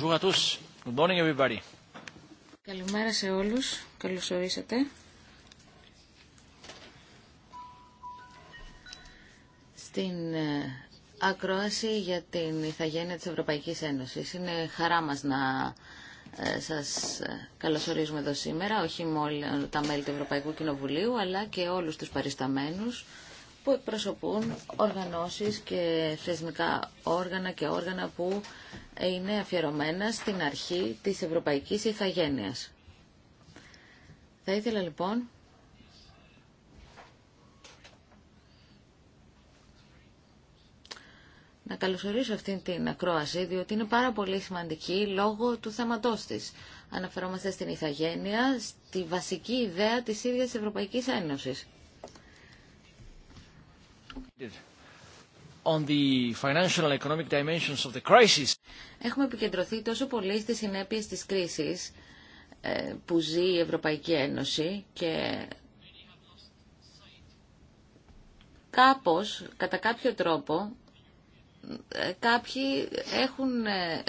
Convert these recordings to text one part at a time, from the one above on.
Bonjour à tous. Good morning everybody. Καλημέρα σε όλους. Καλώς ορίσατε. Στην ε, ακρόαση για την ηθαγένεια της Ευρωπαϊκής Ένωσης. Είναι χαρά μας να ε, σας ε, καλωσορίζουμε εδώ σήμερα, όχι μόνο τα μέλη του Ευρωπαϊκού Κοινοβουλίου, αλλά και όλους τους παρισταμένους που εκπροσωπούν οργανώσεις και θεσμικά όργανα και όργανα που είναι αφιερωμένα στην αρχή της ευρωπαϊκής Ιθαγένειας. Θα ήθελα λοιπόν να καλωσορίσω αυτήν την ακρόαση, διότι είναι πάρα πολύ σημαντική λόγω του θέματός της. Αναφερόμαστε στην Ιθαγένεια, στη βασική ιδέα της ίδιας Ευρωπαϊκής Ένωσης. Έχουμε επικεντρωθεί τόσο πολύ στις συνέπειες της κρίσης ε, που ζει η Ευρωπαϊκή Ένωση και κάπως, κατά κάποιο τρόπο, ε, κάποιοι έχουν ε,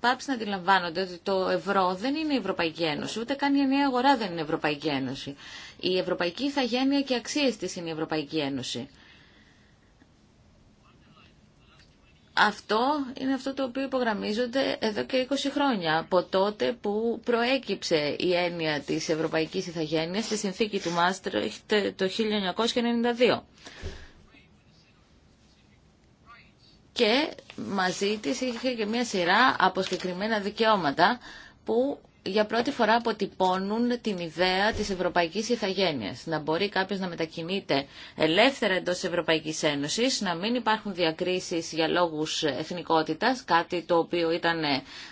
πάψει να αντιλαμβάνονται ότι το ευρώ δεν είναι η Ευρωπαϊκή Ένωση, ούτε καν η ενιαία αγορά δεν είναι η Ευρωπαϊκή Ένωση. Η Ευρωπαϊκή Ιθαγένεια και αξίες της είναι η Ευρωπαϊκή Ένωση. Αυτό είναι αυτό το οποίο υπογραμμίζονται εδώ και 20 χρόνια, από τότε που προέκυψε η έννοια της Ευρωπαϊκής Ιθαγένειας στη συνθήκη του Μάστρεχτ το 1992 και μαζί της είχε και μια σειρά από συγκεκριμένα δικαιώματα που για πρώτη φορά αποτυπώνουν την ιδέα της ευρωπαϊκής ιθαγένειας, Να μπορεί κάποιος να μετακινείται ελεύθερα εντός της Ευρωπαϊκής Ένωσης, να μην υπάρχουν διακρίσεις για λόγους εθνικότητας, κάτι το οποίο ήταν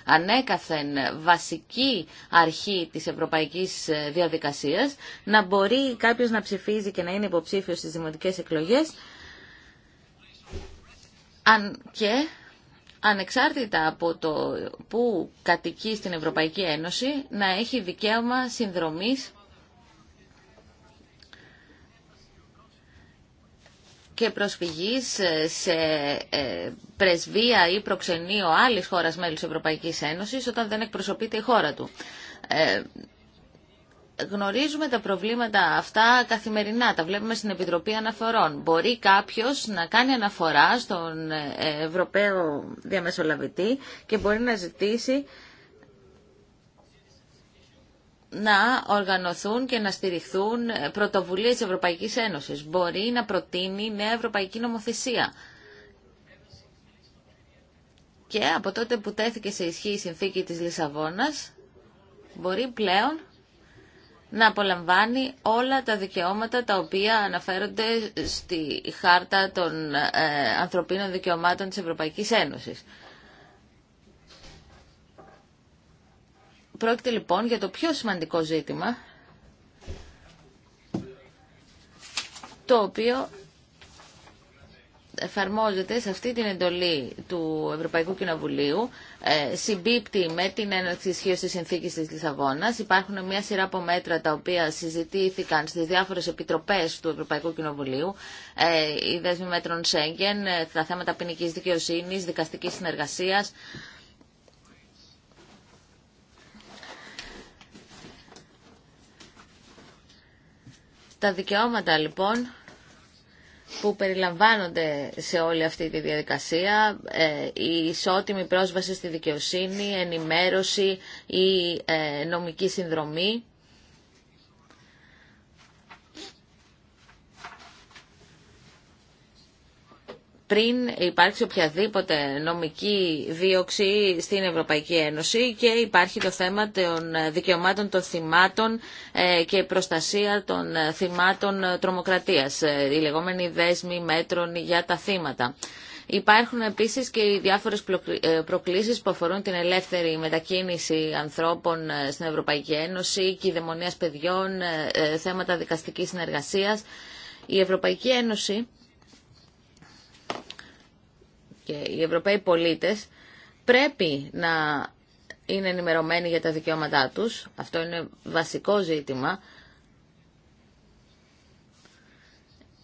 ανέκαθεν βασική αρχή της ευρωπαϊκής διαδικασίας, να μπορεί κάποιος να ψηφίζει και να είναι υποψήφιος στις δημοτικές εκλογές αν και ανεξάρτητα από το που κατοικεί στην Ευρωπαϊκή Ένωση, να έχει δικαίωμα συνδρομής και προσφυγής σε ε, πρεσβεία ή προξενείο άλλης χώρας μέλους Ευρωπαϊκής Ένωσης όταν δεν εκπροσωπείται η χώρα του. Ε, γνωρίζουμε τα προβλήματα αυτά καθημερινά, τα βλέπουμε στην Επιτροπή Αναφορών. Μπορεί κάποιος να κάνει αναφορά στον ε, Ευρωπαίο Διαμεσολαβητή και μπορεί να ζητήσει να οργανωθούν και να στηριχθούν ε, πρωτοβουλίες της Ευρωπαϊκής Ένωσης. Μπορεί να προτείνει νέα ευρωπαϊκή νομοθεσία. Και από τότε που τέθηκε σε ισχύ η συνθήκη της Λισαβόνας, μπορεί πλέον να απολαμβάνει όλα τα δικαιώματα τα οποία αναφέρονται στη Χάρτα των ε, Ανθρωπίνων Δικαιωμάτων της Ευρωπαϊκής Ένωσης. Πρόκειται λοιπόν για το πιο σημαντικό ζήτημα, το οποίο εφαρμόζεται σε αυτή την εντολή του Ευρωπαϊκού Κοινοβουλίου, ε, συμπίπτει με την έναρξη ισχύω τη συνθήκη τη Λισαβόνα. Υπάρχουν μια σειρά από μέτρα τα οποία συζητήθηκαν στι διάφορε επιτροπέ του Ευρωπαϊκού Κοινοβουλίου, ε, οι δέσμοι μέτρων Σέγγεν, ε, τα θέματα ποινική δικαιοσύνη, δικαστική συνεργασία. Τα δικαιώματα λοιπόν που περιλαμβάνονται σε όλη αυτή τη διαδικασία, ε, η ισότιμη πρόσβαση στη δικαιοσύνη, ενημέρωση ή ε, νομική συνδρομή. πριν υπάρξει οποιαδήποτε νομική δίωξη στην Ευρωπαϊκή Ένωση και υπάρχει το θέμα των δικαιωμάτων των θυμάτων ε, και προστασία των θυμάτων τρομοκρατίας, η ε, λεγόμενοι δέσμη μέτρων για τα θύματα. Υπάρχουν επίσης και οι διάφορες ε, προκλήσεις που αφορούν την ελεύθερη μετακίνηση ανθρώπων στην Ευρωπαϊκή Ένωση, κυδαιμονίας παιδιών, θέματα δικαστικής συνεργασίας. Η Ευρωπαϊκή Ένωση και οι Ευρωπαίοι πολίτες πρέπει να είναι ενημερωμένοι για τα δικαιώματά τους. Αυτό είναι βασικό ζήτημα.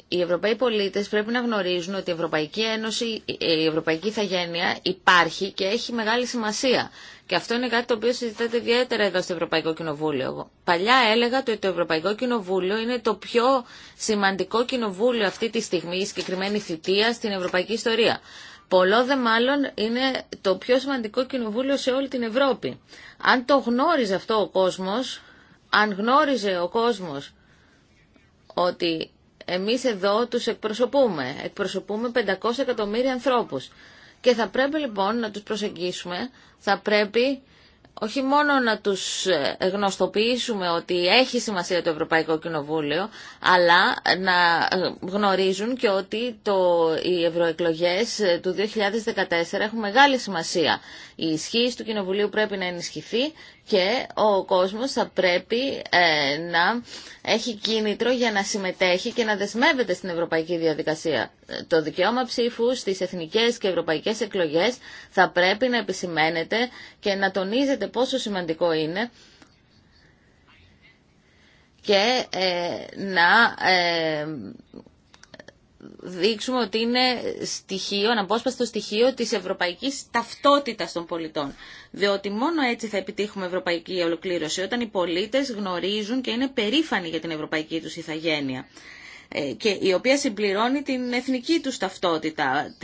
Οι Ευρωπαίοι πολίτες πρέπει να γνωρίζουν ότι η Ευρωπαϊκή Ένωση, η Ευρωπαϊκή Ιθαγένεια υπάρχει και έχει μεγάλη σημασία. Και αυτό είναι κάτι το οποίο συζητάτε ιδιαίτερα εδώ στο Ευρωπαϊκό Κοινοβούλιο. Παλιά έλεγα ότι το Ευρωπαϊκό Κοινοβούλιο είναι το πιο σημαντικό κοινοβούλιο αυτή τη στιγμή, η συγκεκριμένη θητεία στην Ευρωπαϊκή Ιστορία. Πολλό δε μάλλον είναι το πιο σημαντικό κοινοβούλιο σε όλη την Ευρώπη. Αν το γνώριζε αυτό ο κόσμος, αν γνώριζε ο κόσμος ότι εμείς εδώ τους εκπροσωπούμε, εκπροσωπούμε 500 εκατομμύρια ανθρώπους και θα πρέπει λοιπόν να τους προσεγγίσουμε, θα πρέπει όχι μόνο να τους ε, γνωστοποιήσουμε ότι έχει σημασία το Ευρωπαϊκό Κοινοβούλιο, αλλά να ε, γνωρίζουν και ότι το, οι ευρωεκλογές ε, του 2014 έχουν μεγάλη σημασία η ισχύ του Κοινοβουλίου πρέπει να ενισχυθεί και ο κόσμος θα πρέπει ε, να έχει κίνητρο για να συμμετέχει και να δεσμεύεται στην ευρωπαϊκή διαδικασία. Ε, το δικαίωμα ψήφου στις εθνικές και ευρωπαϊκές εκλογές θα πρέπει να επισημαίνεται και να τονίζεται πόσο σημαντικό είναι και ε, να δείξουμε ότι είναι στοιχείο, αναπόσπαστο στοιχείο της ευρωπαϊκής ταυτότητας των πολιτών. Διότι μόνο έτσι θα επιτύχουμε ευρωπαϊκή ολοκλήρωση, όταν οι πολίτες γνωρίζουν και είναι περήφανοι για την ευρωπαϊκή τους ηθαγένεια. Ε, και η οποία συμπληρώνει την εθνική τους ταυτότητα,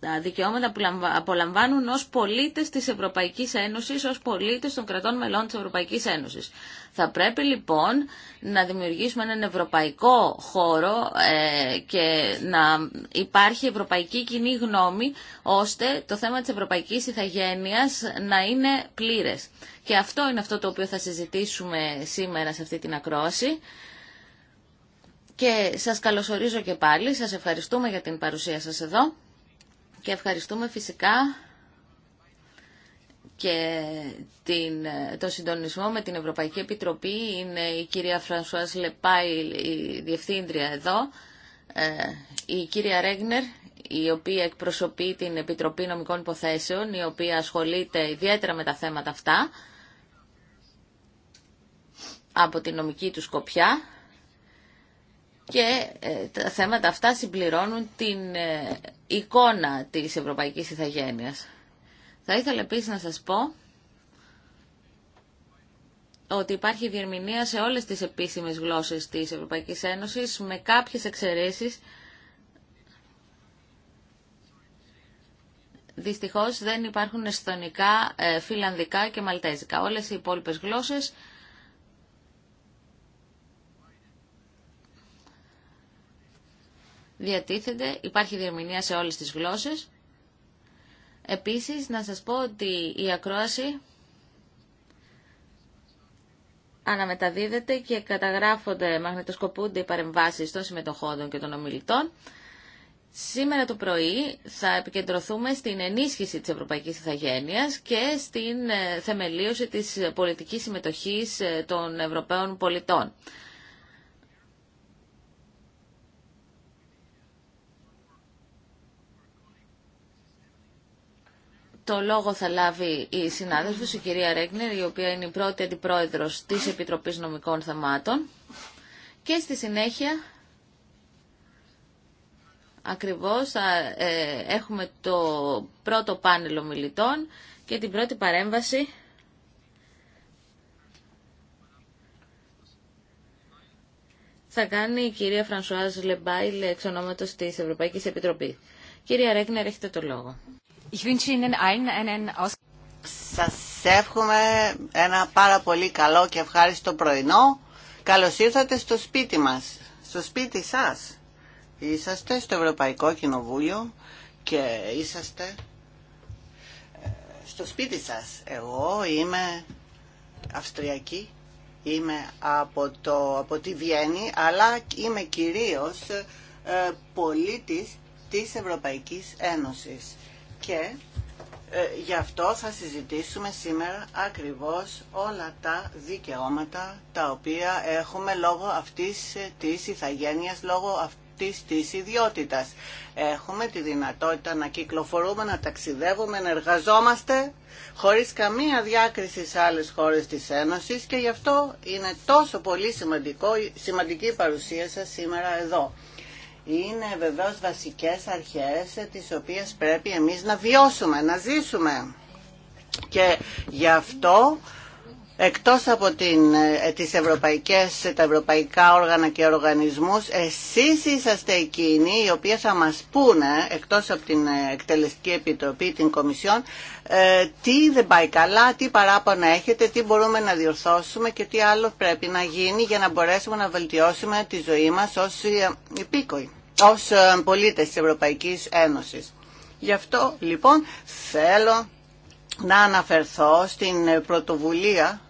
τα δικαιώματα που απολαμβάνουν ως πολίτες της Ευρωπαϊκής Ένωσης, ως πολίτες των κρατών μελών της Ευρωπαϊκής Ένωσης. Θα πρέπει λοιπόν να δημιουργήσουμε έναν ευρωπαϊκό χώρο ε, και να υπάρχει ευρωπαϊκή κοινή γνώμη, ώστε το θέμα της ευρωπαϊκής ηθαγένειας να είναι πλήρες. Και αυτό είναι αυτό το οποίο θα συζητήσουμε σήμερα σε αυτή την ακρόση. Και σας καλωσορίζω και πάλι, σας ευχαριστούμε για την παρουσία σας εδώ και ευχαριστούμε φυσικά και την, το συντονισμό με την Ευρωπαϊκή Επιτροπή. Είναι η κυρία Φρανσουάς Λεπάη, η διευθύντρια εδώ, ε, η κυρία Ρέγνερ, η οποία εκπροσωπεί την Επιτροπή Νομικών Υποθέσεων, η οποία ασχολείται ιδιαίτερα με τα θέματα αυτά από την νομική του σκοπιά και ε, τα θέματα αυτά συμπληρώνουν την ε, εικόνα της Ευρωπαϊκής Ιθαγένειας. Θα ήθελα επίσης να σας πω ότι υπάρχει διερμηνία σε όλες τις επίσημες γλώσσες της Ευρωπαϊκής Ένωσης με κάποιες εξαιρέσεις. Δυστυχώς δεν υπάρχουν εσθονικά, ε, φιλανδικά και μαλτέζικα. Όλες οι υπόλοιπες γλώσσες διατίθενται, υπάρχει διερμηνία σε όλες τις γλώσσες. Επίσης, να σας πω ότι η ακρόαση αναμεταδίδεται και καταγράφονται, μαγνητοσκοπούνται οι παρεμβάσεις των συμμετοχόντων και των ομιλητών. Σήμερα το πρωί θα επικεντρωθούμε στην ενίσχυση της Ευρωπαϊκής Ιθαγένειας και στην ε, θεμελίωση της πολιτικής συμμετοχής ε, των Ευρωπαίων πολιτών. Το λόγο θα λάβει η συνάδελφος, η κυρία Ρέγνερ, η οποία είναι η πρώτη αντιπρόεδρος της Επιτροπής Νομικών Θεμάτων. Και στη συνέχεια, ακριβώς, ε, έχουμε το πρώτο πάνελ ομιλητών και την πρώτη παρέμβαση θα κάνει η κυρία Φρανσουάζ Λεμπάιλ εξ ονόματος της Ευρωπαϊκής Επιτροπής. Κυρία Ρέγνερ, έχετε το λόγο. Σας εύχομαι ένα πάρα πολύ καλό και ευχάριστο πρωινό. Καλώς ήρθατε στο σπίτι μας, στο σπίτι σας. Είσαστε στο Ευρωπαϊκό Κοινοβούλιο και είσαστε ε, στο σπίτι σας. Εγώ είμαι Αυστριακή, είμαι από, από τη Βιέννη, αλλά είμαι κυρίως ε, πολίτης της Ευρωπαϊκής Ένωσης και ε, γι' αυτό θα συζητήσουμε σήμερα ακριβώς όλα τα δικαιώματα τα οποία έχουμε λόγω αυτής της ηθαγένειας, λόγω αυτής της ιδιότητας. Έχουμε τη δυνατότητα να κυκλοφορούμε, να ταξιδεύουμε, να εργαζόμαστε χωρίς καμία διάκριση σε άλλες χώρες της Ένωσης και γι' αυτό είναι τόσο πολύ σημαντικό, σημαντική η παρουσία σας σήμερα εδώ είναι βεβαίως βασικές αρχές τις οποίες πρέπει εμείς να βιώσουμε, να ζήσουμε. Και γι' αυτό εκτός από την, ε, τις ευρωπαϊκές, τα ευρωπαϊκά όργανα και οργανισμούς, εσείς είσαστε εκείνοι οι οποίοι θα μας πούνε, εκτός από την ε, Εκτελεστική Επιτροπή, την Κομισιόν, ε, τι δεν πάει καλά, τι παράπονα έχετε, τι μπορούμε να διορθώσουμε και τι άλλο πρέπει να γίνει για να μπορέσουμε να βελτιώσουμε τη ζωή μας ως υπήκοοι ως ε, πολίτες της Ευρωπαϊκής Ένωσης. Γι' αυτό λοιπόν θέλω να αναφερθώ στην ε, πρωτοβουλία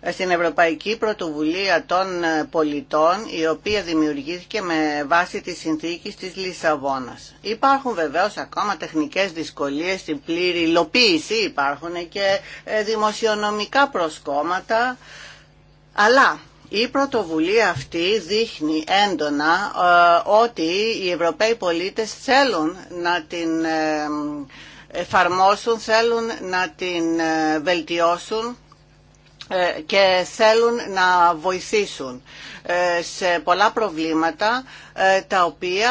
ε, στην Ευρωπαϊκή Πρωτοβουλία των Πολιτών, η οποία δημιουργήθηκε με βάση τη συνθήκη της Λισαβόνας. Υπάρχουν βεβαίως ακόμα τεχνικές δυσκολίες στην πλήρη υλοποίηση, υπάρχουν και δημοσιονομικά προσκόμματα, αλλά η πρωτοβουλία αυτή δείχνει έντονα ε, ότι οι Ευρωπαίοι πολίτες θέλουν να την ε, εφαρμόσουν, θέλουν να την ε, βελτιώσουν και θέλουν να βοηθήσουν σε πολλά προβλήματα τα οποία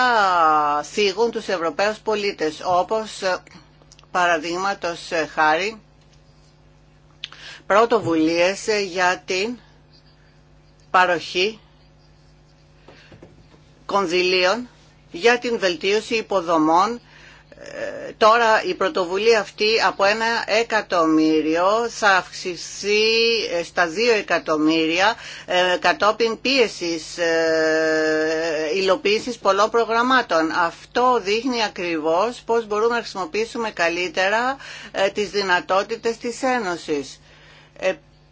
θίγουν τους Ευρωπαίους πολίτες όπως παραδείγματος χάρη πρωτοβουλίες για την παροχή κονδυλίων για την βελτίωση υποδομών. Ε, τώρα η πρωτοβουλία αυτή από ένα εκατομμύριο θα αυξηθεί ε, στα δύο εκατομμύρια ε, κατόπιν πίεσης υλοποίησης πολλών προγραμμάτων. Αυτό δείχνει ακριβώς πώς μπορούμε να χρησιμοποιήσουμε καλύτερα τις δυνατότητες της Ένωσης.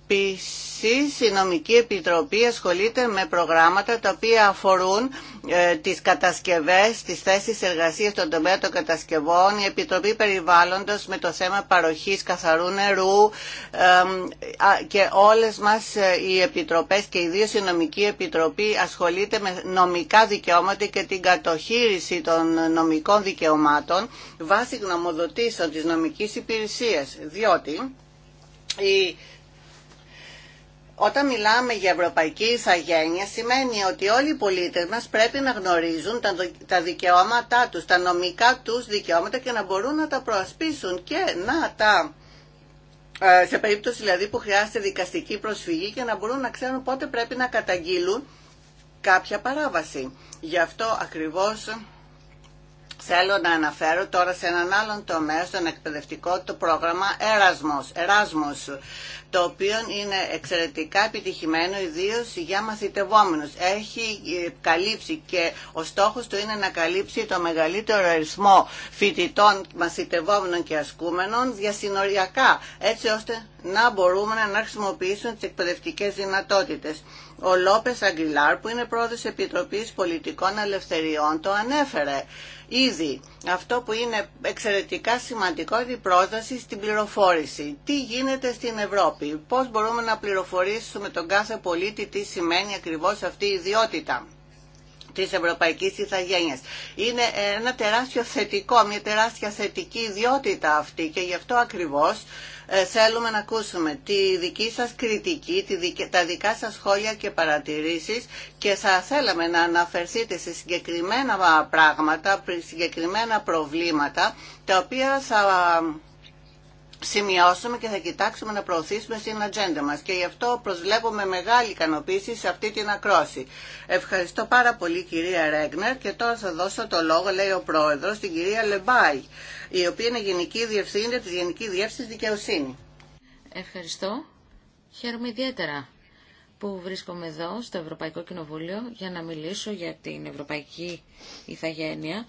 Επίση, η Νομική Επιτροπή ασχολείται με προγράμματα τα οποία αφορούν ε, τις κατασκευές, τις θέσεις εργασίας στον τομέα των κατασκευών, η Επιτροπή Περιβάλλοντος με το θέμα παροχής καθαρού νερού και όλες μας ε, οι επιτροπές και ιδίως η Νομική Επιτροπή ασχολείται με νομικά δικαιώματα και την κατοχήρηση των νομικών δικαιωμάτων βάσει γνωμοδοτήσεων τη νομική υπηρεσία, διότι... Η όταν μιλάμε για ευρωπαϊκή ηθαγένεια σημαίνει ότι όλοι οι πολίτες μας πρέπει να γνωρίζουν τα δικαιώματά τους, τα νομικά τους δικαιώματα και να μπορούν να τα προασπίσουν και να τα... Ε, σε περίπτωση δηλαδή που χρειάζεται δικαστική προσφυγή και να μπορούν να ξέρουν πότε πρέπει να καταγγείλουν κάποια παράβαση. Γι' αυτό ακριβώς Θέλω να αναφέρω τώρα σε έναν άλλον τομέα, στον εκπαιδευτικό, το πρόγραμμα Erasmus, Erasmus το οποίο είναι εξαιρετικά επιτυχημένο, ιδίω για μαθητευόμενους. Έχει ε, καλύψει και ο στόχος του είναι να καλύψει το μεγαλύτερο αριθμό φοιτητών, μαθητευόμενων και ασκούμενων διασυνοριακά, έτσι ώστε να μπορούμε να χρησιμοποιήσουμε τις εκπαιδευτικές δυνατότητες. Ο Λόπες Αγγιλάρ που είναι πρόεδρος Επιτροπής Πολιτικών Ελευθεριών το ανέφερε ήδη. Αυτό που είναι εξαιρετικά σημαντικό είναι η πρόσβαση στην πληροφόρηση. Τι γίνεται στην Ευρώπη, πώς μπορούμε να πληροφορήσουμε τον κάθε πολίτη τι σημαίνει ακριβώς αυτή η ιδιότητα της Ευρωπαϊκής Ιθαγένειας. Είναι ένα τεράστιο θετικό, μια τεράστια θετική ιδιότητα αυτή και γι' αυτό ακριβώς ε, θέλουμε να ακούσουμε τη δική σας κριτική, τα δικά σας σχόλια και παρατηρήσεις και θα θέλαμε να αναφερθείτε σε συγκεκριμένα πράγματα, συγκεκριμένα προβλήματα τα οποία θα σημειώσουμε και θα κοιτάξουμε να προωθήσουμε στην ατζέντα μας και γι' αυτό προσβλέπουμε μεγάλη ικανοποίηση σε αυτή την ακρόση. Ευχαριστώ πάρα πολύ κυρία Ρέγνερ και τώρα θα δώσω το λόγο, λέει ο πρόεδρος, στην κυρία Λεμπάη, η οποία είναι Γενική Διευθύντρια της Γενική Διεύθυνσης Δικαιοσύνη. Ευχαριστώ. Χαίρομαι ιδιαίτερα που βρίσκομαι εδώ στο Ευρωπαϊκό Κοινοβούλιο για να μιλήσω για την Ευρωπαϊκή Ιθαγένεια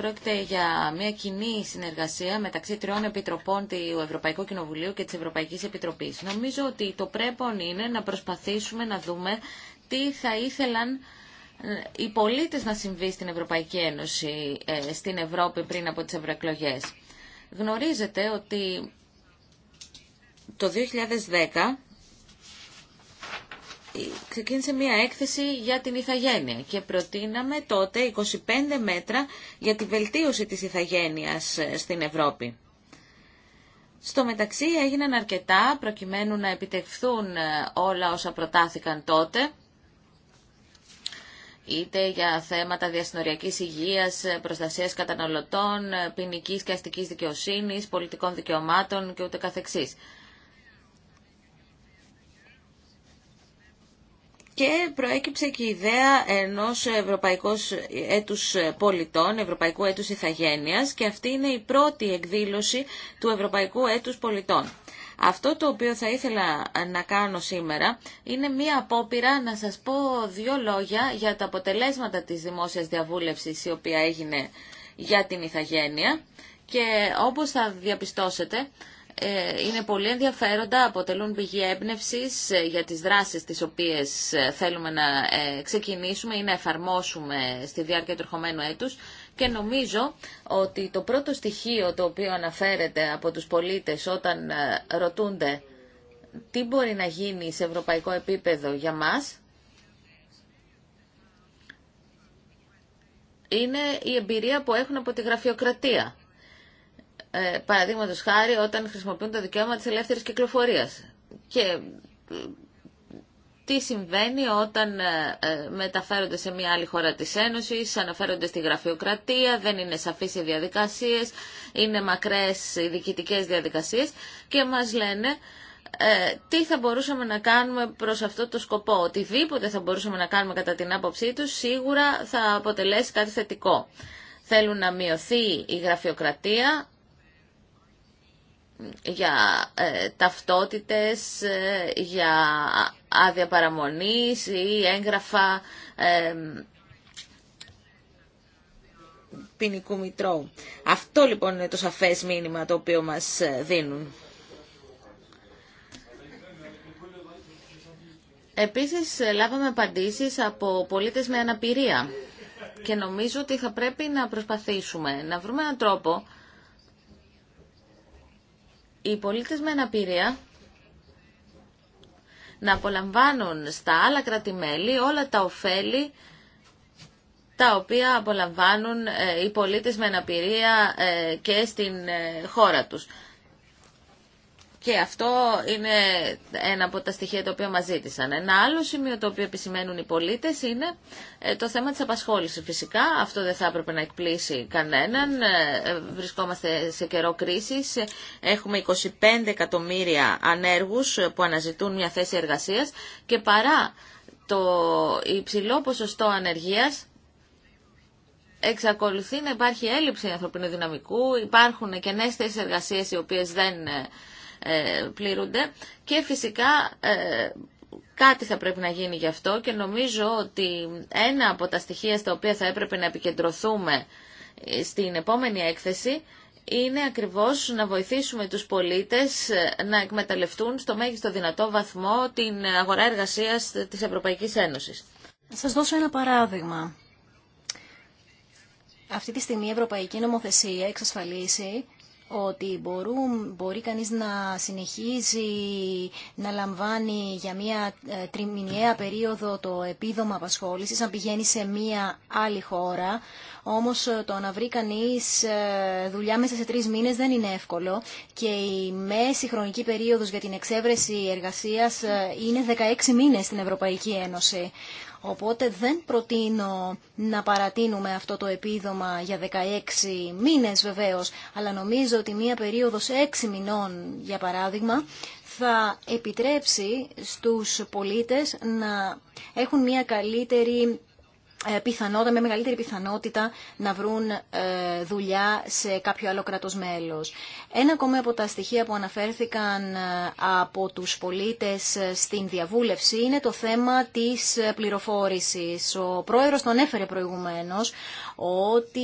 Πρόκειται για μια κοινή συνεργασία μεταξύ τριών επιτροπών του Ευρωπαϊκού Κοινοβουλίου και της Ευρωπαϊκής Επιτροπής. Νομίζω ότι το πρέπον είναι να προσπαθήσουμε να δούμε τι θα ήθελαν ε, οι πολίτες να συμβεί στην Ευρωπαϊκή Ένωση, ε, στην Ευρώπη πριν από τις ευρωεκλογέ. Γνωρίζετε ότι το 2010 ξεκίνησε μια έκθεση για την ηθαγένεια και προτείναμε τότε 25 μέτρα για τη βελτίωση της ηθαγένειας ε, στην Ευρώπη. Στο μεταξύ έγιναν αρκετά προκειμένου να επιτευχθούν ε, όλα όσα προτάθηκαν τότε είτε για θέματα διασυνοριακής υγείας, ε, προστασίας καταναλωτών, ποινική και αστικής δικαιοσύνης, πολιτικών δικαιωμάτων και ούτε καθεξής. και προέκυψε και η ιδέα ενός Ευρωπαϊκού Έτους Πολιτών, Ευρωπαϊκού Έτους Ιθαγένειας και αυτή είναι η πρώτη εκδήλωση του Ευρωπαϊκού Έτους Πολιτών. Αυτό το οποίο θα ήθελα να κάνω σήμερα είναι μία απόπειρα να σας πω δύο λόγια για τα αποτελέσματα της δημόσιας διαβούλευσης η οποία έγινε για την Ιθαγένεια και όπως θα διαπιστώσετε ε, είναι πολύ ενδιαφέροντα, αποτελούν πηγή έμπνευση ε, για τις δράσεις τις οποίες ε, θέλουμε να ξεκινήσουμε ή να εφαρμόσουμε στη διάρκεια του ερχομένου έτους και νομίζω ότι το πρώτο στοιχείο το οποίο αναφέρεται από τους πολίτες όταν ρωτούνται τι μπορεί να γίνει σε ευρωπαϊκό επίπεδο για μας, είναι η εμπειρία που έχουν από τη γραφειοκρατία ε, παραδείγματο χάρη όταν χρησιμοποιούν το δικαίωμα της ελεύθερης κυκλοφορία. Και ε, τι συμβαίνει όταν ε, ε, μεταφέρονται σε μια άλλη χώρα της Ένωσης, αναφέρονται στη γραφειοκρατία, δεν είναι σαφείς οι διαδικασίες, είναι μακρές οι διοικητικές διαδικασίες και μας λένε ε, τι θα μπορούσαμε να κάνουμε προς αυτό το σκοπό. Οτιδήποτε θα μπορούσαμε να κάνουμε κατά την άποψή τους σίγουρα θα αποτελέσει κάτι θετικό. Θέλουν να μειωθεί η γραφειοκρατία, για ε, ταυτότητες, ε, για άδεια παραμονής ή έγγραφα ε, ποινικού μητρώου. Αυτό λοιπόν είναι το σαφές μήνυμα το οποίο μας ε, δίνουν. Επίσης ε, λάβαμε απαντήσεις από πολίτες με αναπηρία και νομίζω ότι θα πρέπει να προσπαθήσουμε να βρούμε έναν τρόπο οι πολίτες με αναπηρία να απολαμβάνουν στα άλλα κρατημέλη όλα τα ωφέλη τα οποία απολαμβάνουν ε, οι πολίτες με αναπηρία ε, και στην ε, χώρα τους. Και αυτό είναι ένα από τα στοιχεία τα οποία μας ζήτησαν. Ένα άλλο σημείο το οποίο επισημαίνουν οι πολίτες είναι ε, το θέμα της απασχόλησης. Φυσικά αυτό δεν θα έπρεπε να εκπλήσει κανέναν. Ε, ε, βρισκόμαστε σε καιρό κρίσης. Έχουμε 25 εκατομμύρια ανέργους που αναζητούν μια θέση εργασίας και παρά το υψηλό ποσοστό ανεργίας εξακολουθεί να υπάρχει έλλειψη ανθρωπίνου δυναμικού, υπάρχουν και νέες θέσεις εργασίας οι οποίες δεν ε, πληρούνται και φυσικά ε, κάτι θα πρέπει να γίνει γι' αυτό και νομίζω ότι ένα από τα στοιχεία στα οποία θα έπρεπε να επικεντρωθούμε ε, στην επόμενη έκθεση είναι ακριβώς να βοηθήσουμε τους πολίτες να εκμεταλλευτούν στο μέγιστο δυνατό βαθμό την αγορά εργασίας της Ευρωπαϊκής Ένωσης. σας δώσω ένα παράδειγμα. Αυτή τη στιγμή η Ευρωπαϊκή Νομοθεσία εξασφαλίσει ότι μπορούν, μπορεί κανείς να συνεχίζει να λαμβάνει για μια ε, τριμηνιαία περίοδο το επίδομα απασχόλησης, αν πηγαίνει σε μια άλλη χώρα, όμως ε, το να βρει κανείς ε, δουλειά μέσα σε τρεις μήνες δεν είναι εύκολο και η μέση χρονική περίοδος για την εξέβρεση εργασίας είναι 16 μήνες στην Ευρωπαϊκή Ένωση. Οπότε δεν προτείνω να παρατείνουμε αυτό το επίδομα για 16 μήνες βεβαίως, αλλά νομίζω ότι μία περίοδος 6 μηνών για παράδειγμα θα επιτρέψει στους πολίτες να έχουν μια καλύτερη ε, πιθανότητα, με μεγαλύτερη πιθανότητα να βρουν ε, δουλειά σε κάποιο άλλο κρατος μέλος. Ένα ακόμα από τα στοιχεία που αναφέρθηκαν ε, από τους πολίτες στην διαβούλευση είναι το θέμα της πληροφόρησης. Ο πρόεδρος τον έφερε προηγουμένως ότι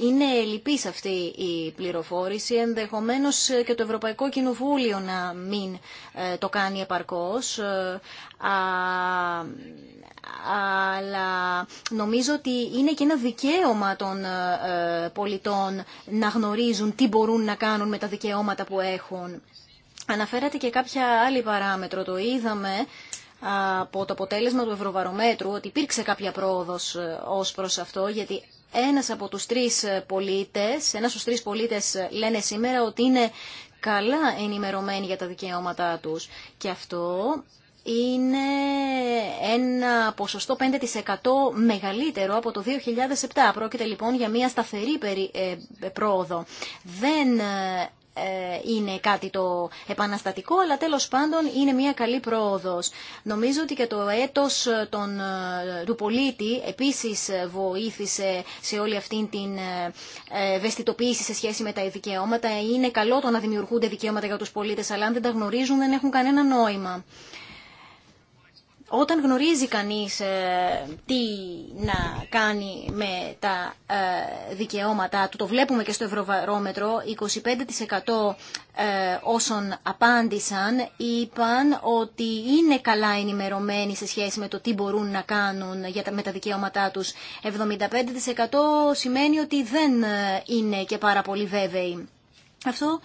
είναι ελλειπή αυτή η πληροφόρηση, ενδεχομένως και το Ευρωπαϊκό Κοινοβούλιο να μην ε, το κάνει επαρκώς, ε, αλλά νομίζω ότι είναι και ένα δικαίωμα των ε, πολιτών να γνωρίζουν τι μπορούν να κάνουν με τα δικαιώματα που έχουν. Αναφέρατε και κάποια άλλη παράμετρο, το είδαμε από το αποτέλεσμα του Ευρωβαρομέτρου ότι υπήρξε κάποια πρόοδος ε, ως προς αυτό, γιατί ένας από τους τρεις ε, πολίτες, ένας στους τρεις πολίτες ε, λένε σήμερα ότι είναι καλά ενημερωμένοι για τα δικαιώματά τους. Και αυτό είναι ένα ποσοστό 5% μεγαλύτερο από το 2007. Πρόκειται λοιπόν για μια σταθερή πρόοδο. Δεν ε, είναι κάτι το επαναστατικό, αλλά τέλος πάντων είναι μια καλή πρόοδος. Νομίζω ότι και το έτος ε, των, ε, του πολίτη επίσης βοήθησε σε όλη αυτή την ευαισθητοποίηση σε σχέση με τα δικαιώματα. Είναι καλό το να δημιουργούνται δικαιώματα για τους πολίτες, αλλά αν δεν τα γνωρίζουν δεν έχουν κανένα νόημα όταν γνωρίζει κανείς ε, τι να κάνει με τα ε, δικαιώματά του, το βλέπουμε και στο Ευρωβαρόμετρο, 25% ε, όσων απάντησαν είπαν ότι είναι καλά ενημερωμένοι σε σχέση με το τι μπορούν να κάνουν με τα δικαιώματά τους. 75% σημαίνει ότι δεν είναι και πάρα πολύ βέβαιοι. Αυτό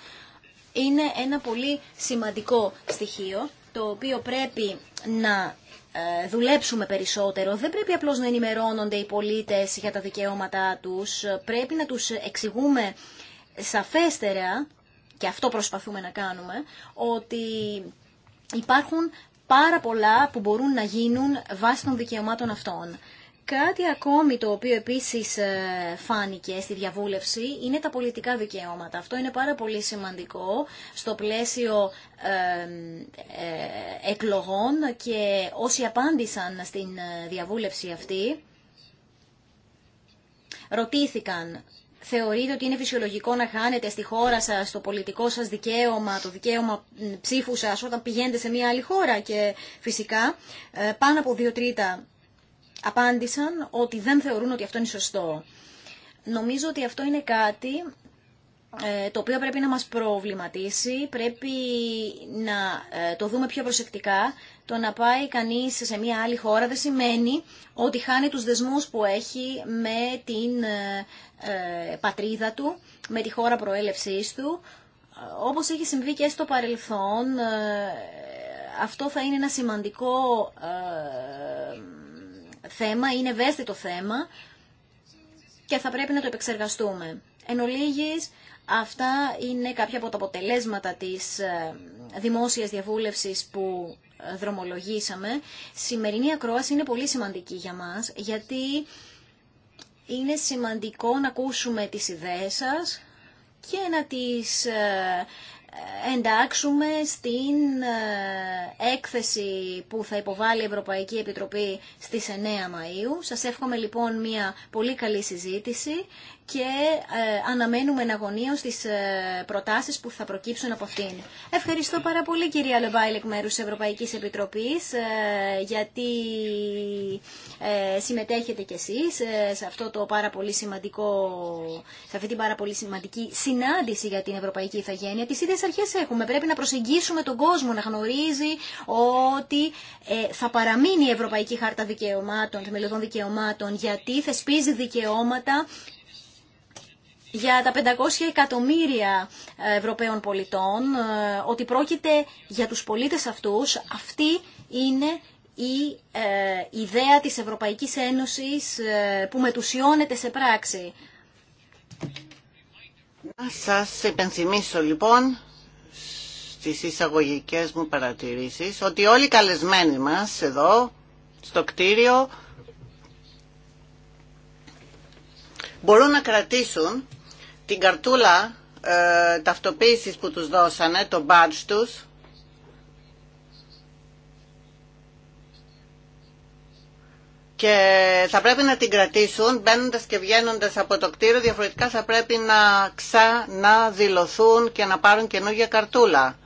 είναι ένα πολύ σημαντικό στοιχείο το οποίο πρέπει να ε, δουλέψουμε περισσότερο. Δεν πρέπει απλώς να ενημερώνονται οι πολίτες για τα δικαιώματά τους. Πρέπει να τους εξηγούμε σαφέστερα, και αυτό προσπαθούμε να κάνουμε, ότι υπάρχουν πάρα πολλά που μπορούν να γίνουν βάσει των δικαιωμάτων αυτών. Κάτι ακόμη το οποίο επίσης ε, φάνηκε στη διαβούλευση είναι τα πολιτικά δικαιώματα. Αυτό είναι πάρα πολύ σημαντικό στο πλαίσιο ε, εκλογών και όσοι απάντησαν στην ε, διαβούλευση αυτή ρωτήθηκαν θεωρείτε ότι είναι φυσιολογικό να χάνετε στη χώρα σας το πολιτικό σας δικαίωμα, το δικαίωμα ψήφου σας όταν πηγαίνετε σε μια άλλη χώρα και φυσικά πάνω από δύο τρίτα απάντησαν ότι δεν θεωρούν ότι αυτό είναι σωστό. Νομίζω ότι αυτό είναι κάτι ε, το οποίο πρέπει να μας προβληματίσει, πρέπει να ε, το δούμε πιο προσεκτικά. Το να πάει κανείς σε μια άλλη χώρα δεν σημαίνει ότι χάνει τους δεσμούς που έχει με την ε, πατρίδα του, με τη χώρα προέλευσής του. Όπως έχει συμβεί και στο παρελθόν, αυτό θα είναι ένα σημαντικό θέμα, είναι ευαίσθητο θέμα και θα πρέπει να το επεξεργαστούμε. Εν ολίγης, αυτά είναι κάποια από τα αποτελέσματα της ε, δημόσιας διαβούλευσης που ε, δρομολογήσαμε. Σημερινή ακρόαση είναι πολύ σημαντική για μας, γιατί είναι σημαντικό να ακούσουμε τις ιδέες σας και να τις ε, εντάξουμε στην ε, έκθεση που θα υποβάλει η Ευρωπαϊκή Επιτροπή στις 9 Μαΐου. Σας εύχομαι λοιπόν μια πολύ καλή συζήτηση και ε, αναμένουμε εναγωνίως τις ε, προτάσεις που θα προκύψουν από αυτήν. Ευχαριστώ πάρα πολύ κυρία Λεβάιλ εκ μέρους της Ευρωπαϊκής Επιτροπής ε, γιατί συμμετέχετε κι εσείς σε, αυτό το πάρα σε αυτή την πάρα πολύ σημαντική συνάντηση για την Ευρωπαϊκή Ιθαγένεια. Τις ίδιες αρχές έχουμε. Πρέπει να προσεγγίσουμε τον κόσμο να γνωρίζει ότι θα παραμείνει η Ευρωπαϊκή Χάρτα Δικαιωμάτων, Θεμελιωδών Δικαιωμάτων γιατί θεσπίζει δικαιώματα για τα 500 εκατομμύρια ε, Ευρωπαίων πολιτών, ε, ότι πρόκειται για τους πολίτες αυτούς, αυτή είναι η ε, ιδέα της Ευρωπαϊκής Ένωσης που μετουσιώνεται σε πράξη. Να σας υπενθυμίσω λοιπόν στις εισαγωγικές μου παρατηρήσεις ότι όλοι οι καλεσμένοι μας εδώ στο κτίριο μπορούν να κρατήσουν την καρτούλα τα ε, ταυτοποίησης που τους δώσανε, το badge τους, και θα πρέπει να την κρατήσουν μπαίνοντα και βγαίνοντα από το κτίριο, διαφορετικά θα πρέπει να ξαναδηλωθούν και να πάρουν καινούργια καρτούλα.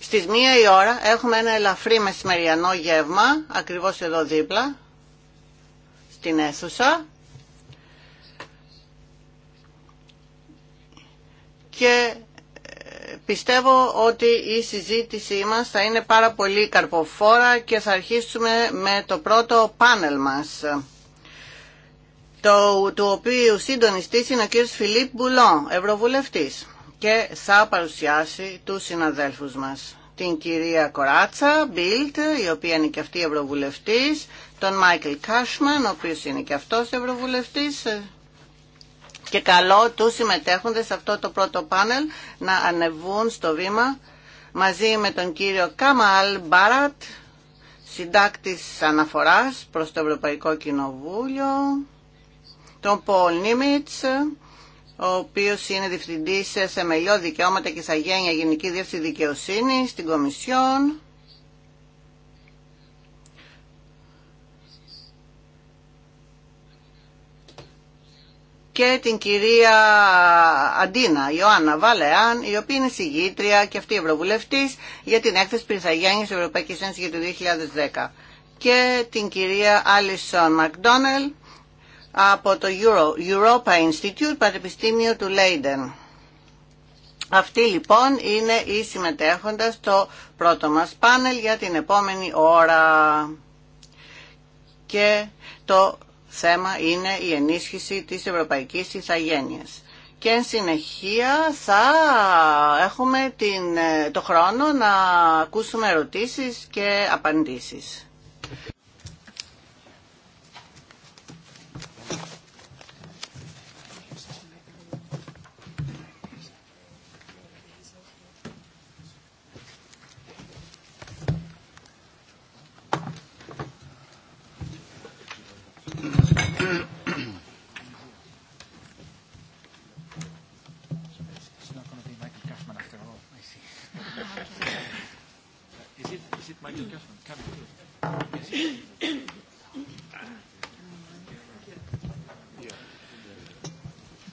Στις μία η ώρα έχουμε ένα ελαφρύ μεσημεριανό γεύμα, ακριβώς εδώ δίπλα, στην αίθουσα, και ε, πιστεύω ότι η συζήτησή μας θα είναι πάρα πολύ καρποφόρα και θα αρχίσουμε με το πρώτο πάνελ μας το, του οποίου συντονιστής είναι ο κ. Φιλίπ Μπουλόν, Ευρωβουλευτής και θα παρουσιάσει τους συναδέλφους μας την κυρία Κοράτσα Μπίλτ, η οποία είναι και αυτή ευρωβουλευτής, τον Μάικλ Κάσμαν, ο οποίος είναι και αυτός ευρωβουλευτής, και καλό τους συμμετέχοντες σε αυτό το πρώτο πάνελ να ανεβούν στο βήμα μαζί με τον κύριο Καμαλ Μπάρατ, συντάκτης αναφοράς προς το Ευρωπαϊκό Κοινοβούλιο, τον Πολ Νίμιτς, ο οποίος είναι διευθυντής σε μελιό δικαιώματα και σαγένεια Γενική Διεύθυνση Δικαιοσύνη στην Κομισιόν, και την κυρία Αντίνα Ιωάννα Βαλεάν, η οποία είναι συγγήτρια και αυτή η Ευρωβουλευτής για την έκθεση Πυρθαγιάννης Ευρωπαϊκή Ένωση για το 2010 και την κυρία Άλισον Μακδόνελ από το Euro, Europa Institute Πανεπιστήμιο του Λέιντεν. Αυτή λοιπόν είναι η συμμετέχοντα στο πρώτο μας πάνελ για την επόμενη ώρα. Και το θέμα είναι η ενίσχυση της ευρωπαϊκής ηθαγένειας. Και εν συνεχεία θα έχουμε την, ε, το χρόνο να ακούσουμε ερωτήσεις και απαντήσεις.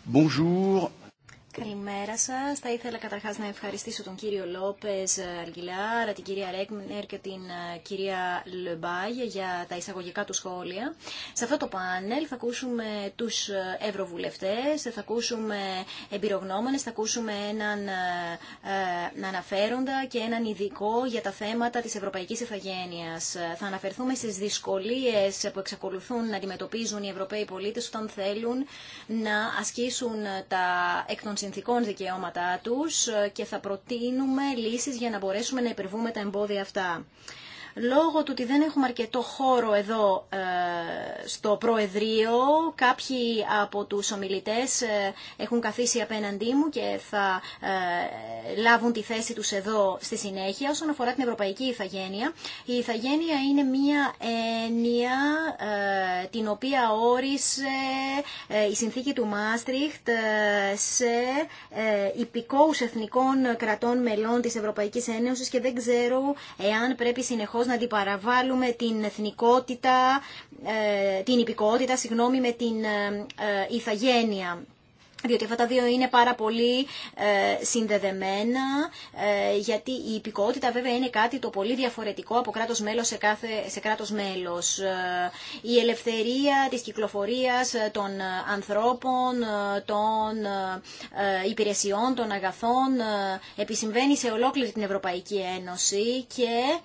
Bonjour Καλημέρα σα. Θα ήθελα καταρχά να ευχαριστήσω τον κύριο Λόπε Αργιλάρα, την κυρία Ρέγκμινερ και την ε, κυρία Λεμπάγια για τα εισαγωγικά του σχόλια. Σε αυτό το πάνελ θα ακούσουμε του ε, ευρωβουλευτέ, θα ακούσουμε εμπειρογνώμενε, θα ακούσουμε έναν ε, ε αναφέροντα και έναν ειδικό για τα θέματα τη Ευρωπαϊκή ηθαγένεια. Θα αναφερθούμε στι δυσκολίε που εξακολουθούν να αντιμετωπίζουν οι Ευρωπαίοι πολίτε όταν θέλουν να ασκήσουν τα εκ των συνθήκων δικαιώματά τους ε, και θα προτείνουμε λύσεις για να μπορέσουμε να υπερβούμε τα εμπόδια αυτά. Λόγω του ότι δεν έχουμε αρκετό χώρο εδώ ε, στο Προεδρείο, κάποιοι από τους ομιλητές ε, έχουν καθίσει απέναντί μου και θα ε, λάβουν τη θέση τους εδώ στη συνέχεια. Όσον αφορά την Ευρωπαϊκή Ιθαγένεια, η Ιθαγένεια είναι μία έννοια την οποία όρισε η συνθήκη του Μάστριχτ σε υπηκόους εθνικών κρατών μελών της Ευρωπαϊκής Ένωσης και δεν ξέρω εάν πρέπει συνεχώς πώς να αντιπαραβάλουμε την εθνικότητα, ε, την υπηκότητα, συγγνώμη, με την ε, ε, ηθαγένεια διότι αυτά τα δύο είναι πάρα πολύ συνδεδεμένα, γιατί η υπηκότητα βέβαια είναι κάτι το πολύ διαφορετικό από κράτος μέλος σε, κάθε, σε κράτος μέλος. η ελευθερία της κυκλοφορίας των ανθρώπων, των υπηρεσιών, των αγαθών επισυμβαίνει σε ολόκληρη την Ευρωπαϊκή Ένωση και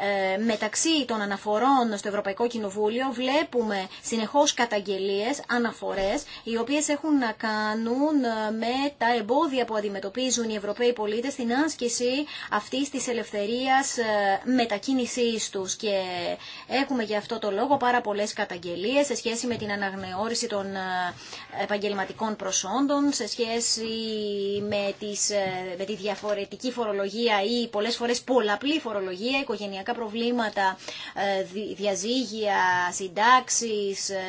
ε, μεταξύ των αναφορών στο Ευρωπαϊκό Κοινοβούλιο βλέπουμε συνεχώς καταγγελίες, αναφορές, οι οποίες έχουν να κάνουν ε, με τα εμπόδια που αντιμετωπίζουν οι Ευρωπαίοι πολίτες στην άσκηση αυτής της ελευθερίας ε, μετακίνησής τους. Και έχουμε για αυτό το λόγο πάρα πολλές καταγγελίες σε σχέση με την αναγνεώρηση των επαγγελματικών προσόντων, σε σχέση με, τις, με τη διαφορετική φορολογία ή πολλές φορές πολλαπλή φορολογία, οικογενειακά οικογενειακά προβλήματα, ε, διαζύγια, συντάξεις, ε,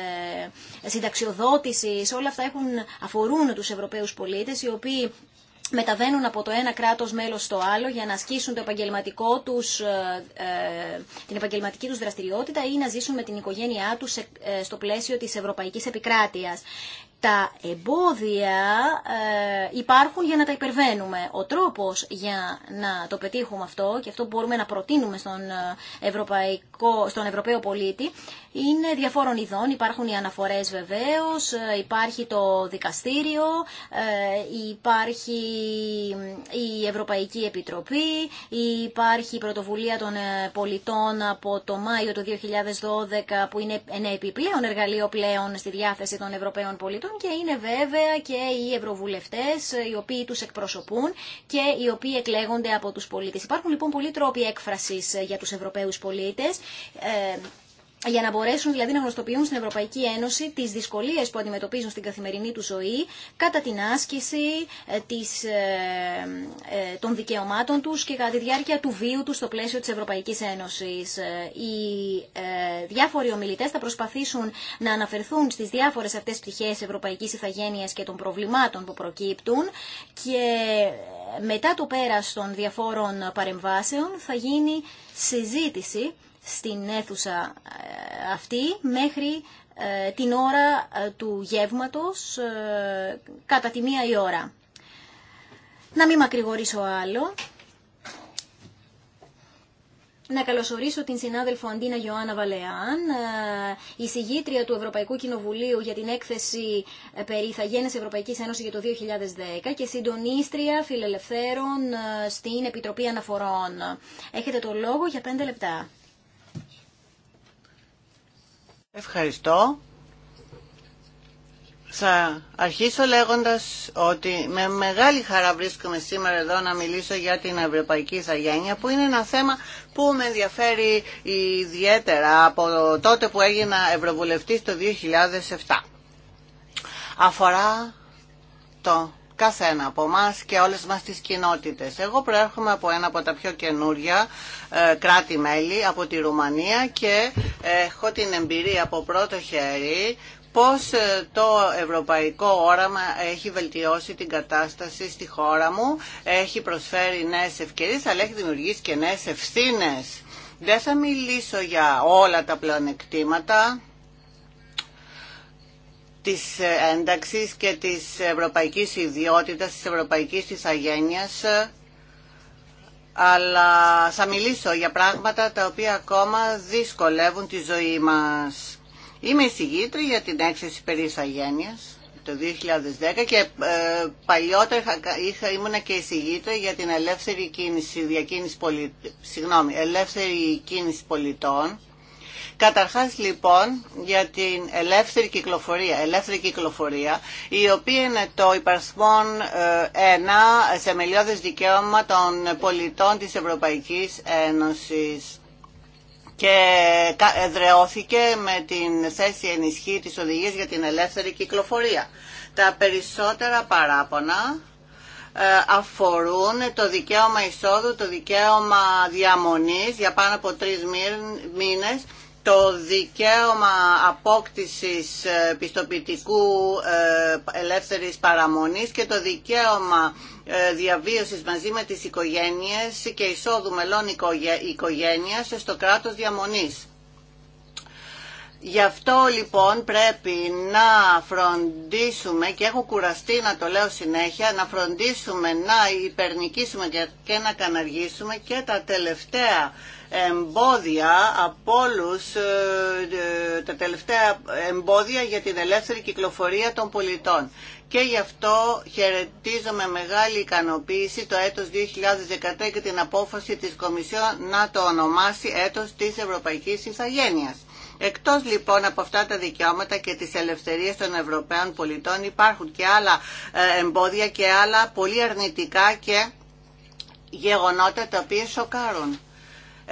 συνταξιοδότηση, όλα αυτά έχουν, αφορούν τους Ευρωπαίους πολίτες οι οποίοι μεταβαίνουν από το ένα κράτος μέλος στο άλλο για να ασκήσουν το επαγγελματικό τους, ε, την επαγγελματική τους δραστηριότητα ή να ζήσουν με την οικογένειά τους στο πλαίσιο της ευρωπαϊκής επικράτειας τα εμπόδια ε, υπάρχουν για να τα υπερβαίνουμε. Ο τρόπος για να το πετύχουμε αυτό και αυτό που μπορούμε να προτείνουμε στον ε, Ευρωπαϊκό στον Ευρωπαίο πολίτη είναι διαφόρων ειδών. Υπάρχουν οι αναφορές βεβαίως, ε, υπάρχει το δικαστήριο, ε, υπάρχει η Ευρωπαϊκή Επιτροπή, υπάρχει η πρωτοβουλία των ε, πολιτών από το Μάιο του 2012 που είναι ένα επιπλέον εργαλείο πλέον στη διάθεση των Ευρωπαίων πολιτών και είναι βέβαια και οι ευρωβουλευτές οι οποίοι τους εκπροσωπούν και οι οποίοι εκλέγονται από τους πολίτες. Υπάρχουν λοιπόν πολλοί τρόποι έκφρασης για τους Ευρωπαίους πολίτε ε, για να μπορέσουν δηλαδή να γνωστοποιούν στην Ευρωπαϊκή Ένωση τις δυσκολίες που αντιμετωπίζουν στην καθημερινή του ζωή κατά την άσκηση ε, της, ε, των δικαιωμάτων τους και κατά τη διάρκεια του βίου τους στο πλαίσιο της Ευρωπαϊκής Ένωσης. Οι διάφοροι ομιλητές θα προσπαθήσουν να αναφερθούν στις διάφορες αυτές πτυχές ευρωπαϊκής ηθαγένειας και των προβλημάτων που προκύπτουν και μετά το πέρας των διαφόρων παρεμβάσεων θα γίνει συζήτηση στην αίθουσα ε, αυτή μέχρι ε, την ώρα ε, του γεύματος κατά τη μία η ώρα. Να μην μακρηγορήσω άλλο. Να καλωσορίσω την συνάδελφο Αντίνα Ιωάννα Βαλεάν, η συγγήτρια του Ευρωπαϊκού Κοινοβουλίου για την έκθεση περί Θαγένες Ευρωπαϊκής Ένωσης για το 2010 και συντονίστρια φιλελευθέρων στην Επιτροπή Αναφορών. Έχετε το λόγο για πέντε λεπτά. Ευχαριστώ. Θα αρχίσω λέγοντας ότι με μεγάλη χαρά βρίσκομαι σήμερα εδώ να μιλήσω για την Ευρωπαϊκή Ιθαγένεια που είναι ένα θέμα που με ενδιαφέρει ιδιαίτερα από τότε που έγινα Ευρωβουλευτής το 2007. Αφορά το καθένα από εμά και όλες μας τις κοινότητες. Εγώ προέρχομαι από ένα από τα πιο καινούρια ε, κράτη-μέλη, από τη Ρουμανία και ε, έχω την εμπειρία από πρώτο χέρι πώς ε, το ευρωπαϊκό όραμα έχει βελτιώσει την κατάσταση στη χώρα μου, έχει προσφέρει νέες ευκαιρίες αλλά έχει δημιουργήσει και νέες ευθύνες. Δεν θα μιλήσω για όλα τα πλεονεκτήματα της ένταξης και της ευρωπαϊκής ιδιότητας, της ευρωπαϊκής ηθαγένειας, αλλά θα μιλήσω για πράγματα τα οποία ακόμα δυσκολεύουν τη ζωή μας. Είμαι εισηγήτρια για την έκθεση περί ηθαγένειας το 2010 και ε, παλιότερα είχα, και εισηγήτρια για την ελεύθερη κίνηση, διακίνηση πολι... συγγνώμη, ελεύθερη κίνηση πολιτών Καταρχάς λοιπόν για την ελεύθερη κυκλοφορία, ελεύθερη κυκλοφορία η οποία είναι το υπαρσμόν ε, ένα θεμελιώδες δικαίωμα των πολιτών της Ευρωπαϊκής Ένωσης και εδρεώθηκε με την θέση ενισχύ της οδηγίας για την ελεύθερη κυκλοφορία. Τα περισσότερα παράπονα ε, αφορούν το δικαίωμα εισόδου, το δικαίωμα διαμονής για πάνω από τρεις μήνες το δικαίωμα απόκτησης ε, πιστοποιητικού ε, ελεύθερης παραμονής και το δικαίωμα ε, διαβίωσης μαζί με τις οικογένειες και εισόδου μελών οικογένειας στο κράτος διαμονής. Γι' αυτό λοιπόν πρέπει να φροντίσουμε και έχω κουραστεί να το λέω συνέχεια να φροντίσουμε να υπερνικήσουμε και να καναργήσουμε και τα τελευταία εμπόδια από όλου ε, ε, τα τελευταία εμπόδια για την ελεύθερη κυκλοφορία των πολιτών. Και γι' αυτό χαιρετίζω με μεγάλη ικανοποίηση το έτος 2013 και την απόφαση της Κομισιόν να το ονομάσει έτος της Ευρωπαϊκής Ιθαγένειας. Εκτός λοιπόν από αυτά τα δικαιώματα και τις ελευθερίες των Ευρωπαίων πολιτών υπάρχουν και άλλα ε, εμπόδια και άλλα πολύ αρνητικά και γεγονότα τα οποία σοκάρουν.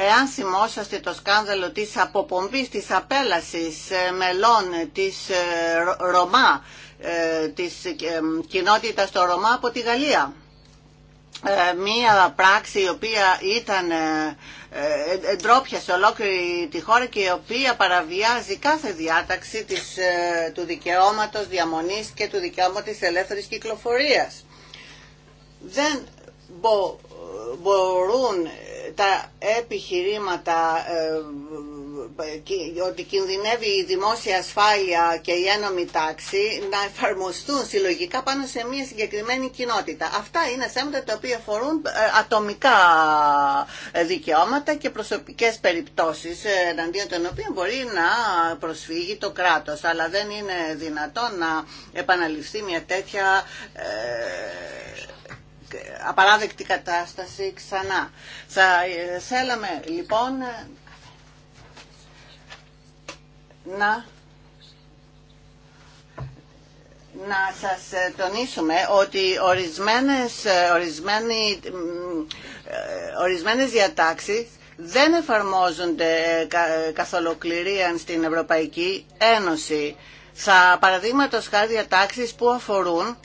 Εάν θυμόσαστε το σκάνδαλο της αποπομπής, της απέλασης ε, μελών της ε, Ρωμά, ε, της κοινότητας των Ρωμά από τη Γαλλία. Μία πράξη η οποία ήταν ντρόπια σε ολόκληρη τη χώρα και η οποία παραβιάζει κάθε διάταξη της, του δικαιώματος διαμονής και του δικαιώματος της ελεύθερης κυκλοφορίας. Δεν μπο, μπορούν τα επιχειρήματα ε, ε, ε, ότι κινδυνεύει η δημόσια ασφάλεια και η ένωμη τάξη να εφαρμοστούν συλλογικά πάνω σε μια συγκεκριμένη κοινότητα. Αυτά είναι θέματα τα οποία αφορούν ατομικά δικαιώματα και προσωπικές περιπτώσεις εναντίον των οποίων μπορεί να προσφύγει το κράτος. Αλλά δεν είναι δυνατον να επαναληφθεί μια τέτοια απαράδεκτη κατάσταση ξανά. Θα ε, θέλαμε λοιπόν να να σας ε, τονίσουμε ότι ορισμένες, ε, ορισμένοι, ορισμένες διατάξεις δεν εφαρμόζονται καθ' στην Ευρωπαϊκή Ένωση. Θα παραδείγματος χάρη διατάξεις που αφορούν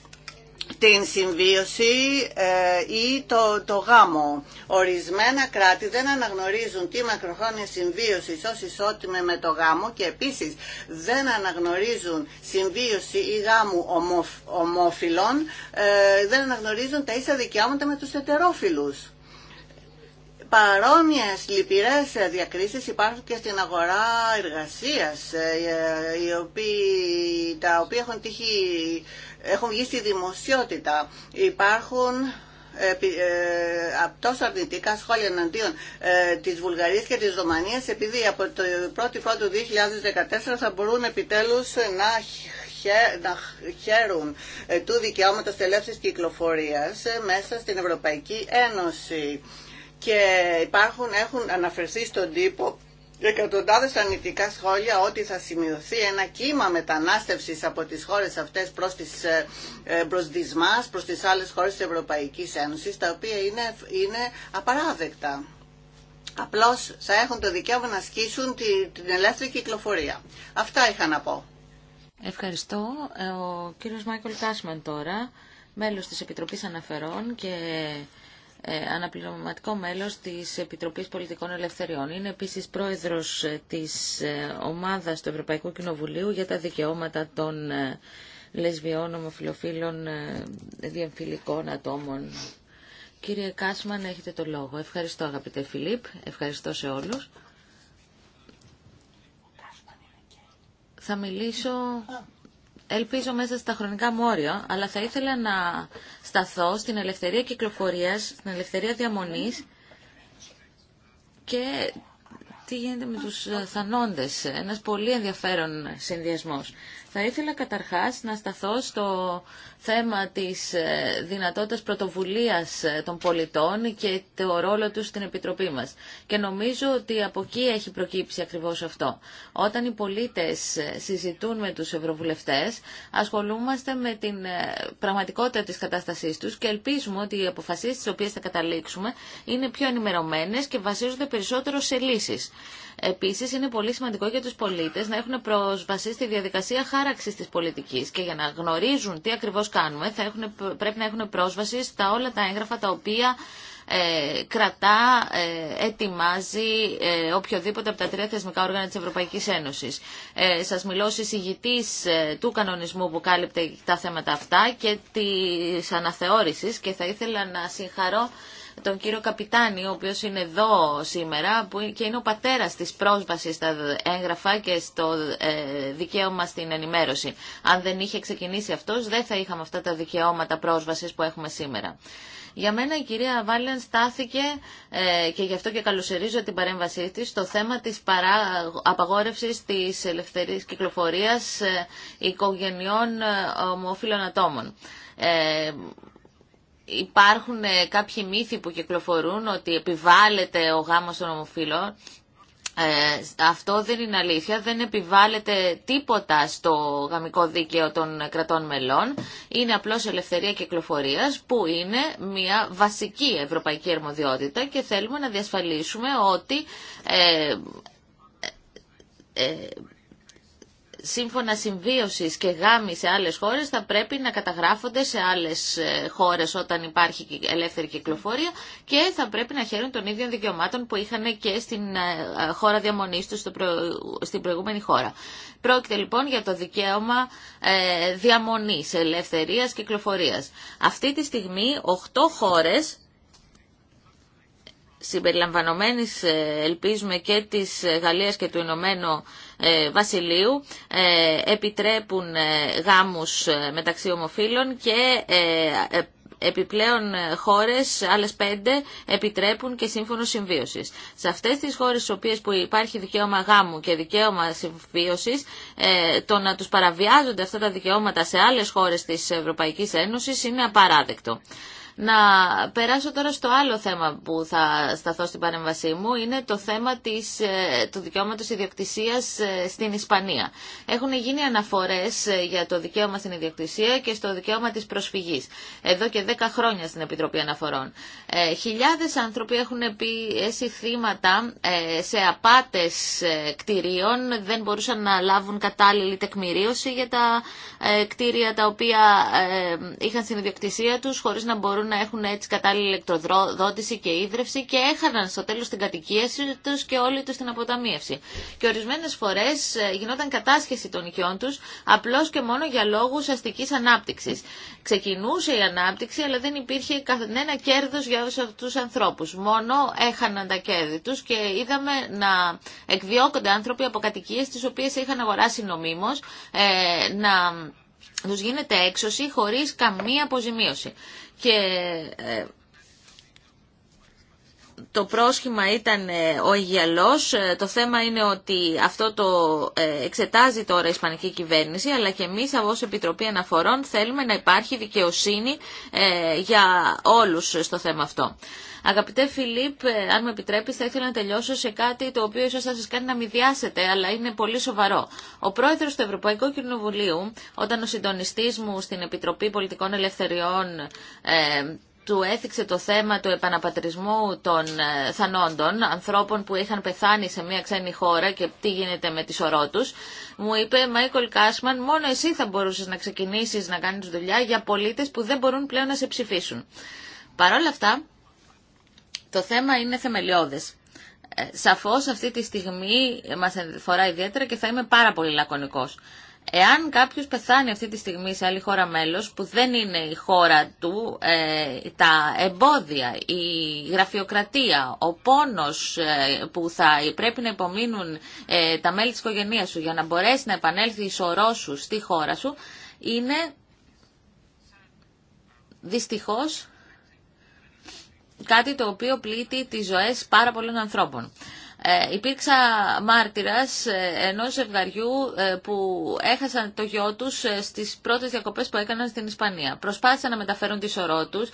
την συμβίωση ε, ή το, το γάμο. Ορισμένα κράτη δεν αναγνωρίζουν τη μακροχρόνια συμβίωση ω ισότιμη με το γάμο και επίσης δεν αναγνωρίζουν συμβίωση ή γάμου ομόφυλων, ε, δεν αναγνωρίζουν τα ίσα δικαιώματα με τους ετερόφιλους παρόμοιες λυπηρές διακρίσεις υπάρχουν και στην αγορά εργασίας, ε, οι τα οποία έχουν, τύχει, έχουν βγει στη δημοσιότητα. Υπάρχουν ε, ε, τόσο αρνητικά σχόλια εναντίον ε, της Βουλγαρίας και της Ρωμανίας επειδή από το 1η του 2014 θα μπορούν επιτέλους να να χαίρουν του δικαιώματος ελεύθερης κυκλοφορίας μέσα στην Ευρωπαϊκή Ένωση και υπάρχουν, έχουν αναφερθεί στον τύπο εκατοντάδε αρνητικά σχόλια ότι θα σημειωθεί ένα κύμα μετανάστευση από τι χώρε αυτέ προ τι προς τις ε, ε, προ τι άλλε χώρε τη Ευρωπαϊκή Ένωση, τα οποία είναι, είναι απαράδεκτα. Απλώ θα έχουν το δικαίωμα να ασκήσουν τη, την ελεύθερη κυκλοφορία. Αυτά είχα να πω. Ευχαριστώ. Ε, ο κύριος Μάικολ Κάσμαν τώρα, μέλος της Επιτροπής Αναφερών και ε, αναπληρωματικό μέλος της Επιτροπής Πολιτικών Ελευθεριών. Είναι επίσης πρόεδρος ε, της ε, ομάδας του Ευρωπαϊκού Κοινοβουλίου για τα δικαιώματα των λεσβιών, ομοφιλοφίλων, διεμφυλικών ατόμων. Κύριε Κάσμαν, έχετε το λόγο. Ευχαριστώ αγαπητέ Φιλίπ, ευχαριστώ σε όλους. Θα μιλήσω ελπίζω μέσα στα χρονικά μόρια, αλλά θα ήθελα να σταθώ στην ελευθερία κυκλοφορίας, στην ελευθερία διαμονής και τι γίνεται με τους θανόντες. Ένας πολύ ενδιαφέρον συνδυασμός. Θα ήθελα καταρχάς να σταθώ στο θέμα της ε, δυνατότητας πρωτοβουλίας ε, των πολιτών και το ρόλο τους στην Επιτροπή μας. Και νομίζω ότι από εκεί έχει προκύψει ακριβώς αυτό. Όταν οι πολίτες ε, συζητούν με τους ευρωβουλευτές, ασχολούμαστε με την πραγματικότητα της κατάστασής τους και ελπίζουμε ότι οι αποφασίες τις οποίες θα καταλήξουμε είναι πιο ενημερωμένες και βασίζονται περισσότερο σε λύσεις. Επίσης, είναι πολύ σημαντικό για τους πολίτες να έχουν πρόσβαση στη διαδικασία χάρη χάραξης της πολιτικής και για να γνωρίζουν τι ακριβώς κάνουμε θα έχουν, πρέπει να έχουν πρόσβαση στα όλα τα έγγραφα τα οποία ε, κρατά, ε, ετοιμάζει ε, οποιοδήποτε από τα τρία θεσμικά όργανα της Ευρωπαϊκής Ένωσης. Ε, σας μιλώ ως εισηγητής ε, του κανονισμού που κάλυπτε τα θέματα αυτά και τη αναθεώρησης και θα ήθελα να συγχαρώ τον κύριο Καπιτάνη, ο οποίος είναι εδώ σήμερα που και είναι ο πατέρας της πρόσβασης στα έγγραφα και στο ε, δικαίωμα στην ενημέρωση. Αν δεν είχε ξεκινήσει αυτός, δεν θα είχαμε αυτά τα δικαιώματα πρόσβασης που έχουμε σήμερα. Για μένα η κυρία Βάλεν στάθηκε ε, και γι' αυτό και καλωσορίζω την παρέμβασή της στο θέμα της παρά... απαγόρευσης της ελευθερής κυκλοφορίας ε, οικογενειών ομοφύλων ατόμων υπάρχουν ε, κάποιοι μύθοι που κυκλοφορούν ότι επιβάλλεται ο γάμος των ομοφύλων. Ε, αυτό δεν είναι αλήθεια, δεν επιβάλλεται τίποτα στο γαμικό δίκαιο των κρατών μελών. Είναι απλώς ελευθερία κυκλοφορίας που είναι μια βασική ευρωπαϊκή αρμοδιότητα και θέλουμε να διασφαλίσουμε ότι ε, σύμφωνα συμβίωσης και γάμοι σε άλλες χώρες θα πρέπει να καταγράφονται σε άλλες ε, χώρες όταν υπάρχει ελεύθερη κυκλοφορία και θα πρέπει να χαίρουν των ίδιων δικαιωμάτων που είχαν και στην ε, χώρα διαμονής τους στην προηγούμενη χώρα. Πρόκειται λοιπόν για το δικαίωμα ε, διαμονής ελευθερίας κυκλοφορίας. Αυτή τη στιγμή 8 χώρες συμπεριλαμβανομένης ε, ελπίζουμε και της Γαλλίας και του Ηνωμένου ε, Βασιλείου ε, επιτρέπουν γάμους μεταξύ ομοφύλων και επιπλέον χώρες, άλλες πέντε, επιτρέπουν και σύμφωνο συμβίωσης. Σε αυτές τις χώρες στις οποίες που υπάρχει δικαίωμα γάμου και δικαίωμα συμβίωσης, το να τους παραβιάζονται αυτά τα δικαιώματα σε άλλες χώρες της Ευρωπαϊκής Ένωσης είναι απαράδεκτο. Να περάσω τώρα στο άλλο θέμα που θα σταθώ στην παρέμβασή μου, είναι το θέμα της, ε, του δικαιώματος ιδιοκτησίας ε, στην Ισπανία. Έχουν γίνει αναφορές ε, για το δικαίωμα στην ιδιοκτησία και στο δικαίωμα της προσφυγής. Εδώ και 10 χρόνια στην Επιτροπή Αναφορών. Ε, χιλιάδες άνθρωποι έχουν πιέσει θύματα σε απάτες κτηρίων, δεν μπορούσαν να λάβουν κατάλληλη τεκμηρίωση για τα κτίρια τα οποία είχαν στην ιδιοκτησία τους, χωρίς να μπορούν να έχουν έτσι κατάλληλη ηλεκτροδότηση και ίδρυυση και έχαναν στο τέλο την κατοικία του και όλη του την αποταμίευση. Και ορισμένε φορέ ε, γινόταν κατάσχεση των οικειών του, απλώ και μόνο για λόγου αστική ανάπτυξη. Ξεκινούσε η ανάπτυξη αλλά δεν υπήρχε κανένα κέρδο για όλου αυτού του ανθρώπου. Μόνο έχαναν τα κέρδη του και είδαμε να εκδιώκονται άνθρωποι από κατοικίε τι οποίε είχαν αγοράσει νομίμω ε, να τους γίνεται έξωση χωρίς καμία αποζημίωση και ε, το πρόσχημα ήταν ε, ο Ιγιαλός. Ε, το θέμα είναι ότι αυτό το εξετάζει τώρα η Ισπανική κυβέρνηση, αλλά και εμείς ως Επιτροπή Αναφορών θέλουμε να υπάρχει δικαιοσύνη για όλους στο θέμα αυτό. Αγαπητέ Φιλίπ, ε, αν με επιτρέπει, θα ήθελα να τελειώσω σε κάτι το οποίο ίσω θα σα κάνει να μην διάσετε, αλλά είναι πολύ σοβαρό. Ο πρόεδρος του Ευρωπαϊκού Κοινοβουλίου, όταν ο συντονιστή μου στην Επιτροπή Πολιτικών Ελευθεριών ε, του έθιξε το θέμα του επαναπατρισμού των ε, θανόντων, ανθρώπων που είχαν πεθάνει σε μια ξένη χώρα και τι γίνεται με τη σωρό τους, μου είπε «Μάικολ Κάσμαν, μόνο εσύ θα μπορούσες να ξεκινήσεις να κάνεις δουλειά για πολίτες που δεν μπορούν πλέον να σε ψηφίσουν». Παρ' αυτά, το θέμα είναι θεμελιώδες. Ε, σαφώς αυτή τη στιγμή μας φορά ιδιαίτερα και θα είμαι πάρα πολύ λακωνικός. Εάν κάποιος πεθάνει αυτή τη στιγμή σε άλλη χώρα μέλος που δεν είναι η χώρα του, ε, τα εμπόδια, η γραφειοκρατία, ο πόνος ε, που θα πρέπει να υπομείνουν τα μέλη της οικογένειας σου για να μπορέσει να επανέλθει η σωρό σου στη χώρα σου, είναι δυστυχώς κάτι το οποίο πλήττει τις ζωές πάρα πολλών ανθρώπων. Ε, υπήρξα μάρτυρας ε, ενός ζευγαριού ε, που έχασαν το γιο τους ε, στις πρώτες διακοπές που έκαναν στην Ισπανία. Προσπάθησαν να μεταφέρουν τη σωρό τους,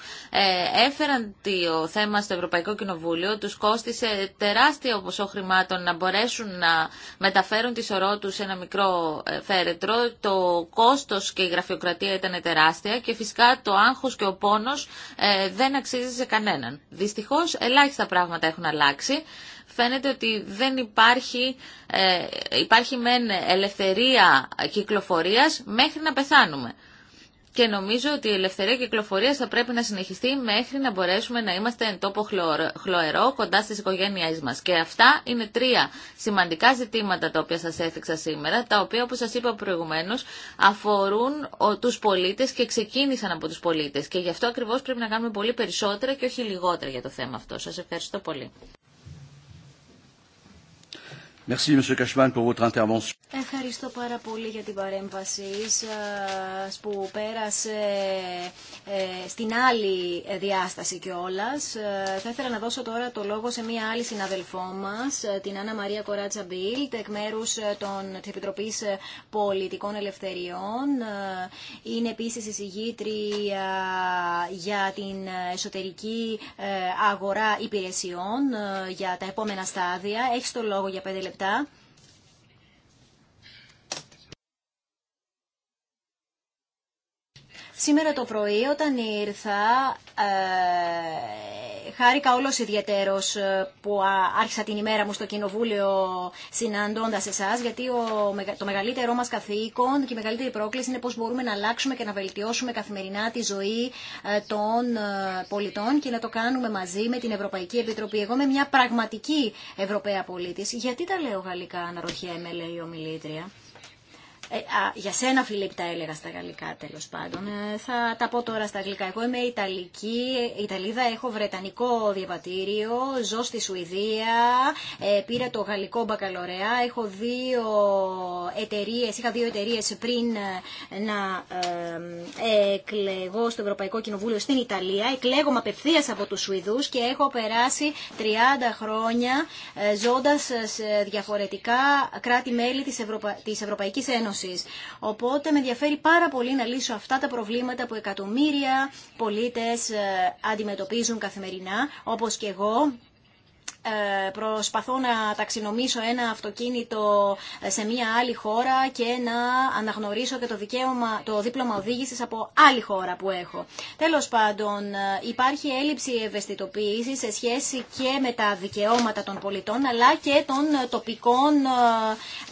έφεραν το θέμα στο Ευρωπαϊκό Κοινοβούλιο, τους κόστισε τεράστιο ποσό χρημάτων να μπορέσουν να μεταφέρουν τη σωρό τους σε ένα μικρό φέρετρο. Το κόστος και η γραφειοκρατία ήταν τεράστια και φυσικά το άγχος και ο πόνος δεν αξίζει σε κανέναν. Δυστυχώς ελάχιστα πράγματα έχουν αλλάξει φαίνεται ότι δεν υπάρχει, ε, υπάρχει μεν ελευθερία κυκλοφορίας μέχρι να πεθάνουμε. Και νομίζω ότι η ελευθερία κυκλοφορίας θα πρέπει να συνεχιστεί μέχρι να μπορέσουμε να είμαστε εν τόπο χλωερό κοντά στις οικογένειές μας. Και αυτά είναι τρία σημαντικά ζητήματα τα οποία σας έθιξα σήμερα, τα οποία όπως σας είπα προηγουμένως αφορούν τους πολίτες και ξεκίνησαν από τους πολίτες. Και γι' αυτό ακριβώς πρέπει να κάνουμε πολύ περισσότερα και όχι λιγότερα για το θέμα αυτό. Σας ευχαριστώ πολύ. Ευχαριστώ πάρα πολύ για την παρέμβασή σας που πέρασε ε, στην άλλη διάσταση κιόλα. Ε, θα ήθελα να δώσω τώρα το λόγο σε μία άλλη συναδελφό μας, ε, την Άννα Μαρία Κοράτσα Μπίλτ, εκ μέρους των, της Επιτροπής Πολιτικών Ελευθεριών. Είναι επίσης εισηγήτρια για την εσωτερική αγορά υπηρεσιών για τα επόμενα στάδια. Έχει το λόγο για πέντε λεπτά μετά Σήμερα το πρωί όταν ήρθα, ε, χάρηκα όλος ιδιαίτερος ε, που άρχισα την ημέρα μου στο Κοινοβούλιο συναντώντας εσάς, γιατί ο, το μεγαλύτερό μας καθήκον και η μεγαλύτερη πρόκληση είναι πώς μπορούμε να αλλάξουμε και να βελτιώσουμε καθημερινά τη ζωή ε, των ε, πολιτών και να το κάνουμε μαζί με την Ευρωπαϊκή Επιτροπή. Εγώ είμαι μια πραγματική Ευρωπαία πολίτης. Γιατί τα λέω γαλλικά, αναρωτιέμαι, λέει η ομιλήτρια. Ε, για σένα Φιλίπ τα έλεγα στα γαλλικά τέλο πάντων. Ε, θα τα πω τώρα στα αγγλικά. Εγώ είμαι Ιταλική, Ιταλίδα, έχω Βρετανικό διαβατήριο, ζω στη Σουηδία, ε, πήρα το γαλλικό μπακαλωρέα, έχω δύο εταιρείε, είχα δύο εταιρείε πριν να εκλεγώ στο Ευρωπαϊκό Κοινοβούλιο στην Ιταλία. εκλέγω απευθεία από του Σουηδού και έχω περάσει 30 χρόνια ζώντα σε διαφορετικά κράτη-μέλη τη Ευρωπα... της Οπότε με ενδιαφέρει πάρα πολύ να λύσω αυτά τα προβλήματα που εκατομμύρια πολίτες ε, αντιμετωπίζουν καθημερινά, όπως και εγώ ε, προσπαθώ να ταξινομήσω ένα αυτοκίνητο ε, σε μία άλλη χώρα και να αναγνωρίσω και το, δικαίωμα, το δίπλωμα οδήγηση από άλλη χώρα που έχω. Τέλος πάντων, ε, υπάρχει έλλειψη ευαισθητοποίηση σε σχέση και με τα δικαιώματα των πολιτών αλλά και των τοπικών,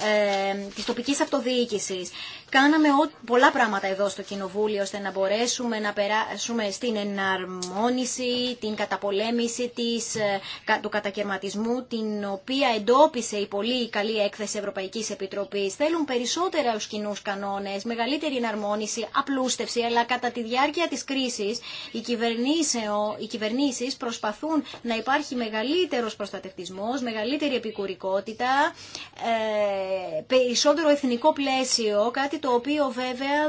ε, της τοπικής αυτοδιοίκησης. Κάναμε πολλά πράγματα εδώ στο Κοινοβούλιο ώστε να μπορέσουμε να περάσουμε στην εναρμόνιση, την καταπολέμηση της, ε, του κατακαιρματισμού, την οποία εντόπισε η πολύ καλή έκθεση Ευρωπαϊκής Επιτροπής. Θέλουν περισσότερα ως κοινού κανόνες, μεγαλύτερη εναρμόνιση, απλούστευση, αλλά κατά τη διάρκεια της κρίσης οι, οι κυβερνήσεις προσπαθούν να υπάρχει μεγαλύτερος προστατευτισμός, μεγαλύτερη επικουρικότητα, ε, περισσότερο εθνικό πλαίσιο, το οποίο βέβαια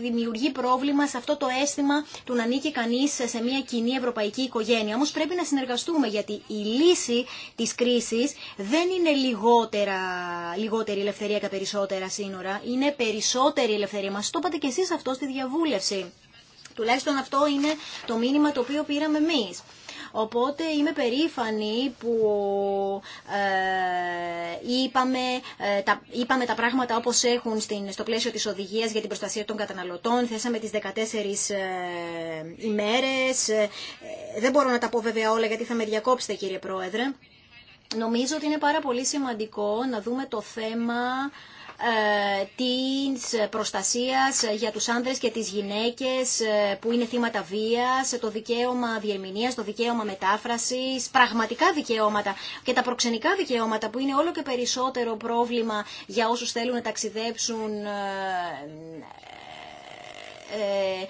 δημιουργεί πρόβλημα σε αυτό το αίσθημα του να ανήκει κανείς σε μια κοινή ευρωπαϊκή οικογένεια. Όμω πρέπει να συνεργαστούμε γιατί η λύση της κρίσης δεν είναι λιγότερα, λιγότερη ελευθερία και περισσότερα σύνορα. Είναι περισσότερη ελευθερία. Μα το είπατε και εσείς αυτό στη διαβούλευση. Τουλάχιστον αυτό είναι το μήνυμα το οποίο πήραμε εμείς. Οπότε είμαι περήφανη που ε, είπαμε, ε, τα, είπαμε τα πράγματα όπως έχουν στην, στο πλαίσιο της οδηγίας για την προστασία των καταναλωτών. Θέσαμε τις 14 ε, ημέρες. δεν μπορώ να τα πω βέβαια όλα γιατί θα με διακόψετε κύριε Πρόεδρε. Νομίζω ότι είναι πάρα πολύ σημαντικό να δούμε το θέμα ε, της προστασίας για τους άνδρες και τις γυναίκες ε, που είναι θύματα βίας, το δικαίωμα διερμηνίας, το δικαίωμα μετάφρασης, πραγματικά δικαιώματα και τα προξενικά δικαιώματα που είναι όλο και περισσότερο πρόβλημα για όσους θέλουν να ταξιδέψουν ε, ε,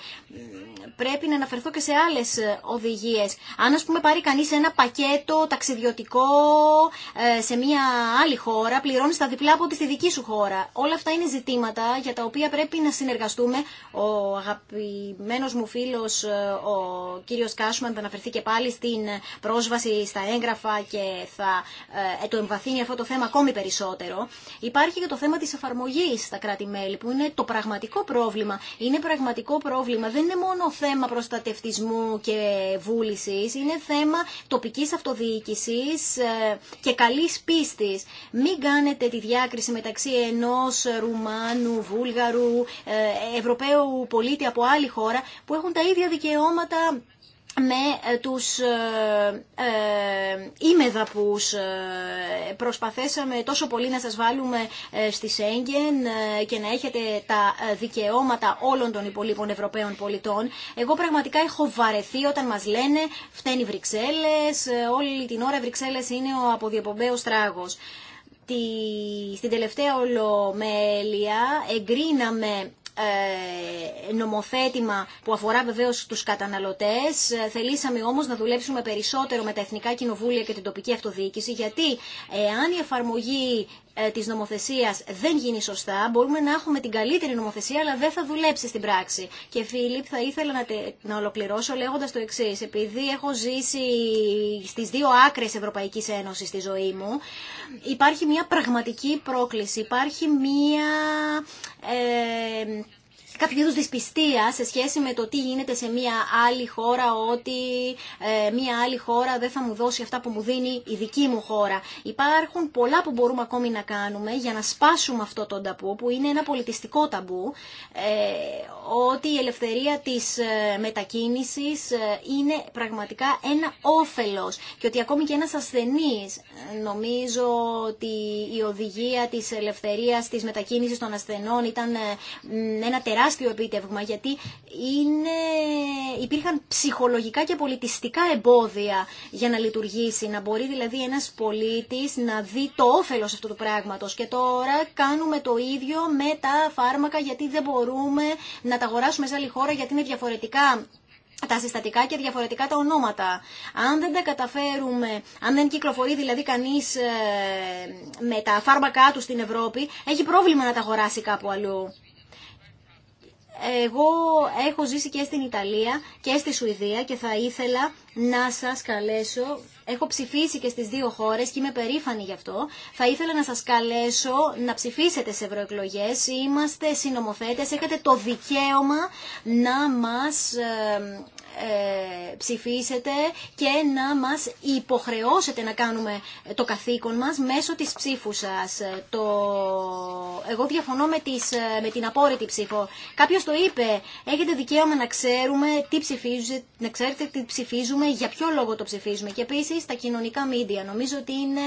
πρέπει να αναφερθώ και σε άλλες οδηγίες. Αν ας πούμε πάρει κανείς ένα πακέτο ταξιδιωτικό ε, σε μια άλλη χώρα, πληρώνει τα διπλά από τη στη δική σου χώρα. Όλα αυτά είναι ζητήματα για τα οποία πρέπει να συνεργαστούμε. Ο αγαπημένος μου φίλος, ε, ο κύριος Κάσμαν, θα αναφερθεί και πάλι στην πρόσβαση στα έγγραφα και θα το εμβαθύνει αυτό το θέμα ακόμη περισσότερο. Υπάρχει και το θέμα της εφαρμογής στα κράτη-μέλη, που είναι το πραγματικό πρόβλημα. Είναι πραγματικό πρόβλημα. Δεν είναι μόνο θέμα προστατευτισμού και βούληση, είναι θέμα τοπικής αυτοδιοίκηση ε, και καλής πίστης. Μην κάνετε τη διάκριση μεταξύ ενός Ρουμάνου, Βούλγαρου, ε, Ευρωπαίου πολίτη από άλλη χώρα που έχουν τα ίδια δικαιώματα με ε, τους ε, ε, ημεδαπούς ε, προσπαθήσαμε τόσο πολύ να σας βάλουμε ε, στη Σέγγεν και να έχετε τα δικαιώματα όλων των υπολείπων Ευρωπαίων πολιτών. Εγώ πραγματικά έχω βαρεθεί όταν μας λένε φταίνει Βρυξέλλες, όλη την ώρα Βρυξέλλες είναι ο αποδιοπομπαίος τράγος. τη στην τελευταία ολομέλεια εγκρίναμε ε, νομοθέτημα που αφορά βεβαίως τους καταναλωτές. Ε, θελήσαμε όμω να δουλέψουμε περισσότερο με τα Εθνικά Κοινοβούλια και την τοπική αυτοδιοίκηση γιατί εάν η εφαρμογή ε, της νομοθεσίας δεν γίνει σωστά, μπορούμε να έχουμε την καλύτερη νομοθεσία, αλλά δεν θα δουλέψει στην πράξη. Και Φίλιπ, θα ήθελα να, τε, να ολοκληρώσω λέγοντας το εξή. Επειδή έχω ζήσει στις δύο άκρες Ευρωπαϊκής Ένωσης στη ζωή μου, υπάρχει μια πραγματική πρόκληση, υπάρχει μια... Ε, κάποιο είδου δυσπιστία σε σχέση με το τι γίνεται σε μια άλλη χώρα, ότι ε, μια άλλη χώρα δεν θα μου δώσει αυτά που μου δίνει η δική μου χώρα. Υπάρχουν πολλά που μπορούμε ακόμη να κάνουμε για να σπάσουμε αυτό το ταμπού, που είναι ένα πολιτιστικό ταμπού, ε, ότι η ελευθερία της ε, μετακίνησης είναι πραγματικά ένα όφελος και ότι ακόμη και ένας ασθενής, νομίζω ότι η οδηγία της ελευθερίας της μετακίνησης των ασθενών ήταν ένα τεράστιο τεράστιο επίτευγμα γιατί είναι, υπήρχαν ψυχολογικά και πολιτιστικά εμπόδια για να λειτουργήσει, να μπορεί δηλαδή ένας πολίτης να δει το όφελος αυτού του πράγματος και τώρα κάνουμε το ίδιο με τα φάρμακα γιατί δεν μπορούμε να τα αγοράσουμε σε άλλη χώρα γιατί είναι διαφορετικά τα συστατικά και διαφορετικά τα ονόματα. Αν δεν τα καταφέρουμε, αν δεν κυκλοφορεί δηλαδή κανείς ε, με τα φάρμακά του στην Ευρώπη, έχει πρόβλημα να τα αγοράσει κάπου αλλού εγώ έχω ζήσει και στην Ιταλία και στη Σουηδία και θα ήθελα να σας καλέσω, έχω ψηφίσει και στις δύο χώρες και είμαι περήφανη γι' αυτό, θα ήθελα να σας καλέσω να ψηφίσετε σε ευρωεκλογέ. είμαστε συνομοθέτες, έχετε το δικαίωμα να μας ε, ε, ψηφίσετε και να μας υποχρεώσετε να κάνουμε το καθήκον μας μέσω της ψήφου σας. Ε, το... Εγώ διαφωνώ με, τις, ε, με την απόρριτη ψήφο. Κάποιος το είπε, έχετε δικαίωμα να ξέρουμε τι ψηφίζουμε, να ξέρετε τι ψηφίζουμε, για ποιο λόγο το ψηφίζουμε. Και επίσης τα κοινωνικά μίντια. Νομίζω ότι είναι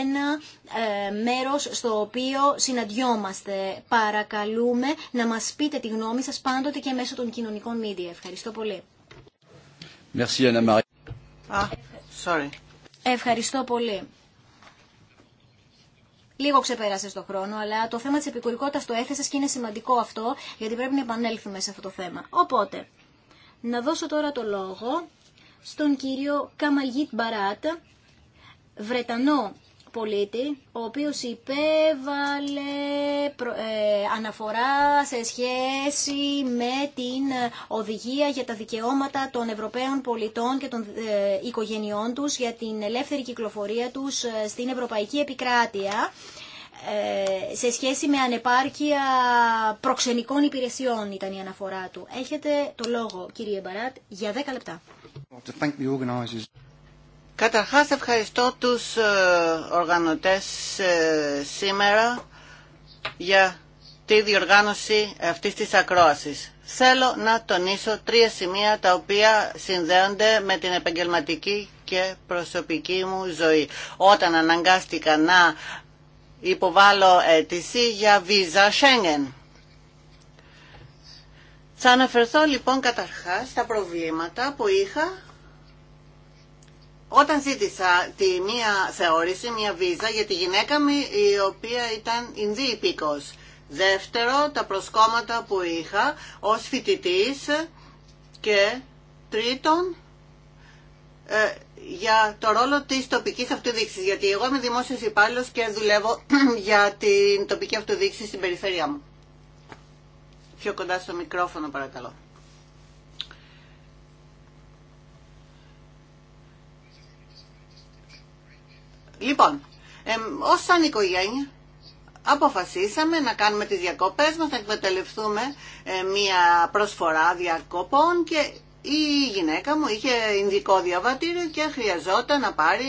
ένα ε, μέρος στο οποίο συναντιόμαστε. Παρακαλούμε να μας πείτε τη γνώμη σας πάντοτε και μέσω των κοινωνικών μίντια. Ευχαριστώ πολύ. Ευχαριστώ πολύ. Λίγο ξεπέρασε το χρόνο, αλλά το θέμα της επικουρικότητας το έθεσε και είναι σημαντικό αυτό, γιατί πρέπει να επανέλθουμε σε αυτό το θέμα. Οπότε, να δώσω τώρα το λόγο στον κύριο Καμαγίτ Μπαράτ, Βρετανό πολίτη, ο οποίος υπέβαλε ε, αναφορά σε σχέση με την οδηγία για τα δικαιώματα των Ευρωπαίων πολιτών και των ε, οικογενειών τους για την ελεύθερη κυκλοφορία τους ε, στην Ευρωπαϊκή Επικράτεια σε σχέση με ανεπάρκεια προξενικών υπηρεσιών ήταν η αναφορά του. Έχετε το λόγο, κύριε Μπαράτ, για 10 λεπτά. Καταρχάς ευχαριστώ τους ε, οργανωτές ε, σήμερα για τη διοργάνωση αυτής της ακρόασης. Θέλω να τονίσω τρία σημεία τα οποία συνδέονται με την επαγγελματική και προσωπική μου ζωή. Όταν αναγκάστηκα να υποβάλω αίτηση για βίζα Schengen. Θα αναφερθώ λοιπόν καταρχάς στα προβλήματα που είχα όταν ζήτησα τη μία θεώρηση, μία βίζα για τη γυναίκα μου η οποία ήταν Ινδύ υπήκος. Δεύτερο, τα προσκόμματα που είχα ως φοιτητή και τρίτον, ε, για το ρόλο της τοπικής αυτοδείξης. γιατί εγώ είμαι δημόσιος υπάλληλο και δουλεύω για την τοπική αυτοδείξη στην περιφέρεια μου. Πιο κοντά στο μικρόφωνο παρακαλώ. Λοιπόν, ε, ως σαν οικογένεια αποφασίσαμε να κάνουμε τις διακοπές μας, να εκμεταλλευτούμε ε, μια προσφορά διακοπών και η γυναίκα μου είχε ειδικό διαβατήριο και χρειαζόταν να πάρει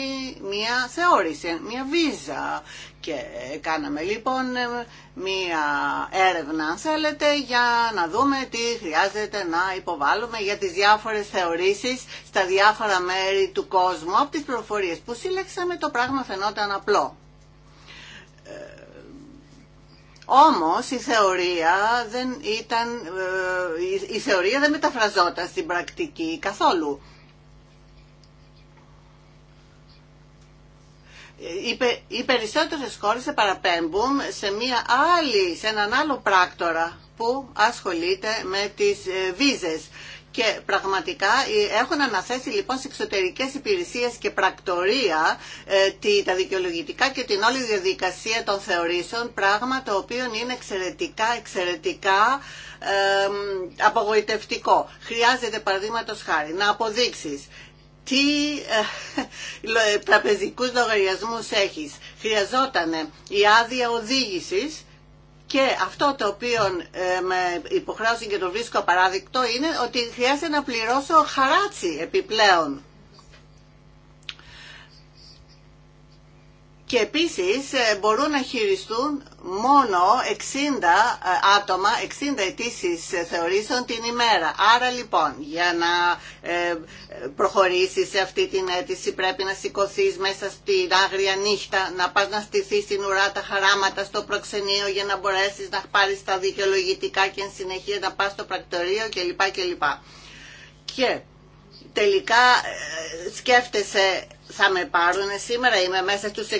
μία θεώρηση, μία βίζα. Και κάναμε λοιπόν μία έρευνα, αν θέλετε, για να δούμε τι χρειάζεται να υποβάλουμε για τις διάφορες θεωρήσεις στα διάφορα μέρη του κόσμου. Από τις προφορίες που σύλλεξαμε το πράγμα φαινόταν απλό. Όμως η θεωρία δεν, ήταν, ε, η θεωρία δεν μεταφραζόταν στην πρακτική καθόλου. οι περισσότερες χώρες σε παραπέμπουν σε, μια άλλη, σε έναν άλλο πράκτορα που ασχολείται με τις ε, βίζες και πραγματικά ε, έχουν αναθέσει λοιπόν σε εξωτερικές υπηρεσίες και πρακτορία ε, τα δικαιολογητικά και την όλη διαδικασία των θεωρήσεων, πράγμα το οποίο είναι εξαιρετικά, εξαιρετικά απογοητευτικό. Χρειάζεται παραδείγματο χάρη να αποδείξεις τι ε, τραπεζικούς λογαριασμούς έχεις. Χρειαζόταν η άδεια οδήγησης και αυτό το οποίο ε, με υποχρέωσε και το βρίσκω παράδεικτο είναι ότι χρειάζεται να πληρώσω χαράτσι επιπλέον και επίσης ε, μπορούν να χειριστούν μόνο 60 ε, άτομα, 60 αιτήσει ε, θεωρήσεων την ημέρα. Άρα λοιπόν, για να προχωρήσεις σε αυτή την αίτηση πρέπει να σηκωθεί μέσα στην άγρια νύχτα, να πας να στηθείς στην ουρά τα χαράματα στο προξενείο για να μπορέσεις να πάρεις τα δικαιολογητικά και εν συνεχεία να πας στο πρακτορείο κλπ. κλπ. Και τελικά ε, σκέφτεσαι θα με πάρουν σήμερα, είμαι μέσα στους 60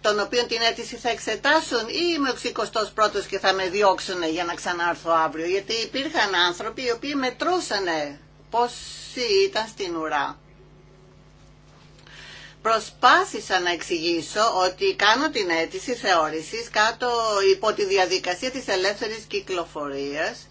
των οποίων την αίτηση θα εξετάσουν ή είμαι ο 61ος και θα με διώξουν για να ξανάρθω αύριο. Γιατί υπήρχαν άνθρωποι οι οποίοι μετρούσαν πόσοι ήταν στην ουρά. Προσπάθησα να εξηγήσω ότι κάνω την αίτηση θεώρησης κάτω υπό τη διαδικασία της ελεύθερης κυκλοφορίας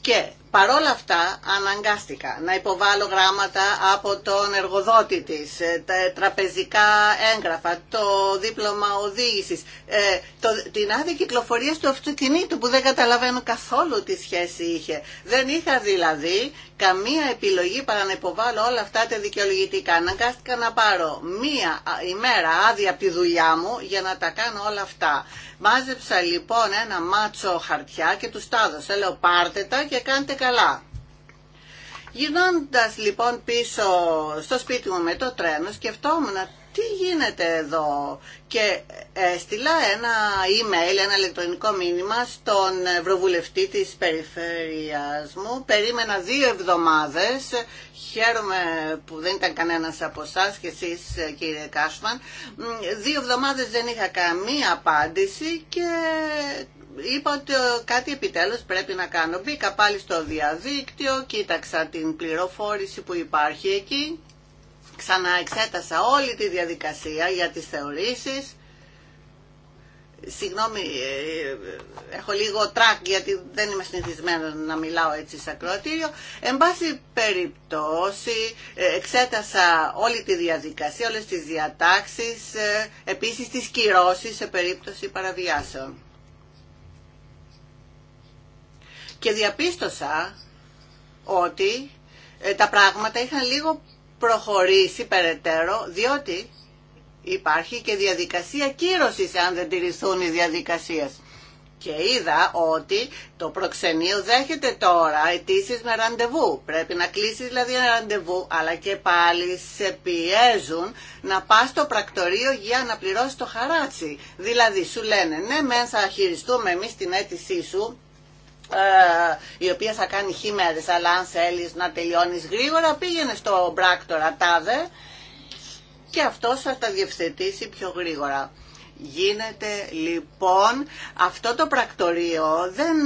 και παρόλα αυτά αναγκάστηκα να υποβάλω γράμματα από τον εργοδότη της, ε, τα τραπεζικά έγγραφα, το δίπλωμα οδήγησης, ε, το, την άδεια κυκλοφορία του αυτοκινήτου που δεν καταλαβαίνω καθόλου τι σχέση είχε. Δεν είχα δηλαδή καμία επιλογή παρά να υποβάλω όλα αυτά τα δικαιολογητικά. Αναγκάστηκα να πάρω μία ημέρα άδεια από τη δουλειά μου για να τα κάνω όλα αυτά. Μάζεψα λοιπόν ένα μάτσο χαρτιά και τους τα έδωσα. Λέω πάρτε τα και κάντε καλά. Γυρνώντας λοιπόν πίσω στο σπίτι μου με το τρένο σκεφτόμουν τι γίνεται εδώ και έστειλα ένα email, ένα ηλεκτρονικό μήνυμα στον Ευρωβουλευτή της Περιφέρειας μου. Περίμενα δύο εβδομάδες, χαίρομαι που δεν ήταν κανένας από εσά και εσείς κύριε Κάσμαν. Δύο εβδομάδες δεν είχα καμία απάντηση και είπα ότι ε, κάτι επιτέλους πρέπει να κάνω. Μπήκα πάλι στο διαδίκτυο, κοίταξα την πληροφόρηση που υπάρχει εκεί, ξαναεξέτασα όλη τη διαδικασία για τις θεωρήσεις. Συγγνώμη, ε, ε, έχω λίγο τρακ γιατί δεν είμαι συνηθισμένο να μιλάω έτσι σε ακροατήριο. Εν πάση περιπτώσει, εξέτασα όλη τη διαδικασία, όλες τις διατάξεις, επίσης τις κυρώσεις σε περίπτωση παραβιάσεων. και διαπίστωσα ότι ε, τα πράγματα είχαν λίγο προχωρήσει περαιτέρω, διότι υπάρχει και διαδικασία κύρωσης αν δεν τηρηθούν οι διαδικασίες. Και είδα ότι το προξενείο δέχεται τώρα αιτήσει με ραντεβού. Πρέπει να κλείσει δηλαδή ένα ραντεβού, αλλά και πάλι σε πιέζουν να πα στο πρακτορείο για να πληρώσει το χαράτσι. Δηλαδή σου λένε, ναι, μεν θα χειριστούμε εμεί την αίτησή σου, ε, η οποία θα κάνει χήμερες, αλλά αν θέλει να τελειώνει γρήγορα πήγαινε στο μπράκτορα τάδε και αυτό θα τα διευθετήσει πιο γρήγορα. Γίνεται λοιπόν αυτό το πρακτορείο δεν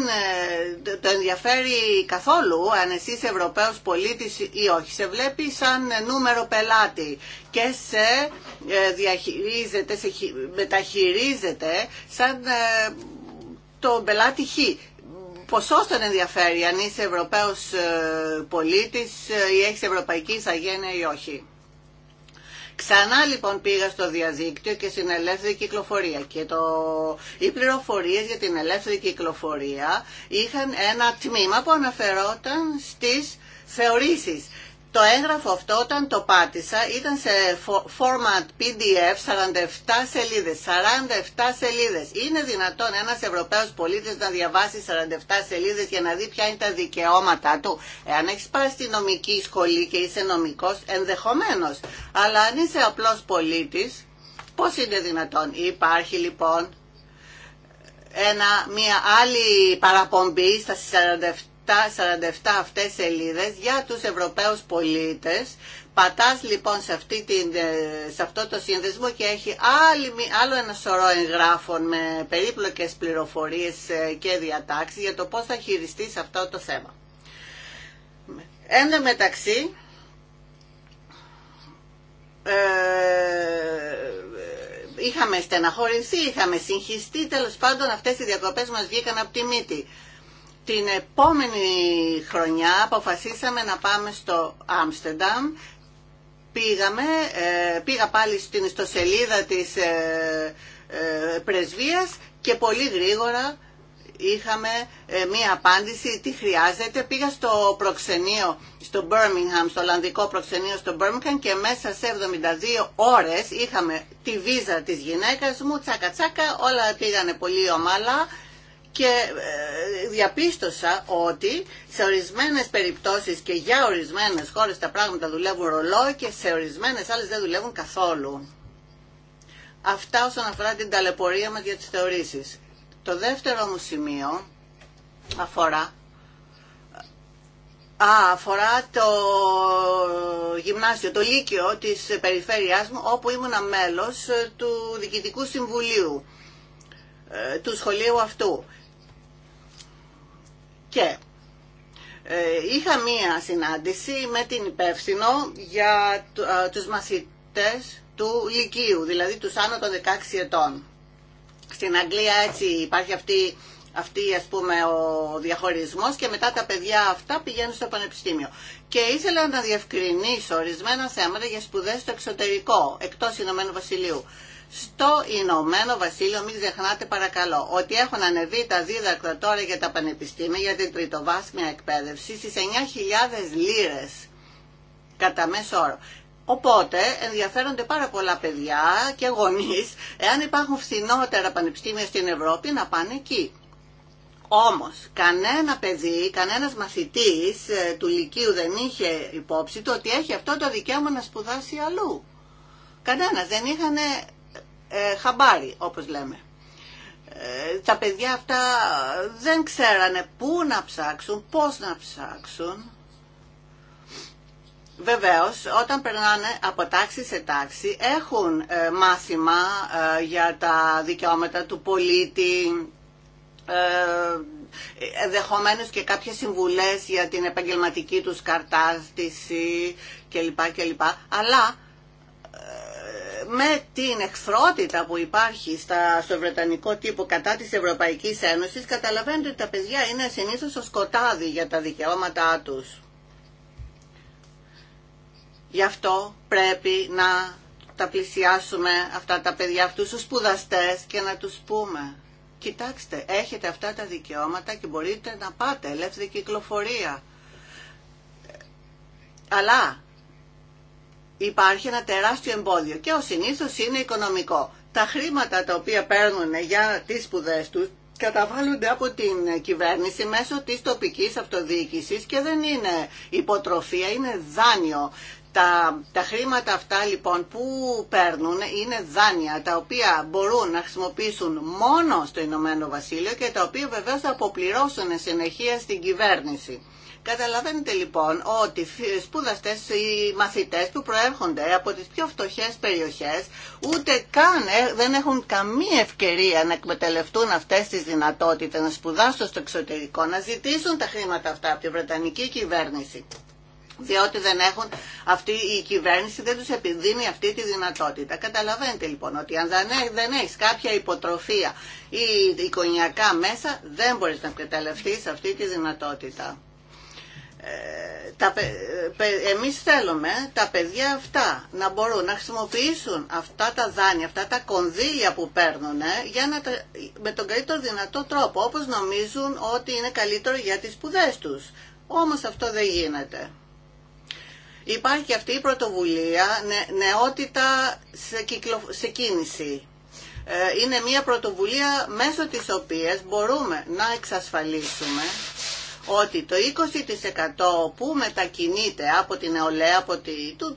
ε, το ενδιαφέρει καθόλου αν εσύ είσαι Ευρωπαίος πολίτης ή όχι. Σε βλέπει σαν νούμερο πελάτη και σε ε, διαχειρίζεται, σε μεταχειρίζεται σαν το πελάτη Χ ποσό τον ενδιαφέρει αν είσαι Ευρωπαίος ε, πολίτης ε, ή έχει ευρωπαϊκή εισαγένεια ή όχι. Ξανά λοιπόν πήγα στο διαδίκτυο και στην ελεύθερη κυκλοφορία και το... οι πληροφορίες για την ελεύθερη κυκλοφορία είχαν ένα τμήμα που αναφερόταν στις θεωρήσεις. Το έγγραφο αυτό όταν το πάτησα ήταν σε format PDF 47 σελίδες. 47 σελίδες. Είναι δυνατόν ένας Ευρωπαίος πολίτης να διαβάσει 47 σελίδες για να δει ποια είναι τα δικαιώματά του. Εάν έχεις πάει στη νομική σχολή και είσαι νομικός, ενδεχομένως. Αλλά αν είσαι απλός πολίτης, πώς είναι δυνατόν. Υπάρχει λοιπόν ένα, μια άλλη παραπομπή στα 47 47 αυτές σελίδες για τους Ευρωπαίους πολίτες. Πατάς λοιπόν σε, αυτή την, ε, σε αυτό το σύνδεσμο και έχει άλλο ένα σωρό εγγράφων με περίπλοκες πληροφορίες ε, και διατάξεις για το πώς θα χειριστείς αυτό το θέμα. Εν μεταξύ, ε, είχαμε στεναχωρηθεί, είχαμε συγχυστεί, τέλος πάντων αυτές οι διακοπές μας βγήκαν από τη μύτη την επόμενη χρονιά αποφασίσαμε να πάμε στο Άμστερνταμ. Πήγαμε, ε, πήγα πάλι στην ιστοσελίδα της ε, ε, πρεσβείας και πολύ γρήγορα είχαμε μία απάντηση τι χρειάζεται. Πήγα στο προξενείο στο Birmingham, στο Ολλανδικό προξενείο στο Birmingham και μέσα σε 72 ώρες είχαμε τη βίζα της γυναίκας μου, τσάκα τσάκα, όλα πήγανε πολύ ομαλά και ε, διαπίστωσα ότι σε ορισμένες περιπτώσεις και για ορισμένες χώρες τα πράγματα δουλεύουν ρολό και σε ορισμένες άλλες δεν δουλεύουν καθόλου. Αυτά όσον αφορά την ταλαιπωρία μας για τις θεωρήσεις. Το δεύτερο μου σημείο αφορά Α, αφορά το γυμνάσιο, το Λύκειο της περιφέρειάς μου, όπου ήμουνα μέλος του Διοικητικού Συμβουλίου ε, του σχολείου αυτού. Και ε, είχα μία συνάντηση με την υπεύθυνο για ε, τους μαθητές του Λυκείου, δηλαδή τους άνω των 16 ετών. Στην Αγγλία έτσι υπάρχει αυτή, αυτή ας πούμε ο διαχωρισμός και μετά τα παιδιά αυτά πηγαίνουν στο πανεπιστήμιο. Και ήθελα να διευκρινίσω ορισμένα θέματα για σπουδές στο εξωτερικό, εκτός Ηνωμένου Βασιλείου στο Ηνωμένο Βασίλειο. Μην ξεχνάτε παρακαλώ ότι έχουν ανεβεί τα δίδακτρα τώρα για τα πανεπιστήμια για την τριτοβάσμια εκπαίδευση στις 9.000 λίρες κατά μέσο όρο. Οπότε ενδιαφέρονται πάρα πολλά παιδιά και γονείς εάν υπάρχουν φθηνότερα πανεπιστήμια στην Ευρώπη να πάνε εκεί. Όμως κανένα παιδί, κανένας μαθητής ε, του Λυκείου δεν είχε υπόψη του ότι έχει αυτό το δικαίωμα να σπουδάσει αλλού. Κανένας δεν είχαν ε, χαμπάρι όπως λέμε. Ε, τα παιδιά αυτά δεν ξέρανε πού να ψάξουν, πώς να ψάξουν. Βεβαίως, όταν περνάνε από τάξη σε τάξη, έχουν ε, μάθημα για τα δικαιώματα του πολίτη, δεχομένως και κάποιες συμβουλές για την επαγγελματική τους καρτάστηση κλπ. Αλλά με την εχθρότητα που υπάρχει στα, στο βρετανικό τύπο κατά της Ευρωπαϊκής Ένωσης καταλαβαίνετε ότι τα παιδιά είναι συνήθως στο σκοτάδι για τα δικαιώματά τους. Γι' αυτό πρέπει να τα πλησιάσουμε αυτά τα παιδιά, αυτούς τους σπουδαστέ και να τους πούμε «Κοιτάξτε, έχετε αυτά τα δικαιώματα και μπορείτε να πάτε ελεύθερη κυκλοφορία». Αλλά υπάρχει ένα τεράστιο εμπόδιο και ο συνήθως είναι οικονομικό. Τα χρήματα τα οποία παίρνουν για τις σπουδέ τους καταβάλλονται από την κυβέρνηση μέσω της τοπικής αυτοδιοίκησης και δεν είναι υποτροφία, είναι δάνειο. Τα, τα χρήματα αυτά λοιπόν που παίρνουν είναι δάνεια τα οποία μπορούν να χρησιμοποιήσουν μόνο στο Ηνωμένο Βασίλειο και τα οποία βεβαίως θα αποπληρώσουν συνεχεία στην κυβέρνηση. Καταλαβαίνετε λοιπόν ότι σπουδαστές οι μαθητέ που προέρχονται από τι πιο φτωχέ περιοχέ, ούτε καν ε, δεν έχουν καμία ευκαιρία να εκμεταλλευτούν αυτέ τι δυνατότητε να σπουδάσουν στο εξωτερικό, να ζητήσουν τα χρήματα αυτά από τη Βρετανική κυβέρνηση διότι δεν έχουν αυτή η κυβέρνηση, δεν τους επιδίνει αυτή τη δυνατότητα. Καταλαβαίνετε λοιπόν ότι αν δεν έχεις κάποια υποτροφία ή εικονιακά μέσα, δεν μπορείς να εκμεταλλευτείς αυτή τη δυνατότητα τα, εμείς θέλουμε τα παιδιά αυτά να μπορούν να χρησιμοποιήσουν αυτά τα δάνεια, αυτά τα κονδύλια που παίρνουν ε, για να με τον καλύτερο δυνατό τρόπο, όπως νομίζουν ότι είναι καλύτερο για τις σπουδέ τους. Όμως αυτό δεν γίνεται. Υπάρχει αυτή η πρωτοβουλία νε, νεότητα σε, σε κίνηση. Ε, είναι μια πρωτοβουλία μέσω της οποίας μπορούμε να εξασφαλίσουμε ότι το 20% που μετακινείται από την νεολαία, από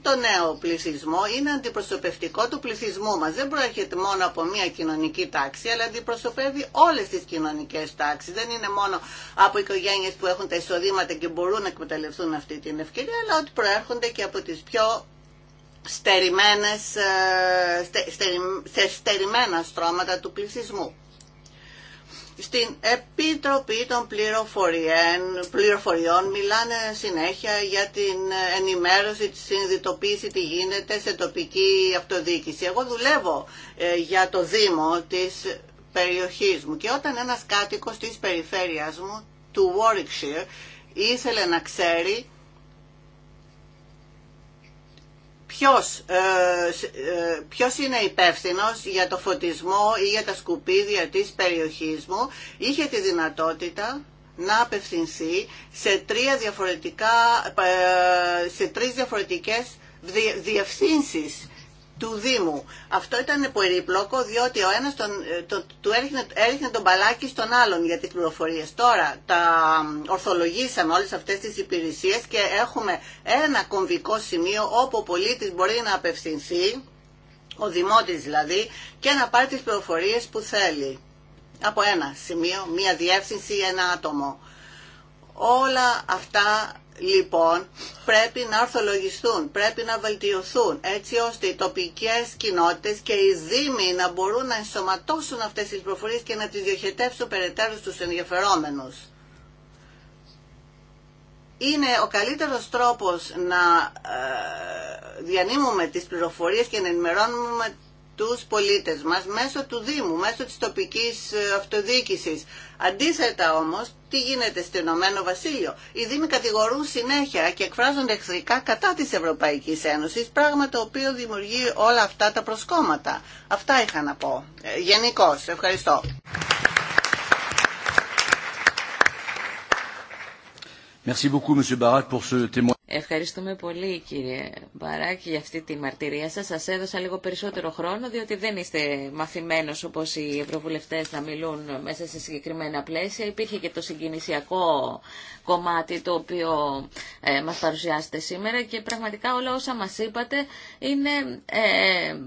το νέο πληθυσμό, είναι αντιπροσωπευτικό του πληθυσμού μας. Δεν προέρχεται μόνο από μια κοινωνική τάξη, αλλά αντιπροσωπεύει όλες τις κοινωνικές τάξεις. Δεν είναι μόνο από οικογένειες που έχουν τα εισοδήματα και μπορούν να εκμεταλλευτούν αυτή την ευκαιρία, αλλά ότι προέρχονται και από τις πιο στερημένες, ε, στε, στε, στερημένα στρώματα του πληθυσμού στην Επιτροπή των πληροφοριών, πληροφοριών μιλάνε συνέχεια για την ενημέρωση, τη συνειδητοποίηση τι γίνεται σε τοπική αυτοδιοίκηση. Εγώ δουλεύω ε, για το Δήμο της περιοχής μου και όταν ένας κάτοικος της περιφέρειας μου του Warwickshire ήθελε να ξέρει ποιος, ε, ε, ποιος είναι υπεύθυνο για το φωτισμό ή για τα σκουπίδια της περιοχής μου, είχε τη δυνατότητα να απευθυνθεί σε, τρία διαφορετικά, ε, σε τρεις διαφορετικές διευθύνσεις του Δήμου. Αυτό ήταν περίπλοκο διότι ο ένας τον, ε, το, του έριχνε, τον μπαλάκι στον άλλον για τις πληροφορίες. Τώρα τα ορθολογήσαμε όλες αυτές τις υπηρεσίες και έχουμε ένα κομβικό σημείο όπου ο πολίτης μπορεί να απευθυνθεί, ο δημότης δηλαδή, και να πάρει τις πληροφορίες που θέλει. Από ένα σημείο, μία διεύθυνση ένα άτομο. Όλα αυτά λοιπόν πρέπει να ορθολογιστούν, πρέπει να βελτιωθούν έτσι ώστε οι τοπικές κοινότητες και οι δήμοι να μπορούν να ενσωματώσουν αυτές τις προφορίες και να τις διοχετεύσουν περαιτέρω στους ενδιαφερόμενους. Είναι ο καλύτερος τρόπος να ε, διανύμουμε τις πληροφορίες και να ενημερώνουμε τους πολίτες μας μέσω του Δήμου, μέσω της τοπικής ε, αυτοδιοίκησης. Αντίθετα όμως, τι γίνεται στο Ηνωμένο Βασίλειο. Οι Δήμοι κατηγορούν συνέχεια και εκφράζονται εχθρικά κατά της Ευρωπαϊκής Ένωσης, πράγμα το οποίο δημιουργεί όλα αυτά τα προσκόμματα. Αυτά είχα να πω. Ε, Γενικώ. Ευχαριστώ. Ευχαριστούμε πολύ κύριε Μπαράκ, για αυτή τη μαρτυρία σας. Σας έδωσα λίγο περισσότερο χρόνο διότι δεν είστε μαθημένος όπως οι ευρωβουλευτές να μιλούν μέσα σε συγκεκριμένα πλαίσια. Υπήρχε και το συγκινησιακό κομμάτι το οποίο ε, μας παρουσιάσετε σήμερα και πραγματικά όλα όσα μας είπατε είναι... Ε,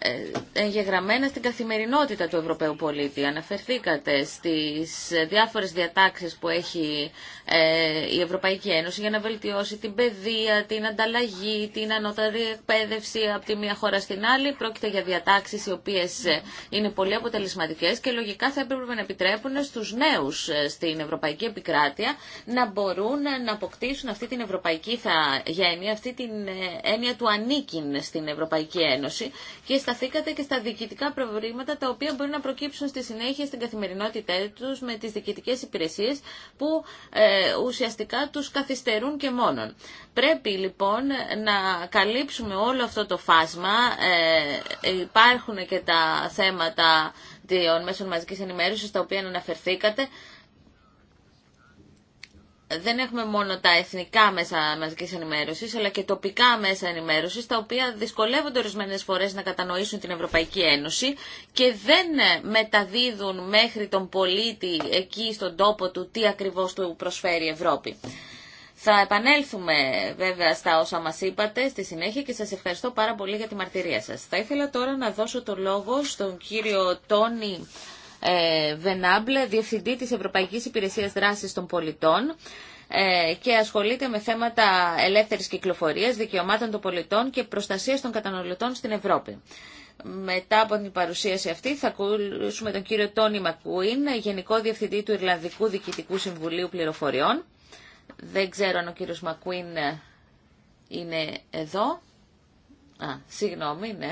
ε, εγγεγραμμένα στην καθημερινότητα του Ευρωπαίου πολίτη. Αναφερθήκατε στις διάφορες διατάξεις που έχει ε, η Ευρωπαϊκή Ένωση για να βελτιώσει την παιδεία, την ανταλλαγή, την ανώτατη εκπαίδευση από τη μία χώρα στην άλλη. Πρόκειται για διατάξεις οι οποίες ε, είναι πολύ αποτελεσματικές και λογικά θα έπρεπε να επιτρέπουν στους νέους στην Ευρωπαϊκή Επικράτεια να μπορούν να αποκτήσουν αυτή την ευρωπαϊκή θα γένεια, αυτή την έννοια του ανήκειν στην Ευρωπαϊκή Ένωση και σταθήκατε και στα διοικητικά προβλήματα τα οποία μπορεί να προκύψουν στη συνέχεια στην καθημερινότητά του με τις διοικητικέ υπηρεσίες που ε, ουσιαστικά τους καθυστερούν και μόνον. Πρέπει λοιπόν να καλύψουμε όλο αυτό το φάσμα. Ε, υπάρχουν και τα θέματα των μέσων μαζική ενημέρωσης, τα οποία αναφερθήκατε δεν έχουμε μόνο τα εθνικά μέσα μαζική ενημέρωση, αλλά και τοπικά μέσα ενημέρωση, τα οποία δυσκολεύονται ορισμένε φορές να κατανοήσουν την Ευρωπαϊκή Ένωση και δεν μεταδίδουν μέχρι τον πολίτη εκεί στον τόπο του τι ακριβώς του προσφέρει η Ευρώπη. Θα επανέλθουμε βέβαια στα όσα μας είπατε στη συνέχεια και σας ευχαριστώ πάρα πολύ για τη μαρτυρία σας. Θα ήθελα τώρα να δώσω το λόγο στον κύριο Τόνι ε, Βενάμπλε, Διευθυντή της Ευρωπαϊκής Υπηρεσίας Δράσης των Πολιτών ε, και ασχολείται με θέματα ελεύθερης κυκλοφορίας, δικαιωμάτων των πολιτών και προστασίας των καταναλωτών στην Ευρώπη. Μετά από την παρουσίαση αυτή θα ακούσουμε τον κύριο Τόνι Μακουίν, Γενικό Διευθυντή του Ιρλανδικού Διοικητικού Συμβουλίου Πληροφοριών. Δεν ξέρω αν ο κύριος Μακουίν είναι εδώ. Α, συγγνώμη, ναι.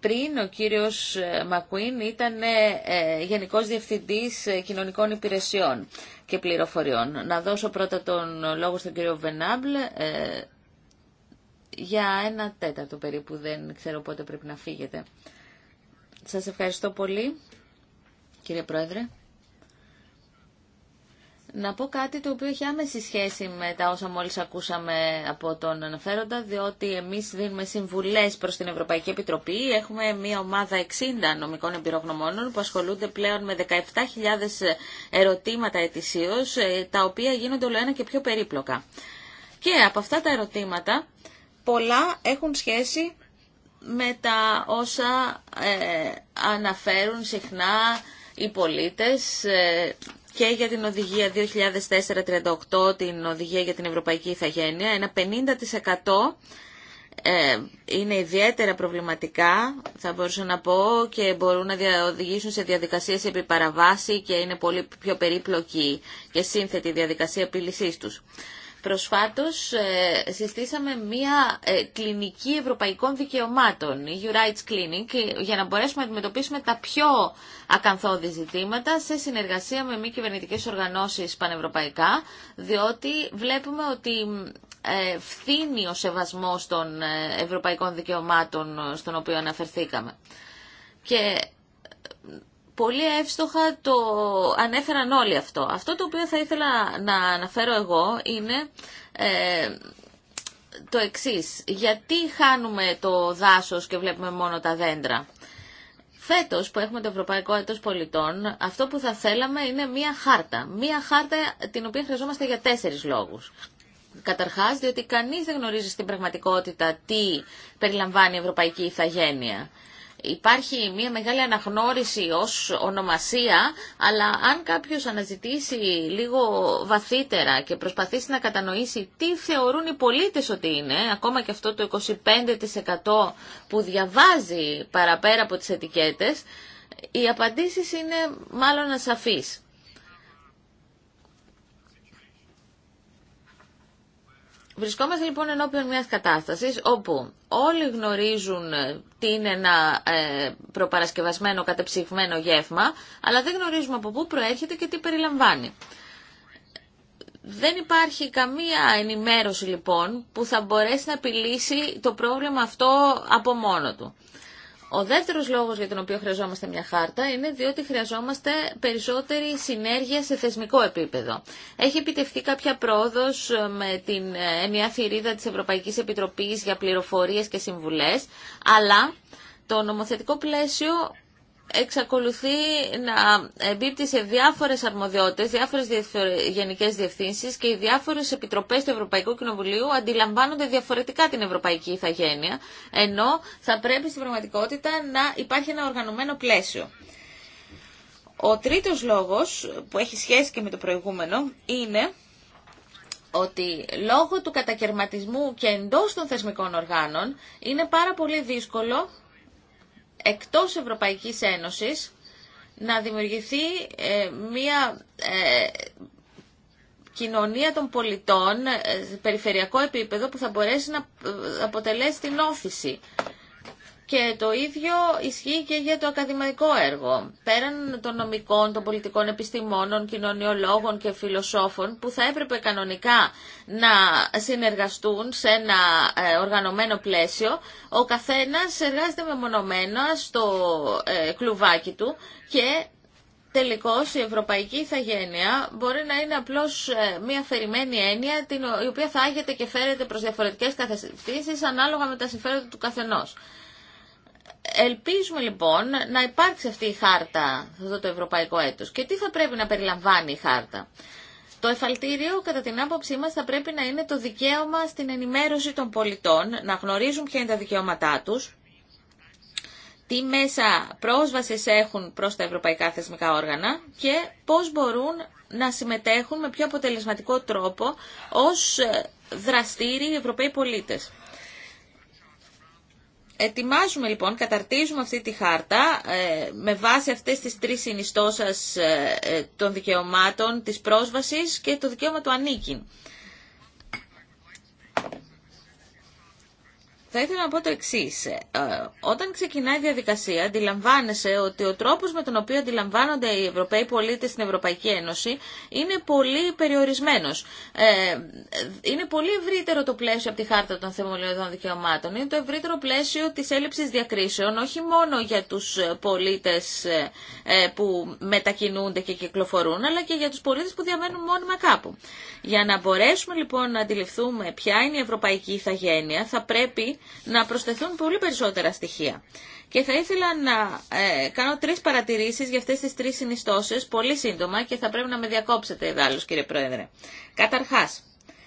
πριν ο κύριος ε, Μακουίν ήταν ε, ε, Γενικός Διευθυντής Κοινωνικών Υπηρεσιών και Πληροφοριών. Να δώσω πρώτα τον λόγο στον κύριο Βενάμπλ για ένα τέταρτο περίπου, δεν ξέρω πότε πρέπει να φύγετε. Σας ευχαριστώ πολύ, κύριε Πρόεδρε να πω κάτι το οποίο έχει άμεση σχέση με τα όσα μόλις ακούσαμε από τον αναφέροντα, διότι εμείς δίνουμε συμβουλές προς την Ευρωπαϊκή Επιτροπή. Έχουμε μια ομάδα 60 νομικών εμπειρογνωμόνων που ασχολούνται πλέον με 17.000 ερωτήματα ετησίως, ε, τα οποία γίνονται όλο ένα και πιο περίπλοκα. Και από αυτά τα ερωτήματα πολλά έχουν σχέση με τα όσα ε, αναφέρουν συχνά οι πολίτες ε, και για την οδηγία 2004-38, την οδηγία για την Ευρωπαϊκή Ιθαγένεια, ένα 50% ε, είναι ιδιαίτερα προβληματικά, θα μπορούσα να πω, και μπορούν να οδηγήσουν σε διαδικασίες επί παραβάση και είναι πολύ πιο περίπλοκη και σύνθετη διαδικασία επίλυσής τους. Προσφάτως ε, συστήσαμε μία ε, κλινική ευρωπαϊκών δικαιωμάτων, η Rights Clinic, για να μπορέσουμε να αντιμετωπίσουμε τα πιο ακαθόδη ζητήματα σε συνεργασία με μη κυβερνητικέ οργανώσεις πανευρωπαϊκά, διότι βλέπουμε ότι ε, φθήνει ο σεβασμός των ευρωπαϊκών δικαιωμάτων στον οποίο αναφερθήκαμε. Και πολύ εύστοχα το ανέφεραν όλοι αυτό. Αυτό το οποίο θα ήθελα να αναφέρω εγώ είναι ε, το εξής. Γιατί χάνουμε το δάσος και βλέπουμε μόνο τα δέντρα. Φέτος που έχουμε το Ευρωπαϊκό Έτος Πολιτών, αυτό που θα θέλαμε είναι μία χάρτα. Μία χάρτα την οποία χρειαζόμαστε για τέσσερις λόγους. Καταρχάς, διότι κανείς δεν γνωρίζει στην πραγματικότητα τι περιλαμβάνει η Ευρωπαϊκή Ιθαγένεια υπάρχει μια μεγάλη αναγνώριση ως ονομασία, αλλά αν κάποιος αναζητήσει λίγο βαθύτερα και προσπαθήσει να κατανοήσει τι θεωρούν οι πολίτες ότι είναι, ακόμα και αυτό το 25% που διαβάζει παραπέρα από τις ετικέτες, οι απαντήσεις είναι μάλλον ασαφείς. Βρισκόμαστε λοιπόν ενώπιον μιας κατάστασης όπου όλοι γνωρίζουν ε, τι είναι ένα ε, προπαρασκευασμένο κατεψυγμένο γεύμα, αλλά δεν γνωρίζουμε από πού προέρχεται και τι περιλαμβάνει. Δεν υπάρχει καμία ενημέρωση λοιπόν που θα μπορέσει να επιλύσει το πρόβλημα αυτό από μόνο του. Ο δεύτερος λόγος για τον οποίο χρειαζόμαστε μια χάρτα είναι διότι χρειαζόμαστε περισσότερη συνέργεια σε θεσμικό επίπεδο. Έχει επιτευχθεί κάποια πρόοδος ε, με την ε, ενιαία θηρίδα της Ευρωπαϊκής Επιτροπής για πληροφορίες και συμβουλές, αλλά το νομοθετικό πλαίσιο εξακολουθεί να εμπίπτει σε διάφορες αρμοδιότητες, διάφορες γενικές διευθύνσεις και οι διάφορες επιτροπές του Ευρωπαϊκού Κοινοβουλίου αντιλαμβάνονται διαφορετικά την ευρωπαϊκή ηθαγένεια, ενώ θα πρέπει στην πραγματικότητα να υπάρχει ένα οργανωμένο πλαίσιο. Ο τρίτος λόγος που έχει σχέση και με το προηγούμενο είναι ότι λόγω του κατακαιρματισμού και εντός των θεσμικών οργάνων είναι πάρα πολύ δύσκολο εκτός Ευρωπαϊκής Ένωσης να δημιουργηθεί ε, μια ε, κοινωνία των πολιτών ε, περιφερειακό επίπεδο που θα μπορέσει να αποτελέσει την όθηση. Και το ίδιο ισχύει και για το ακαδημαϊκό έργο. Πέραν των νομικών, των πολιτικών επιστημόνων, κοινωνιολόγων και φιλοσόφων που θα έπρεπε κανονικά να συνεργαστούν σε ένα ε, οργανωμένο πλαίσιο, ο καθένας εργάζεται μεμονωμένα στο ε, κλουβάκι του και Τελικώς η ευρωπαϊκή ηθαγένεια μπορεί να είναι απλώς ε, μια αφαιρημένη έννοια την, η οποία θα άγεται και φέρεται προς διαφορετικές καθεστήσεις ανάλογα με τα συμφέροντα του καθενός. Ελπίζουμε λοιπόν να υπάρξει αυτή η χάρτα σε αυτό το ευρωπαϊκό έτος. Και τι θα πρέπει να περιλαμβάνει η χάρτα. Το εφαλτήριο, κατά την άποψή μας, θα πρέπει να είναι το δικαίωμα στην ενημέρωση των πολιτών, να γνωρίζουν ποια είναι τα δικαιώματά τους, τι μέσα πρόσβασης έχουν προς τα ευρωπαϊκά θεσμικά όργανα και πώς μπορούν να συμμετέχουν με πιο αποτελεσματικό τρόπο ως ε, δραστήριοι Ευρωπαίοι πολίτες. Ετοιμάζουμε λοιπόν, καταρτίζουμε αυτή τη χάρτα ε, με βάση αυτές τις τρεις συνιστώσεις ε, ε, των δικαιωμάτων, της πρόσβασης και το δικαίωμα του ανήκειν. Θα ήθελα να πω το εξή. Ε, όταν ξεκινάει η διαδικασία, αντιλαμβάνεσαι ότι ο τρόπο με τον οποίο αντιλαμβάνονται οι Ευρωπαίοι πολίτε στην Ευρωπαϊκή Ένωση είναι πολύ περιορισμένο. Ε, είναι πολύ ευρύτερο το πλαίσιο από τη Χάρτα των Θεμελιωδών Δικαιωμάτων. Είναι το ευρύτερο πλαίσιο τη έλλειψη διακρίσεων, όχι μόνο για του πολίτε ε, που μετακινούνται και κυκλοφορούν, αλλά και για του πολίτε που διαμένουν μόνιμα κάπου. Για να μπορέσουμε λοιπόν να αντιληφθούμε ποια είναι η ευρωπαϊκή ηθαγένεια, θα πρέπει να προσθεθούν πολύ περισσότερα στοιχεία. Και θα ήθελα να ε, κάνω τρεις παρατηρήσεις για αυτές τις τρεις συνιστώσεις, πολύ σύντομα και θα πρέπει να με διακόψετε εδάλλως κύριε Πρόεδρε. Καταρχάς,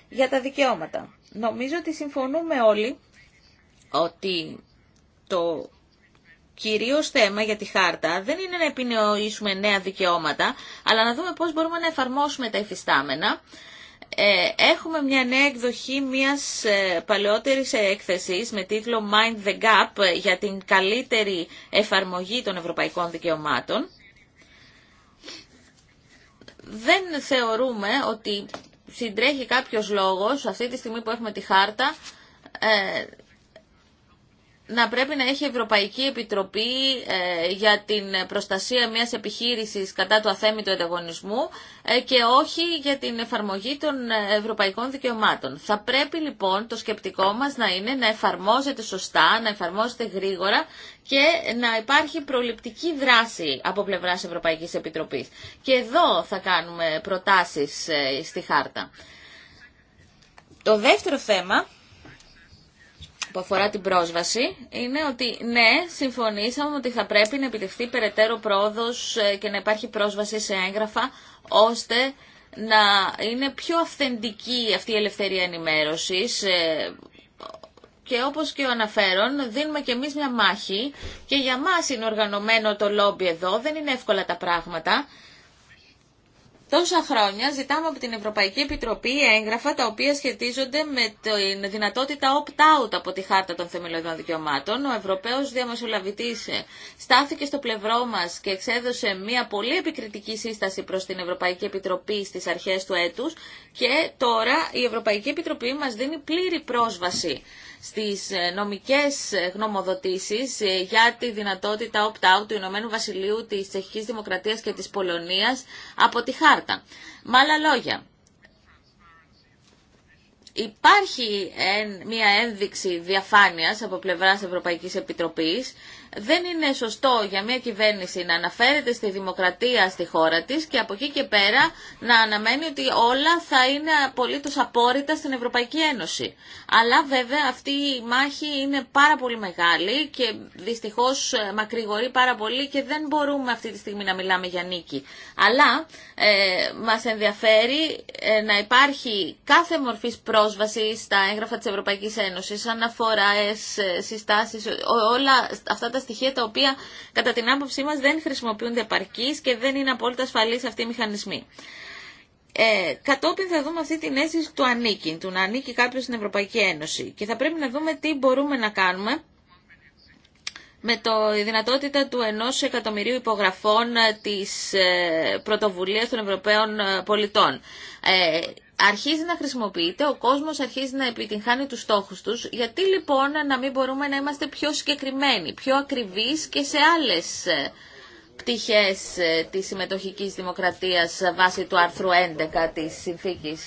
για τα δικαιώματα. Νομίζω ότι συμφωνούμε όλοι ότι το κυρίω θέμα για τη χάρτα δεν είναι να επινοήσουμε νέα δικαιώματα, αλλά να δούμε πώς μπορούμε να εφαρμόσουμε τα υφιστάμενα ε, έχουμε μια νέα εκδοχή μιας ε, παλαιότερης έκθεσης με τίτλο Mind the Gap για την καλύτερη εφαρμογή των ευρωπαϊκών δικαιωμάτων. Δεν θεωρούμε ότι συντρέχει κάποιος λόγος, αυτή τη στιγμή που έχουμε τη χάρτα, ε, να πρέπει να έχει Ευρωπαϊκή Επιτροπή ε, για την προστασία μιας επιχείρησης κατά του αθέμητου ανταγωνισμού ε, και όχι για την εφαρμογή των ε, ευρωπαϊκών δικαιωμάτων. Θα πρέπει λοιπόν το σκεπτικό μας να είναι να εφαρμόζεται σωστά, να εφαρμόζεται γρήγορα και να υπάρχει προληπτική δράση από πλευράς Ευρωπαϊκής Επιτροπής. Και εδώ θα κάνουμε προτάσεις ε, στη χάρτα. Το δεύτερο θέμα που αφορά την πρόσβαση είναι ότι ναι, συμφωνήσαμε ότι θα πρέπει να επιτευχθεί περαιτέρω πρόοδος ε, και να υπάρχει πρόσβαση σε έγγραφα ώστε να είναι πιο αυθεντική αυτή η ελευθερία ενημέρωσης ε, και όπως και ο αναφέρον δίνουμε και εμείς μια μάχη και για μας είναι οργανωμένο το λόμπι εδώ, δεν είναι εύκολα τα πράγματα Τόσα χρόνια ζητάμε από την Ευρωπαϊκή Επιτροπή έγγραφα τα οποία σχετίζονται με την δυνατότητα opt-out από τη Χάρτα των Θεμελιωδών Δικαιωμάτων. Ο Ευρωπαίος Διαμεσολαβητής στάθηκε στο πλευρό μας και εξέδωσε μια πολύ επικριτική σύσταση προς την Ευρωπαϊκή Επιτροπή στις αρχές του Ετου και τώρα η Ευρωπαϊκή Επιτροπή μα δίνει πλήρη πρόσβαση στις ε, νομικές ε, γνωμοδοτήσεις ε, για τη δυνατότητα opt-out του Ηνωμένου Βασιλείου, της Τσεχικής Δημοκρατίας και της Πολωνίας από τη Χάρτα. Με άλλα λόγια, υπάρχει μια ένδειξη διαφάνειας από πλευράς Ευρωπαϊκής Επιτροπής δεν είναι σωστό για μια κυβέρνηση να αναφέρεται στη δημοκρατία στη χώρα της και από εκεί και πέρα να αναμένει ότι όλα θα είναι απολύτως απόρριτα στην Ευρωπαϊκή Ένωση. Αλλά βέβαια αυτή η μάχη είναι πάρα πολύ μεγάλη και δυστυχώς ε, μακρηγορεί πάρα πολύ και δεν μπορούμε αυτή τη στιγμή να μιλάμε για νίκη. Αλλά ε, μας ενδιαφέρει ε, να υπάρχει κάθε μορφής πρόσβαση στα έγγραφα της Ευρωπαϊκής Ένωσης, αναφοράες, ε, συστάσεις, όλα αυτά τα στοιχεία τα οποία κατά την άποψή μας δεν χρησιμοποιούνται επαρκείς και δεν είναι απόλυτα ασφαλείς αυτοί οι μηχανισμοί. Ε, κατόπιν θα δούμε αυτή την αίσθηση του ανήκει, του να ανήκει κάποιο στην Ευρωπαϊκή Ένωση και θα πρέπει να δούμε τι μπορούμε να κάνουμε με το, δυνατότητα του ενός εκατομμυρίου υπογραφών ε, της ε, πρωτοβουλίας των Ευρωπαίων ε, πολιτών. αρχίζει να χρησιμοποιείται, ο κόσμος αρχίζει να επιτυγχάνει τους στόχους τους. Γιατί λοιπόν να μην μπορούμε να είμαστε πιο συγκεκριμένοι, πιο ακριβείς και σε άλλες πτυχές της συμμετοχικής δημοκρατίας βάσει του άρθρου 11 της συνθήκης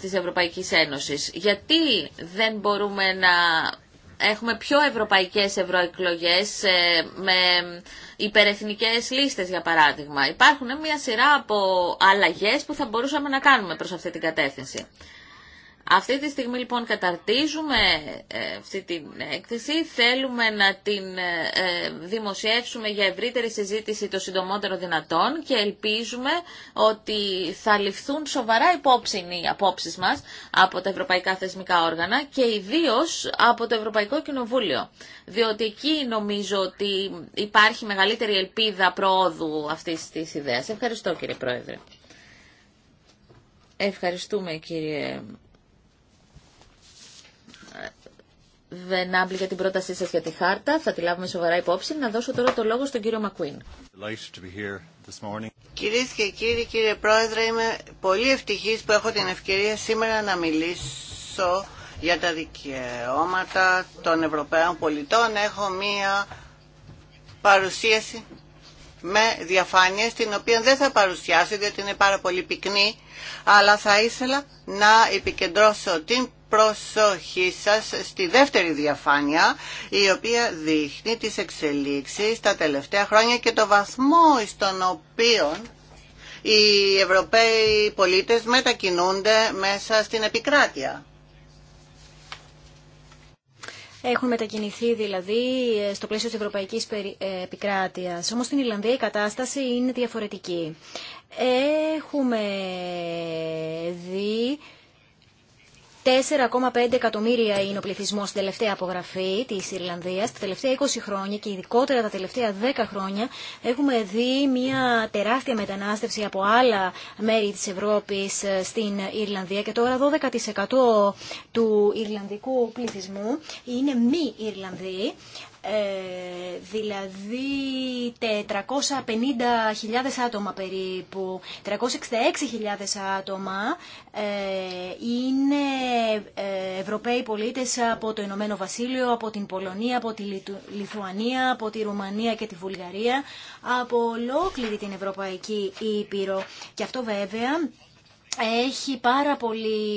της Ευρωπαϊκής Ένωσης. Γιατί δεν μπορούμε να έχουμε πιο ευρωπαϊκές ευρωεκλογές ε, με υπερεθνικές λίστες για παράδειγμα. Υπάρχουν μια σειρά από αλλαγές που θα μπορούσαμε να κάνουμε προς αυτή την κατεύθυνση. Αυτή τη στιγμή λοιπόν καταρτίζουμε ε, αυτή την έκθεση. Θέλουμε να την ε, ε, δημοσιεύσουμε για ευρύτερη συζήτηση το συντομότερο δυνατόν και ελπίζουμε ότι θα ληφθούν σοβαρά υπόψη οι απόψεις μας από τα ευρωπαϊκά θεσμικά όργανα και ιδίως από το Ευρωπαϊκό Κοινοβούλιο. Διότι εκεί νομίζω ότι υπάρχει μεγαλύτερη ελπίδα προόδου αυτής της ιδέας. Ευχαριστώ κύριε Πρόεδρε. Ευχαριστούμε κύριε Δεν για την πρότασή σας για τη χάρτα. Θα τη λάβουμε σοβαρά υπόψη. Να δώσω τώρα το λόγο στον κύριο Μακουίν. Κυρίες και κύριοι, κύριε Πρόεδρε, είμαι πολύ ευτυχής που έχω την ευκαιρία σήμερα να μιλήσω για τα δικαιώματα των Ευρωπαίων πολιτών. Έχω μία παρουσίαση με διαφάνεια, την οποία δεν θα παρουσιάσω διότι είναι πάρα πολύ πυκνή, αλλά θα ήθελα να επικεντρώσω την προσοχή σας στη δεύτερη διαφάνεια η οποία δείχνει τις εξελίξεις τα τελευταία χρόνια και το βαθμό στον οποίο οι Ευρωπαίοι πολίτες μετακινούνται μέσα στην επικράτεια. Έχουν μετακινηθεί δηλαδή στο πλαίσιο της Ευρωπαϊκής ε, Επικράτειας. Όμως στην Ιρλανδία η κατάσταση είναι διαφορετική. Έχουμε δει 4,5 εκατομμύρια είναι ο πληθυσμό στην τελευταία απογραφή της Ιρλανδίας. Τα τελευταία 20 χρόνια και ειδικότερα τα τελευταία 10 χρόνια έχουμε δει μια τεράστια μετανάστευση από άλλα μέρη της Ευρώπης ε, στην Ιρλανδία και τώρα 12% του Ιρλανδικού πληθυσμού είναι μη Ιρλανδοί ε, δηλαδή 450.000 άτομα περίπου, 366.000 άτομα ε, είναι ε, Ευρωπαίοι πολίτες από το Ηνωμένο Βασίλειο, από την Πολωνία, από τη Λιθουανία, από τη Ρουμανία και τη Βουλγαρία, από ολόκληρη την Ευρωπαϊκή Ήπειρο. Και αυτό βέβαια έχει πάρα πολύ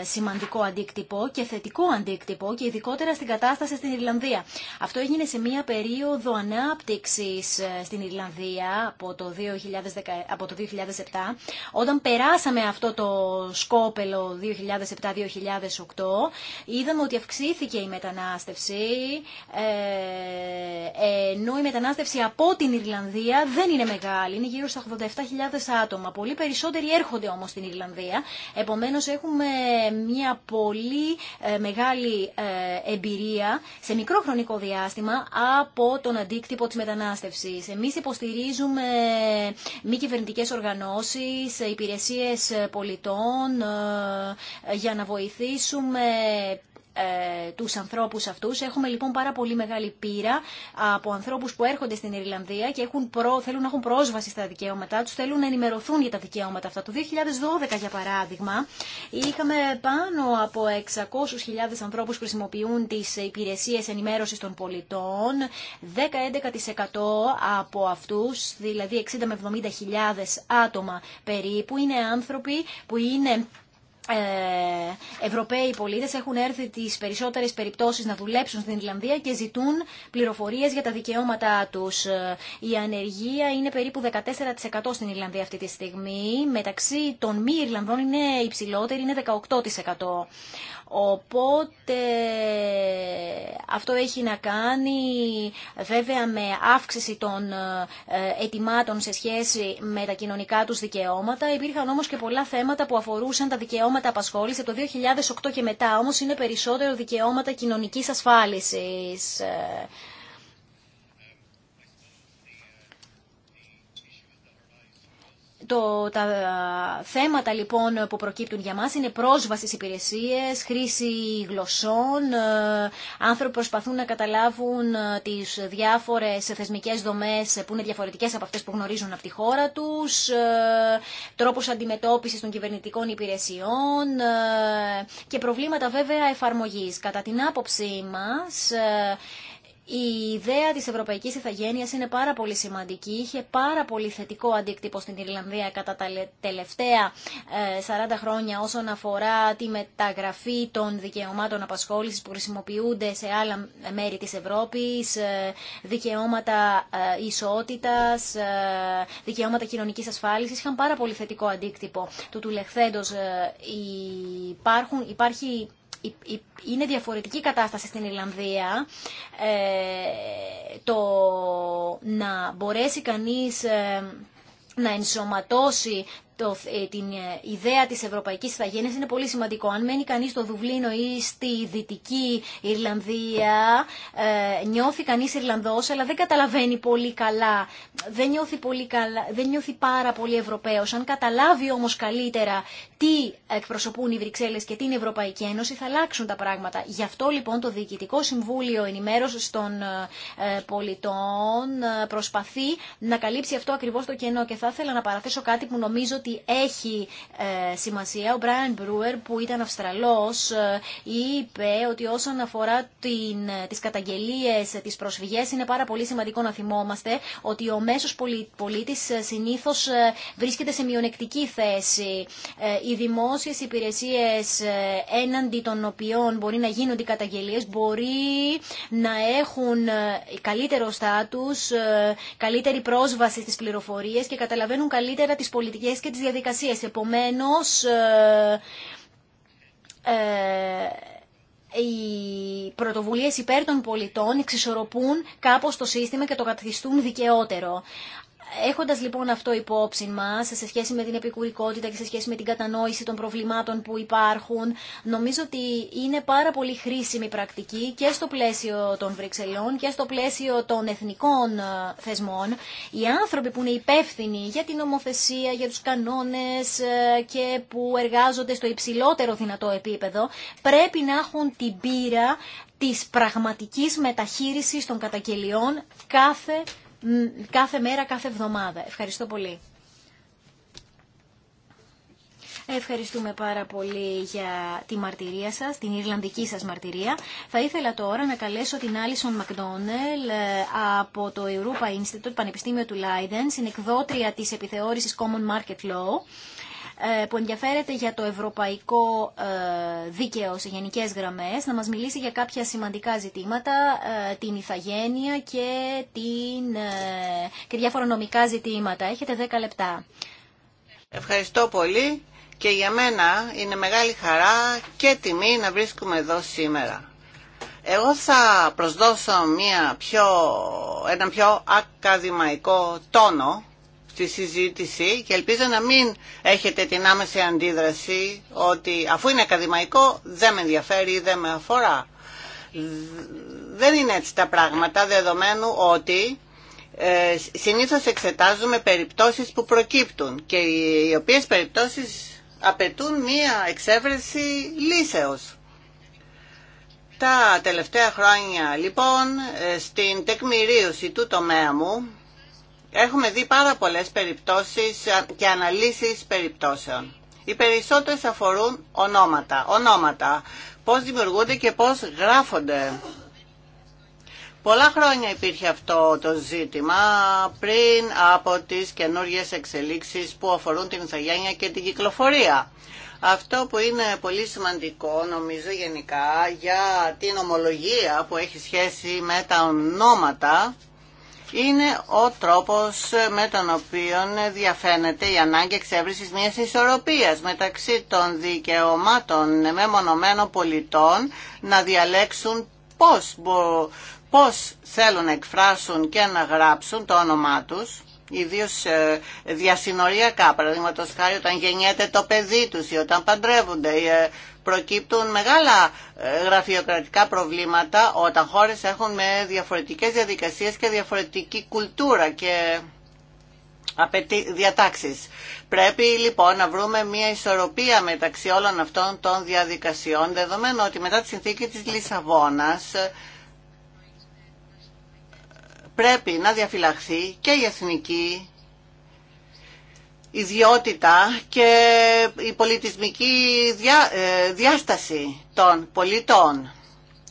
ε, σημαντικό αντίκτυπο και θετικό αντίκτυπο και ειδικότερα στην κατάσταση στην Ιρλανδία. Αυτό έγινε σε μία περίοδο ανάπτυξης ε, στην Ιρλανδία από το, 2010, από το 2007. Όταν περάσαμε αυτό το σκόπελο 2007-2008 είδαμε ότι αυξήθηκε η μετανάστευση ε, ενώ η μετανάστευση από την Ιρλανδία δεν είναι μεγάλη. Είναι γύρω στα 87.000 άτομα. Πολύ περισσότεροι έρχονται όμως στην Ιρλανδία Ιρλανδία. Επομένως έχουμε μια πολύ ε, μεγάλη ε, εμπειρία σε μικρό χρονικό διάστημα από τον αντίκτυπο της μετανάστευση. Εμείς υποστηρίζουμε μη κυβερνητικέ οργανώσεις, υπηρεσίες πολιτών ε, για να βοηθήσουμε ε, τους ανθρώπους αυτούς. Έχουμε λοιπόν πάρα πολύ μεγάλη πείρα από ανθρώπους που έρχονται στην Ιρλανδία και έχουν προ, θέλουν να έχουν πρόσβαση στα δικαιώματά τους, θέλουν να ενημερωθούν για τα δικαιώματα αυτά. Το 2012 για παράδειγμα είχαμε πάνω από 600.000 ανθρώπους που χρησιμοποιούν τις υπηρεσίες ενημέρωσης των πολιτών, 10-11% από αυτούς, δηλαδή 60 με 70.000 άτομα περίπου, είναι άνθρωποι που είναι ε, Ευρωπαίοι πολίτες έχουν έρθει τις περισσότερες περιπτώσεις να δουλέψουν στην Ιρλανδία και ζητούν πληροφορίες για τα δικαιώματά τους. Ε, η ανεργία είναι περίπου 14% στην Ιρλανδία αυτή τη στιγμή. Μεταξύ των μη Ιρλανδών είναι υψηλότερη, είναι 18%. Οπότε αυτό έχει να κάνει βέβαια με αύξηση των ε, ετοιμάτων σε σχέση με τα κοινωνικά τους δικαιώματα. Υπήρχαν όμως και πολλά θέματα που αφορούσαν τα δικαιώματα δικαιώματα απασχόληση από το 2008 και μετά, όμως είναι περισσότερο δικαιώματα κοινωνικής ασφάλισης. Ε, το, τα θέματα λοιπόν που προκύπτουν για μας είναι πρόσβαση στις υπηρεσίες, χρήση γλωσσών, ε, άνθρωποι προσπαθούν να καταλάβουν ε, τις διάφορες θεσμικές δομές που είναι διαφορετικές από αυτές που γνωρίζουν από τη χώρα τους, ε, τρόπους αντιμετώπισης των κυβερνητικών υπηρεσιών και προβλήματα βέβαια εφαρμογής. Κατά την άποψή μας η ιδέα της Ευρωπαϊκής Ιθαγένειας είναι πάρα πολύ σημαντική. Είχε πάρα πολύ θετικό αντίκτυπο στην Ιρλανδία κατά τα τελευταία 40 ε, χρόνια όσον αφορά τη μεταγραφή των δικαιωμάτων απασχόλησης που χρησιμοποιούνται σε άλλα μέρη της Ευρώπης, ε, δικαιώματα ε, ισότητας, δικαιώματα κοινωνικής ασφάλισης. Είχαν πάρα πολύ θετικό αντίκτυπο του τουλεχθέντος Υπάρχουν, υπάρχει είναι διαφορετική κατάσταση στην Ιρλανδία. Ε, το να μπορέσει κανείς ε, να ενσωματώσει το, ε, την ε, ιδέα της ευρωπαϊκής ηθαγένειας είναι πολύ σημαντικό. Αν μένει κανείς στο Δουβλίνο ή στη Δυτική Ιρλανδία, ε, νιώθει κανείς Ιρλανδός, αλλά δεν καταλαβαίνει πολύ καλά, δεν νιώθει, πολύ καλά, δεν νιώθει πάρα πολύ Ευρωπαίος. Αν καταλάβει όμως καλύτερα τι εκπροσωπούν οι Βρυξέλλες και την Ευρωπαϊκή Ένωση, θα αλλάξουν τα πράγματα. Γι' αυτό λοιπόν το Διοικητικό Συμβούλιο ενημέρωση των ε, Πολιτών ε, προσπαθεί να καλύψει αυτό ακριβώς το κενό. Και θα ήθελα να παραθέσω κάτι που νομίζω ότι έχει ε, σημασία. Ο Brian Brewer που ήταν Αυστραλός ε, είπε ότι όσον αφορά την, ε, τις καταγγελίες, τις προσφυγές είναι πάρα πολύ σημαντικό να θυμόμαστε ότι ο μέσος πολίτης συνήθως βρίσκεται σε μειονεκτική θέση. Οι δημόσιες υπηρεσίες έναντι των οποίων μπορεί να γίνονται καταγγελίες μπορεί να έχουν καλύτερο στάτους, καλύτερη πρόσβαση στις πληροφορίες και καταλαβαίνουν καλύτερα τις πολιτικές και τις διαδικασίες. Επομένως, ε, ε, οι πρωτοβουλίες υπέρ των πολιτών εξισορροπούν κάπως το σύστημα και το καθιστούν δικαιότερο. Έχοντας λοιπόν αυτό υπόψη μας σε σχέση με την επικουρικότητα και σε σχέση με την κατανόηση των προβλημάτων που υπάρχουν, νομίζω ότι είναι πάρα πολύ χρήσιμη πρακτική και στο πλαίσιο των Βρυξελών και στο πλαίσιο των εθνικών ε, θεσμών. Οι άνθρωποι που είναι υπεύθυνοι για την νομοθεσία, για τους κανόνες ε, και που εργάζονται στο υψηλότερο δυνατό επίπεδο, πρέπει να έχουν την πείρα της πραγματικής μεταχείρισης των καταγγελιών κάθε κάθε μέρα, κάθε εβδομάδα. Ευχαριστώ πολύ. Ευχαριστούμε πάρα πολύ για τη μαρτυρία σας, την Ιρλανδική σας μαρτυρία. Θα ήθελα τώρα να καλέσω την Άλισον Μακδόνελ ε, από το Europa Institute, Πανεπιστήμιο του Λάιδεν, συνεκδότρια της επιθεώρησης Common Market Law ε, που ενδιαφέρεται για το ευρωπαϊκό ε, δίκαιο σε γενικές γραμμές, να μας μιλήσει για κάποια σημαντικά ζητήματα, ε, την ηθαγένεια και, την, και διάφορα νομικά ζητήματα. Έχετε 10 λεπτά. Ευχαριστώ πολύ και για μένα είναι μεγάλη χαρά και τιμή να βρίσκουμε εδώ σήμερα. Εγώ θα προσδώσω μια πιο, ένα πιο ακαδημαϊκό τόνο στη συζήτηση και ελπίζω να μην έχετε την άμεση αντίδραση ότι αφού είναι ακαδημαϊκό δεν με ενδιαφέρει ή δεν με αφορά. Δεν είναι έτσι τα πράγματα δεδομένου ότι ε, συνήθως εξετάζουμε περιπτώσεις που προκύπτουν και οι οποίες περιπτώσεις απαιτούν μία εξέβρεση λύσεως. Τα τελευταία χρόνια λοιπόν ε, στην τεκμηρίωση του τομέα μου Έχουμε δει πάρα πολλές περιπτώσεις και αναλύσεις περιπτώσεων. Οι περισσότερες αφορούν ονόματα. Ονόματα. Πώς δημιουργούνται και πώς γράφονται. Πολλά χρόνια υπήρχε αυτό το ζήτημα πριν από τις καινούργιες εξελίξεις που αφορούν την Ιθαγένεια και την κυκλοφορία. Αυτό που είναι πολύ σημαντικό νομίζω γενικά για την ομολογία που έχει σχέση με τα ονόματα είναι ο τρόπος με τον οποίο διαφαίνεται η ανάγκη εξέβρισης μιας ισορροπίας μεταξύ των δικαιωμάτων μεμονωμένων πολιτών να διαλέξουν πώς, πώς θέλουν να εκφράσουν και να γράψουν το όνομά τους ιδίως ε, διασυνοριακά, Παραδείγματο χάρη όταν γεννιέται το παιδί του, ή όταν παντρεύονται. Ε, προκύπτουν μεγάλα ε, γραφειοκρατικά προβλήματα όταν χώρες έχουν με διαφορετικές διαδικασίες και διαφορετική κουλτούρα και απαιτεί διατάξεις. Πρέπει λοιπόν να βρούμε μια ισορροπία μεταξύ όλων αυτών των διαδικασιών, δεδομένου ότι μετά τη συνθήκη της Λισαβόνας πρέπει να διαφυλαχθεί και η εθνική ιδιότητα και η πολιτισμική διά, ε, διάσταση των πολιτών.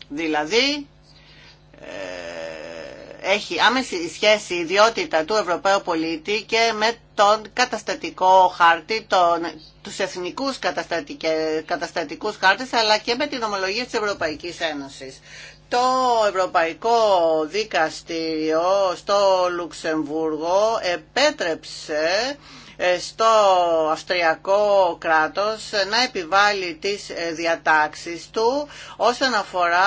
Δηλαδή, ε, έχει άμεση σχέση η ιδιότητα του Ευρωπαίου πολίτη και με τον καταστατικό χάρτη, τον, τους εθνικούς καταστατικούς χάρτες, αλλά και με την ομολογία της Ευρωπαϊκής Ένωσης το Ευρωπαϊκό Δικαστήριο στο Λουξεμβούργο επέτρεψε ε, στο Αυστριακό κράτος να επιβάλλει τις ε, διατάξεις του όσον αφορά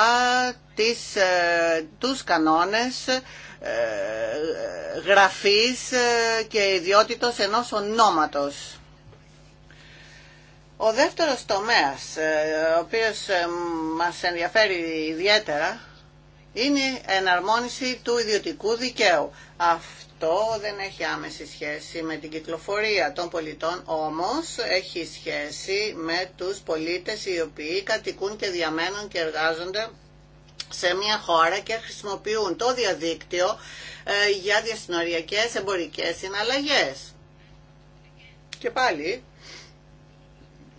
τις, ε, τους κανόνες γραφής και ιδιότητος ενός ονόματος. Ο δεύτερος τομέας, ε, ο οποίος ε, μας ενδιαφέρει ιδιαίτερα, είναι η εναρμόνιση του ιδιωτικού δικαίου. Αυτό δεν έχει άμεση σχέση με την κυκλοφορία των πολιτών, όμως έχει σχέση με τους πολίτες οι οποίοι κατοικούν και διαμένουν και εργάζονται σε μια χώρα και χρησιμοποιούν το διαδίκτυο ε, για διασυνοριακές εμπορικές συναλλαγές. Και πάλι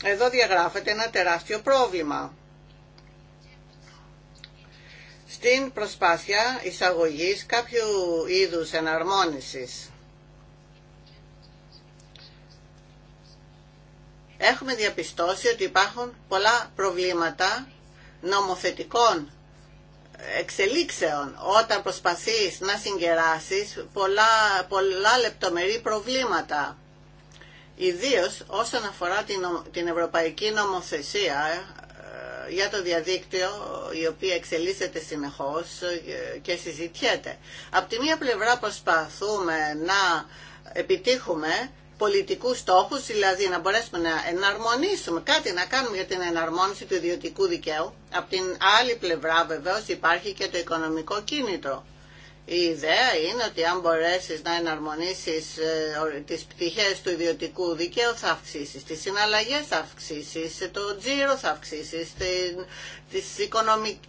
εδώ διαγράφεται ένα τεράστιο πρόβλημα. Στην προσπάθεια εισαγωγής κάποιου είδους εναρμόνισης. Έχουμε διαπιστώσει ότι υπάρχουν πολλά προβλήματα νομοθετικών εξελίξεων όταν προσπαθείς να συγκεράσεις πολλά, πολλά λεπτομερή προβλήματα ιδίως όσον αφορά την ευρωπαϊκή νομοθεσία ε, ε, για το διαδίκτυο η οποία εξελίσσεται συνεχώς ε, και συζητιέται. Από τη μία πλευρά προσπαθούμε να επιτύχουμε πολιτικούς στόχους, δηλαδή να μπορέσουμε να εναρμονίσουμε, κάτι να κάνουμε για την εναρμόνιση του ιδιωτικού δικαίου. Από την άλλη πλευρά βεβαίως υπάρχει και το οικονομικό κίνητρο η ιδέα είναι ότι αν μπορέσεις να εναρμονίσεις ε, τις πτυχές του ιδιωτικού δικαίου θα αυξήσεις τις συναλλαγές, θα αυξήσεις ε, το τζίρο, θα αυξήσεις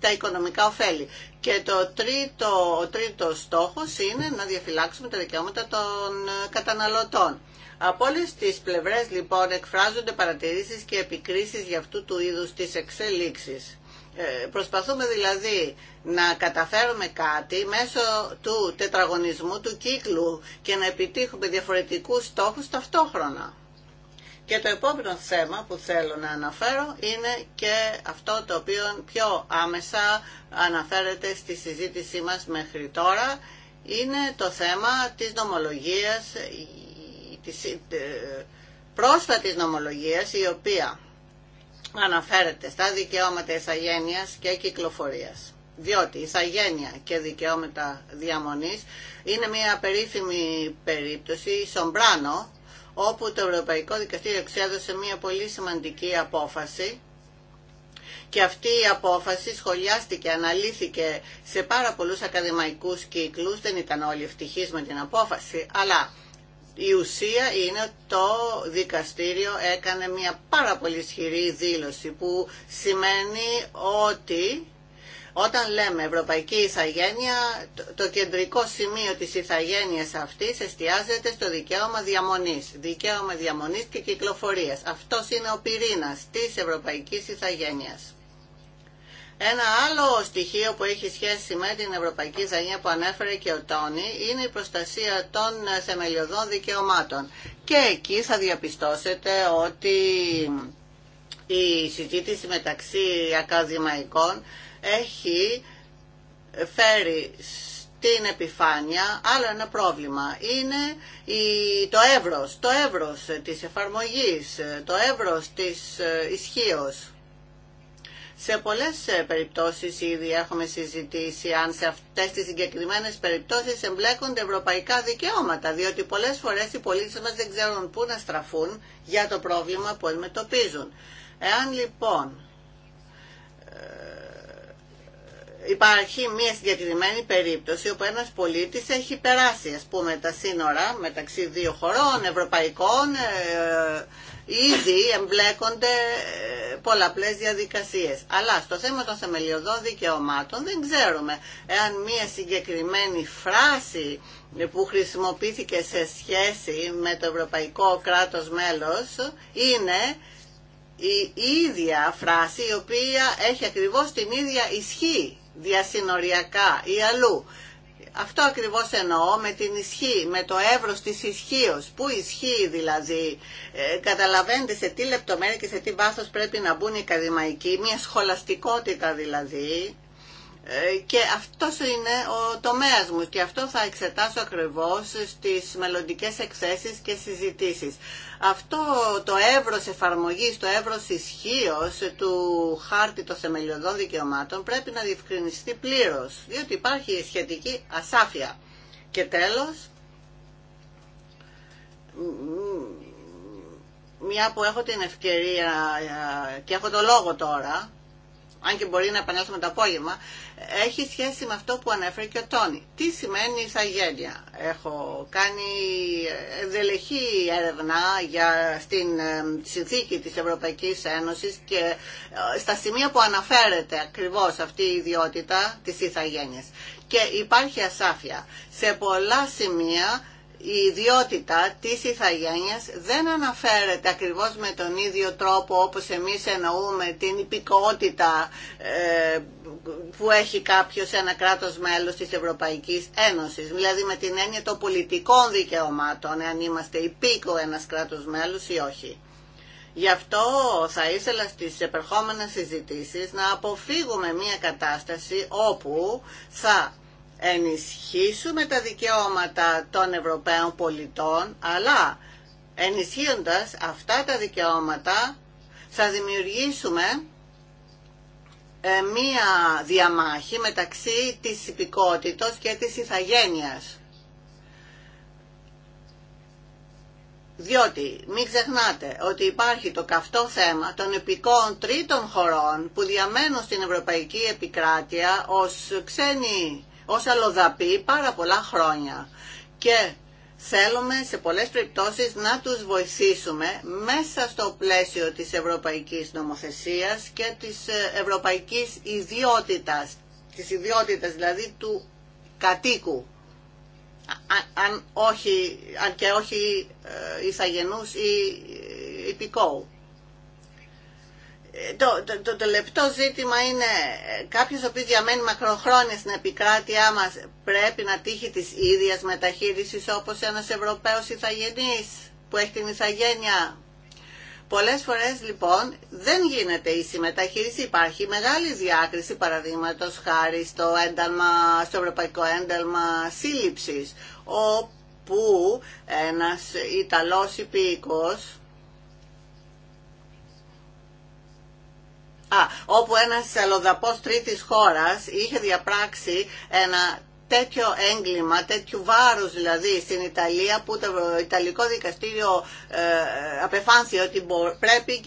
τα οικονομικά ωφέλη. Και το τρίτο, ο τρίτος στόχος είναι να διαφυλάξουμε τα δικαιώματα των ε, καταναλωτών. Από όλε τι πλευρέ λοιπόν εκφράζονται παρατηρήσει και επικρίσει για αυτού του είδου τι εξελίξει. Ε, προσπαθούμε δηλαδή να καταφέρουμε κάτι μέσω του τετραγωνισμού του κύκλου και να επιτύχουμε διαφορετικούς στόχους ταυτόχρονα. Και το επόμενο θέμα που θέλω να αναφέρω είναι και αυτό το οποίο πιο άμεσα αναφέρεται στη συζήτησή μας μέχρι τώρα, είναι το θέμα της νομολογίας, ε, της ε, πρόσφατης νομολογίας η οποία αναφέρεται στα δικαιώματα εισαγένειας και κυκλοφορίας. Διότι εισαγένεια και δικαιώματα διαμονής είναι μια περίφημη περίπτωση, Σομπράνο, όπου το Ευρωπαϊκό Δικαστήριο εξέδωσε μια πολύ σημαντική απόφαση και αυτή η απόφαση σχολιάστηκε, αναλύθηκε σε πάρα πολλούς ακαδημαϊκούς κύκλους, δεν ήταν όλοι ευτυχείς με την απόφαση, αλλά η ουσία είναι ότι το δικαστήριο έκανε μια πάρα πολύ ισχυρή δήλωση που σημαίνει ότι όταν λέμε ευρωπαϊκή ηθαγένεια, το κεντρικό σημείο της Ιθαγένειας αυτής εστιάζεται στο δικαίωμα διαμονής, δικαίωμα διαμονής και κυκλοφορίας. Αυτό είναι ο πυρήνας της ευρωπαϊκής Ιθαγένειας. Ένα άλλο στοιχείο που έχει σχέση με την Ευρωπαϊκή Ζανία που ανέφερε και ο Τόνι είναι η προστασία των θεμελιωδών δικαιωμάτων. Και εκεί θα διαπιστώσετε ότι η συζήτηση μεταξύ ακαδημαϊκών έχει φέρει στην επιφάνεια άλλο ένα πρόβλημα. Είναι το εύρος, το εύρος της εφαρμογής, το εύρος της ε, ισχύω. Σε πολλές ε, περιπτώσεις ήδη έχουμε συζητήσει αν σε αυτές τις συγκεκριμένες περιπτώσεις εμπλέκονται ευρωπαϊκά δικαιώματα, διότι πολλές φορές οι πολίτες μας δεν ξέρουν πού να στραφούν για το πρόβλημα που αντιμετωπίζουν. Εάν λοιπόν υπάρχει μια συγκεκριμένη περίπτωση όπου ένας πολίτης έχει περάσει ας πούμε τα σύνορα μεταξύ δύο χωρών ευρωπαϊκών ε, ήδη εμπλέκονται ε, πολλαπλές διαδικασίες. Αλλά στο θέμα των θεμελιωδών δικαιωμάτων δεν ξέρουμε εάν μια συγκεκριμένη φράση που χρησιμοποιήθηκε σε σχέση με το ευρωπαϊκό κράτος μέλος είναι η ίδια φράση η οποία έχει ακριβώς την ίδια ισχύ διασυνοριακά ή αλλού. Αυτό ακριβώς εννοώ με την ισχύ, με το εύρος της ισχύω. Πού ισχύει δηλαδή. Ε, καταλαβαίνετε σε τι λεπτομέρεια και σε τι βάθος πρέπει να μπουν οι ακαδημαϊκοί, μια σχολαστικότητα δηλαδή, ε, και αυτός είναι ο τομέας μου και αυτό θα εξετάσω ακριβώς στις μελλοντικές εξέσεις και συζητήσεις. Αυτό το εύρο εφαρμογής, το εύρο ισχύω του χάρτη των θεμελιωδών δικαιωμάτων πρέπει να διευκρινιστεί πλήρως, διότι υπάρχει σχετική ασάφεια. Και τέλος, μια που έχω την ευκαιρία ε, και έχω το λόγο τώρα, αν και μπορεί να επανέλθουμε το απόγευμα, έχει σχέση με αυτό που ανέφερε και ο Τόνι. Τι σημαίνει ηθαγένεια. Έχω κάνει δελεχή έρευνα για, στην ε, συνθήκη της Ευρωπαϊκής Ένωσης και ε, στα σημεία που αναφέρεται ακριβώς αυτή η ιδιότητα της ηθαγένεια. Και υπάρχει ασάφεια. Σε πολλά σημεία η ιδιότητα της ηθαγένειας δεν αναφέρεται ακριβώς με τον ίδιο τρόπο όπως εμείς εννοούμε την υπηκότητα ε, που έχει κάποιος ένα κράτος μέλος της Ευρωπαϊκής Ένωσης. Δηλαδή με την έννοια των πολιτικών δικαιωμάτων, εάν είμαστε υπήκο ένας κράτος μέλος ή όχι. Γι' αυτό θα ήθελα στις επερχόμενες συζητήσεις να αποφύγουμε μια κατάσταση όπου θα ενισχύσουμε τα δικαιώματα των Ευρωπαίων πολιτών, αλλά ενισχύοντας αυτά τα δικαιώματα θα δημιουργήσουμε ε, μία διαμάχη μεταξύ της υπηκότητος και της ηθαγένειας. Διότι μην ξεχνάτε ότι υπάρχει το καυτό θέμα των επικών τρίτων χωρών που διαμένουν στην Ευρωπαϊκή Επικράτεια ως ξένοι ως αλλοδαπή πάρα πολλά χρόνια και θέλουμε σε πολλές περιπτώσεις να τους βοηθήσουμε μέσα στο πλαίσιο της ευρωπαϊκής νομοθεσίας και της ε, ευρωπαϊκής ιδιότητας, της ιδιότητας δηλαδή του κατοίκου, αν, όχι, αν και όχι ε, ηθαγενούς ή ε, υπηκόου το, το, λεπτό ζήτημα είναι ε, κάποιος ο οποίος διαμένει μακροχρόνια στην επικράτειά μας πρέπει να τύχει της ίδιας μεταχείρισης όπως ένας Ευρωπαίος Ιθαγενής που έχει την Ιθαγένεια. Πολλές φορές λοιπόν δεν γίνεται η μεταχείριση, υπάρχει μεγάλη διάκριση παραδείγματο χάρη στο, ένταλμα, στο ευρωπαϊκό ένταλμα σύλληψης όπου ένας Ιταλός υπήκος Α, όπου ένας αλλοδαπός τρίτης χώρας είχε διαπράξει ένα τέτοιο έγκλημα, τέτοιου βάρους δηλαδή στην Ιταλία που το Ιταλικό Δικαστήριο ε, ότι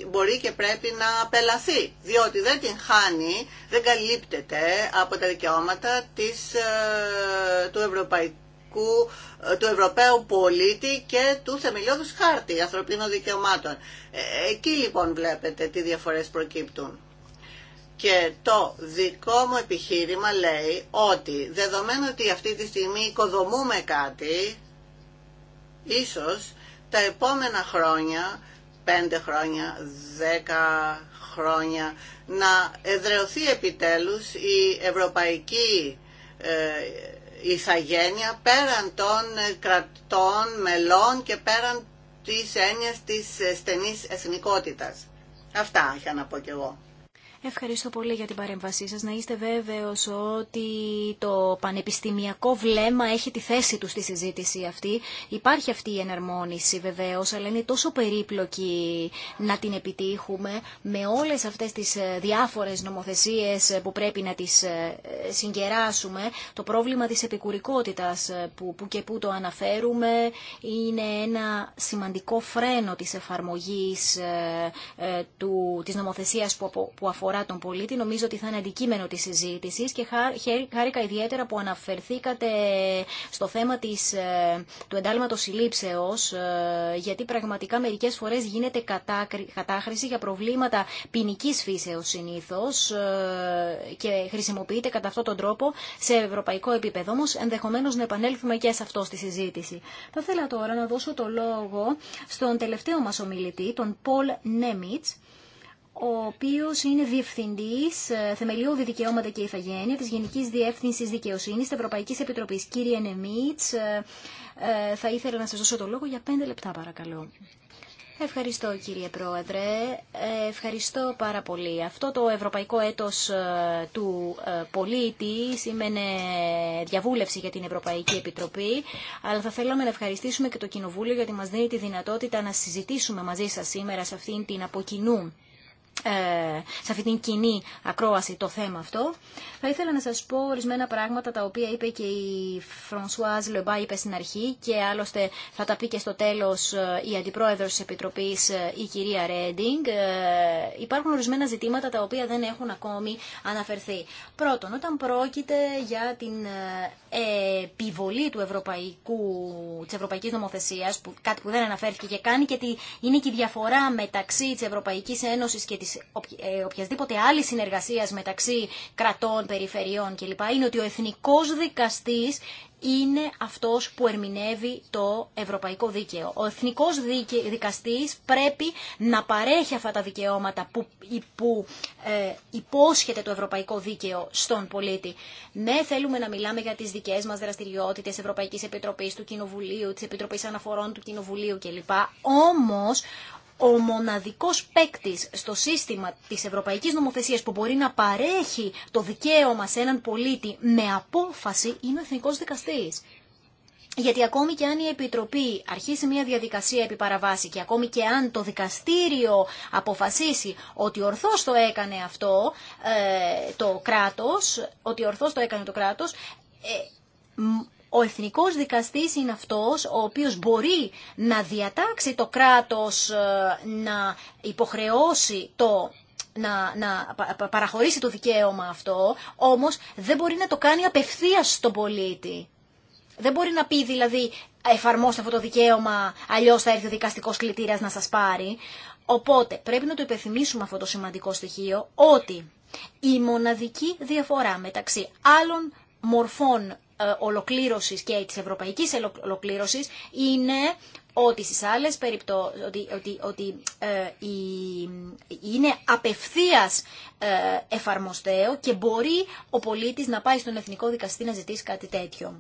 μπορεί και πρέπει να απελαθεί διότι δεν την χάνει, δεν καλύπτεται από τα δικαιώματα της, ε, του Ευρωπαϊκού ε, του Ευρωπαίου πολίτη και του θεμελιώδους χάρτη ανθρωπίνων δικαιωμάτων. Ε, εκεί λοιπόν βλέπετε τι διαφορές προκύπτουν. Και το δικό μου επιχείρημα λέει ότι δεδομένου ότι αυτή τη στιγμή οικοδομούμε κάτι, ίσως τα επόμενα χρόνια, πέντε χρόνια, δέκα χρόνια, να εδρεωθεί επιτέλους η ευρωπαϊκή ε, ηθαγένεια πέραν των κρατών, μελών και πέραν της έννοιας της στενής εθνικότητας. Αυτά είχα να πω κι εγώ. Ευχαριστώ πολύ για την παρέμβασή σας. Να είστε βέβαιος ότι το πανεπιστημιακό βλέμμα έχει τη θέση του στη συζήτηση αυτή. Υπάρχει αυτή η εναρμόνιση βεβαίως, αλλά είναι τόσο περίπλοκη να την επιτύχουμε με όλες αυτές τις ε, διάφορες νομοθεσίες ε, που πρέπει να τις ε, συγκεράσουμε. Το πρόβλημα της επικουρικότητας που, που και που το αναφέρουμε είναι ένα σημαντικό φρένο της εφαρμογής του, της νομοθεσίας που αφορά τον πολίτη νομίζω ότι θα είναι αντικείμενο τη συζήτηση και χάρηκα ιδιαίτερα που αναφερθήκατε στο θέμα της, ε, του εντάλματο συλλήψεω, ε, γιατί πραγματικά μερικές φορές γίνεται κατάχρηση για προβλήματα ποινική φύσεως συνήθως ε, και χρησιμοποιείται κατά αυτόν τον τρόπο σε ευρωπαϊκό επίπεδο όμω, ενδεχομένως να επανέλθουμε και σε αυτό στη συζήτηση. Θα ήθελα τώρα να δώσω το λόγο στον τελευταίο μα ομιλητή, τον Πολ Νέμιτς, ο οποίο είναι διευθύντη ε, θεμελιώδη δικαιώματα και ηθαγένεια τη Γενική Διεύθυνση Δικαιοσύνη τη Ευρωπαϊκή Επιτροπή, Κύριε Νεμίτ, ε, ε, θα ήθελα να σα δώσω το λόγο για πέντε λεπτά παρακαλώ. Ευχαριστώ κύριε Πρόεδρε, ευχαριστώ πάρα πολύ. Αυτό το ευρωπαϊκό έτος του πολίτη σήμαινε διαβούλευση για την Ευρωπαϊκή Επιτροπή, αλλά θα θέλαμε να ευχαριστήσουμε και το Κοινοβούλιο γιατί μας δίνει τη δυνατότητα να συζητήσουμε μαζί σας σήμερα σε αυτήν την αποκοινού ε, σε αυτή την κοινή ακρόαση το θέμα αυτό. Θα ήθελα να σας πω ορισμένα πράγματα τα οποία είπε και η Φρονσουάζ Λεμπά είπε στην αρχή και άλλωστε θα τα πει και στο τέλος ε, η Αντιπρόεδρος της Επιτροπής ε, η κυρία Ρέντινγκ. Υπάρχουν ορισμένα ζητήματα τα οποία δεν έχουν ακόμη αναφερθεί. Πρώτον, όταν πρόκειται για την επιβολή του ευρωπαϊκού, της ευρωπαϊκής νομοθεσίας, που, κάτι που δεν αναφέρθηκε και κάνει και τη, είναι και η διαφορά μεταξύ της Ευρωπαϊκής Ένωσης και της ε, οποιασδήποτε άλλη συνεργασίας μεταξύ κρατών, περιφερειών κλπ. είναι ότι ο εθνικός δικαστής είναι αυτός που ερμηνεύει το ευρωπαϊκό δίκαιο. Ο εθνικός δικαστής πρέπει να παρέχει αυτά τα δικαιώματα που ε, υπόσχεται το ευρωπαϊκό δίκαιο στον πολίτη. Ναι, θέλουμε να μιλάμε για τις δικές μας δραστηριότητες Ευρωπαϊκής Επιτροπής του Κοινοβουλίου, της Επιτροπής Αναφορών του Κοινοβουλίου κλπ. Όμως, ο μοναδικός παίκτη στο σύστημα της Ευρωπαϊκής Νομοθεσίας που μπορεί να παρέχει το δικαίωμα σε έναν πολίτη με απόφαση είναι ο Εθνικός Δικαστής. Γιατί ακόμη και αν η Επιτροπή αρχίσει μια διαδικασία επί παραβάση και ακόμη και αν το δικαστήριο αποφασίσει ότι ορθώς το έκανε αυτό ε, το κράτος, ότι ορθώς το έκανε το κράτος, ε, ο εθνικός δικαστής είναι αυτός ο οποίος μπορεί να διατάξει το κράτος ε, να υποχρεώσει το να, να παραχωρήσει το δικαίωμα αυτό, όμως δεν μπορεί να το κάνει απευθείας στον πολίτη. Δεν μπορεί να πει δηλαδή εφαρμόστε αυτό το δικαίωμα, αλλιώς θα έρθει ο δικαστικός κλητήρας να σας πάρει. Οπότε πρέπει να το υπενθυμίσουμε αυτό το σημαντικό στοιχείο ότι η μοναδική διαφορά μεταξύ άλλων μορφών ε, ολοκλήρωσης και της ευρωπαϊκής ολοκλήρωσης είναι ότι στις άλλες ότι, ότι, ότι ε, είναι απευθείας ε, εφαρμοστέο και μπορεί ο πολίτης να πάει στον Εθνικό Δικαστή να ζητήσει κάτι τέτοιο.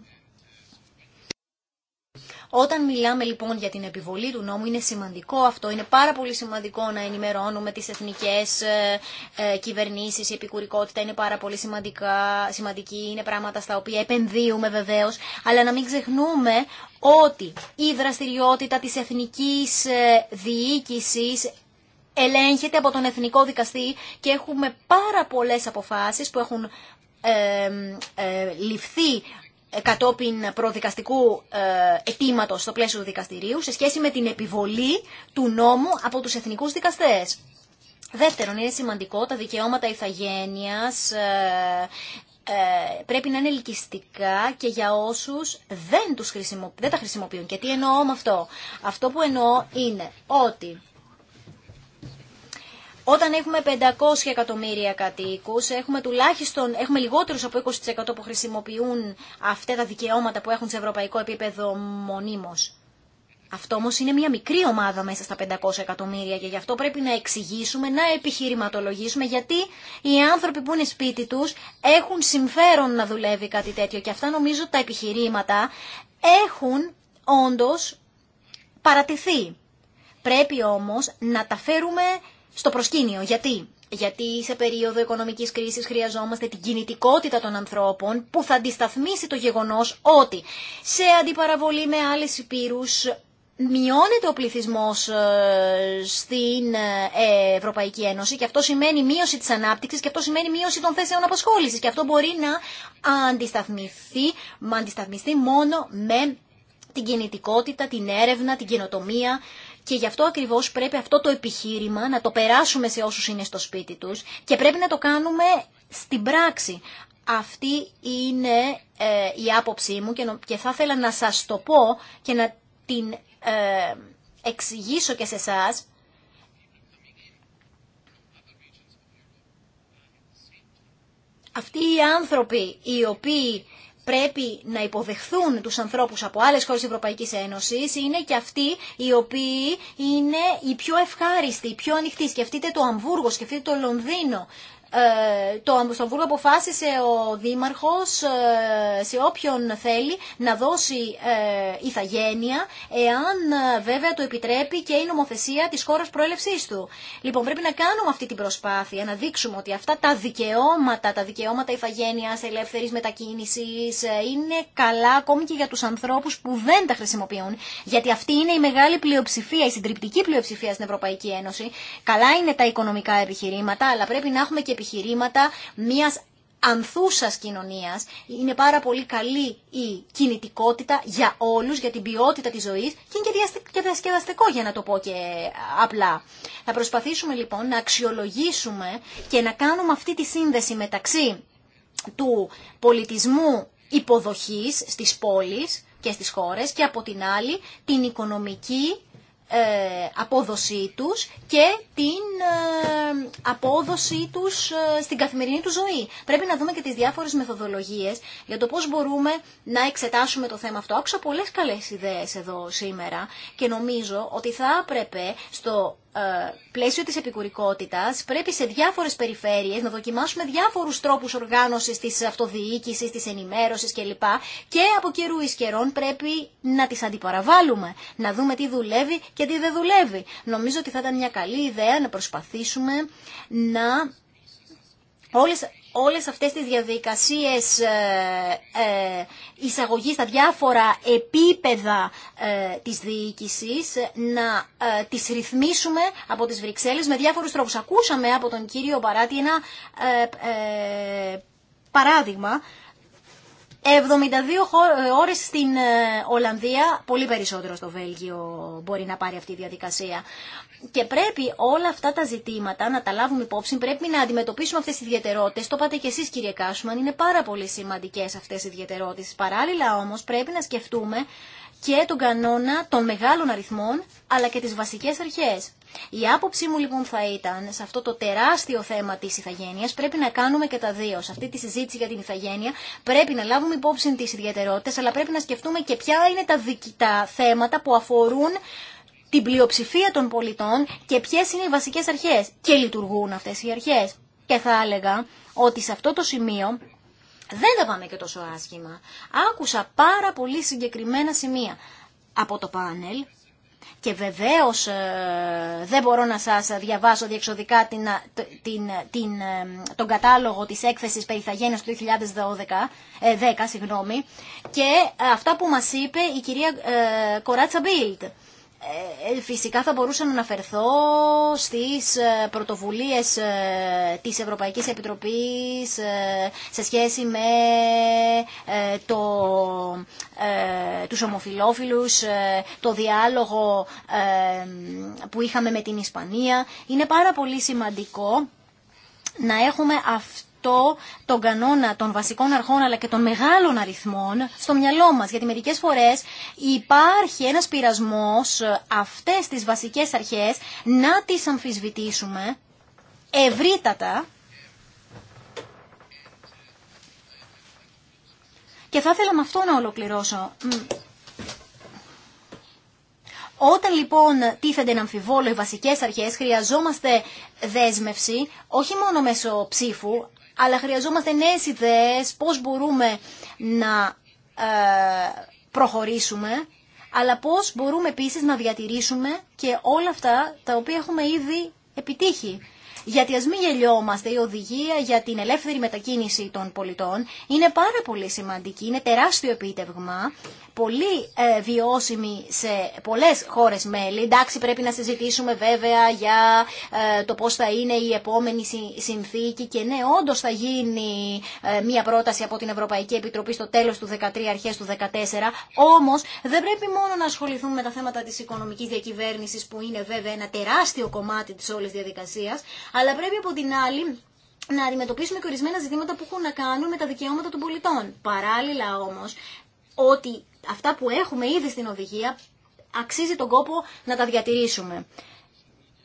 Όταν μιλάμε λοιπόν για την επιβολή του νόμου είναι σημαντικό αυτό, είναι πάρα πολύ σημαντικό να ενημερώνουμε τις εθνικές ε, ε, κυβερνήσεις, η επικουρικότητα είναι πάρα πολύ σημαντικά, σημαντική, είναι πράγματα στα οποία επενδύουμε βεβαίως, αλλά να μην ξεχνούμε ότι η δραστηριότητα της εθνικής ε, διοίκηση ελέγχεται από τον Εθνικό Δικαστή και έχουμε πάρα πολλές αποφάσεις που έχουν ε, ληφθεί κατόπιν προδικαστικού ε, αιτήματο στο πλαίσιο του δικαστηρίου σε σχέση με την επιβολή του νόμου από τους εθνικούς δικαστές. Δεύτερον, είναι σημαντικό τα δικαιώματα ηθαγένειας ε, ε, πρέπει να είναι ελκυστικά και για όσους δεν, τους δεν τα χρησιμοποιούν. Και τι εννοώ με αυτό. Αυτό που εννοώ είναι ότι όταν έχουμε 500 εκατομμύρια κατοίκου, έχουμε, τουλάχιστον, έχουμε λιγότερους από 20% που χρησιμοποιούν αυτά τα δικαιώματα που έχουν σε ευρωπαϊκό επίπεδο μονίμως. Αυτό όμω είναι μια μικρή ομάδα μέσα στα 500 εκατομμύρια και γι' αυτό πρέπει να εξηγήσουμε, να επιχειρηματολογήσουμε γιατί οι άνθρωποι που είναι σπίτι του έχουν συμφέρον να δουλεύει κάτι τέτοιο. Και αυτά νομίζω τα επιχειρήματα έχουν όντω παρατηθεί. Πρέπει όμως να τα φέρουμε στο προσκήνιο. Γιατί? Γιατί σε περίοδο οικονομική κρίσης χρειαζόμαστε την κινητικότητα των ανθρώπων που θα αντισταθμίσει το γεγονός ότι σε αντιπαραβολή με άλλε υπήρου μειώνεται ο πληθυσμός ε, στην ε, Ευρωπαϊκή Ένωση και αυτό σημαίνει μείωση της ανάπτυξης και αυτό σημαίνει μείωση των θέσεων απασχόλησης και αυτό μπορεί να αντισταθμιστεί, αντισταθμιστεί μόνο με την κινητικότητα, την έρευνα, την καινοτομία και γι' αυτό ακριβώς πρέπει αυτό το επιχείρημα να το περάσουμε σε όσους είναι στο σπίτι τους και πρέπει να το κάνουμε στην πράξη. Αυτή είναι ε, η άποψή μου και, θα ήθελα να σας το πω και να την ε, εξηγήσω και σε εσά. Αυτοί οι άνθρωποι οι οποίοι πρέπει να υποδεχθούν τους ανθρώπους από άλλες χώρες της Ευρωπαϊκής Ένωσης είναι και αυτοί οι οποίοι είναι οι πιο ευχάριστοι, οι πιο ανοιχτοί. Σκεφτείτε το Αμβούργο, σκεφτείτε το Λονδίνο. Ε, το Αμπουσταμβούργο αποφάσισε ο Δήμαρχος ε, σε όποιον θέλει να δώσει ε, ηθαγένεια εάν βέβαια το επιτρέπει και η νομοθεσία της χώρας προέλευσής του. Λοιπόν πρέπει να κάνουμε αυτή την προσπάθεια, να δείξουμε ότι αυτά τα δικαιώματα, τα δικαιώματα ηθαγένειας, ελεύθερης μετακίνησης είναι καλά ακόμη και για τους ανθρώπους που δεν τα χρησιμοποιούν. Γιατί αυτή είναι η μεγάλη πλειοψηφία, η συντριπτική πλειοψηφία στην Ευρωπαϊκή Ένωση. Καλά είναι τα οικονομικά επιχειρήματα, αλλά πρέπει να έχουμε και επιχειρήματα μιας ανθούσας κοινωνίας. Είναι πάρα πολύ καλή η κινητικότητα για όλους, για την ποιότητα της ζωής και είναι και διασκεδαστικό για να το πω και απλά. Θα προσπαθήσουμε λοιπόν να αξιολογήσουμε και να κάνουμε αυτή τη σύνδεση μεταξύ του πολιτισμού υποδοχής στις πόλεις και στις χώρες και από την άλλη την οικονομική ε, απόδοσή τους και την ε, απόδοσή τους ε, στην καθημερινή του ζωή. Πρέπει να δούμε και τις διάφορες μεθοδολογίες για το πώς μπορούμε να εξετάσουμε το θέμα αυτό. Άκουσα πολλές καλές ιδέες εδώ σήμερα και νομίζω ότι θα έπρεπε στο ε, πλαίσιο της επικουρικότητας πρέπει σε διάφορες περιφέρειες να δοκιμάσουμε διάφορους τρόπους οργάνωσης της αυτοδιοίκησης, της ενημέρωσης κλπ. Και από καιρού εις καιρών πρέπει να τις αντιπαραβάλουμε, να δούμε τι δουλεύει και τι δεν δουλεύει. Νομίζω ότι θα ήταν μια καλή ιδέα να προσπαθήσουμε να όλες όλες αυτές τις διαδικασίες ε, ε, εισαγωγής στα διάφορα επίπεδα ε, της διοίκησης να τις ρυθμίσουμε από τις Βρυξέλλες με διάφορους τρόπους. Ακούσαμε από τον κύριο Παράτη ένα παράδειγμα 72 ε, ώρες στην ε, Ολλανδία, πολύ περισσότερο στο Βέλγιο μπορεί να πάρει αυτή η διαδικασία. Και πρέπει όλα αυτά τα ζητήματα να τα λάβουμε υπόψη, πρέπει να αντιμετωπίσουμε αυτές τις ιδιαιτερότητες. Το είπατε και εσείς κύριε Κάσουμαν, είναι πάρα πολύ σημαντικές αυτές οι ιδιαιτερότητες. Παράλληλα όμως πρέπει να σκεφτούμε και τον κανόνα των μεγάλων αριθμών, αλλά και τις βασικές αρχές. Η άποψή μου λοιπόν θα ήταν σε αυτό το τεράστιο θέμα της ηθαγένειας πρέπει να κάνουμε και τα δύο. Σε αυτή τη συζήτηση για την ηθαγένεια πρέπει να λάβουμε υπόψη τις ιδιαιτερότητες αλλά πρέπει να σκεφτούμε και ποια είναι τα, θέματα που αφορούν την πλειοψηφία των πολιτών και ποιες είναι οι βασικές αρχές. Και λειτουργούν αυτές οι αρχές. Και θα έλεγα ότι σε αυτό το σημείο δεν τα πάμε και τόσο άσχημα. Άκουσα πάρα πολύ συγκεκριμένα σημεία από το πάνελ και βεβαίως ε, δεν μπορώ να σας διαβάσω διεξοδικά την, ε, την, ε, τον κατάλογο της έκθεσης Περιθαγένειας του 2010 ε, 10, συγγνώμη, και αυτά που μας είπε η κυρία ε, Κοράτσα Μπίλτ. Ε, ε, φυσικά θα μπορούσα να αναφερθώ στις ε, πρωτοβουλίες της Ευρωπαϊκής Επιτροπής σε σχέση με το, τους ομοφιλόφιλους, το διάλογο που είχαμε με την Ισπανία. Είναι πάρα πολύ σημαντικό να έχουμε αυτό αυτό τον κανόνα των βασικών αρχών αλλά και των μεγάλων αριθμών στο μυαλό μας. Γιατί μερικές φορές υπάρχει ένας πειρασμός ε, αυτές τις βασικές αρχές να τις αμφισβητήσουμε ευρύτατα και θα ήθελα με αυτό να ολοκληρώσω. Όταν λοιπόν τίθενται να αμφιβόλω οι βασικές αρχές, χρειαζόμαστε δέσμευση, όχι μόνο μέσω ψήφου, αλλά χρειαζόμαστε νέες ιδέες, πώς μπορούμε να ε, προχωρήσουμε, αλλά πώς μπορούμε επίσης να διατηρήσουμε και όλα αυτά τα οποία έχουμε ήδη επιτύχει. Γιατί α μην γελιόμαστε, η οδηγία για την ελεύθερη μετακίνηση των πολιτών είναι πάρα πολύ σημαντική, είναι τεράστιο επίτευγμα, πολύ ε, βιώσιμη σε πολλέ χώρε μέλη. Εντάξει, πρέπει να συζητήσουμε βέβαια για ε, το πώ θα είναι η επόμενη συνθήκη και ναι, όντω θα γίνει ε, μία πρόταση από την Ευρωπαϊκή Επιτροπή στο τέλο του 2013, αρχέ του 2014, Όμω, δεν πρέπει μόνο να ασχοληθούμε με τα θέματα τη οικονομική διακυβέρνηση, που είναι βέβαια ένα τεράστιο κομμάτι τη όλη διαδικασία αλλά πρέπει από την άλλη να αντιμετωπίσουμε και ορισμένα ζητήματα που έχουν να κάνουν με τα δικαιώματα των πολιτών. Παράλληλα όμως, ότι αυτά που έχουμε ήδη στην οδηγία αξίζει τον κόπο να τα διατηρήσουμε.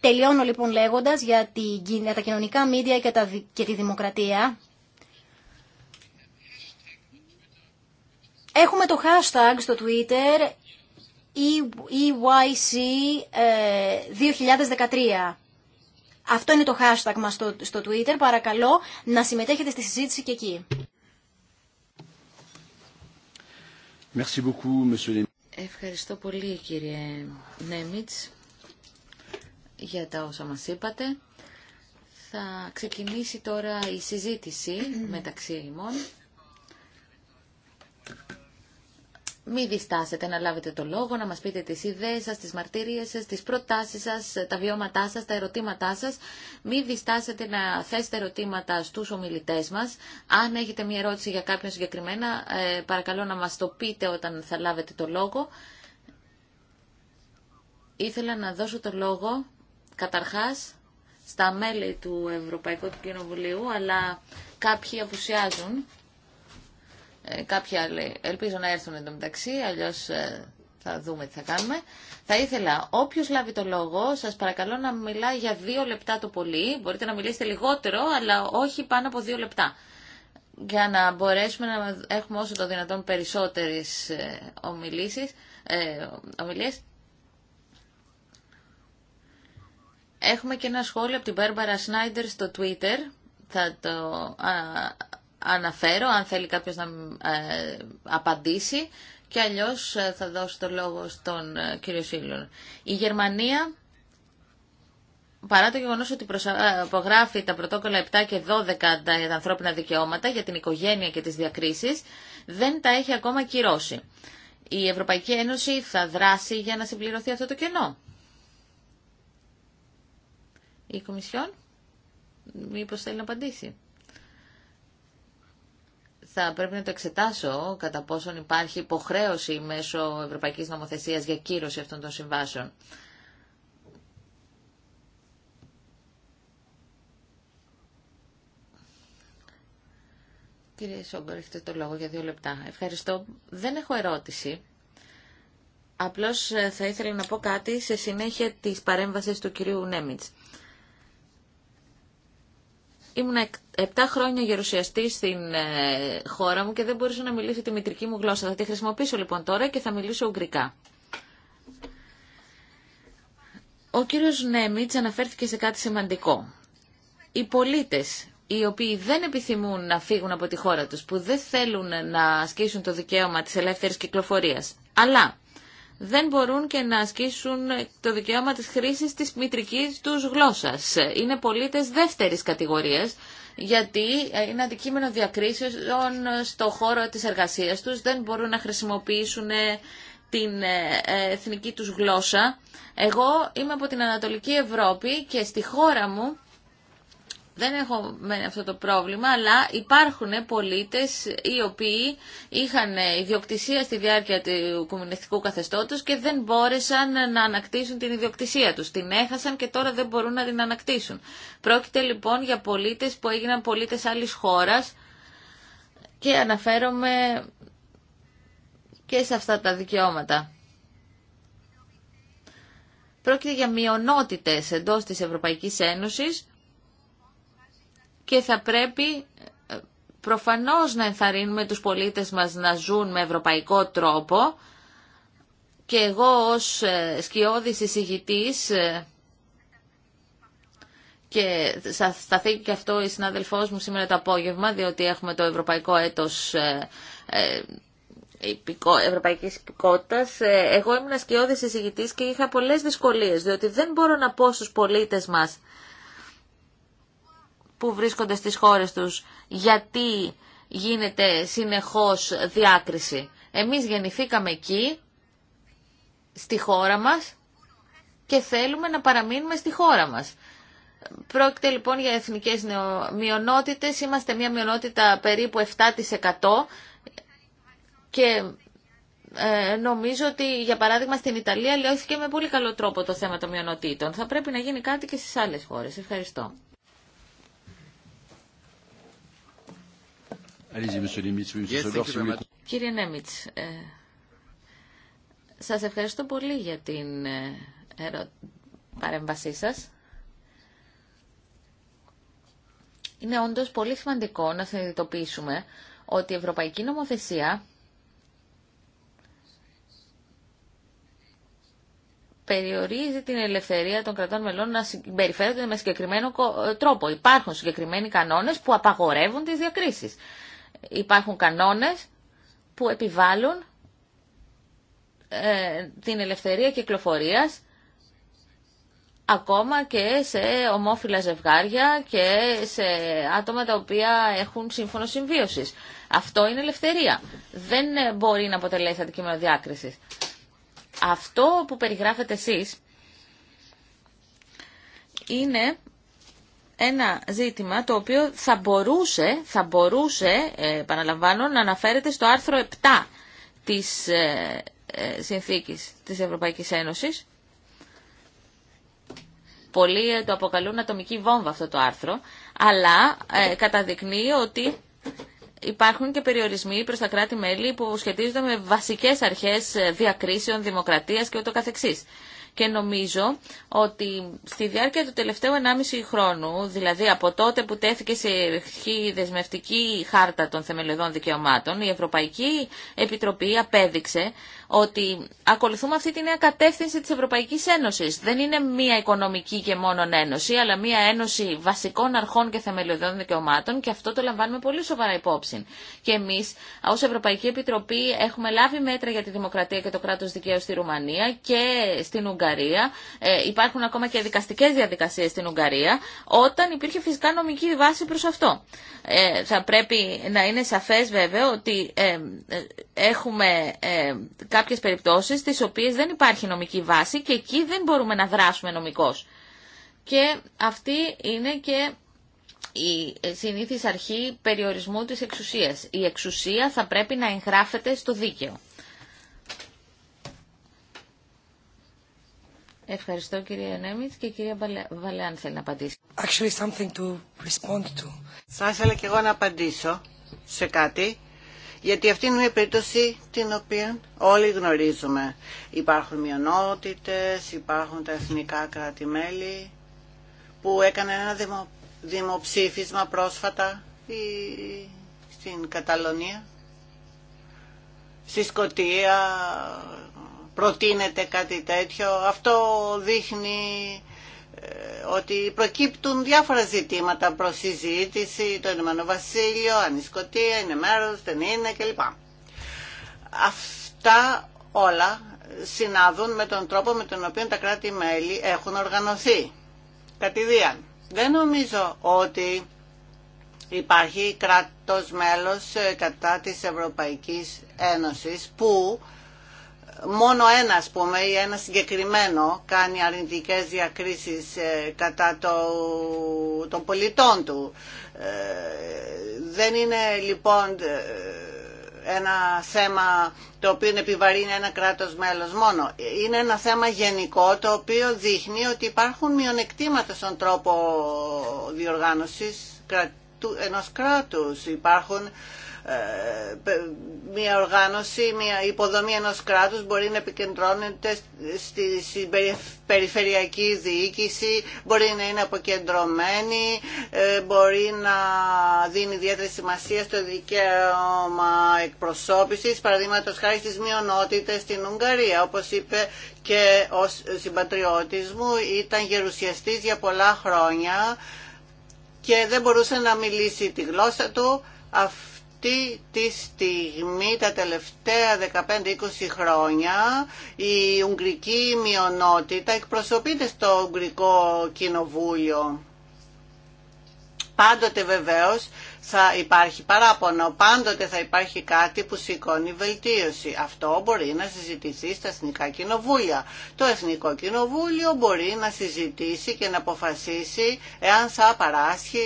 Τελειώνω λοιπόν λέγοντας για, τα κοινωνικά μίντια και, και τη δημοκρατία. Έχουμε το hashtag στο Twitter EYC e 2013. Ε, αυτό είναι το hashtag μας στο, στο Twitter. Παρακαλώ να συμμετέχετε στη συζήτηση και εκεί. Ευχαριστώ πολύ κύριε Νέμιτς για τα όσα μας είπατε. Θα ξεκινήσει τώρα η συζήτηση μεταξύ ημών. Μη διστάσετε να λάβετε το λόγο, να μας πείτε τις ιδέες σας, τις μαρτύριες σας, τις προτάσεις σας, τα βιώματά σας, τα ερωτήματά σας. Μη διστάσετε να θέσετε ερωτήματα στους ομιλητές μας. Αν έχετε μια ερώτηση για κάποιον συγκεκριμένα, ε, παρακαλώ να μας το πείτε όταν θα λάβετε το λόγο. Ήθελα να δώσω το λόγο, καταρχάς, στα μέλη του Ευρωπαϊκού Κοινοβουλίου, αλλά κάποιοι απουσιάζουν. Ε, κάποιοι άλλοι ελπίζω να έρθουν εντωμεταξύ, αλλιώς ε, θα δούμε τι θα κάνουμε. Θα ήθελα, όποιο λάβει το λόγο, σα παρακαλώ να μιλάει για δύο λεπτά το πολύ. Μπορείτε να μιλήσετε λιγότερο, αλλά όχι πάνω από δύο λεπτά. Για να μπορέσουμε να έχουμε όσο το δυνατόν περισσότερε ε, ε ομιλίε. Έχουμε και ένα σχόλιο από την Μπέρμπαρα Σνάιντερ στο Twitter. Θα το αναφέρω, αν θέλει κάποιος να ε, απαντήσει και αλλιώς ε, θα δώσω το λόγο στον ε, κύριο Σίλων. Η Γερμανία, παρά το γεγονός ότι απογράφει τα πρωτόκολλα 7 και 12 για τα ανθρώπινα δικαιώματα για την οικογένεια και τις διακρίσεις, δεν τα έχει ακόμα κυρώσει. Η Ευρωπαϊκή Ένωση θα δράσει για να συμπληρωθεί αυτό το κενό. Η Κομισιόν, μήπως θέλει να απαντήσει θα πρέπει να το εξετάσω κατά πόσον υπάρχει υποχρέωση μέσω Ευρωπαϊκής Νομοθεσίας για κύρωση αυτών των συμβάσεων. Κύριε Σόγκορ, έχετε το λόγο για δύο λεπτά. Ευχαριστώ. Δεν έχω ερώτηση. Απλώς ε, θα ήθελα να πω κάτι σε συνέχεια της παρέμβασης του κυρίου Νέμιτς. Ήμουν 7 χρόνια γερουσιαστή στην ε, χώρα μου και δεν μπορούσα να μιλήσω τη μητρική μου γλώσσα. Θα τη χρησιμοποιήσω λοιπόν τώρα και θα μιλήσω ουγγρικά. Ο κύριος Νέμιτς αναφέρθηκε σε κάτι σημαντικό. Οι πολίτες οι οποίοι δεν επιθυμούν να φύγουν από τη χώρα τους, που δεν θέλουν να ασκήσουν το δικαίωμα της ελεύθερης κυκλοφορίας, αλλά δεν μπορούν και να ασκήσουν το δικαίωμα της χρήσης της μητρικής τους γλώσσας. Είναι πολίτες δεύτερης κατηγορίας γιατί είναι αντικείμενο διακρίσεων στο χώρο της εργασίας τους, δεν μπορούν να χρησιμοποιήσουν ε, την ε, εθνική τους γλώσσα. Εγώ είμαι από την Ανατολική Ευρώπη και στη χώρα μου δεν έχω με αυτό το πρόβλημα, αλλά υπάρχουν πολίτες οι οποίοι είχαν ιδιοκτησία στη διάρκεια του κομμουνιστικού καθεστώτος και δεν μπόρεσαν να ανακτήσουν την ιδιοκτησία τους. Την έχασαν και τώρα δεν μπορούν να την ανακτήσουν. Πρόκειται λοιπόν για πολίτες που έγιναν πολίτες άλλης χώρας και αναφέρομαι και σε αυτά τα δικαιώματα. Πρόκειται για μειονότητες εντός της Ευρωπαϊκής Ένωσης και θα πρέπει ε, προφανώς να ενθαρρύνουμε τους πολίτες μας να ζουν με ευρωπαϊκό τρόπο και εγώ ως ε, σκιώδης εισηγητής ε, και θα σταθεί και αυτό η συνάδελφός μου σήμερα το απόγευμα διότι έχουμε το ευρωπαϊκό έτος Ευρωπαϊκή Υπηκότητα. Εγώ ήμουν ασκιώδη εισηγητή και είχα πολλέ δυσκολίε, διότι δεν μπορώ να πω στου πολίτε μα που βρίσκονται στις χώρες τους, γιατί γίνεται συνεχώς διάκριση. Εμείς γεννηθήκαμε εκεί, στη χώρα μας και θέλουμε να παραμείνουμε στη χώρα μας. Πρόκειται λοιπόν για εθνικές μειονότητες, είμαστε μια μειονότητα περίπου 7% και ε, νομίζω ότι για παράδειγμα στην Ιταλία λιώθηκε με πολύ καλό τρόπο το θέμα των μειονοτήτων. Θα πρέπει να γίνει κάτι και στις άλλες χώρες. Ευχαριστώ. Κύριε Νέμιτς, ε, σας ευχαριστώ πολύ για την ε, ερω... παρέμβασή σας. Είναι όντως πολύ σημαντικό να συνειδητοποιήσουμε ότι η Ευρωπαϊκή Νομοθεσία περιορίζει την ελευθερία των κρατών μελών να συμπεριφέρονται με συγκεκριμένο τρόπο. Υπάρχουν συγκεκριμένοι κανόνες που απαγορεύουν τις διακρίσεις υπάρχουν κανόνες που επιβάλλουν ε, την ελευθερία κυκλοφορίας ακόμα και σε ομόφυλα ζευγάρια και σε άτομα τα οποία έχουν σύμφωνο συμβίωσης. Αυτό είναι ελευθερία. Δεν μπορεί να αποτελέσει αντικείμενο διάκρισης. Αυτό που περιγράφετε εσείς είναι ένα ζήτημα το οποίο θα μπορούσε, θα μπορούσε ε, επαναλαμβάνω, να αναφέρεται στο άρθρο 7 της ε, ε, συνθήκης της Ευρωπαϊκής Ένωσης. Πολλοί το αποκαλούν ατομική βόμβα αυτό το άρθρο, αλλά καταδεικνύει ότι υπάρχουν και περιορισμοί προς τα κράτη-μέλη που σχετίζονται με βασικές αρχές διακρίσεων, δημοκρατίας και ούτω και νομίζω ότι στη διάρκεια του τελευταίου 1,5 χρόνου, δηλαδή από τότε που τέθηκε σε η δεσμευτική χάρτα των θεμελιωδών δικαιωμάτων, η Ευρωπαϊκή Επιτροπή απέδειξε ότι ακολουθούμε αυτή τη νέα κατεύθυνση της Ευρωπαϊκής Ένωσης. Δεν είναι μία οικονομική και μόνο ένωση, αλλά μία ένωση βασικών αρχών και θεμελιωδών δικαιωμάτων και αυτό το λαμβάνουμε πολύ σοβαρά υπόψη. Και εμείς ως Ευρωπαϊκή Επιτροπή έχουμε λάβει μέτρα για τη δημοκρατία και το κράτος δικαίου στη Ρουμανία και στην Ουγγαρία. Ε, υπάρχουν ακόμα και δικαστικές διαδικασίες στην Ουγγαρία, όταν υπήρχε φυσικά νομική βάση προς αυτό. Ε, θα πρέπει να είναι σαφές βέβαια ότι ε, έχουμε κάποιες περιπτώσεις τις οποίες δεν υπάρχει νομική βάση και εκεί δεν μπορούμε να δράσουμε νομικώς. Και αυτή είναι και η συνήθις αρχή περιορισμού της εξουσίας. Η εξουσία θα πρέπει να εγγράφεται στο δίκαιο. Ευχαριστώ κυρία Νέμιτ και κυρία Βαλεάν θέλει να απαντήσει. Actually something to respond to. Θα ήθελα και εγώ να απαντήσω σε κάτι γιατί αυτή είναι μια περίπτωση την οποία όλοι γνωρίζουμε. Υπάρχουν μειονότητες, υπάρχουν τα εθνικά κράτη-μέλη που έκανε ένα δημοψήφισμα πρόσφατα στην Καταλωνία. Στη Σκοτία προτείνεται κάτι τέτοιο. Αυτό δείχνει ότι προκύπτουν διάφορα ζητήματα προς συζήτηση, το Ηνωμένο Βασίλειο, αν η Σκωτία είναι μέρος, δεν είναι κλπ. Αυτά όλα συνάδουν με τον τρόπο με τον οποίο τα κράτη-μέλη έχουν οργανωθεί. Κατηδίαν. Δεν νομίζω ότι υπάρχει κράτος μέλος ε, κατά της Ευρωπαϊκής Ένωσης που μόνο ένα, ας πούμε, ή ένα συγκεκριμένο κάνει αρνητικές διακρίσεις ε, κατά το, των πολιτών του. Ε, δεν είναι λοιπόν ε, ένα θέμα το οποίο επιβαρύνει ένα κράτος μέλος μόνο. Είναι ένα θέμα γενικό το οποίο δείχνει ότι υπάρχουν μειονεκτήματα στον τρόπο διοργάνωσης ενός κράτους. Υπάρχουν ε, μια οργάνωση, μια υποδομή ενός κράτους μπορεί να επικεντρώνεται στη περιφερειακή διοίκηση, μπορεί να είναι αποκεντρωμένη, ε, μπορεί να δίνει ιδιαίτερη σημασία στο δικαίωμα εκπροσώπησης, παραδείγματο χάρη στις μειονότητες στην Ουγγαρία, όπως είπε και ο συμπατριώτης μου, ήταν γερουσιαστής για πολλά χρόνια και δεν μπορούσε να μιλήσει τη γλώσσα του, αυτή τη στιγμή τα τελευταία 15-20 χρόνια η ουγγρική μειονότητα εκπροσωπείται στο ουγγρικό κοινοβούλιο. Πάντοτε βεβαίως θα υπάρχει παράπονο, πάντοτε θα υπάρχει κάτι που σηκώνει βελτίωση. Αυτό μπορεί να συζητηθεί στα εθνικά κοινοβούλια. Το Εθνικό Κοινοβούλιο μπορεί να συζητήσει και να αποφασίσει εάν θα παράσχει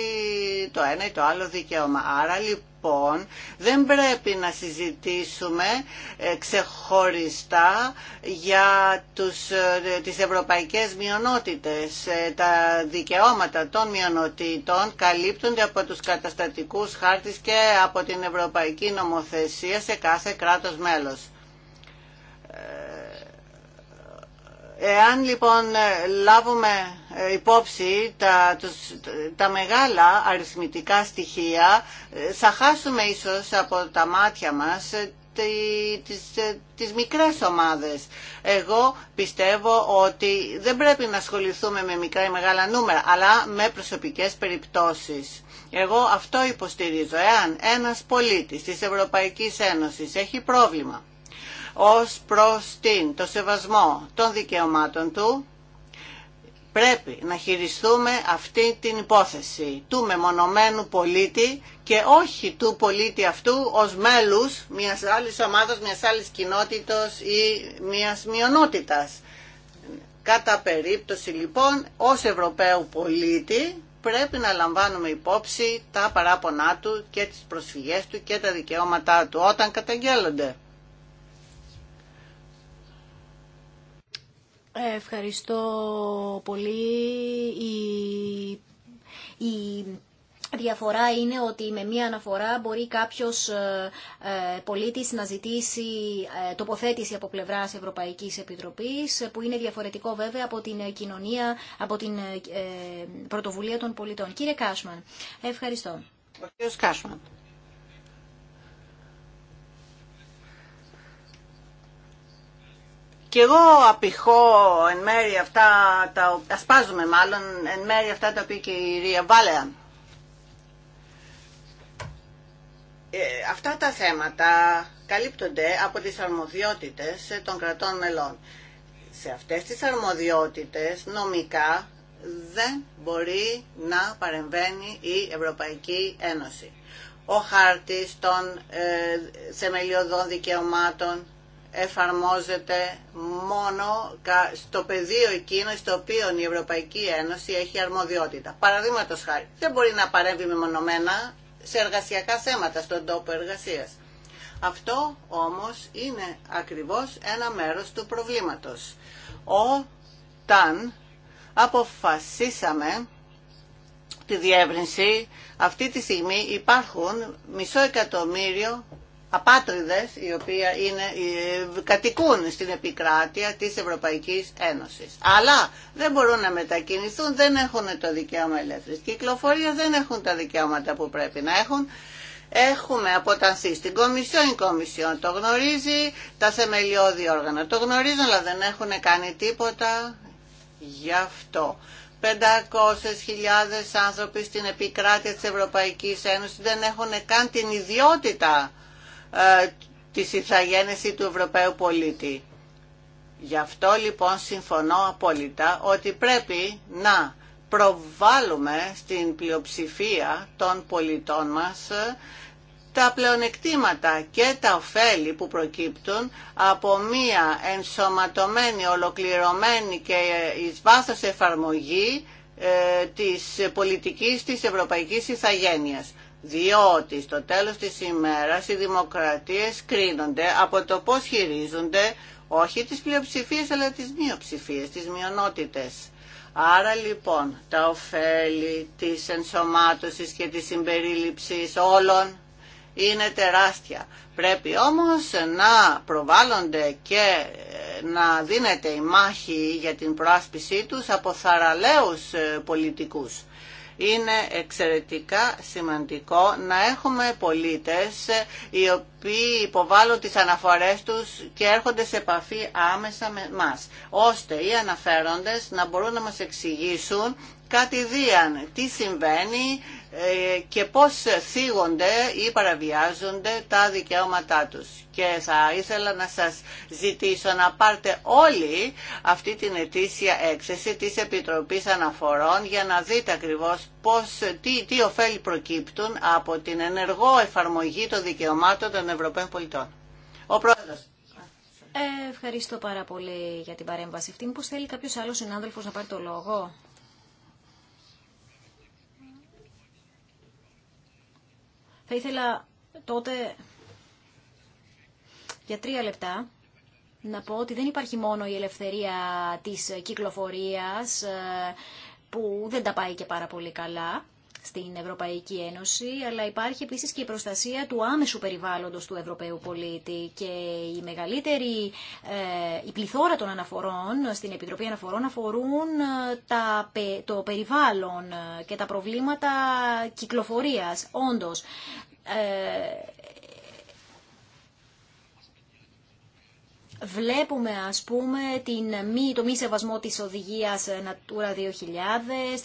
το ένα ή το άλλο δικαίωμα. Άρα λοιπόν λοιπόν δεν πρέπει να συζητήσουμε ε, ξεχωριστά για τους, ε, τις ευρωπαϊκές μειονότητες. Ε, τα δικαιώματα των μειονοτήτων καλύπτονται από τους καταστατικούς χάρτης και από την ευρωπαϊκή νομοθεσία σε κάθε κράτος μέλος. Εάν λοιπόν λάβουμε ε, υπόψη τα, τους, τα μεγάλα αριθμητικά στοιχεία, ε, θα χάσουμε ίσως από τα μάτια μας ε, τις, τις μικρές ομάδες. Εγώ πιστεύω ότι δεν πρέπει να ασχοληθούμε με μικρά ή μεγάλα νούμερα, αλλά με προσωπικές περιπτώσεις. Εγώ αυτό υποστηρίζω. Εάν ένας πολίτης της Ευρωπαϊκής Ένωσης έχει πρόβλημα ως προς την, το σεβασμό των δικαιωμάτων του, πρέπει να χειριστούμε αυτή την υπόθεση του μεμονωμένου πολίτη και όχι του πολίτη αυτού ως μέλους μιας άλλης ομάδας, μιας άλλης κοινότητας ή μιας μειονότητας. Κατά περίπτωση λοιπόν ως Ευρωπαίου πολίτη πρέπει να λαμβάνουμε υπόψη τα παράπονά του και τις προσφυγές του και τα δικαιώματά του όταν καταγγέλλονται. Ευχαριστώ πολύ. Η, διαφορά είναι ότι με μία αναφορά μπορεί κάποιος ε, ε, πολίτης να ζητήσει ε, τοποθέτηση από πλευράς Ευρωπαϊκής Επιτροπής που είναι διαφορετικό βέβαια από την κοινωνία, από την πρωτοβουλία των πολιτών. Κύριε Κάσμαν, ευχαριστώ. κύριος Κάσμαν. Και εγώ απηχώ εν μέρει αυτά, τα, ασπάζουμε μάλλον εν μέρει αυτά τα οποία και η Ρία Βάλεαν. Ε, αυτά τα θέματα καλύπτονται από τις αρμοδιότητες ε, των κρατών μελών. Σε αυτές τις αρμοδιότητες νομικά δεν μπορεί να παρεμβαίνει η Ευρωπαϊκή Ένωση. Ο χάρτης των ε, θεμελιωδών δικαιωμάτων εφαρμόζεται μόνο στο πεδίο εκείνο στο οποίο η Ευρωπαϊκή Ένωση έχει αρμοδιότητα. Παραδείγματο χάρη, δεν μπορεί να παρέμβει μεμονωμένα σε εργασιακά θέματα στον τόπο εργασία. Αυτό όμως είναι ακριβώς ένα μέρος του προβλήματος. Όταν αποφασίσαμε τη διεύρυνση, αυτή τη στιγμή υπάρχουν μισό εκατομμύριο απάτριδες οι οποίοι είναι, ε, κατοικούν στην επικράτεια της Ευρωπαϊκής Ένωσης. Αλλά δεν μπορούν να μετακινηθούν, δεν έχουν το δικαίωμα ελεύθερης κυκλοφορίας, δεν έχουν τα δικαιώματα που πρέπει να έχουν. Έχουμε αποτανθεί στην Κομισιόν, η Κομισιόν το γνωρίζει, τα θεμελιώδη όργανα το γνωρίζουν, αλλά δεν έχουν κάνει τίποτα γι' αυτό. 500.000 άνθρωποι στην επικράτεια της Ευρωπαϊκής Ένωσης δεν έχουν καν την ιδιότητα ε, τη ηθαγένεση του Ευρωπαίου πολίτη. Γι' αυτό λοιπόν συμφωνώ απόλυτα ότι πρέπει να προβάλλουμε στην πλειοψηφία των πολιτών μας ε, τα πλεονεκτήματα και τα ωφέλη που προκύπτουν από μία ενσωματωμένη, ολοκληρωμένη και εις βάθος εφαρμογή ε, της πολιτικής της Ευρωπαϊκής Ιθαγένειας διότι στο τέλος της ημέρας οι δημοκρατίες κρίνονται από το πώς χειρίζονται όχι τις πλειοψηφίες αλλά τις μειοψηφίες, τις μειονότητες. Άρα λοιπόν τα ωφέλη της ενσωμάτωσης και της συμπερίληψης όλων είναι τεράστια. Πρέπει όμως να προβάλλονται και ε, να δίνεται η μάχη για την προάσπισή τους από θαραλέους ε, πολιτικούς είναι εξαιρετικά σημαντικό να έχουμε πολίτες οι οποίοι υποβάλλουν τις αναφορές τους και έρχονται σε επαφή άμεσα με μας, ώστε οι αναφέροντες να μπορούν να μας εξηγήσουν κάτι διάν, τι συμβαίνει ε, και πώς θίγονται ή παραβιάζονται τα δικαιώματά τους. Και θα ήθελα να σας ζητήσω να πάρτε όλοι αυτή την ετήσια έκθεση της Επιτροπής Αναφορών για να δείτε ακριβώς πώς, τι, τι ωφέλη προκύπτουν από την ενεργό εφαρμογή των δικαιωμάτων των Ευρωπαίων πολιτών. Ο πρόεδρος. Ε, ευχαριστώ πάρα πολύ για την παρέμβαση αυτή. Μήπως θέλει κάποιος άλλος συνάδελφος να πάρει το λόγο. Θα ήθελα τότε για τρία λεπτά να πω ότι δεν υπάρχει μόνο η ελευθερία της κυκλοφορίας ε, που δεν τα πάει και πάρα πολύ καλά στην Ευρωπαϊκή Ένωση, αλλά υπάρχει επίσης και η προστασία του άμεσου περιβάλλοντος του Ευρωπαίου πολίτη και η μεγαλύτερη, ε, η πληθώρα των αναφορών στην Επιτροπή Αναφορών αφορούν ε, τα, το περιβάλλον ε, και τα προβλήματα κυκλοφορίας. Όντως, Βλέπουμε ας πούμε την μη, το μη σεβασμό της οδηγίας Natura 2000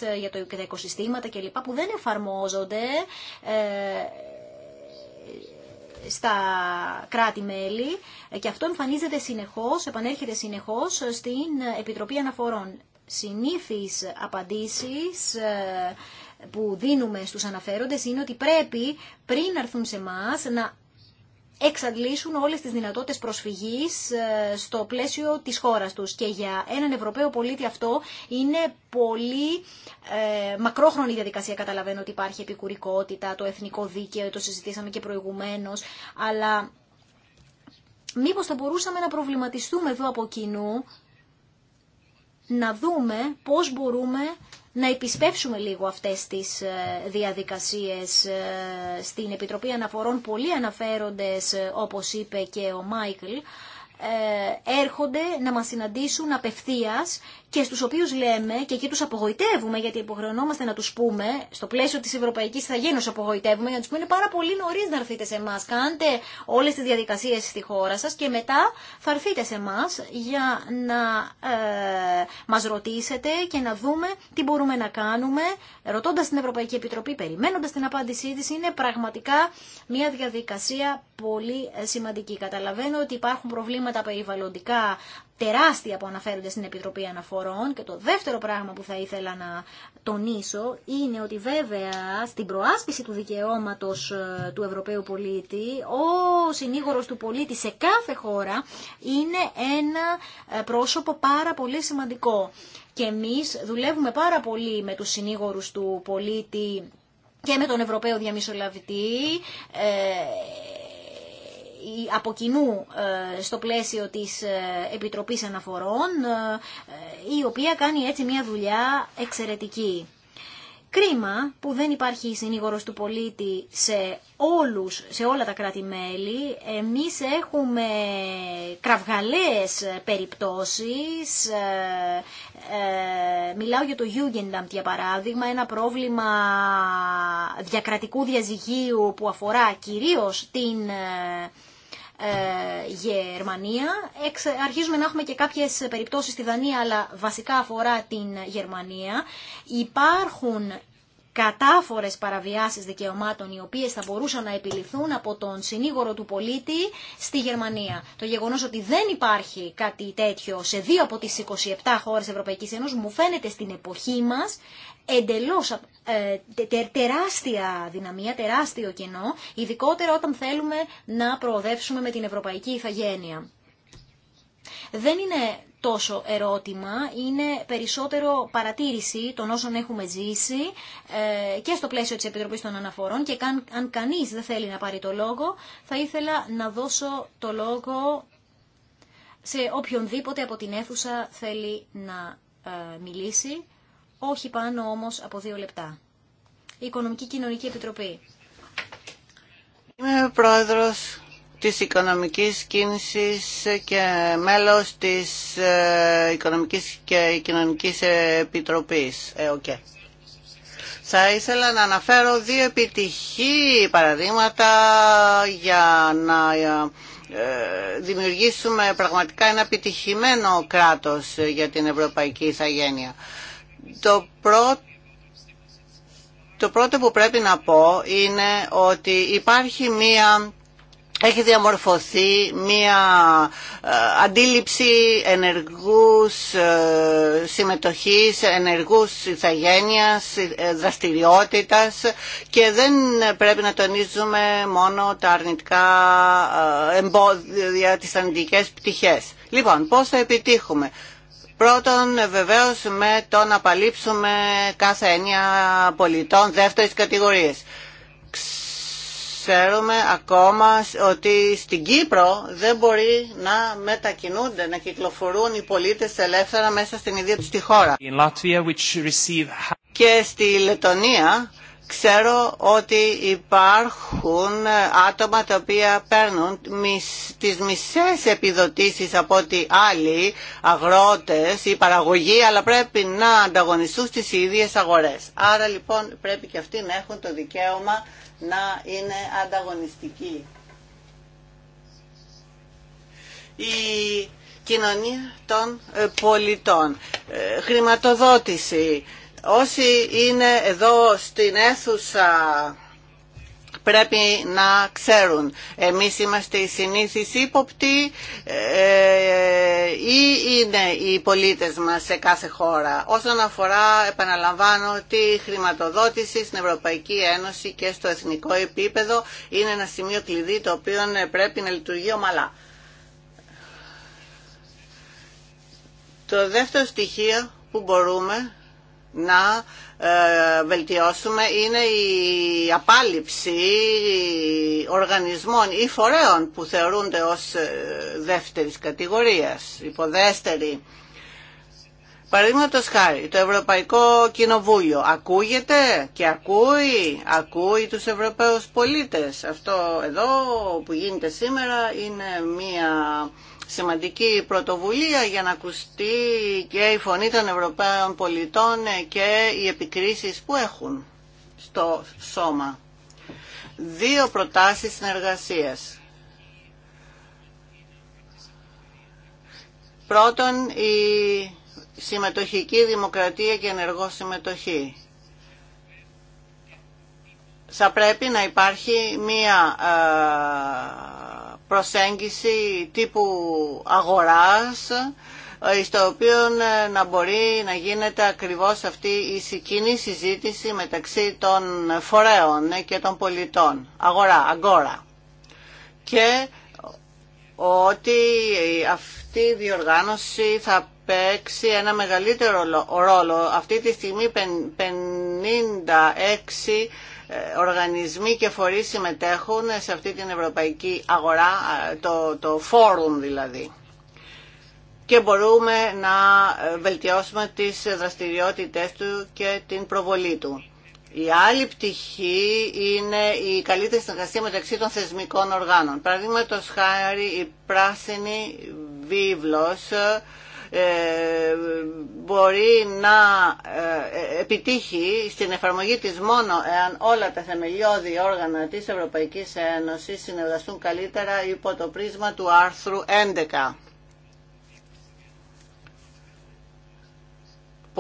ε, για το, τα οικοσυστήματα κλπ που δεν εφαρμόζονται ε, στα κράτη-μέλη ε, και αυτό εμφανίζεται συνεχώς, επανέρχεται συνεχώς στην Επιτροπή Αναφορών. Συνήθεις απαντήσεις που δίνουμε στους αναφέροντες είναι ότι πρέπει πριν έρθουν σε εμά να εξαντλήσουν όλες τις δυνατότητες προσφυγής ε, στο πλαίσιο της χώρας τους. Και για έναν Ευρωπαίο πολίτη αυτό είναι πολύ ε, μακρόχρονη διαδικασία. Καταλαβαίνω ότι υπάρχει επικουρικότητα, το εθνικό δίκαιο, το συζητήσαμε και προηγουμένως, αλλά μήπως θα μπορούσαμε να προβληματιστούμε εδώ από κοινού, να δούμε πώς μπορούμε να επισπεύσουμε λίγο αυτές τις ε, διαδικασίες ε, στην Επιτροπή Αναφορών. Πολλοί αναφέροντες, ε, όπως είπε και ο Μάικλ, έρχονται να μας συναντήσουν απευθείας και στους οποίους λέμε και εκεί τους απογοητεύουμε γιατί υποχρεωνόμαστε να τους πούμε στο πλαίσιο της Ευρωπαϊκής θα Ιθαγένους απογοητεύουμε για να τους πούμε είναι πάρα πολύ νωρί να έρθείτε σε εμά. κάντε όλες τις διαδικασίες στη χώρα σας και μετά θα έρθείτε σε εμά για να ε, μας ρωτήσετε και να δούμε τι μπορούμε να κάνουμε ρωτώντας την Ευρωπαϊκή Επιτροπή περιμένοντας την απάντησή της είναι πραγματικά μια διαδικασία πολύ ε, σημαντική. Καταλαβαίνω ότι υπάρχουν προβλήματα περιβαλλοντικά τεράστια που αναφέρονται στην Επιτροπή Αναφορών και το δεύτερο πράγμα που θα ήθελα να τονίσω είναι ότι βέβαια στην προάσπιση του δικαιώματος ε, του Ευρωπαίου πολίτη ο συνήγορος του πολίτη σε κάθε χώρα είναι ένα ε, πρόσωπο πάρα πολύ σημαντικό και εμείς δουλεύουμε πάρα πολύ με τους συνήγορους του πολίτη και με τον Ευρωπαίο Διαμισολαβητή ε, από κοινού ε, στο πλαίσιο της ε, Επιτροπής Αναφορών, ε, η οποία κάνει έτσι μια δουλειά εξαιρετική. Κρίμα που δεν υπάρχει συνήγορος του πολίτη σε, όλους, σε όλα τα κράτη-μέλη. Εμείς έχουμε κραυγαλαίες περιπτώσεις. Ε, ε, μιλάω για το Jugendamt για παράδειγμα, ένα πρόβλημα διακρατικού διαζυγίου που αφορά κυρίως την ε, ε, Γερμανία. Αρχίζουμε να έχουμε και κάποιες περιπτώσεις στη Δανία, αλλά βασικά αφορά την Γερμανία. Υπάρχουν κατάφορες παραβιάσεις δικαιωμάτων οι οποίες θα μπορούσαν να επιληθούν από τον συνήγορο του πολίτη στη Γερμανία. Το γεγονός ότι δεν υπάρχει κάτι τέτοιο σε δύο από τις 27 χώρες Ευρωπαϊκής Ένωσης μου φαίνεται στην εποχή μας εντελώς ε, τεράστια δυναμία, τεράστιο κενό, ειδικότερα όταν θέλουμε να προοδεύσουμε με την ευρωπαϊκή Ιθαγένεια δεν είναι τόσο ερώτημα, είναι περισσότερο παρατήρηση των όσων έχουμε ζήσει ε, και στο πλαίσιο της Επιτροπής των Αναφορών και αν κανείς δεν θέλει να πάρει το λόγο, θα ήθελα να δώσω το λόγο σε οποιονδήποτε από την αίθουσα θέλει να ε, μιλήσει, όχι πάνω όμως από δύο λεπτά. Η Οικονομική Κοινωνική Επιτροπή. Είμαι πρόεδρος της Οικονομικής Κίνησης και μέλος της ε, Οικονομικής και Κοινωνικής Επιτροπής. Ε, okay. Θα ήθελα να αναφέρω δύο επιτυχή παραδείγματα για να ε, δημιουργήσουμε πραγματικά ένα επιτυχημένο κράτος για την Ευρωπαϊκή Ιθαγένεια. Το πρώτο το πρώτο που πρέπει να πω είναι ότι υπάρχει μία έχει διαμορφωθεί μία ε, αντίληψη ενεργούς ε, συμμετοχής, ενεργούς ηθαγένειας, ε, δραστηριότητας και δεν πρέπει να τονίζουμε μόνο τα αρνητικά εμπόδια, τις αρνητικές πτυχές. Λοιπόν, πώς θα επιτύχουμε. Πρώτον, βεβαίως, με το να απαλείψουμε κάθε έννοια πολιτών δεύτερης κατηγορίας Ξέρουμε ακόμα ότι στην Κύπρο δεν μπορεί να μετακινούνται, να κυκλοφορούν οι πολίτες ελεύθερα μέσα στην ίδια τους τη χώρα. Και στη Λετωνία ξέρω ότι υπάρχουν άτομα τα οποία παίρνουν τις μισές επιδοτήσεις από ότι άλλοι αγρότες ή παραγωγοί, αλλά πρέπει να ανταγωνιστούν στις ίδιες αγορές. Άρα λοιπόν πρέπει και αυτοί να έχουν το δικαίωμα να είναι ανταγωνιστική. Η κοινωνία των ε, πολιτών, ε, χρηματοδότηση. Όσοι είναι εδώ στην αίθουσα πρέπει να ξέρουν. Εμείς είμαστε οι συνήθεις ύποπτοι ε, ή είναι οι πολίτες μας σε κάθε χώρα. Όσον αφορά, επαναλαμβάνω, τη χρηματοδότηση στην Ευρωπαϊκή Ένωση και στο εθνικό επίπεδο είναι ένα σημείο κλειδί το οποίο ε, πρέπει να λειτουργεί ομαλά. Το δεύτερο στοιχείο που μπορούμε να ε, βελτιώσουμε είναι η απάλληψη οργανισμών ή φορέων που θεωρούνται ως ε, δεύτερης κατηγορίας, υποδέστερη. Παραδείγματο χάρη, το Ευρωπαϊκό Κοινοβούλιο ακούγεται και ακούει, ακούει τους Ευρωπαίους πολίτες. Αυτό εδώ που γίνεται σήμερα είναι μία σημαντική πρωτοβουλία για να ακουστεί και η φωνή των Ευρωπαίων πολιτών και οι επικρίσεις που έχουν στο σώμα. Δύο προτάσεις συνεργασίας. Πρώτον, η συμμετοχική δημοκρατία και ενεργό συμμετοχή. Θα πρέπει να υπάρχει μία ε, προσέγγιση τύπου αγοράς ε, στο οποίο ε, να μπορεί να γίνεται ακριβώς αυτή η κοινή συζήτηση μεταξύ των φορέων ε, και των πολιτών. Αγορά, αγκόρα. Και ότι αυτή η διοργάνωση θα παίξει ένα μεγαλύτερο ρόλο. Αυτή τη στιγμή 56 ε, οργανισμοί και φορείς συμμετέχουν σε αυτή την ευρωπαϊκή αγορά, ε, το, το φόρουμ δηλαδή. Και μπορούμε να ε, βελτιώσουμε τις δραστηριότητες του και την προβολή του. Η άλλη πτυχή είναι η καλύτερη συνεργασία μεταξύ των θεσμικών οργάνων. Παραδείγματο χάρη η πράσινη βίβλος ε, μπορεί να ε, ε, επιτύχει στην εφαρμογή της μόνο εάν όλα τα θεμελιώδη όργανα της Ευρωπαϊκής Ένωσης συνεργαστούν καλύτερα υπό το πρίσμα του άρθρου 11.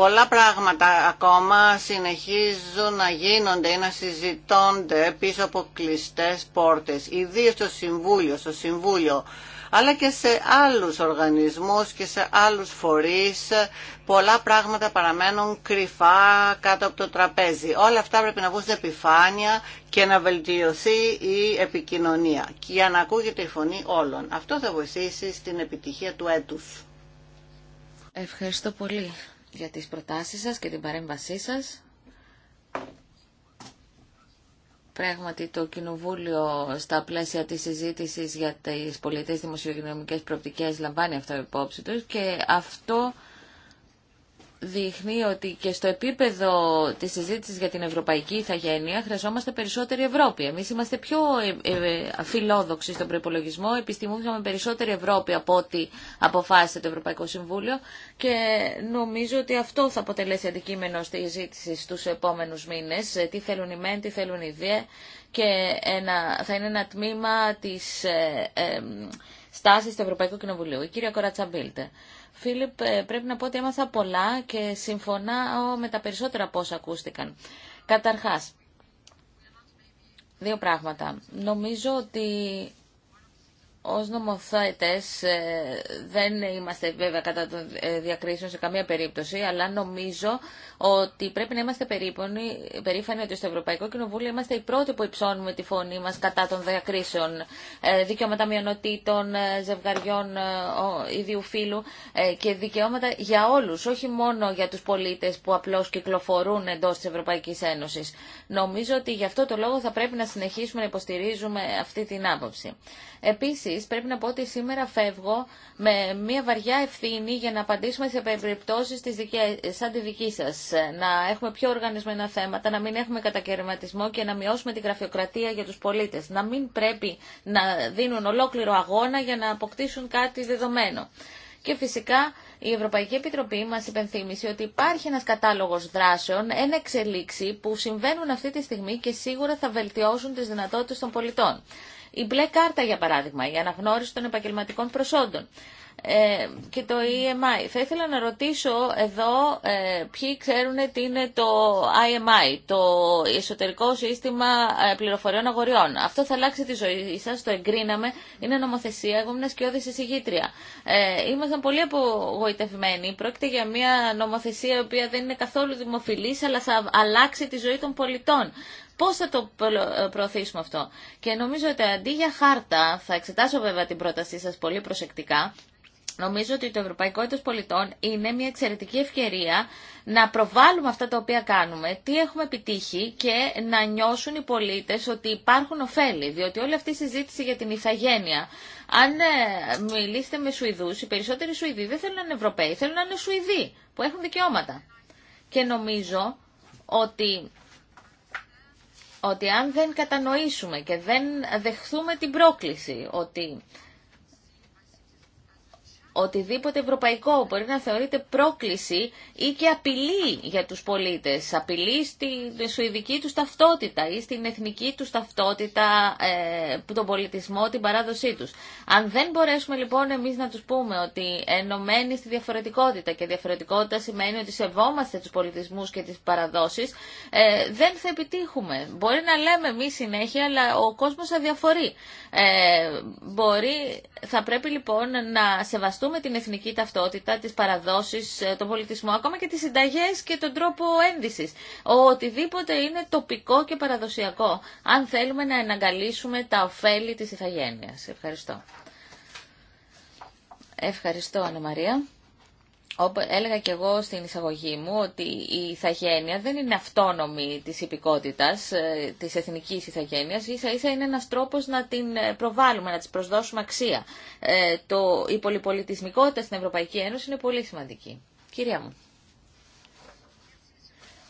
Πολλά πράγματα ακόμα συνεχίζουν να γίνονται ή να συζητώνται πίσω από κλειστές πόρτες, ιδίως στο Συμβούλιο, στο Συμβούλιο αλλά και σε άλλους οργανισμούς και σε άλλους φορείς πολλά πράγματα παραμένουν κρυφά κάτω από το τραπέζι. Όλα αυτά πρέπει να βγουν στην επιφάνεια και να βελτιωθεί η επικοινωνία για να ακούγεται η φωνή όλων. Αυτό θα βοηθήσει στην επιτυχία του έτους. Ευχαριστώ πολύ για τις προτάσεις σας και την παρέμβασή σας. Πράγματι, το Κοινοβούλιο στα πλαίσια της συζήτησης για τις πολιτές δημοσιογνωμικές προοπτικές λαμβάνει αυτό υπόψη τους και αυτό δείχνει ότι και στο επίπεδο της συζήτησης για την ευρωπαϊκή ηθαγένεια χρειαζόμαστε περισσότερη Ευρώπη. Εμείς είμαστε πιο ε, ε, φιλόδοξοι στον προπολογισμό, επιστημούσαμε περισσότερη Ευρώπη από ό,τι αποφάσισε το Ευρωπαϊκό Συμβούλιο και νομίζω ότι αυτό θα αποτελέσει αντικείμενο στη συζήτηση στους επόμενους μήνες, ε, τι θέλουν οι μεν, τι θέλουν οι δε και ένα, θα είναι ένα τμήμα της ε, στάσης του Ευρωπαϊκού Κοινοβουλίου. Η κυρία Κορατσαμπίλτε. Φίλιπ, ε, πρέπει να πω ότι έμαθα πολλά και συμφωνάω με τα περισσότερα πώς ακούστηκαν. Καταρχάς, δύο πράγματα. Νομίζω ότι ως νομοθέτες ε, δεν είμαστε βέβαια κατά των ε, διακρίσεων σε καμία περίπτωση, αλλά νομίζω ότι πρέπει να είμαστε περήφανοι ότι στο Ευρωπαϊκό Κοινοβούλιο είμαστε οι πρώτοι που υψώνουμε τη φωνή μας κατά των διακρίσεων ε, δικαιώματα μειονοτήτων, ζευγαριών ιδίου φύλου και δικαιώματα για όλους, όχι μόνο για τους πολίτες που απλώς κυκλοφορούν εντός της Ευρωπαϊκής Ένωσης. Νομίζω ότι γι' αυτό το λόγο θα πρέπει να συνεχίσουμε να υποστηρίζουμε αυτή την άποψη. Επίσης, πρέπει να πω ότι σήμερα φεύγω με μια βαριά ευθύνη για να απαντήσουμε σε περιπτώσεις της δικές, σαν τη δική σας. Να έχουμε πιο οργανισμένα θέματα, να μην έχουμε κατακαιρματισμό και να μειώσουμε την γραφειοκρατία για τους πολίτες. Να μην πρέπει να δίνουν ολόκληρο αγώνα για να αποκτήσουν κάτι δεδομένο. Και φυσικά η Ευρωπαϊκή Επιτροπή μας υπενθύμησε ότι υπάρχει ένας κατάλογος δράσεων, ένα εξελίξη που συμβαίνουν αυτή τη στιγμή και σίγουρα θα βελτιώσουν τις δυνατότητες των πολιτών η μπλε κάρτα για παράδειγμα, η αναγνώριση των επαγγελματικών προσόντων ε, και το EMI. Θα ήθελα να ρωτήσω εδώ ε, ποιοι ξέρουν τι είναι το IMI, το Εσωτερικό Σύστημα ε, Πληροφοριών Αγοριών. Αυτό θα αλλάξει τη ζωή σα, το εγκρίναμε, είναι νομοθεσία, εγώ ήμουν σκιώδη εισηγήτρια. Ε, ήμασταν πολύ απογοητευμένοι, πρόκειται για μια νομοθεσία η οποία δεν είναι καθόλου δημοφιλή, αλλά θα αλλάξει τη ζωή των πολιτών. Πώς θα το ε, προωθήσουμε αυτό. Και νομίζω ότι αντί για χάρτα, θα εξετάσω βέβαια την πρότασή σας πολύ προσεκτικά, Νομίζω ότι το Ευρωπαϊκό Έτος Πολιτών είναι μια εξαιρετική ευκαιρία να προβάλλουμε αυτά τα οποία κάνουμε, τι έχουμε επιτύχει και να νιώσουν οι πολίτες ότι υπάρχουν ωφέλη, διότι όλη αυτή η συζήτηση για την ηθαγένεια, αν ε, μιλήσετε με Σουηδούς, οι περισσότεροι Σουηδοί δεν θέλουν να είναι Ευρωπαίοι, θέλουν να είναι Σουηδοί που έχουν δικαιώματα. Και νομίζω ότι ότι αν δεν κατανοήσουμε και δεν δεχθούμε την πρόκληση ότι οτιδήποτε ευρωπαϊκό μπορεί να θεωρείται πρόκληση ή και απειλή για τους πολίτες. Απειλή στη σουηδική τους ταυτότητα ή στην εθνική του ταυτότητα, ε, τον πολιτισμό, την παράδοσή τους. Αν δεν μπορέσουμε λοιπόν εμείς να τους πούμε ότι ενωμένοι στη διαφορετικότητα και διαφορετικότητα σημαίνει ότι σεβόμαστε τους πολιτισμούς και τις παραδόσεις, ε, δεν θα επιτύχουμε. Μπορεί να λέμε εμείς συνέχεια, αλλά ο κόσμος αδιαφορεί. Ε, μπορεί, θα πρέπει λοιπόν να σεβαστούμε με την εθνική ταυτότητα, τις παραδόσεις, ε, τον πολιτισμό, ακόμα και τις συνταγές και τον τρόπο ένδυσης. Οτιδήποτε είναι τοπικό και παραδοσιακό, αν θέλουμε να εναγκαλίσουμε τα ωφέλη της ηθαγένειας. Ευχαριστώ. Ευχαριστώ, Ανεμαρία. Όπως έλεγα και εγώ στην εισαγωγή μου ότι η ηθαγένεια δεν είναι αυτόνομη της υπηκότητας, ε, της εθνικής ηθαγένεια. ίσα ίσα είναι ένας τρόπος να την ε, προβάλλουμε, να της προσδώσουμε αξία. Ε, το, η πολυπολιτισμικότητα στην Ευρωπαϊκή Ένωση είναι πολύ σημαντική. Κυρία μου.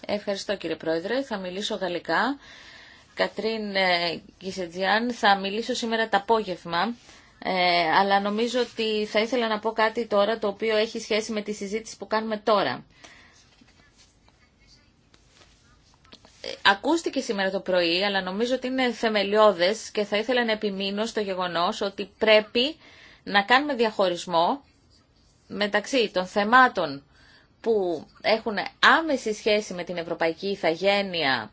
Ευχαριστώ κύριε Πρόεδρε, θα μιλήσω γαλλικά. Κατρίν Κισετζιάν, θα μιλήσω σήμερα το απόγευμα ε, αλλά νομίζω ότι θα ήθελα να πω κάτι τώρα το οποίο έχει σχέση με τη συζήτηση που κάνουμε τώρα. Ε, ακούστηκε σήμερα το πρωί, αλλά νομίζω ότι είναι θεμελιώδες και θα ήθελα να επιμείνω στο γεγονός ότι πρέπει να κάνουμε διαχωρισμό μεταξύ των θεμάτων που έχουν άμεση σχέση με την ευρωπαϊκή ηθαγένεια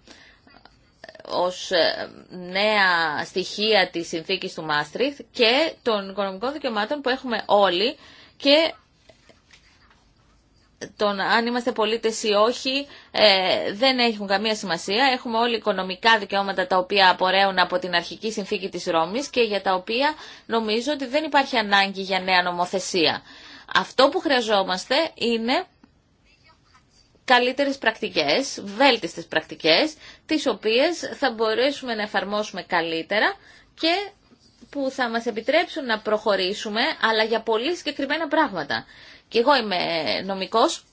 ως ε, νέα στοιχεία της συνθήκης του Μάστριχτ και των οικονομικών δικαιωμάτων που έχουμε όλοι και τον αν είμαστε πολίτες ή όχι ε, δεν έχουν καμία σημασία. Έχουμε όλοι οικονομικά δικαιώματα τα οποία απορρέουν από την αρχική συνθήκη της Ρώμης και για τα οποία νομίζω ότι δεν υπάρχει ανάγκη για νέα νομοθεσία. Αυτό που χρειαζόμαστε είναι καλύτερες πρακτικές, βέλτιστες πρακτικές, τις οποίες θα μπορέσουμε να εφαρμόσουμε καλύτερα και που θα μας επιτρέψουν να προχωρήσουμε, αλλά για πολύ συγκεκριμένα πράγματα. Και εγώ είμαι νομικός,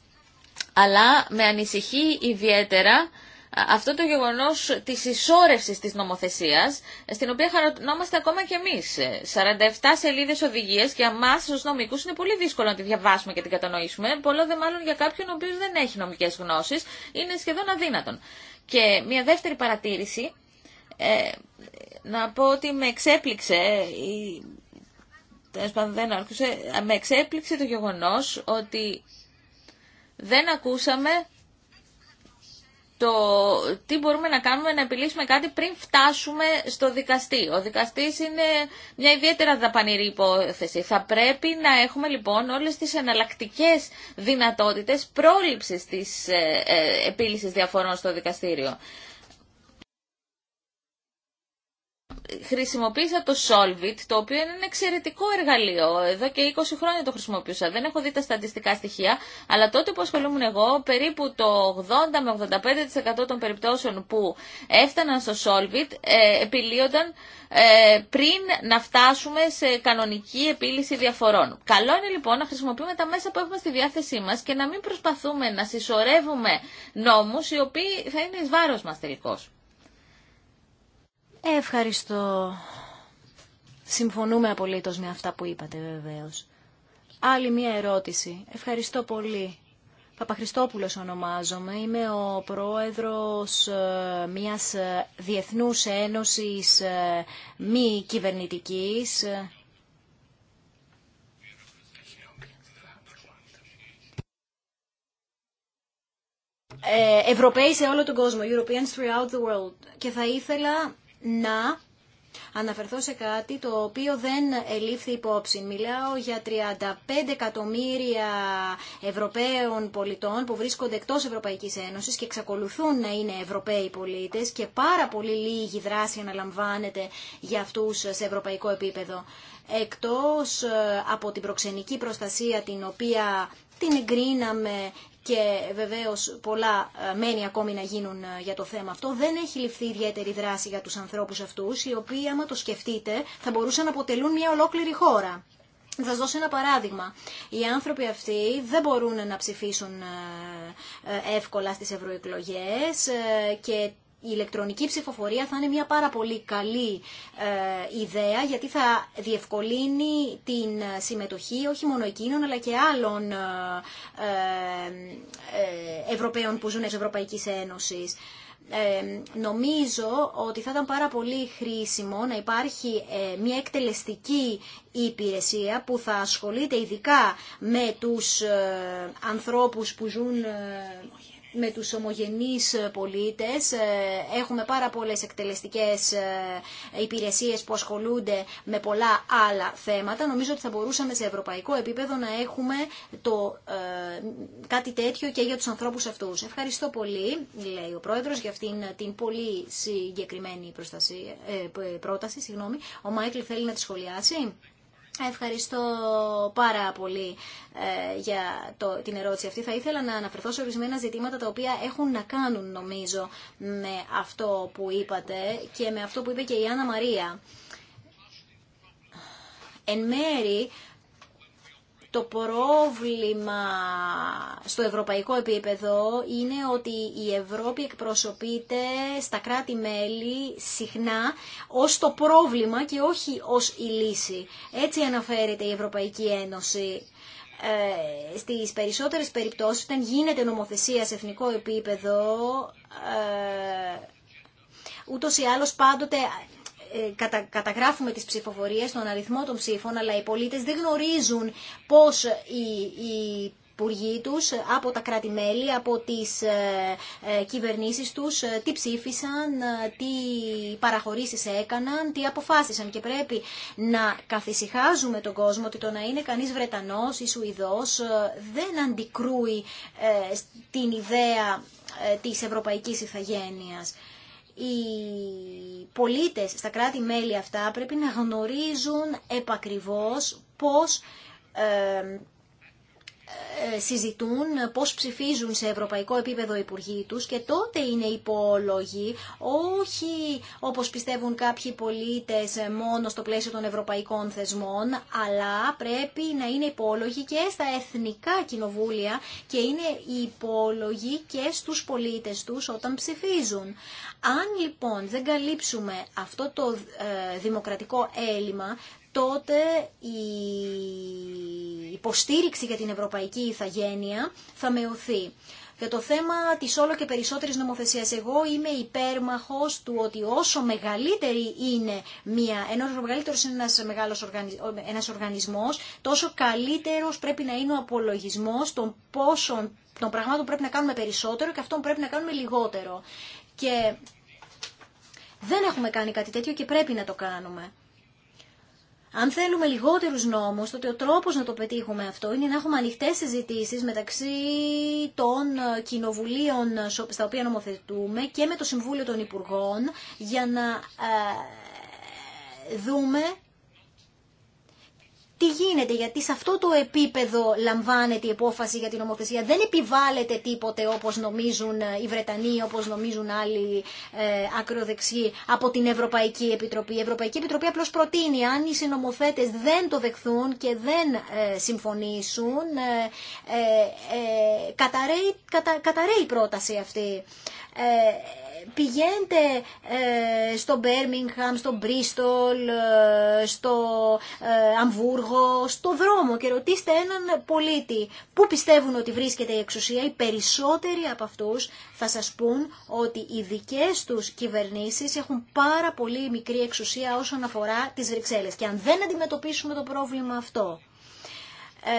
αλλά με ανησυχεί ιδιαίτερα αυτό το γεγονός της ισόρευσης της νομοθεσίας, στην οποία χαρονόμαστε ακόμα και εμείς. 47 σελίδες οδηγίες για εμά ως νομικούς είναι πολύ δύσκολο να τη διαβάσουμε και την κατανοήσουμε, πολλό δε μάλλον για κάποιον ο οποίος δεν έχει νομικές γνώσεις, είναι σχεδόν αδύνατον. Και μια δεύτερη παρατήρηση, ε, να πω ότι με εξέπληξε η δεν με εξέπληξε το γεγονός ότι δεν ακούσαμε το τι μπορούμε να κάνουμε να επιλύσουμε κάτι πριν φτάσουμε στο δικαστή. Ο δικαστής είναι μια ιδιαίτερα δαπανηρή υπόθεση. Θα πρέπει να έχουμε λοιπόν όλες τις εναλλακτικέ δυνατότητες πρόληψης της ε, ε, επίλυσης διαφορών στο δικαστήριο. χρησιμοποίησα το Solvit, το οποίο είναι ένα εξαιρετικό εργαλείο. Εδώ και 20 χρόνια το χρησιμοποιούσα. Δεν έχω δει τα στατιστικά στοιχεία, αλλά τότε που ασχολούμουν εγώ, περίπου το 80 με 85% των περιπτώσεων που έφταναν στο Solvit ε, επιλύονταν ε, πριν να φτάσουμε σε κανονική επίλυση διαφορών. Καλό είναι λοιπόν να χρησιμοποιούμε τα μέσα που έχουμε στη διάθεσή μα και να μην προσπαθούμε να συσσωρεύουμε νόμου οι οποίοι θα είναι ει βάρο μα τελικώ. Ευχαριστώ. Συμφωνούμε απολύτως με αυτά που είπατε βεβαίως. Άλλη μία ερώτηση. Ευχαριστώ πολύ. Παπαχριστόπουλος ονομάζομαι. Είμαι ο πρόεδρος ε, μιας ε, διεθνούς ένωσης ε, μη κυβερνητικής. Ευρωπαίοι σε όλο τον κόσμο. Europeans throughout the world. Και θα ήθελα να αναφερθώ σε κάτι το οποίο δεν ελήφθη υπόψη. Μιλάω για 35 εκατομμύρια Ευρωπαίων πολιτών που βρίσκονται εκτός Ευρωπαϊκής Ένωσης και εξακολουθούν να είναι Ευρωπαίοι πολίτες και πάρα πολύ λίγη δράση αναλαμβάνεται για αυτούς σε ευρωπαϊκό επίπεδο. Εκτός ε, από την προξενική προστασία την οποία την εγκρίναμε και βεβαίως πολλά ε, μένει ακόμη να γίνουν ε, για το θέμα αυτό. Δεν έχει ληφθεί ιδιαίτερη δράση για τους ανθρώπους αυτούς, οι οποίοι άμα το σκεφτείτε θα μπορούσαν να αποτελούν μια ολόκληρη χώρα. Θα σα δώσω ένα παράδειγμα. Οι άνθρωποι αυτοί δεν μπορούν να ψηφίσουν ε, εύκολα στις ευρωεκλογέ και η ηλεκτρονική ψηφοφορία θα είναι μια πάρα πολύ καλή ε, ιδέα γιατί θα διευκολύνει την συμμετοχή όχι μόνο εκείνων αλλά και άλλων ε, ε, Ευρωπαίων που ζουν Ευρωπαϊκής Ένωσης. νομίζω ότι θα ήταν πάρα πολύ χρήσιμο να υπάρχει μια εκτελεστική υπηρεσία που θα ασχολείται ειδικά με τους ε, ανθρώπους που ζουν με τους ομογενείς πολίτες. Ε, έχουμε πάρα πολλές εκτελεστικές ε, υπηρεσίες που ασχολούνται με πολλά άλλα θέματα. Νομίζω ότι θα μπορούσαμε σε ευρωπαϊκό επίπεδο να έχουμε το, ε, κάτι τέτοιο και για τους ανθρώπους αυτούς. Ευχαριστώ πολύ, λέει ο Πρόεδρος, για αυτήν την πολύ συγκεκριμένη προστασία, πρόταση. Συγγνώμη. Ο Μάικλ θέλει να τη σχολιάσει. Ευχαριστώ πάρα πολύ ε, για το, την ερώτηση αυτή. Θα ήθελα να αναφερθώ σε ορισμένα ζητήματα τα οποία έχουν να κάνουν νομίζω με αυτό που είπατε και με αυτό που είπε και η Άννα Μαρία. Εν μέρη το πρόβλημα στο ευρωπαϊκό επίπεδο είναι ότι η Ευρώπη εκπροσωπείται στα κράτη-μέλη συχνά ως το πρόβλημα και όχι ως η λύση. Έτσι αναφέρεται η Ευρωπαϊκή Ένωση ε, στις περισσότερες περιπτώσεις όταν γίνεται νομοθεσία σε εθνικό επίπεδο ε, ούτως ή άλλως πάντοτε ε, κατα, καταγράφουμε τις ψηφοφορίες, τον αριθμό των ψήφων, αλλά οι πολίτες δεν γνωρίζουν πώς οι, οι υπουργοί τους, από τα κράτη-μέλη, από τις ε, ε, κυβερνήσεις τους, τι ψήφισαν, τι παραχωρήσεις έκαναν, τι αποφάσισαν. Και πρέπει να καθησυχάζουμε τον κόσμο ότι το να είναι κανείς Βρετανός ή Σουηδός δεν αντικρούει την ιδέα της ευρωπαϊκής ηθαγένειας οι πολίτες στα κράτη-μέλη αυτά πρέπει να γνωρίζουν επακριβώς πώς ε, ε, συζητούν πώς ψηφίζουν σε ευρωπαϊκό επίπεδο οι υπουργοί τους και τότε είναι υπόλογοι, όχι όπως πιστεύουν κάποιοι πολίτες μόνο στο πλαίσιο των ευρωπαϊκών θεσμών, αλλά πρέπει να είναι υπόλογοι και στα εθνικά κοινοβούλια και είναι υπόλογοι και στους πολίτες τους όταν ψηφίζουν. Αν λοιπόν δεν καλύψουμε αυτό το ε, δημοκρατικό έλλειμμα, τότε η υποστήριξη για την ευρωπαϊκή ηθαγένεια θα μεωθεί. Για το θέμα της όλο και περισσότερης νομοθεσίας, εγώ είμαι υπέρμαχος του ότι όσο μεγαλύτερη είναι μια, ενώ όσο μεγαλύτερος είναι ένας, μεγάλος οργανισμός, τόσο καλύτερος πρέπει να είναι ο απολογισμός των πόσων των πραγμάτων πρέπει να κάνουμε περισσότερο και αυτών πρέπει να κάνουμε λιγότερο. Και δεν έχουμε κάνει κάτι τέτοιο και πρέπει να το κάνουμε. Αν θέλουμε λιγότερους νόμους, τότε ο τρόπος να το πετύχουμε αυτό είναι να έχουμε ανοιχτές συζητήσεις μεταξύ των ε, κοινοβουλίων στα οποία νομοθετούμε και με το Συμβούλιο των Υπουργών για να ε, δούμε τι γίνεται, γιατί σε αυτό το επίπεδο λαμβάνεται η απόφαση για την ομοθεσία. Δεν επιβάλλεται τίποτε όπως νομίζουν ε, οι Βρετανοί, όπως νομίζουν άλλοι ε, ακροδεξιοί από την Ευρωπαϊκή Επιτροπή. Η Ευρωπαϊκή Επιτροπή απλώς προτείνει αν οι συνομοθέτες δεν το δεχθούν και δεν ε, συμφωνήσουν, ε, ε καταραίει η πρόταση αυτή πηγαίνετε ε, στο Μπέρμιγχαμ, στο Μπρίστολ, ε, στο ε, Αμβούργο, στο δρόμο και ρωτήστε έναν πολίτη πού πιστεύουν ότι βρίσκεται η εξουσία. Οι περισσότεροι από αυτούς θα σας πούν ότι οι δικές τους κυβερνήσεις έχουν πάρα πολύ μικρή εξουσία όσον αφορά τις Βρυξέλλες. Και αν δεν αντιμετωπίσουμε το πρόβλημα αυτό, ε,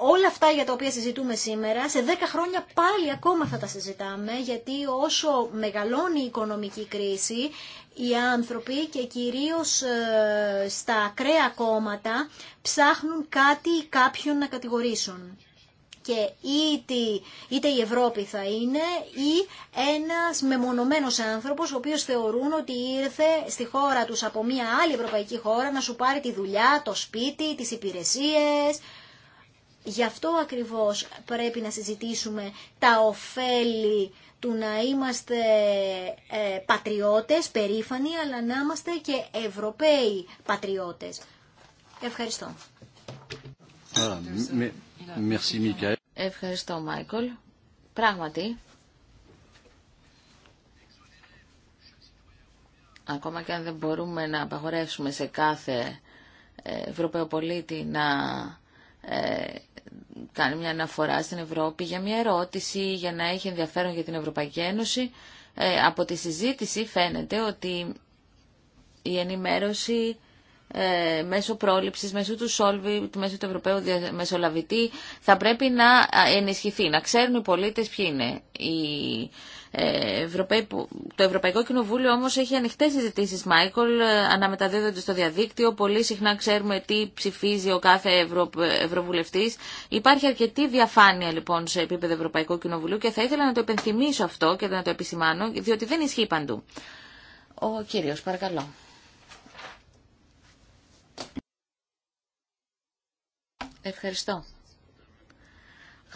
όλα αυτά για τα οποία συζητούμε σήμερα, σε 10 χρόνια πάλι ακόμα θα τα συζητάμε, γιατί όσο μεγαλώνει η οικονομική κρίση, οι άνθρωποι και κυρίως ε, στα ακραία κόμματα ψάχνουν κάτι ή κάποιον να κατηγορήσουν. Και είτε, είτε η Ευρώπη θα είναι ή ένας μεμονωμένος άνθρωπος ο οποίος θεωρούν ότι ήρθε στη χώρα τους από μια άλλη ευρωπαϊκή χώρα να σου πάρει τη δουλειά, το σπίτι, τις υπηρεσίες, Γι' αυτό ακριβώς πρέπει να συζητήσουμε τα ωφέλη του να είμαστε ε, πατριώτες, περήφανοι, αλλά να είμαστε και Ευρωπαίοι πατριώτες. Ευχαριστώ. Ευχαριστώ, Μάικολ. Πράγματι, ακόμα και αν δεν μπορούμε να απαγορεύσουμε σε κάθε ε, Ευρωπαίο πολίτη να ε, κάνει μια αναφορά στην Ευρώπη για μια ερώτηση για να έχει ενδιαφέρον για την Ευρωπαϊκή Ένωση. Ε, από τη συζήτηση φαίνεται ότι η ενημέρωση ε, μέσω πρόληψης, μέσω του Solvit, μέσω του Ευρωπαίου Μεσολαβητή, θα πρέπει να ενισχυθεί, να ξέρουν οι πολίτες ποιοι είναι. Ε, το Ευρωπαϊκό Κοινοβούλιο όμως έχει ανοιχτές συζητήσεις, Μάικολ, ε, αναμεταδίδονται στο διαδίκτυο, πολύ συχνά ξέρουμε τι ψηφίζει ο κάθε Ευρω... Ευρωβουλευτής. Υπάρχει αρκετή διαφάνεια λοιπόν σε επίπεδο Ευρωπαϊκού Κοινοβουλίου και θα ήθελα να το επενθυμίσω αυτό και να το επισημάνω, διότι δεν ισχύει παντού. Ο κύριος, παρακαλώ. Ευχαριστώ.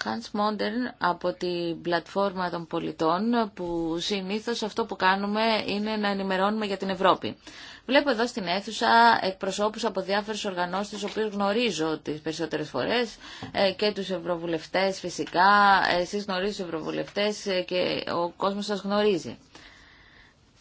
Hans Modern από την πλατφόρμα των πολιτών που συνήθως αυτό που κάνουμε είναι να ενημερώνουμε για την Ευρώπη. Βλέπω εδώ στην αίθουσα εκπροσώπους από διάφορες οργανώσεις τις οποίους γνωρίζω τις περισσότερες φορές ε, και τους ευρωβουλευτές φυσικά. Εσείς γνωρίζετε τους ευρωβουλευτές ε, και ο κόσμος σας γνωρίζει.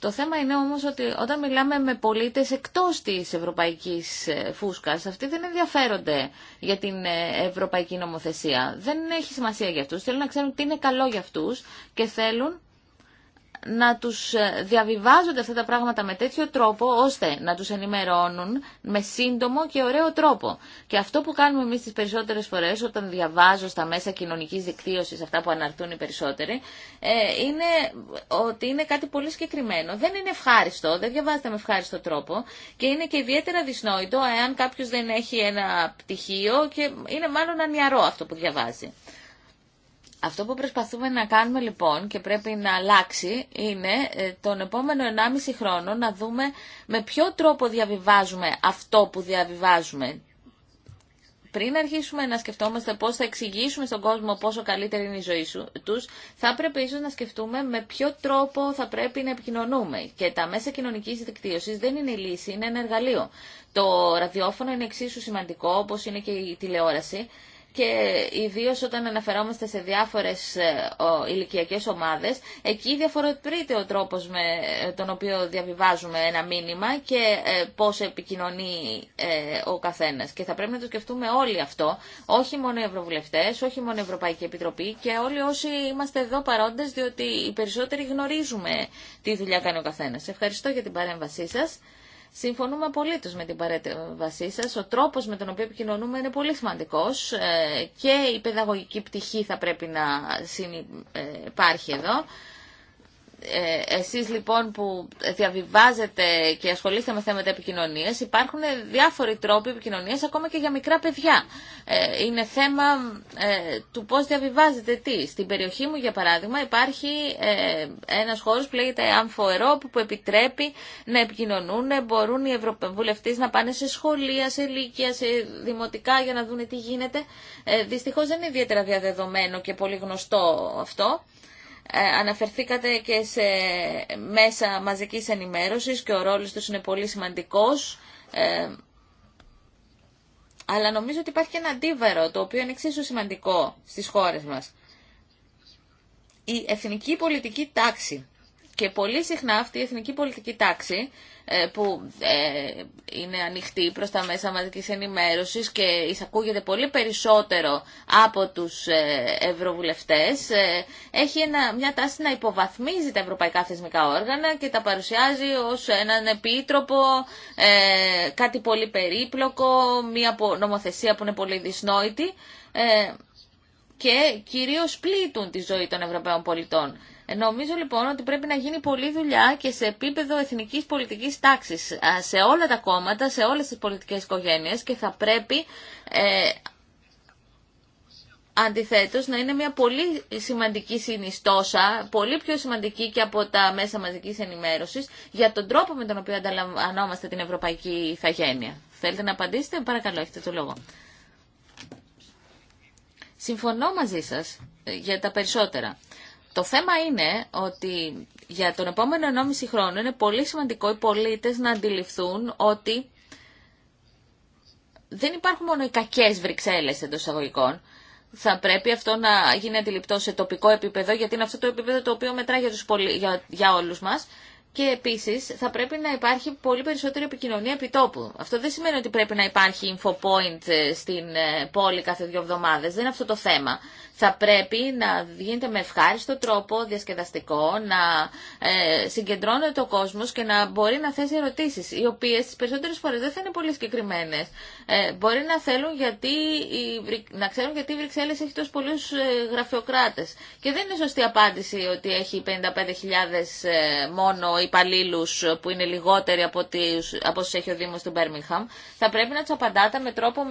Το θέμα είναι όμως ότι όταν μιλάμε με πολίτες εκτός της ευρωπαϊκής ε, φούσκας, αυτοί δεν ενδιαφέρονται για την ε, ευρωπαϊκή νομοθεσία. Δεν έχει σημασία για αυτούς. Θέλουν να ξέρουν τι είναι καλό για αυτούς και θέλουν να τους ε, διαβιβάζονται αυτά τα πράγματα με τέτοιο τρόπο ώστε να τους ενημερώνουν με σύντομο και ωραίο τρόπο. Και αυτό που κάνουμε εμείς τις περισσότερες φορές όταν διαβάζω στα μέσα κοινωνικής δικτύωσης αυτά που αναρτούν οι περισσότεροι ε, είναι ότι είναι κάτι πολύ συγκεκριμένο. Δεν είναι ευχάριστο, δεν διαβάζεται με ευχάριστο τρόπο και είναι και ιδιαίτερα δυσνόητο εάν κάποιο δεν έχει ένα πτυχίο και είναι μάλλον ανιαρό αυτό που διαβάζει. Αυτό που προσπαθούμε να κάνουμε λοιπόν και πρέπει να αλλάξει είναι ε, τον επόμενο 1,5 χρόνο να δούμε με ποιο τρόπο διαβιβάζουμε αυτό που διαβιβάζουμε. Πριν αρχίσουμε να σκεφτόμαστε πώς θα εξηγήσουμε στον κόσμο πόσο καλύτερη είναι η ζωή τους, θα πρέπει ίσως να σκεφτούμε με ποιο τρόπο θα πρέπει να επικοινωνούμε. Και τα μέσα κοινωνικής δικτύωσης δεν είναι η λύση, είναι ένα εργαλείο. Το ραδιόφωνο είναι εξίσου σημαντικό, όπως είναι και η τηλεόραση, και ιδίω όταν αναφερόμαστε σε διάφορε ε, ηλικιακέ ομάδε, εκεί διαφοροποιείται ο τρόπο με ε, τον οποίο διαβιβάζουμε ένα μήνυμα και ε, πώ επικοινωνεί ο καθένα. Και θα πρέπει να το σκεφτούμε όλοι αυτό, όχι μόνο οι Ευρωβουλευτέ, όχι μόνο η Ευρωπαϊκή Επιτροπή και όλοι όσοι είμαστε εδώ παρόντε, διότι οι περισσότεροι γνωρίζουμε τι δουλειά κάνει ο καθένα. Ευχαριστώ για την παρέμβασή σα. Συμφωνούμε απολύτως με την παρέμβασή σας. Ο τρόπος με τον οποίο επικοινωνούμε είναι πολύ σημαντικός ε, και η παιδαγωγική πτυχή θα πρέπει να ε, υπάρχει εδώ. Ε, εσείς λοιπόν που διαβιβάζετε και ασχολείστε με θέματα επικοινωνίας υπάρχουν διάφοροι τρόποι επικοινωνίας ακόμα και για μικρά παιδιά. Ε, είναι θέμα ε, του πώς διαβιβάζετε τι. Στην περιοχή μου για παράδειγμα υπάρχει ε, ένας χώρος που λέγεται Amphorop που επιτρέπει να επικοινωνούν, μπορούν οι ευρωβουλευτές να πάνε σε σχολεία, σε ηλικία, σε δημοτικά για να δουν τι γίνεται. Ε, δυστυχώς δεν είναι ιδιαίτερα διαδεδομένο και πολύ γνωστό αυτό. Ε, αναφερθήκατε και σε μέσα μαζικής ενημέρωσης και ο ρόλος τους είναι πολύ σημαντικός. Ε, αλλά νομίζω ότι υπάρχει και ένα αντίβαρο, το οποίο είναι εξίσου σημαντικό στις χώρες μας. Η εθνική πολιτική τάξη. Και πολύ συχνά αυτή η εθνική πολιτική τάξη ε, που ε, είναι ανοιχτή προς τα μέσα μαζικής ενημέρωσης και εισακούγεται πολύ περισσότερο από τους ε, ευρωβουλευτές έχει ένα, μια τάση να υποβαθμίζει τα ευρωπαϊκά θεσμικά όργανα και τα παρουσιάζει ως έναν επίτροπο, κάτι πολύ περίπλοκο, μια νομοθεσία που είναι πολύ δυσνόητη και κυρίως πλήττουν τη ζωή των Ευρωπαίων πολιτών. Νομίζω λοιπόν ότι πρέπει να γίνει πολλή δουλειά και σε επίπεδο εθνικής πολιτικής τάξης, σε όλα τα κόμματα, σε όλες τις πολιτικές οικογένειες και θα πρέπει ε, αντιθέτως να είναι μια πολύ σημαντική συνιστόσα, πολύ πιο σημαντική και από τα μέσα μαζικής ενημέρωσης, για τον τρόπο με τον οποίο ανταλαμβανόμαστε την ευρωπαϊκή ηθαγένεια. Θέλετε να απαντήσετε, παρακαλώ, έχετε το λόγο. Συμφωνώ μαζί σας ε, για τα περισσότερα. Το θέμα είναι ότι για τον επόμενο 1,5 χρόνο είναι πολύ σημαντικό οι πολίτες να αντιληφθούν ότι δεν υπάρχουν μόνο οι κακές Βρυξέλλες εντό εισαγωγικών. Θα πρέπει αυτό να γίνει αντιληπτό σε τοπικό επίπεδο, γιατί είναι αυτό το επίπεδο το οποίο μετράει για, τους πολι... για... για όλους μας και επίση θα πρέπει να υπάρχει πολύ περισσότερη επικοινωνία επιτόπου. Αυτό δεν σημαίνει ότι πρέπει να υπάρχει infopoint ε, στην ε, πόλη κάθε δύο εβδομάδε. Δεν είναι αυτό το θέμα. Θα πρέπει να γίνεται με ευχάριστο τρόπο, διασκεδαστικό, να ε, συγκεντρώνεται ο κόσμο και να μπορεί να θέσει ερωτήσει, οι οποίε τι περισσότερε φορέ δεν θα είναι πολύ συγκεκριμένε. Ε, μπορεί να θέλουν γιατί, να ξέρουν γιατί η Βρυξέλλε έχει τόσου πολλού γραφειοκράτε. Και δεν είναι σωστή απάντηση ότι έχει 55.000 μόνο υπαλλήλου που είναι λιγότεροι από, τις, από όσους έχει ο Δήμος του Μπέρμιγχαμ, θα πρέπει να του απαντάτε με τρόπο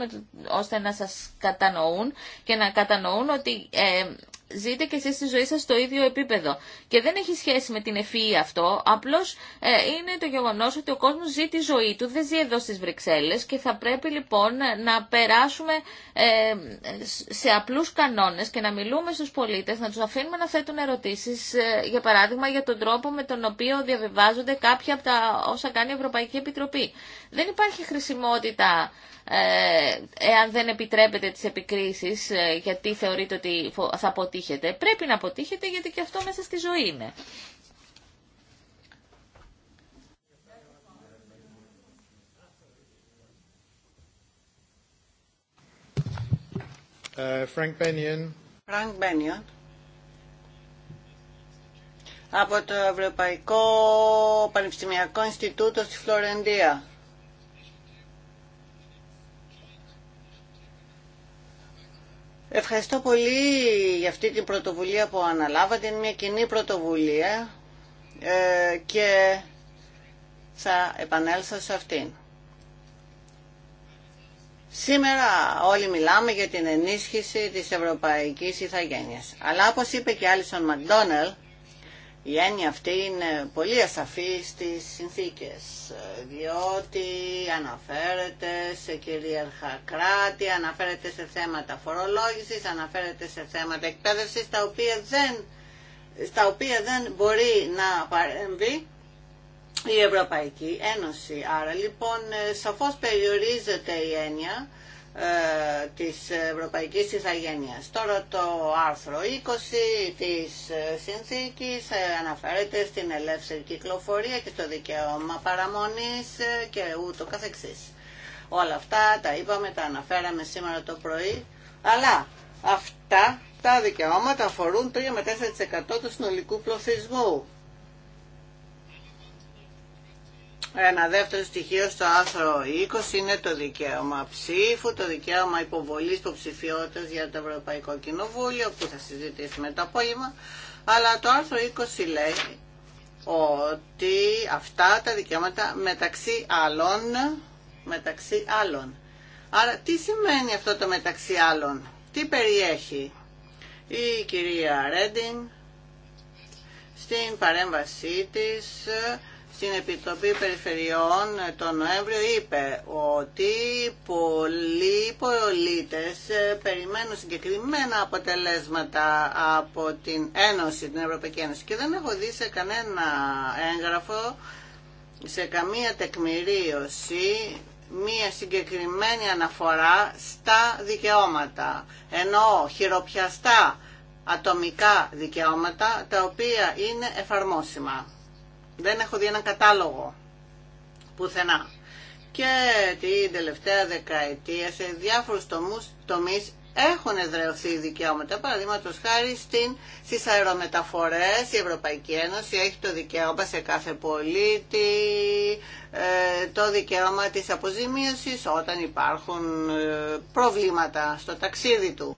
ώστε να σας κατανοούν και να κατανοούν ότι ε, ζείτε και εσείς τη ζωή σας στο ίδιο επίπεδο. Και δεν έχει σχέση με την ευφυή αυτό, απλώς ε, είναι το γεγονός ότι ο κόσμος ζει τη ζωή του, δεν ζει εδώ στις Βρυξέλλες και θα πρέπει λοιπόν να περάσουμε ε, σε απλούς κανόνες και να μιλούμε στους πολίτες, να τους αφήνουμε να θέτουν ερωτήσεις, ε, για παράδειγμα για τον τρόπο με τον οποίο διαβιβάζονται κάποια από τα όσα κάνει η Ευρωπαϊκή Επιτροπή. Δεν υπάρχει χρησιμότητα ε, εάν δεν επιτρέπετε τις επικρίσεις ε, γιατί θεωρείτε ότι θα αποτύχετε. Πρέπει να αποτύχετε γιατί και αυτό μέσα στη ζωή είναι. Φρανκ ε, Μπένιον Frank Από το Ευρωπαϊκό Πανεπιστημιακό Ινστιτούτο στη Φλωρεντία. Ευχαριστώ πολύ για αυτή την πρωτοβουλία που αναλάβατε. Είναι μια κοινή πρωτοβουλία ε, και θα επανέλθω σε αυτήν. Σήμερα όλοι μιλάμε για την ενίσχυση της ευρωπαϊκής ηθαγένειας. Αλλά όπως είπε και Άλισον Μακδόνελ, η έννοια αυτή είναι πολύ ασαφή στις συνθήκες, διότι αναφέρεται σε κυρίαρχα κράτη, αναφέρεται σε θέματα φορολόγησης, αναφέρεται σε θέματα εκπαίδευσης, τα οποία δεν, στα οποία δεν μπορεί να παρέμβει η Ευρωπαϊκή Ένωση. Άρα λοιπόν ε, σαφώς περιορίζεται η έννοια ε, της Ευρωπαϊκής Ιθαγένειας. Τώρα το άρθρο 20 της ε, συνθήκης ε, αναφέρεται στην ελεύθερη κυκλοφορία και στο δικαίωμα παραμονής και ούτω καθεξής. Όλα αυτά τα είπαμε, τα αναφέραμε σήμερα το πρωί, αλλά αυτά τα δικαιώματα αφορούν 3 με 4% του συνολικού πληθυσμού. Ένα δεύτερο στοιχείο στο άρθρο 20 είναι το δικαίωμα ψήφου, το δικαίωμα υποβολής υποψηφιότητα για το Ευρωπαϊκό Κοινοβούλιο που θα συζητήσουμε το απόγευμα. Αλλά το άρθρο 20 λέει ότι αυτά τα δικαιώματα μεταξύ άλλων, μεταξύ άλλων. Άρα τι σημαίνει αυτό το μεταξύ άλλων, τι περιέχει η κυρία Ρέντιν στην παρέμβασή της στην Επιτροπή Περιφερειών τον Νοέμβριο είπε ότι πολλοί πολίτες ε, περιμένουν συγκεκριμένα αποτελέσματα από την Ένωση, την Ευρωπαϊκή Ένωση και δεν έχω δει σε κανένα έγγραφο, σε καμία τεκμηρίωση μία συγκεκριμένη αναφορά στα δικαιώματα, ενώ χειροπιαστά ατομικά δικαιώματα τα οποία είναι εφαρμόσιμα. Δεν έχω δει έναν κατάλογο πουθενά. Και την τελευταία δεκαετία σε διάφορους τομούς, τομείς έχουν εδρεωθεί δικαιώματα. Παραδείγματο χάρη στην, στις αερομεταφορές η Ευρωπαϊκή Ένωση έχει το δικαίωμα σε κάθε πολίτη, ε, το δικαίωμα της αποζημίωσης όταν υπάρχουν ε, προβλήματα στο ταξίδι του.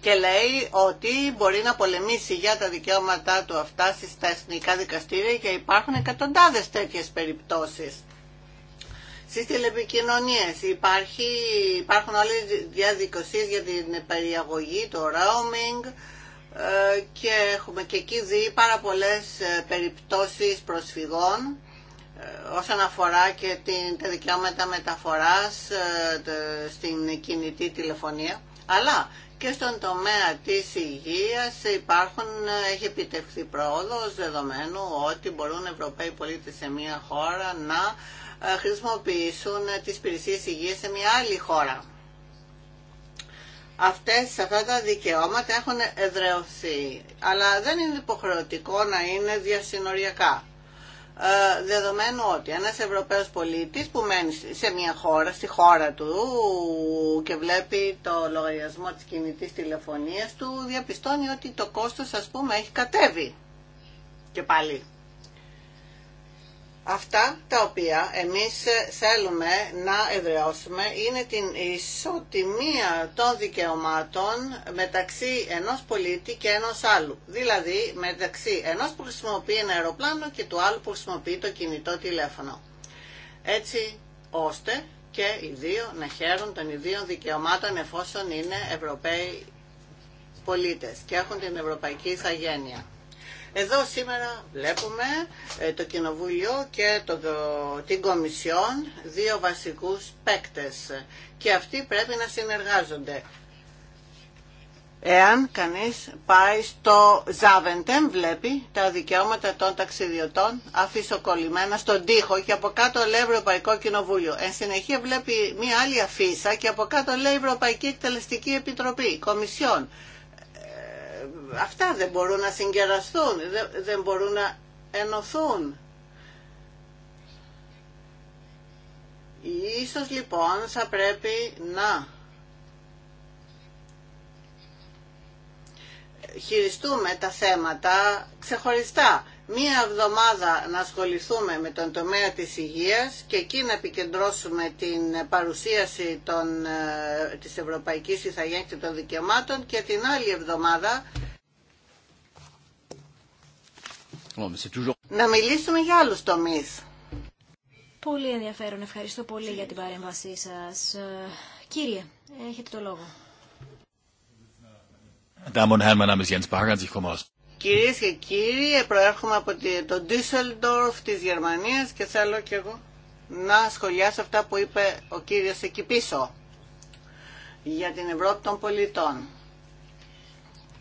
και λέει ότι μπορεί να πολεμήσει για τα δικαιώματά του αυτά στα εθνικά δικαστήρια και υπάρχουν εκατοντάδες τέτοιες περιπτώσεις. Στις τηλεπικοινωνίες υπάρχει, υπάρχουν όλες διαδικασίες για την περιαγωγή, το roaming ε, και έχουμε και εκεί δει πάρα πολλές ε, περιπτώσεις προσφυγών ε, όσον αφορά και την, τα δικαιώματα μεταφοράς στην κινητή τηλεφωνία. Αλλά και στον τομέα της υγείας υπάρχουν, έχει επιτευχθεί πρόοδος δεδομένου ότι μπορούν Ευρωπαίοι πολίτες σε μια χώρα να ε, χρησιμοποιήσουν τις υπηρεσίε υγείας σε μια άλλη χώρα. Αυτές, αυτά τα δικαιώματα έχουν εδρεωθεί, αλλά δεν είναι υποχρεωτικό να είναι διασυνοριακά. Ε, δεδομένου ότι ένας Ευρωπαίος πολίτης που μένει σε μια χώρα, στη χώρα του και βλέπει το λογαριασμό της κινητής τηλεφωνίας του, διαπιστώνει ότι το κόστος ας πούμε έχει κατέβει. Και πάλι Αυτά τα οποία εμείς θέλουμε να εδραιώσουμε είναι την ισοτιμία των δικαιωμάτων μεταξύ ενός πολίτη και ενός άλλου. Δηλαδή μεταξύ ενός που χρησιμοποιεί ένα αεροπλάνο και του άλλου που χρησιμοποιεί το κινητό τηλέφωνο. Έτσι ώστε και οι δύο να χαίρουν των ιδίων δικαιωμάτων εφόσον είναι Ευρωπαίοι πολίτες και έχουν την ευρωπαϊκή Ιθαγένεια. Εδώ σήμερα βλέπουμε ε, το Κοινοβούλιο και το, την Κομισιόν, δύο βασικούς παίκτες και αυτοί πρέπει να συνεργάζονται. Εάν κανείς πάει στο Ζάβεντεμ βλέπει τα δικαιώματα των ταξιδιωτών κολλημένα στον τοίχο και από κάτω λέει Ευρωπαϊκό Κοινοβούλιο. Εν συνεχεία βλέπει μία άλλη αφίσα και από κάτω λέει Ευρωπαϊκή Εκτελεστική Επιτροπή, Κομισιόν αυτά δεν μπορούν να συγκεραστούν, δεν μπορούν να ενωθούν. Ίσως λοιπόν θα πρέπει να χειριστούμε τα θέματα ξεχωριστά μία εβδομάδα να ασχοληθούμε με τον τομέα της υγείας και εκεί να επικεντρώσουμε την παρουσίαση των, ε, της Ευρωπαϊκής Ιθαγέννης και των Δικαιωμάτων και την άλλη εβδομάδα oh, να μιλήσουμε για άλλους τομείς. Πολύ ενδιαφέρον. Ευχαριστώ πολύ για την παρέμβασή σας. Ε, κύριε, έχετε το λόγο. Κυρίες και κύριοι, προέρχομαι από το Düsseldorf της Γερμανίας και θέλω κι εγώ να σχολιάσω αυτά που είπε ο κύριος εκεί πίσω για την Ευρώπη των πολιτών.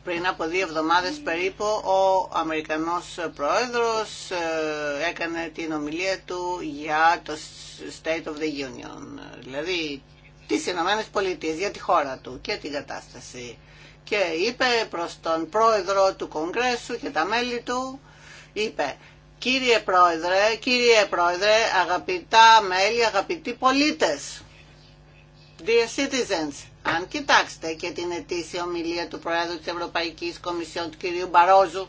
Πριν από δύο εβδομάδες περίπου ο Αμερικανός Πρόεδρος ε, έκανε την ομιλία του για το State of the Union, δηλαδή τις Ηνωμένες Πολιτείες, για τη χώρα του και την κατάσταση και είπε προς τον πρόεδρο του Κογκρέσου και τα μέλη του, είπε «Κύριε Πρόεδρε, κύριε Πρόεδρε, αγαπητά μέλη, αγαπητοί πολίτες, dear citizens, αν κοιτάξτε και την ετήσια ομιλία του Πρόεδρου της Ευρωπαϊκής Κομισιόν του κυρίου Μπαρόζου,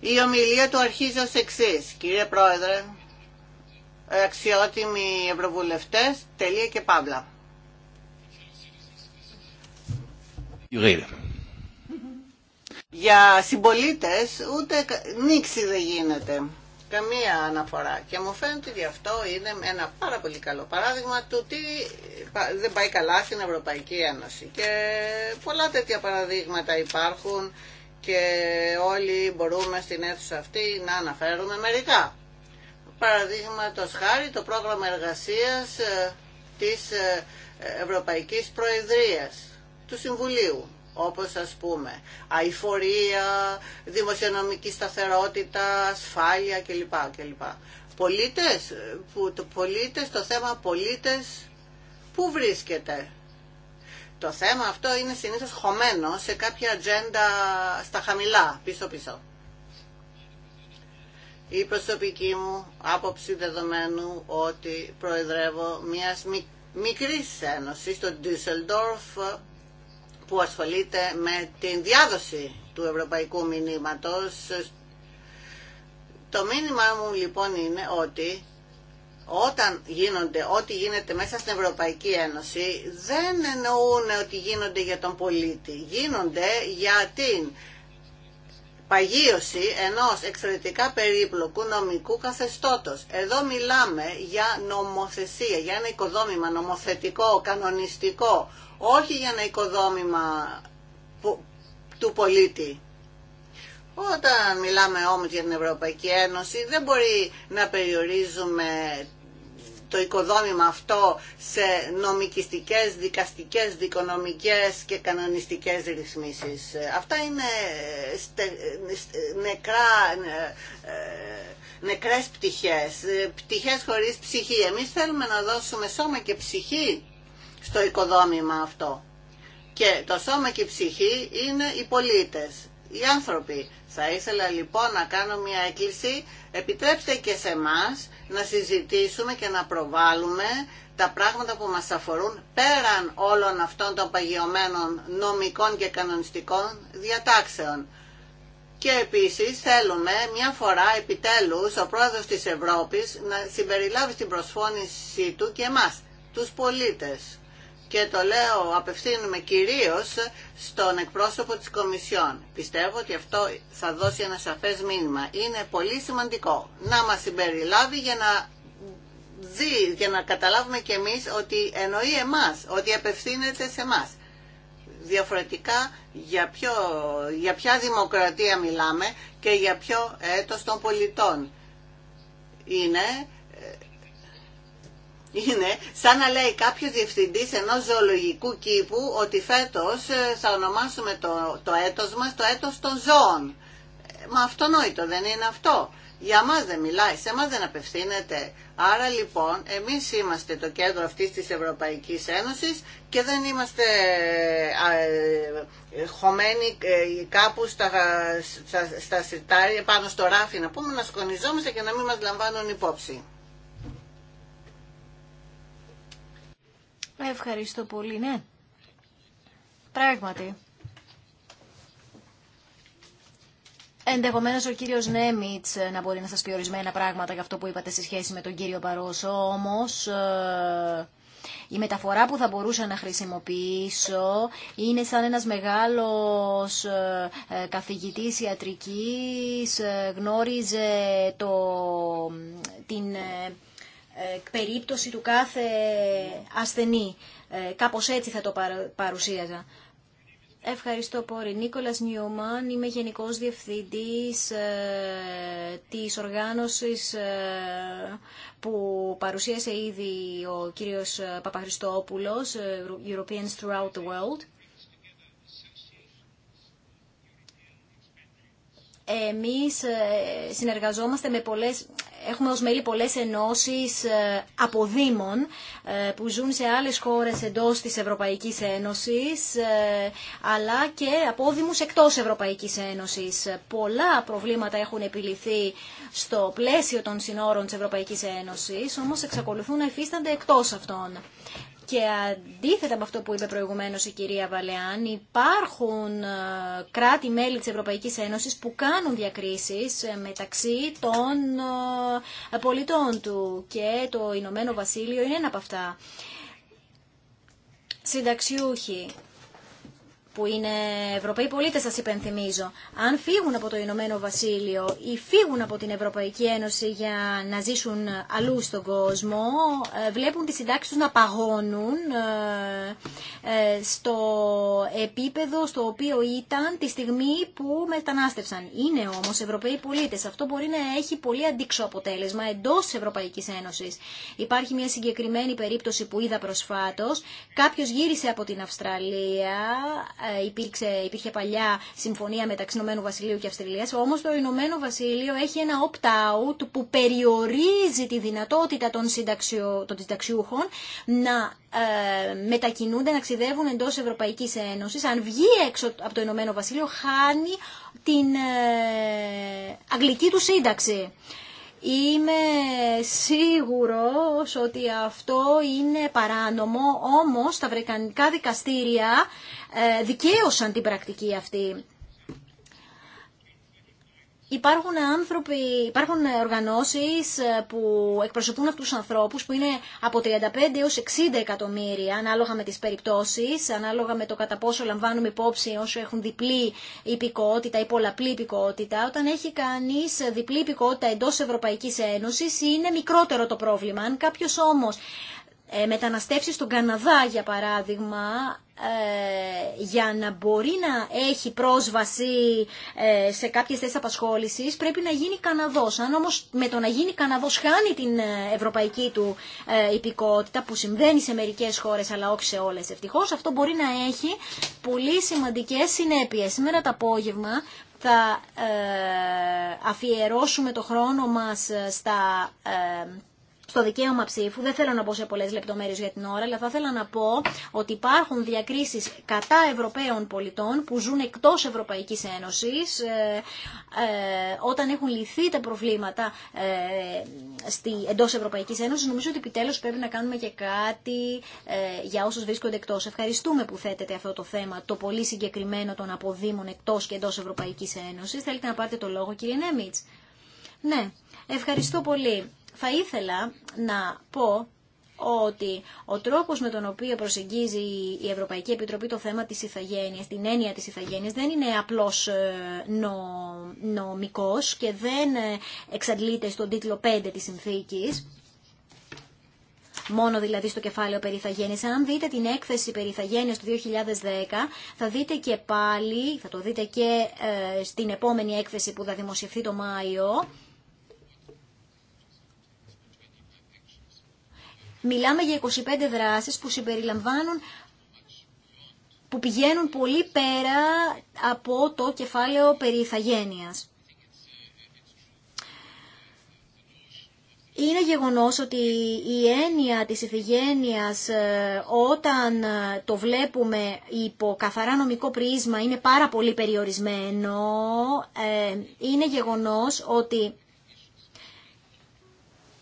η ομιλία του αρχίζει ως εξής. Κύριε Πρόεδρε, ε, αξιότιμοι ευρωβουλευτές, τελεία και παύλα. Για συμπολίτε ούτε νίξη δεν γίνεται. Καμία αναφορά. Και μου φαίνεται ότι αυτό είναι ένα πάρα πολύ καλό παράδειγμα του τι δεν πάει καλά στην Ευρωπαϊκή Ένωση. Και πολλά τέτοια παραδείγματα υπάρχουν και όλοι μπορούμε στην αίθουσα αυτή να αναφέρουμε μερικά. Παραδείγματο χάρη το πρόγραμμα εργασίας ε, της ε, Ευρωπαϊκής Προεδρίας του Συμβουλίου όπως ας πούμε αηφορία, δημοσιονομική σταθερότητα, ασφάλεια κλπ. κλπ. Πολίτες, που, το, πολίτες, το θέμα πολίτες, πού βρίσκεται. Το θέμα αυτό είναι συνήθως χωμένο σε κάποια ατζέντα στα χαμηλά, πίσω-πίσω. Η προσωπική μου άποψη δεδομένου ότι προεδρεύω μιας μικρής ένωσης στο Düsseldorf που ασχολείται με την διάδοση του ευρωπαϊκού μηνύματος. Το μήνυμα μου λοιπόν είναι ότι όταν γίνονται ό,τι γίνεται μέσα στην Ευρωπαϊκή Ένωση δεν εννοούν ότι γίνονται για τον πολίτη. Γίνονται για την παγίωση ενός εξαιρετικά περίπλοκου νομικού καθεστώτος. Εδώ μιλάμε για νομοθεσία, για ένα οικοδόμημα νομοθετικό, κανονιστικό, όχι για ένα οικοδόμημα του πολίτη. Όταν μιλάμε όμως για την Ευρωπαϊκή Ένωση δεν μπορεί να περιορίζουμε το οικοδόμημα αυτό σε νομικιστικές, δικαστικές, δικονομικές και κανονιστικές ρυθμίσεις. Αυτά είναι νεκρά, ε, ε, νεκρές πτυχές, ε, πτυχές χωρίς ψυχή. Εμείς θέλουμε να δώσουμε σώμα και ψυχή στο οικοδόμημα αυτό. Και το σώμα και η ψυχή είναι οι πολίτες, οι άνθρωποι. Θα ήθελα λοιπόν να κάνω μια έκκληση, επιτρέψτε και σε μας να συζητήσουμε και να προβάλλουμε τα πράγματα που μας αφορούν πέραν όλων αυτών των παγιωμένων νομικών και κανονιστικών διατάξεων. Και επίσης θέλουμε μια φορά επιτέλους ο πρόεδρος της Ευρώπης να συμπεριλάβει στην προσφώνησή του και εμάς, τους πολίτες και το λέω απευθύνουμε κυρίως στον εκπρόσωπο της Κομισιόν. Πιστεύω ότι αυτό θα δώσει ένα σαφές μήνυμα. Είναι πολύ σημαντικό να μας συμπεριλάβει για να δει, για να καταλάβουμε κι εμείς ότι εννοεί εμάς, ότι απευθύνεται σε εμάς. Διαφορετικά για, ποιο, για ποια δημοκρατία μιλάμε και για ποιο έτος των πολιτών. Είναι είναι σαν να λέει κάποιος διευθυντής ενός ζωολογικού κήπου ότι φέτος ε, θα ονομάσουμε το, το έτος μας το έτος των ζώων. Ε, μα αυτονόητο δεν είναι αυτό. Για μας δεν μιλάει, σε μας δεν απευθύνεται. Άρα λοιπόν εμείς είμαστε το κέντρο αυτής της Ευρωπαϊκής Ένωσης και δεν είμαστε ε, χωμένοι κάπου στα, στα, στα πάνω στο ράφι να πούμε να σκονιζόμαστε και να μην μας λαμβάνουν υπόψη. Ευχαριστώ πολύ, ναι. Πράγματι. Ενδεχομένω ο κύριο Νέμιτ ε, να μπορεί να σα πει ορισμένα πράγματα για αυτό που είπατε σε σχέση με τον κύριο Παρόσο. Όμω ε, η μεταφορά που θα μπορούσα να χρησιμοποιήσω είναι σαν ένας μεγάλος ε, καθηγητής ιατρικής γνώριζε το, την ε, περίπτωση του κάθε ασθενή. Ε, κάπως έτσι θα το παρουσίαζα. Ευχαριστώ πολύ. Νίκολας Νιωμάν, είμαι Γενικός Διευθυντής ε, της οργάνωσης που παρουσίασε ήδη ο κύριος Παπαχριστόπουλος, Europeans Throughout the World. Εμείς συνεργαζόμαστε με πολλές έχουμε ως μέλη πολλές ενώσεις ε, αποδήμων ε, που ζουν σε άλλες χώρες εντός της Ευρωπαϊκής Ένωσης ε, αλλά και απόδημους εκτός Ευρωπαϊκής Ένωσης. Πολλά προβλήματα έχουν επιληθεί στο πλαίσιο των συνόρων της Ευρωπαϊκής Ένωσης όμως εξακολουθούν να υφίστανται εκτός αυτών. Και αντίθετα με αυτό που είπε προηγουμένως η κυρία Βαλεάν, υπάρχουν ε, κράτη-μέλη της Ευρωπαϊκής Ένωσης που κάνουν διακρίσεις ε, μεταξύ των ε, πολιτών του και το Ηνωμένο Βασίλειο είναι ένα από αυτά. Συνταξιούχοι που είναι Ευρωπαίοι πολίτες, σας υπενθυμίζω, αν φύγουν από το Ηνωμένο Βασίλειο ή φύγουν από την Ευρωπαϊκή Ένωση για να ζήσουν αλλού στον κόσμο, ε, βλέπουν τις συντάξεις τους να παγώνουν ε, ε, στο επίπεδο στο οποίο ήταν τη στιγμή που μετανάστευσαν. Είναι όμως Ευρωπαίοι πολίτες. Αυτό μπορεί να έχει πολύ αντίξω αποτέλεσμα εντός Ευρωπαϊκής Ένωσης. Υπάρχει μια συγκεκριμένη περίπτωση που είδα προσφάτως. Κάποιο γύρισε από την Αυστραλία υπήρξε, υπήρχε παλιά συμφωνία μεταξύ Ηνωμένου Βασιλείου και Αυστραλίας, όμως το Ηνωμένο Βασίλειο έχει ένα opt-out που περιορίζει τη δυνατότητα των, συνταξιο, των συνταξιούχων να ε, μετακινούνται, να ταξιδεύουν εντός Ευρωπαϊκής Ένωσης. Αν βγει έξω από το Ηνωμένο Βασίλειο, χάνει την ε, αγγλική του σύνταξη. Είμαι σίγουρος ότι αυτό είναι παράνομο, όμως τα βρεκανικά δικαστήρια ε, δικαίωσαν την πρακτική αυτή. Υπάρχουν άνθρωποι, υπάρχουν οργανώσεις ε, που εκπροσωπούν αυτούς τους ανθρώπους που είναι από 35 έως 60 εκατομμύρια ανάλογα με τις περιπτώσεις, ανάλογα με το κατά πόσο λαμβάνουμε υπόψη όσο έχουν διπλή υπηκότητα ή πολλαπλή υπηκότητα. Όταν έχει κανείς διπλή υπηκότητα εντός Ευρωπαϊκής Ένωσης είναι μικρότερο το πρόβλημα. Αν κάποιος όμως ε, μεταναστεύσει στον Καναδά για παράδειγμα ε, για να μπορεί να έχει πρόσβαση ε, σε κάποιες θέσεις απασχόλησης πρέπει να γίνει Καναδός. Αν όμως με το να γίνει Καναδός χάνει την ε, ευρωπαϊκή του υπηκότητα που συμβαίνει σε μερικές χώρες αλλά όχι σε όλες ευτυχώς, αυτό μπορεί να έχει πολύ σημαντικές συνέπειες. Σήμερα το απόγευμα θα αφιερώσουμε το χρόνο μας στα στο δικαίωμα ψήφου. Δεν θέλω να πω σε πολλέ λεπτομέρειε για την ώρα, αλλά θα ήθελα να πω ότι υπάρχουν διακρίσει κατά Ευρωπαίων πολιτών που ζουν εκτό Ευρωπαϊκή Ένωση. Ε, ε, όταν έχουν λυθεί τα προβλήματα ε, στη, Ένωση, Ευρωπαϊκής Νομίζω ότι επιτέλου πρέπει να κάνουμε και κάτι ε, για όσου βρίσκονται εκτό. Ευχαριστούμε που θέτετε αυτό το θέμα, το πολύ συγκεκριμένο των αποδήμων εκτό και εντό Ευρωπαϊκή Ένωση. Θέλετε να πάρετε το λόγο κύριε Νέμιτ. Ναι, ευχαριστώ πολύ. Θα ήθελα να πω ότι ο τρόπος με τον οποίο προσεγγίζει η Ευρωπαϊκή Επιτροπή το θέμα της ηθαγένειας, την έννοια της ηθαγένειας, δεν είναι απλώς ε, νο, νομικός και δεν ε, εξαντλείται στον τίτλο 5 της συνθήκης, μόνο δηλαδή στο κεφάλαιο περί ηθαγένειας. Αν δείτε την έκθεση περί ηθαγένειας του 2010, θα δείτε και πάλι, θα το δείτε και ε, στην επόμενη έκθεση που θα δημοσιευθεί το Μάιο, Μιλάμε για 25 δράσεις που συμπεριλαμβάνουν που πηγαίνουν πολύ πέρα από το κεφάλαιο περί ηθαγένειας. Είναι γεγονός ότι η έννοια της ηθαγένειας ε, όταν ε, το βλέπουμε υπό καθαρά νομικό πρίσμα είναι πάρα πολύ περιορισμένο. Ε, είναι γεγονός ότι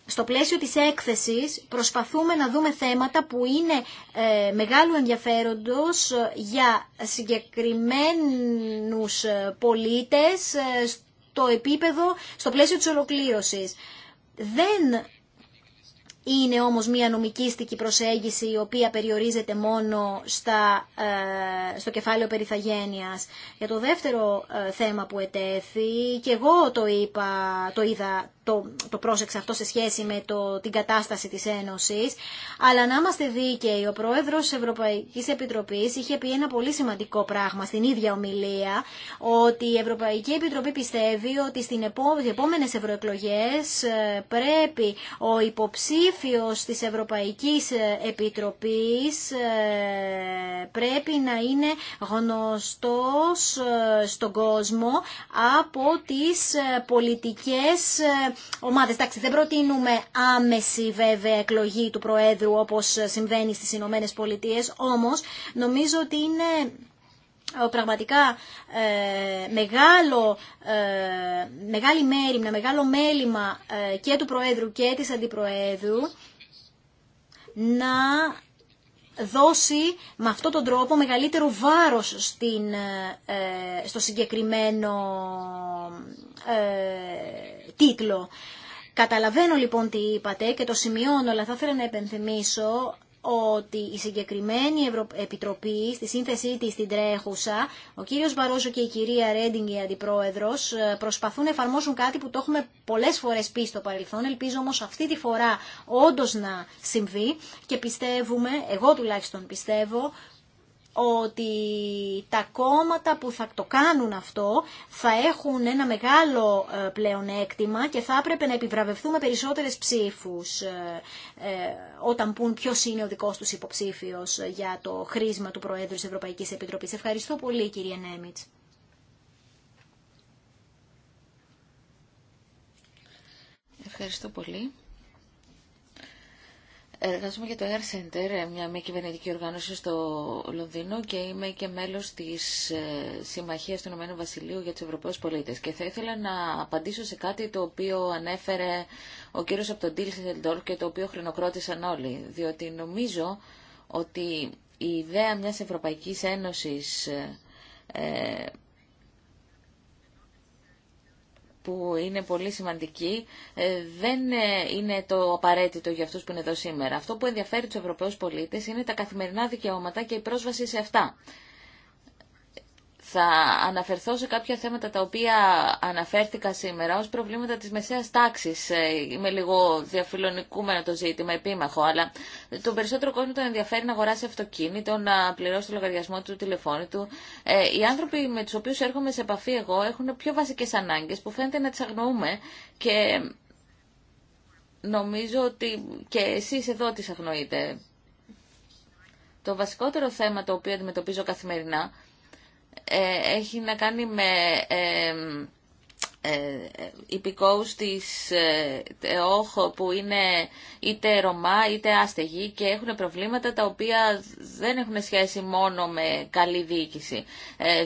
στο πλαίσιο της έκθεσης προσπαθούμε να δούμε θέματα που είναι ε, μεγάλου ενδιαφέροντος για συγκεκριμένους ε, πολίτες ε, στο επίπεδο, στο πλαίσιο της ολοκλήρωσης. Δεν είναι όμως μια νομικήστικη προσέγγιση η οποία περιορίζεται μόνο στα, στο κεφάλαιο περιθαγένειας. Για το δεύτερο θέμα που ετέθη, και εγώ το, είπα, το είδα το, το πρόσεξα αυτό σε σχέση με το, την κατάσταση της Ένωσης, αλλά να είμαστε δίκαιοι, ο Πρόεδρος της Ευρωπαϊκής Επιτροπής είχε πει ένα πολύ σημαντικό πράγμα στην ίδια ομιλία, ότι η Ευρωπαϊκή Επιτροπή πιστεύει ότι στην επό, επόμενες ευρωεκλογές ε, πρέπει ο υποψήφιος της Ευρωπαϊκής ε, Επιτροπής ε, πρέπει να είναι γνωστός στον κόσμο από τις πολιτικές ομάδες. Εντάξει, δεν προτείνουμε άμεση βέβαια εκλογή του Προέδρου όπως συμβαίνει στις Ηνωμένε Πολιτείε. όμως νομίζω ότι είναι ε, πραγματικά ε, μεγάλο, ε, μεγάλο μέλημα ε, και του Προέδρου και της Αντιπροέδρου να δώσει με αυτόν τον τρόπο μεγαλύτερο βάρος στην, ε, στο συγκεκριμένο ε, τίτλο. Καταλαβαίνω λοιπόν τι είπατε και το σημειώνω, αλλά θα ήθελα να επενθυμίσω ότι η συγκεκριμένη Επιτροπή στη σύνθεσή της στην τρέχουσα, ο κύριος Μπαρόζο και η κυρία Ρέντινγκ, η Αντιπρόεδρος, ε, προσπαθούν να εφαρμόσουν κάτι που το έχουμε πολλές φορές πει στο παρελθόν, ελπίζω όμως αυτή τη φορά όντως να συμβεί και πιστεύουμε, εγώ τουλάχιστον πιστεύω, ότι τα κόμματα που θα το κάνουν αυτό θα έχουν ένα μεγάλο ε, πλεονέκτημα και θα έπρεπε να επιβραβευτούμε περισσότερες ψήφους ε, ε, όταν πούν ποιος είναι ο δικός τους υποψήφιος για το χρήσμα του Προέδρου της Ευρωπαϊκής Επιτροπής. Ευχαριστώ πολύ κύριε Νέμιτς. Ευχαριστώ πολύ. Εργάζομαι για το Air Center, μια μη κυβερνητική οργάνωση στο Λονδίνο και είμαι και μέλος της ε, Συμμαχίας του Ηνωμένου Βασιλείου για τους Ευρωπαίους Πολίτες. Και θα ήθελα να απαντήσω σε κάτι το οποίο ανέφερε ο κύριος από τον Τίλσεντορ και το οποίο χρονοκρότησαν όλοι. Διότι νομίζω ότι η ιδέα μιας Ευρωπαϊκής Ένωσης ε, που είναι πολύ σημαντική ε, δεν ε, είναι το απαραίτητο για αυτούς που είναι εδώ σήμερα. Αυτό που ενδιαφέρει τους Ευρωπαίους πολίτες είναι τα καθημερινά δικαιώματα και η πρόσβαση σε αυτά. Θα αναφερθώ σε κάποια θέματα τα οποία αναφέρθηκα σήμερα ως προβλήματα της μεσαίας τάξης. Ε, είμαι λίγο διαφιλονικούμενο το ζήτημα, επίμαχο, αλλά τον περισσότερο κόσμο τον ενδιαφέρει να αγοράσει αυτοκίνητο, να πληρώσει το λογαριασμό του, τηλεφώνου του. Ε, οι άνθρωποι με τους οποίους έρχομαι σε επαφή εγώ έχουν πιο βασικές ανάγκες που φαίνεται να τις αγνοούμε και νομίζω ότι και εσείς εδώ τις αγνοείτε. Το βασικότερο θέμα το οποίο αντιμετωπίζω καθημερινά ε, έχει να κάνει με ε, ε, υπηκόους της οχο που είναι είτε Ρωμά είτε άστεγοι και έχουν προβλήματα τα οποία δεν έχουν σχέση μόνο με καλή διοίκηση.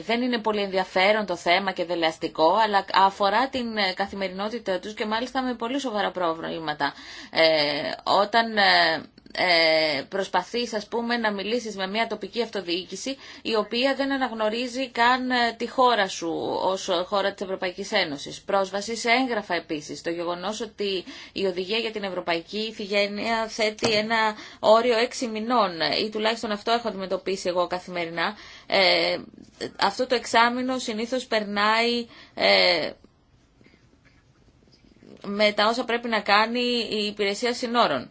Δεν είναι πολύ ενδιαφέρον το θέμα και δελεαστικό, αλλά αφορά την καθημερινότητά τους και μάλιστα με πολύ σοβαρά προβλήματα. Όταν ε, προσπαθείς πούμε να μιλήσεις με μια τοπική αυτοδιοίκηση η οποία δεν αναγνωρίζει καν ε, τη χώρα σου ως χώρα της Ευρωπαϊκής Ένωσης. Πρόσβαση σε έγγραφα επίσης. Το γεγονός ότι η οδηγία για την Ευρωπαϊκή Φυγένεια θέτει ένα όριο έξι μηνών ή τουλάχιστον αυτό έχω αντιμετωπίσει εγώ καθημερινά. Ε, αυτό το εξάμεινο συνήθως περνάει ε, με τα όσα πρέπει να κάνει η υπηρεσία συνόρων.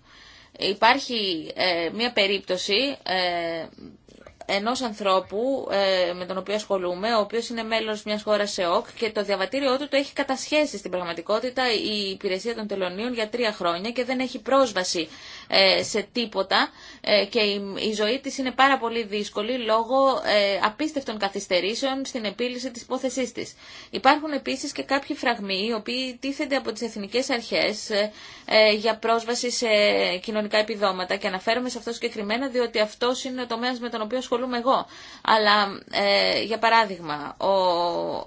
Υπάρχει ε, μια περίπτωση ε, ενός ανθρώπου ε, με τον οποίο ασχολούμαι, ο οποίος είναι μέλος μιας χώρας σε ΟΚ και το διαβατήριό του το έχει κατασχέσει στην πραγματικότητα η υπηρεσία των τελωνίων για τρία χρόνια και δεν έχει πρόσβαση ε, σε τίποτα ε, και η ζωή της είναι πάρα πολύ δύσκολη λόγω ε, απίστευτων καθυστερήσεων στην επίλυση της υπόθεσής της. Υπάρχουν επίσης και κάποιοι φραγμοί οι οποίοι τίθενται από τις εθνικές αρχές για πρόσβαση σε κοινωνικά επιδόματα και αναφέρομαι σε αυτό συγκεκριμένα διότι αυτό είναι ο τομέας με τον οποίο ασχολούμαι εγώ. Αλλά για παράδειγμα, ο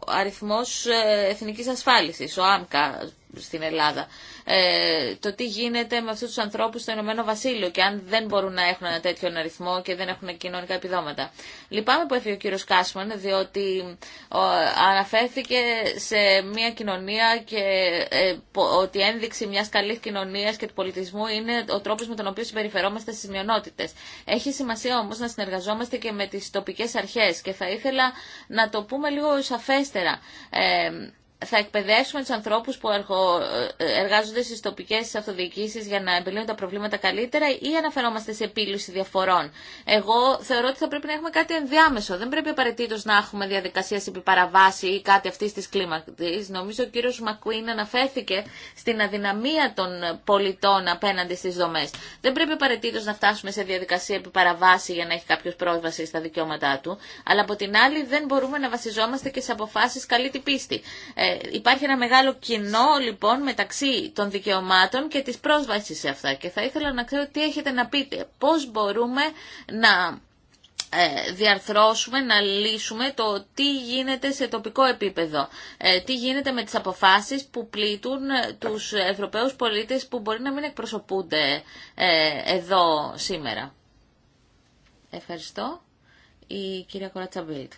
αριθμός εθνικής ασφάλισης, ο ΆΜΚΑ στην Ελλάδα. Ε, το τι γίνεται με αυτού του ανθρώπου στο Ηνωμένο Βασίλειο και αν δεν μπορούν να έχουν ένα τέτοιο αριθμό και δεν έχουν κοινωνικά επιδόματα. Λυπάμαι που έφυγε ο κύριο Κάσμαν διότι αναφέρθηκε σε μια κοινωνία και ε, ότι ένδειξη κοινωνία και του πολιτισμού είναι ο τρόπο με τον οποίο συμπεριφερόμαστε στι μειονότητε. Έχει σημασία όμω να συνεργαζόμαστε και με τι τοπικέ αρχέ. και θα ήθελα να το πούμε λίγο σαφέστερα. Ε, θα εκπαιδεύσουμε του ανθρώπου που ε, εργάζονται στι τοπικέ αυτοδιοικήσει για να επιλύουν τα προβλήματα καλύτερα ή αναφερόμαστε σε επίλυση διαφορών. Εγώ θεωρώ ότι θα πρέπει να έχουμε κάτι ενδιάμεσο. Δεν πρέπει απαραίτητο να έχουμε διαδικασία σε επιπαραβάση ή κάτι αυτή τη κλίμακτη. Νομίζω ο κύριο Μακουίν αναφέρθηκε στην αδυναμία των πολιτών απέναντι στι δομέ. Δεν πρέπει απαραίτητο να φτάσουμε σε διαδικασία επί για να έχει κάποιο πρόσβαση στα δικαιώματά του. Αλλά από την άλλη δεν μπορούμε να βασιζόμαστε και σε αποφάσει καλή πίστη. Ε, υπάρχει ένα μεγάλο κοινό λοιπόν μεταξύ των δικαιωμάτων και της πρόσβασης σε αυτά και θα ήθελα να ξέρω τι έχετε να πείτε. Πώς μπορούμε να ε, διαρθρώσουμε, να λύσουμε το τι γίνεται σε τοπικό επίπεδο. Ε, τι γίνεται με τις αποφάσεις που πλήττουν ε, τους Ευρωπαίους πολίτες που μπορεί να μην εκπροσωπούνται εδώ σήμερα. Ευχαριστώ. Η κυρία Κορατσαμπίλτ.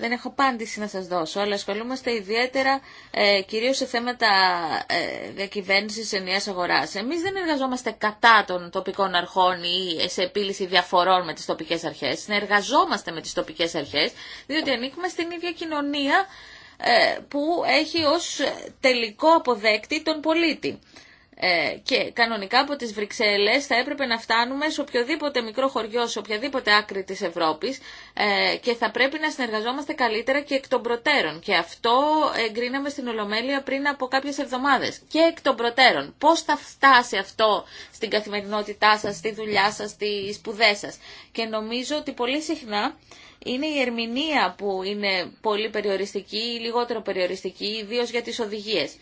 Δεν έχω απάντηση να σας δώσω, αλλά ασχολούμαστε ιδιαίτερα ε, κυρίως σε θέματα ε, διακυβέρνησης ενιαίας αγοράς. Εμείς δεν εργαζόμαστε κατά των τοπικών αρχών ή σε επίλυση διαφορών με τις τοπικές αρχές. Συνεργαζόμαστε με τις τοπικές αρχές, διότι ανήκουμε στην ίδια κοινωνία ε, που έχει ως τελικό αποδέκτη τον πολίτη. Ε, και κανονικά από τις Βρυξέλλες θα έπρεπε να φτάνουμε σε οποιοδήποτε μικρό χωριό, σε οποιαδήποτε άκρη της Ευρώπης ε, και θα πρέπει να συνεργαζόμαστε καλύτερα και εκ των προτέρων. Και αυτό εγκρίναμε στην Ολομέλεια πριν από κάποιες εβδομάδες. Και εκ των προτέρων. Πώς θα φτάσει αυτό στην καθημερινότητά σας, στη δουλειά σας, στις σπουδές σας. Και νομίζω ότι πολύ συχνά είναι η ερμηνεία που είναι πολύ περιοριστική ή λιγότερο περιοριστική, ιδίω για τις οδηγίες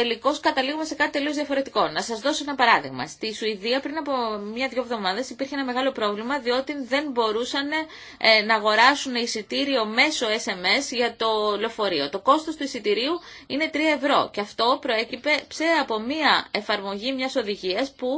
τελικώ καταλήγουμε σε κάτι τελείω διαφορετικό. Να σα δώσω ένα παράδειγμα. Στη Σουηδία πριν από μία-δύο εβδομάδε υπήρχε ένα μεγάλο πρόβλημα διότι δεν μπορούσαν ε, να αγοράσουν εισιτήριο μέσω SMS για το λεωφορείο. Το κόστο του εισιτηρίου είναι 3 ευρώ και αυτό προέκυψε από μία εφαρμογή μια οδηγία που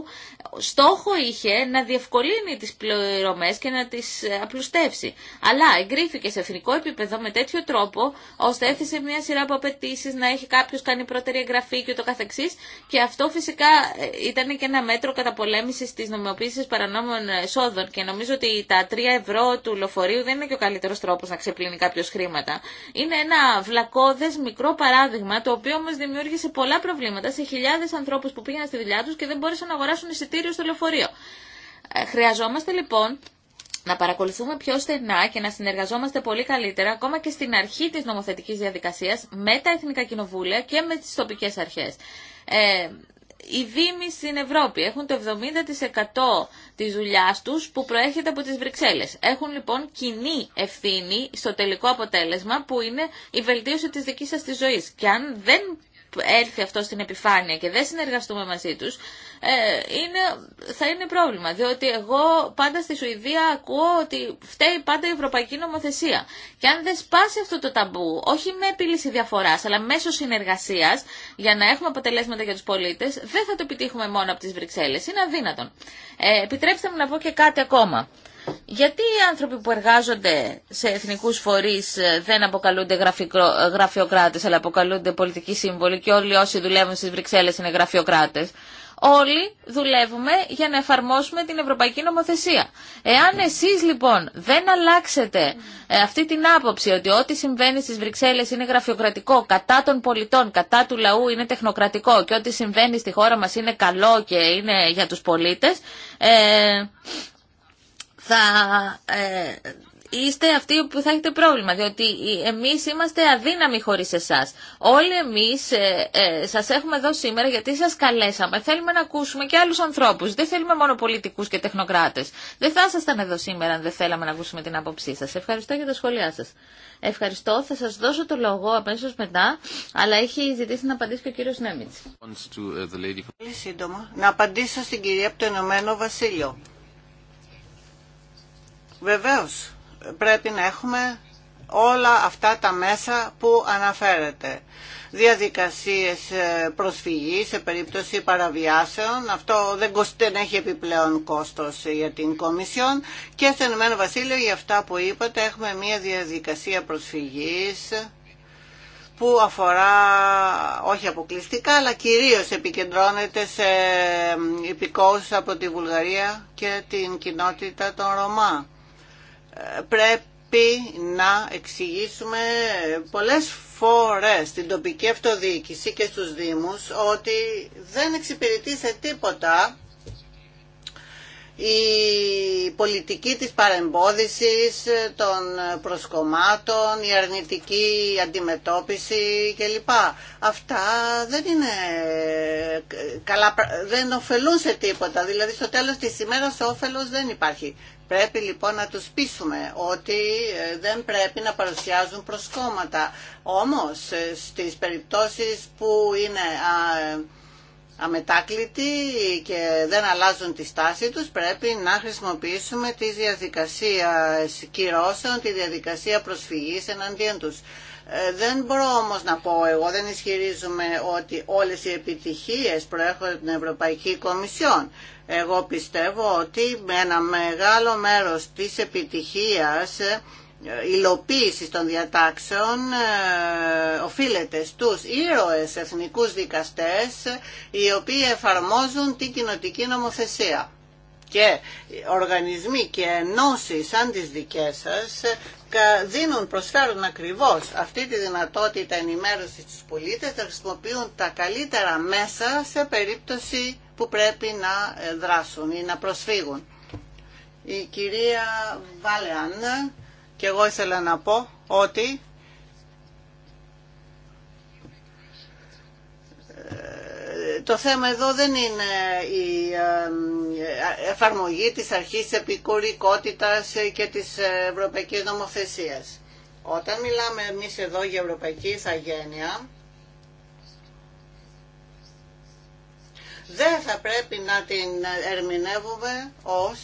στόχο είχε να διευκολύνει τι πληρωμέ και να τι ε, απλουστεύσει. Αλλά εγκρίθηκε σε εθνικό επίπεδο με τέτοιο τρόπο ώστε έθεσε μία σειρά από απαιτήσει να έχει κάποιο κάνει πρώτερη εγγραφή καταγραφεί και ούτω καθεξής. Και αυτό φυσικά ε, ήταν και ένα μέτρο καταπολέμησης τη νομιμοποίηση παρανόμων ε, εσόδων και νομίζω ότι τα 3 ευρώ του λοφορείου δεν είναι και ο καλύτερος τρόπος να ξεπλύνει κάποιο χρήματα. Είναι ένα βλακώδες μικρό παράδειγμα το οποίο όμως δημιούργησε πολλά προβλήματα σε χιλιάδες ανθρώπους που πήγαιναν στη δουλειά του και δεν μπόρεσαν να αγοράσουν εισιτήριο στο λεωφορείο. Ε, χρειαζόμαστε λοιπόν να παρακολουθούμε πιο στενά και να συνεργαζόμαστε πολύ καλύτερα ακόμα και στην αρχή της νομοθετικής διαδικασίας με τα Εθνικά Κοινοβούλια και με τις τοπικές αρχές. Ε, οι Δήμοι στην Ευρώπη έχουν το 70% της δουλειά τους που προέρχεται από τις Βρυξέλλες. Έχουν λοιπόν κοινή ευθύνη στο τελικό αποτέλεσμα που είναι η βελτίωση της δικής σας της ζωής. Και αν δεν έρθει αυτό στην επιφάνεια και δεν συνεργαστούμε μαζί τους, ε, είναι, θα είναι πρόβλημα. Διότι εγώ πάντα στη Σουηδία ακούω ότι φταίει πάντα η Ευρωπαϊκή Νομοθεσία. Και αν δεν σπάσει αυτό το ταμπού, όχι με επίλυση διαφοράς, αλλά μέσω συνεργασίας, για να έχουμε αποτελέσματα για τους πολίτες, δεν θα το επιτύχουμε μόνο από τις Βρυξέλλες. Είναι αδύνατον. Ε, επιτρέψτε μου να πω και κάτι ακόμα. Γιατί οι άνθρωποι που εργάζονται σε εθνικούς φορείς ε, δεν αποκαλούνται ε, γραφειοκράτες, αλλά αποκαλούνται πολιτικοί σύμβολοι και όλοι όσοι δουλεύουν στις Βρυξέλλες είναι γραφειοκράτες. Όλοι δουλεύουμε για να εφαρμόσουμε την ευρωπαϊκή νομοθεσία. Εάν εσείς λοιπόν δεν αλλάξετε ε, αυτή την άποψη ότι ό,τι συμβαίνει στις Βρυξέλλες είναι γραφειοκρατικό, κατά των πολιτών, κατά του λαού είναι τεχνοκρατικό και ό,τι συμβαίνει στη χώρα μας είναι καλό και είναι για τους πολίτες, ε, θα ε, είστε αυτοί που θα έχετε πρόβλημα, διότι εμείς είμαστε αδύναμοι χωρίς εσάς. Όλοι εμείς ε, ε, σας έχουμε εδώ σήμερα γιατί σας καλέσαμε. Θέλουμε να ακούσουμε και άλλους ανθρώπους. Δεν θέλουμε μόνο πολιτικούς και τεχνοκράτες. Δεν θα ήσασταν εδώ σήμερα αν δεν θέλαμε να ακούσουμε την άποψή σας. Ευχαριστώ για τα σχόλιά σας. Ευχαριστώ. Θα σας δώσω το λόγο αμέσως μετά, αλλά έχει ζητήσει να απαντήσει και ο κύριος Νέμιτς. Uh, Πολύ σύντομα. Να απαντήσω στην κυρία από το Ηνωμένο Βασίλειο. Βεβαίως, πρέπει να έχουμε όλα αυτά τα μέσα που αναφέρεται. Διαδικασίες ε, προσφυγής σε περίπτωση παραβιάσεων, αυτό δεν, έχει επιπλέον κόστος για την Κομισιόν και στον Ηνωμένο Βασίλειο για αυτά που είπατε έχουμε μια διαδικασία προσφυγής που αφορά όχι αποκλειστικά αλλά κυρίως επικεντρώνεται σε ε, υπηκόους από τη Βουλγαρία και την κοινότητα των Ρωμά πρέπει να εξηγήσουμε πολλές φορές στην τοπική αυτοδιοίκηση και στους Δήμους ότι δεν εξυπηρετεί σε τίποτα η πολιτική της παρεμπόδισης των προσκομμάτων, η αρνητική αντιμετώπιση κλπ. Αυτά δεν είναι καλά, δεν ωφελούν σε τίποτα. Δηλαδή στο τέλος της ημέρας όφελος δεν υπάρχει. Πρέπει λοιπόν να τους πείσουμε ότι ε, δεν πρέπει να παρουσιάζουν προσκόμματα. Όμως ε, στις περιπτώσεις που είναι αμετάκλητοι και δεν αλλάζουν τη στάση τους πρέπει να χρησιμοποιήσουμε τη διαδικασία κυρώσεων, τη διαδικασία προσφυγής εναντίον τους. Ε, δεν μπορώ όμως να πω, εγώ δεν ισχυρίζουμε ότι όλες οι επιτυχίες προέρχονται από την Ευρωπαϊκή Κομισιόν. Εγώ πιστεύω ότι ένα μεγάλο μέρος της επιτυχίας ε, υλοποίηση των διατάξεων ε, οφείλεται στους ήρωες εθνικούς δικαστές οι οποίοι εφαρμόζουν την κοινοτική νομοθεσία. Και οργανισμοί και ενώσεις σαν τις δικές σας ε, δίνουν, προσφέρουν ακριβώς αυτή τη δυνατότητα ενημέρωση στους πολίτες, να χρησιμοποιούν τα καλύτερα μέσα σε περίπτωση που πρέπει να ε, δράσουν ή να προσφύγουν. Η κυρία Βάλεαν και εγώ ήθελα να πω ότι ε, το θέμα εδώ δεν είναι η ε, εφαρμογή της αρχής επικουρικότητας και της ευρωπαϊκής νομοθεσίας. Όταν μιλάμε εμείς εδώ για ευρωπαϊκή ηθαγένεια, δεν θα πρέπει να την ερμηνεύουμε ως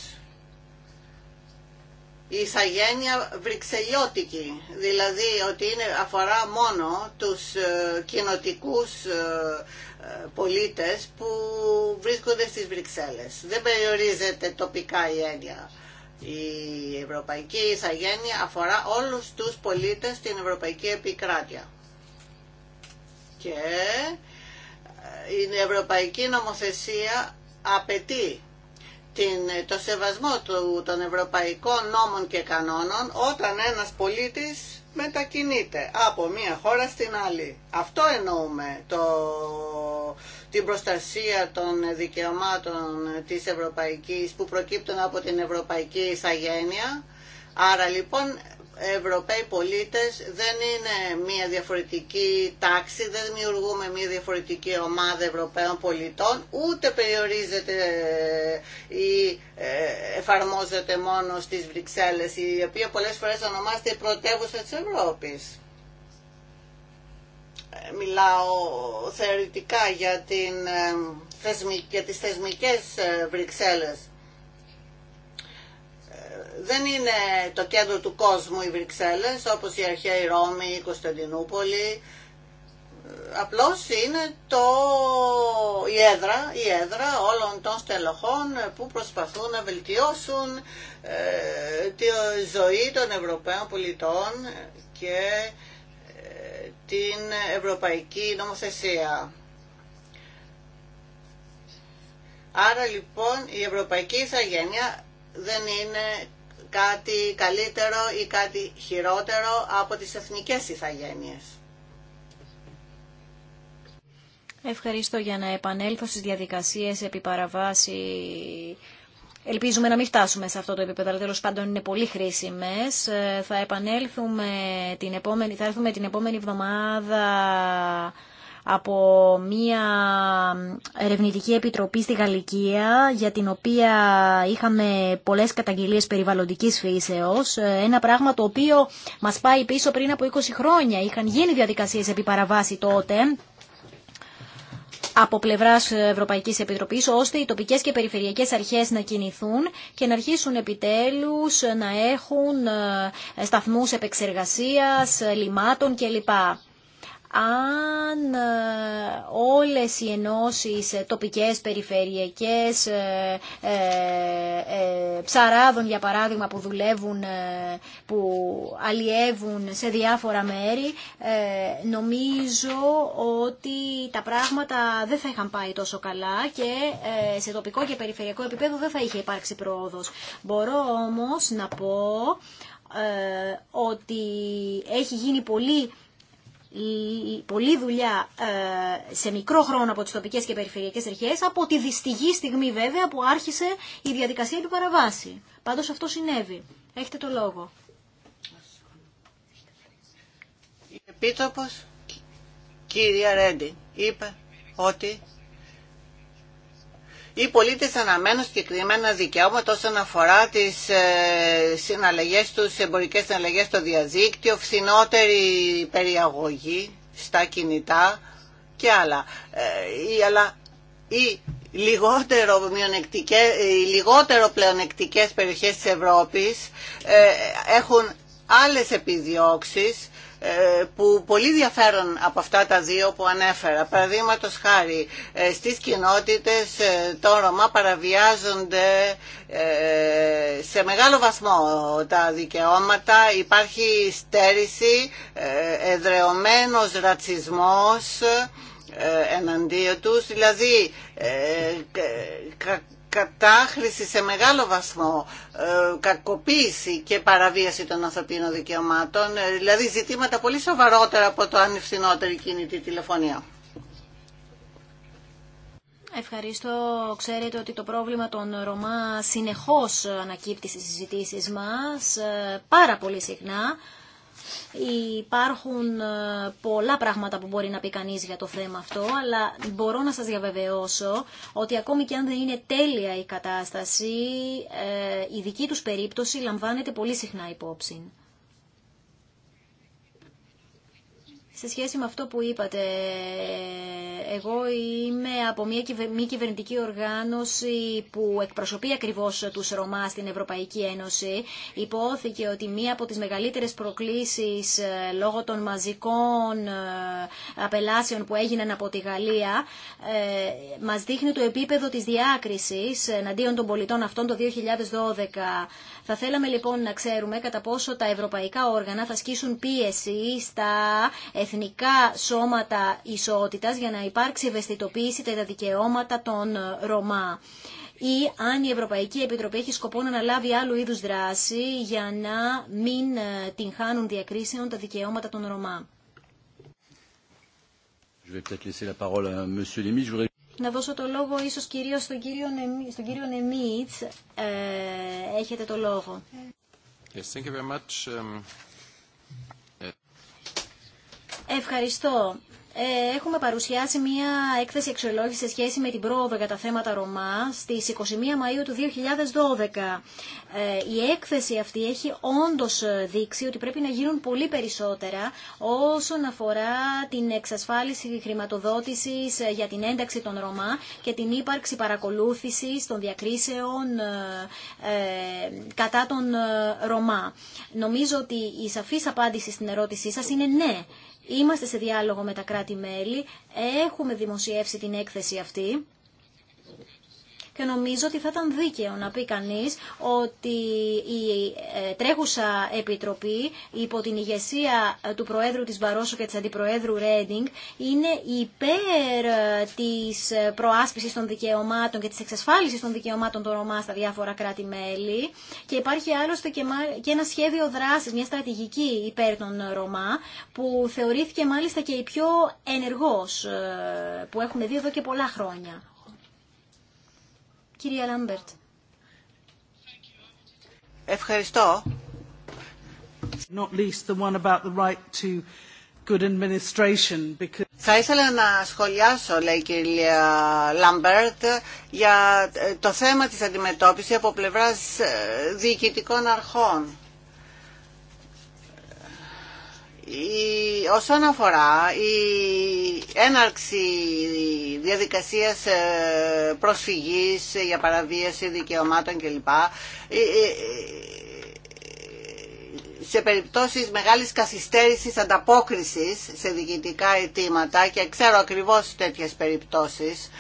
ηθαγένεια βρυξελιώτικη, δηλαδή ότι είναι, αφορά μόνο τους ε, κοινοτικούς ε, ε, πολίτες που βρίσκονται στις Βρυξέλλες. Δεν περιορίζεται τοπικά η έννοια. Η ευρωπαϊκή ηθαγένεια αφορά όλους τους πολίτες στην ευρωπαϊκή επικράτεια. Και η ευρωπαϊκή νομοθεσία απαιτεί την, το σεβασμό του, των ευρωπαϊκών νόμων και κανόνων όταν ένας πολίτης μετακινείται από μία χώρα στην άλλη. Αυτό εννοούμε το, την προστασία των δικαιωμάτων της Ευρωπαϊκής που προκύπτουν από την Ευρωπαϊκή Ιθαγένεια. Άρα λοιπόν Ευρωπαίοι πολίτες δεν είναι μια διαφορετική τάξη, δεν δημιουργούμε μια διαφορετική ομάδα Ευρωπαίων πολιτών, ούτε περιορίζεται ή ε, εφαρμόζεται μόνο στις Βρυξέλλες, η οποία πολλές φορές ονομάζεται η πρωτεύουσα της Ευρώπης. Ε, μιλάω θεωρητικά για, την, ε, για τις θεσμικές Βρυξέλλες δεν είναι το κέντρο του κόσμου οι Βρυξέλλες, όπως η αρχαία Ρώμη, η Κωνσταντινούπολη. Απλώς είναι το, η, έδρα, η έδρα όλων των στελεχών που προσπαθούν να βελτιώσουν ε, τη ζωή των Ευρωπαίων πολιτών και ε, την ευρωπαϊκή νομοθεσία. Άρα λοιπόν η ευρωπαϊκή ηθαγένεια δεν είναι κάτι καλύτερο ή κάτι χειρότερο από τις εθνικές ηθαγένειες. Ευχαριστώ για να επανέλθω στις διαδικασίες επί παραβάση. Ελπίζουμε να μην φτάσουμε σε αυτό το επίπεδο, αλλά τέλος πάντων είναι πολύ χρήσιμες. Ε, θα επανέλθουμε την επόμενη, θα έρθουμε την επόμενη εβδομάδα από μια ερευνητική επιτροπή στη Γαλλικία για την οποία είχαμε πολλές καταγγελίες περιβαλλοντικής φύσεως. Ένα πράγμα το οποίο μας πάει πίσω πριν από 20 χρόνια. Είχαν γίνει διαδικασίες επί παραβάση τότε από πλευρά Ευρωπαϊκή Επιτροπή, ώστε οι τοπικέ και περιφερειακέ αρχέ να κινηθούν και να αρχίσουν επιτέλου να έχουν ε, σταθμού επεξεργασία, λιμάτων κλπ αν ε, όλες οι ενώσεις ε, τοπικές, περιφερειακές, ε, ψαράδων για παράδειγμα που δουλεύουν, που αλλιεύουν σε διάφορα μέρη, νομίζω ότι τα πράγματα δεν θα είχαν πάει τόσο καλά και σε τοπικό και περιφερειακό επίπεδο δεν θα είχε υπάρξει πρόοδος. Μπορώ όμως να πω ότι έχει γίνει πολύ πολλή δουλειά ε, σε μικρό χρόνο από τις τοπικές και περιφερειακές αρχές, από τη δυστυχή στιγμή βέβαια που άρχισε η διαδικασία επιπαραβάση. Πάντως αυτό συνέβη. Έχετε το λόγο. Η Επίτροπος, κυρία Ρέντι, είπε ότι οι πολίτες αναμένουν συγκεκριμένα δικαιώματα όσον αφορά τις ε, συναλλαγές τους, εμπορικές συναλλαγές στο διαδίκτυο, φθηνότερη περιαγωγή στα κινητά και άλλα. ή, ε, αλλά, ή λιγότερο, οι λιγότερο πλεονεκτικές περιοχές της Ευρώπης ε, έχουν άλλες επιδιώξεις ε, που πολύ διαφέρουν από αυτά τα δύο που ανέφερα. Παραδείγματο χάρη, ε, στις κοινότητες ε, το Ρωμά παραβιάζονται σε μεγάλο βαθμό τα δικαιώματα, υπάρχει στέρηση, εδρεωμένος ρατσισμός εναντίον τους, δηλαδή κατάχρηση σε μεγάλο βαθμό, ε, κακοποίηση και παραβίαση των ανθρωπίνων δικαιωμάτων, ε, δηλαδή ζητήματα πολύ σοβαρότερα από το ανευθυνότερη κινητή τηλεφωνία. Ευχαριστώ. Ξέρετε ότι το πρόβλημα των Ρωμά συνεχώς ανακύπτει στις συζητήσεις μας, ε, πάρα πολύ συχνά. Υπάρχουν ε, πολλά πράγματα που μπορεί να πει κανείς για το θέμα αυτό, αλλά μπορώ να σας διαβεβαιώσω ότι ακόμη και αν δεν είναι τέλεια η κατάσταση, ε, η δική τους περίπτωση λαμβάνεται πολύ συχνά υπόψη. σε σχέση με αυτό που είπατε. Εγώ είμαι από μια μη κυβερνητική οργάνωση που εκπροσωπεί ακριβώς τους Ρωμά στην Ευρωπαϊκή Ένωση. Υπόθηκε ότι μία από τις μεγαλύτερες προκλήσεις ε, λόγω των μαζικών ε, απελάσεων που έγιναν από τη Γαλλία ε, μας δείχνει το επίπεδο της διάκρισης εναντίον των πολιτών αυτών το 2012 θα θέλαμε λοιπόν να ξέρουμε κατά πόσο τα ευρωπαϊκά όργανα θα σκίσουν πίεση στα εθνικά σώματα ισότητας για να υπάρξει ευαισθητοποίηση τα δικαιώματα των Ρωμά ή αν η Ευρωπαϊκή Επιτροπή έχει σκοπό να αναλάβει άλλου είδους δράση για να μην ε, την χάνουν διακρίσεων τα δικαιώματα των Ρωμά να δώσω το λόγο ίσως κυρίως στον κύριο, στον κύριο Νεμίτς. Ε, έχετε το λόγο. Yes, thank you very much. Um, ε- Ευχαριστώ. Ε, έχουμε παρουσιάσει μια έκθεση αξιολόγηση σε σχέση με την πρόοδο για τα θέματα Ρωμά στις 21 Μαΐου του 2012. Ε, η έκθεση αυτή έχει όντως δείξει ότι πρέπει να γίνουν πολύ περισσότερα όσον αφορά την εξασφάλιση χρηματοδότησης ε, για την ένταξη των Ρωμά και την ύπαρξη παρακολούθησης των διακρίσεων κατά των Ρωμά. Νομίζω ότι η σαφής απάντηση στην ερώτησή σας είναι ναι. Είμαστε σε διάλογο με τα κράτη-μέλη. Έχουμε δημοσιεύσει την έκθεση αυτή και νομίζω ότι θα ήταν δίκαιο να πει κανείς ότι η ε, τρέχουσα επιτροπή υπό την ηγεσία ε, του Προέδρου της Βαρόσο και της Αντιπροέδρου Ρέντινγκ είναι υπέρ ε, της προάσπισης των δικαιωμάτων και της εξασφάλισης των δικαιωμάτων των Ρωμά στα διάφορα κράτη-μέλη και υπάρχει άλλωστε και ένα σχέδιο δράσης, μια στρατηγική υπέρ των Ρωμά που θεωρήθηκε μάλιστα και η πιο ενεργός που έχουμε δει εδώ και πολλά χρόνια. Κυρία Λάμπερτ. Ευχαριστώ. Not least the one about the right to good administration because... Θα ήθελα να σχολιάσω, λέει η κυρία Λαμπέρτ, για το θέμα της αντιμετώπισης από πλευράς ε, διοικητικών αρχών η, όσον αφορά η έναρξη διαδικασίας ε, προσφυγής για παραβίαση δικαιωμάτων κλπ. Ε, ε, σε περιπτώσεις μεγάλης καθυστέρησης ανταπόκρισης σε διοικητικά αιτήματα και ξέρω ακριβώς τέτοιες περιπτώσεις,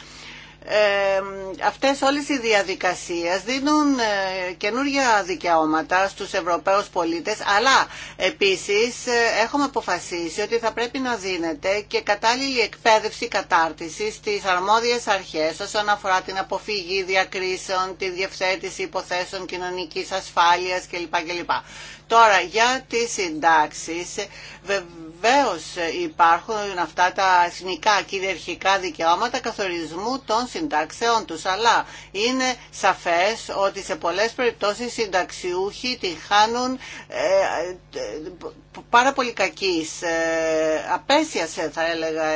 αυτές όλες οι διαδικασίες δίνουν ε, καινούργια δικαιώματα στους Ευρωπαίους πολίτες αλλά επίσης ε, έχουμε αποφασίσει ότι θα πρέπει να δίνεται και κατάλληλη εκπαίδευση κατάρτιση στις αρμόδιες αρχές όσον αφορά την αποφυγή διακρίσεων, τη διευθέτηση υποθέσεων κοινωνικής ασφάλειας κλπ. Τώρα για τις συντάξεις βεβαίως υπάρχουν αυτά τα εθνικά κυριαρχικά δικαιώματα καθορισμού των συντάξεών τους. Αλλά είναι σαφές ότι σε πολλές περιπτώσεις οι συνταξιούχοι τη χάνουν ε, ε, πάρα πολύ κακής, ε, απέσιασε θα έλεγα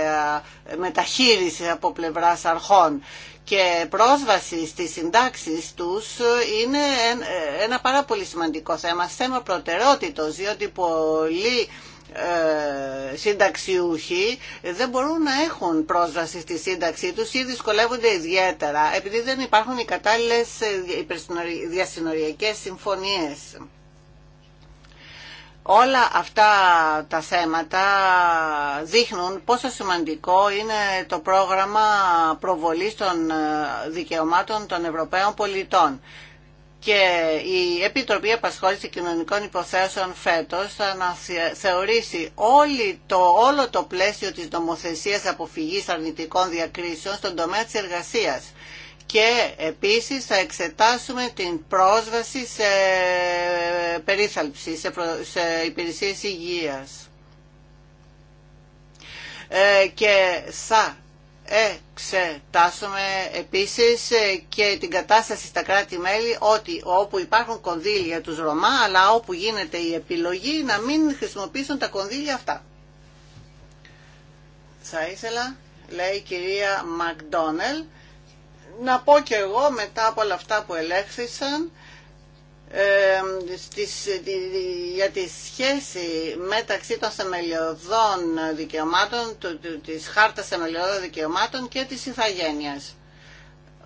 μεταχείριση από πλευράς αρχών και πρόσβαση στις συντάξεις τους είναι ένα πάρα πολύ σημαντικό θέμα, θέμα προτεραιότητος, διότι πολλοί ε, συνταξιούχοι ε, δεν μπορούν να έχουν πρόσβαση στη σύνταξή τους ή δυσκολεύονται ιδιαίτερα επειδή δεν υπάρχουν οι κατάλληλες ε, διασυνοριακές συμφωνίες. Όλα αυτά τα θέματα δείχνουν πόσο σημαντικό είναι το πρόγραμμα προβολής των δικαιωμάτων των Ευρωπαίων πολιτών και η Επιτροπή Επασχόληση Κοινωνικών Υποθέσεων φέτος θα αναθεωρήσει όλη το, όλο το πλαίσιο της νομοθεσίας αποφυγής αρνητικών διακρίσεων στον τομέα της εργασίας και επίσης θα εξετάσουμε την πρόσβαση σε περίθαλψη, σε, προ, σε υπηρεσίες υγείας ε, και θα εξετάσουμε επίσης ε, και την κατάσταση στα κράτη-μέλη ότι όπου υπάρχουν κονδύλια τους Ρωμά αλλά όπου γίνεται η επιλογή να μην χρησιμοποιήσουν τα κονδύλια αυτά. Θα ήθελα, λέει η κυρία Μακδόνελ, να πω και εγώ μετά από όλα αυτά που ελέγχθησαν για τη σχέση μεταξύ των θεμελιωδών δικαιωμάτων, της χάρτας θεμελιωδών δικαιωμάτων και της ηθαγένειας.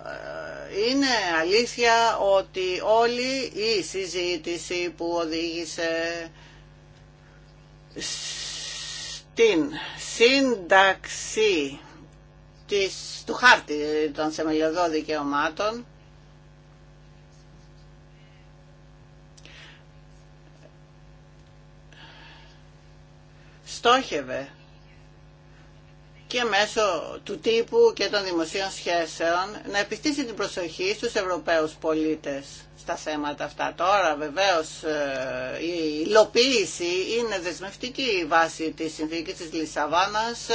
Ε, είναι αλήθεια ότι όλη η συζήτηση που οδήγησε στην σύνταξη της, του χάρτη των θεμελιωδών δικαιωμάτων στόχευε και μέσω του τύπου και των δημοσίων σχέσεων να επιστήσει την προσοχή στους Ευρωπαίους πολίτες στα θέματα αυτά. Τώρα βεβαίως ε, η υλοποίηση είναι δεσμευτική η βάση της συνθήκης της Λισαβάνας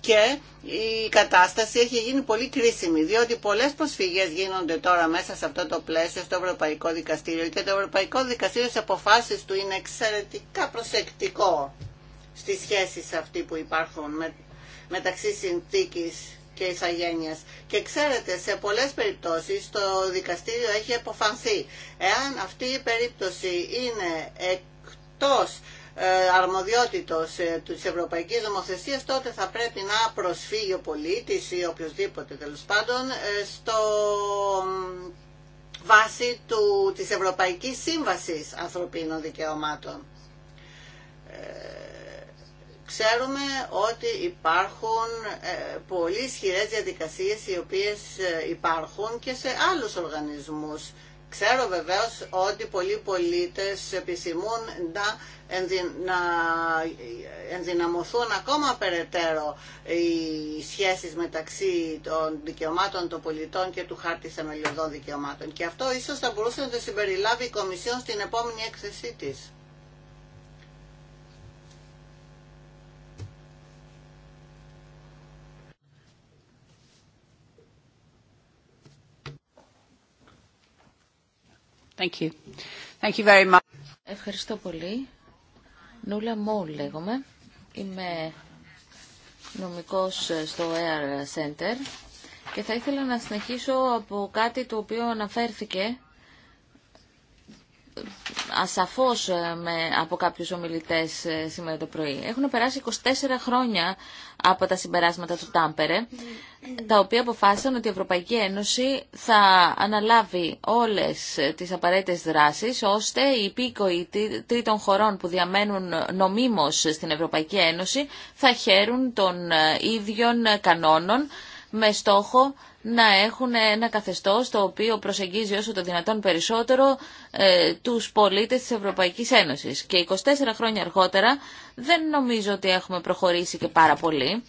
και η κατάσταση έχει γίνει πολύ κρίσιμη διότι πολλές προσφυγές γίνονται τώρα μέσα σε αυτό το πλαίσιο στο Ευρωπαϊκό Δικαστήριο και το Ευρωπαϊκό Δικαστήριο σε αποφάσεις του είναι εξαιρετικά προσεκτικό στις σχέσεις αυτή που υπάρχουν με, μεταξύ συνθήκης και εισαγένειας Και ξέρετε, σε πολλές περιπτώσεις το δικαστήριο έχει αποφανθεί. Εάν αυτή η περίπτωση είναι εκτός ε, αρμοδιότητος ε, της Ευρωπαϊκής Νομοθεσίας τότε θα πρέπει να προσφύγει ο πολίτης ή οποιοδήποτε τέλος πάντων ε, στο βάση του, της Ευρωπαϊκής Σύμβασης Ανθρωπίνων Δικαιωμάτων. Ξέρουμε ότι υπάρχουν ε, πολύ ισχυρέ διαδικασίες οι οποίες ε, υπάρχουν και σε άλλους οργανισμούς. Ξέρω βεβαίως ότι πολλοί πολίτες επισημούν να, ενδυ... να ενδυναμωθούν ακόμα περαιτέρω οι σχέσεις μεταξύ των δικαιωμάτων των πολιτών και του χάρτη θεμελιωδών δικαιωμάτων. Και αυτό ίσως θα μπορούσε να το συμπεριλάβει η Κομισιόν στην επόμενη έκθεσή της. Ευχαριστώ πολύ. Νούλα Μόλ λέγομαι. Είμαι νομικός ε, στο Air Center και θα ήθελα να συνεχίσω από κάτι το οποίο αναφέρθηκε ασαφώς ε, με, από κάποιους ομιλητές ε, σήμερα το πρωί. Έχουν περάσει 24 χρόνια από τα συμπεράσματα του Τάμπερε, τα οποία αποφάσισαν ότι η Ευρωπαϊκή Ένωση θα αναλάβει όλες τις απαραίτητες δράσεις, ώστε οι υπήκοοι τρίτων χωρών που διαμένουν νομίμως στην Ευρωπαϊκή Ένωση θα χαίρουν των ε, ίδιων κανόνων, με στόχο να έχουν ένα καθεστώς το οποίο προσεγγίζει όσο το δυνατόν περισσότερο ε, τους πολίτες της Ευρωπαϊκής Ένωσης. Και 24 χρόνια αργότερα δεν νομίζω ότι έχουμε προχωρήσει και πάρα πολύ.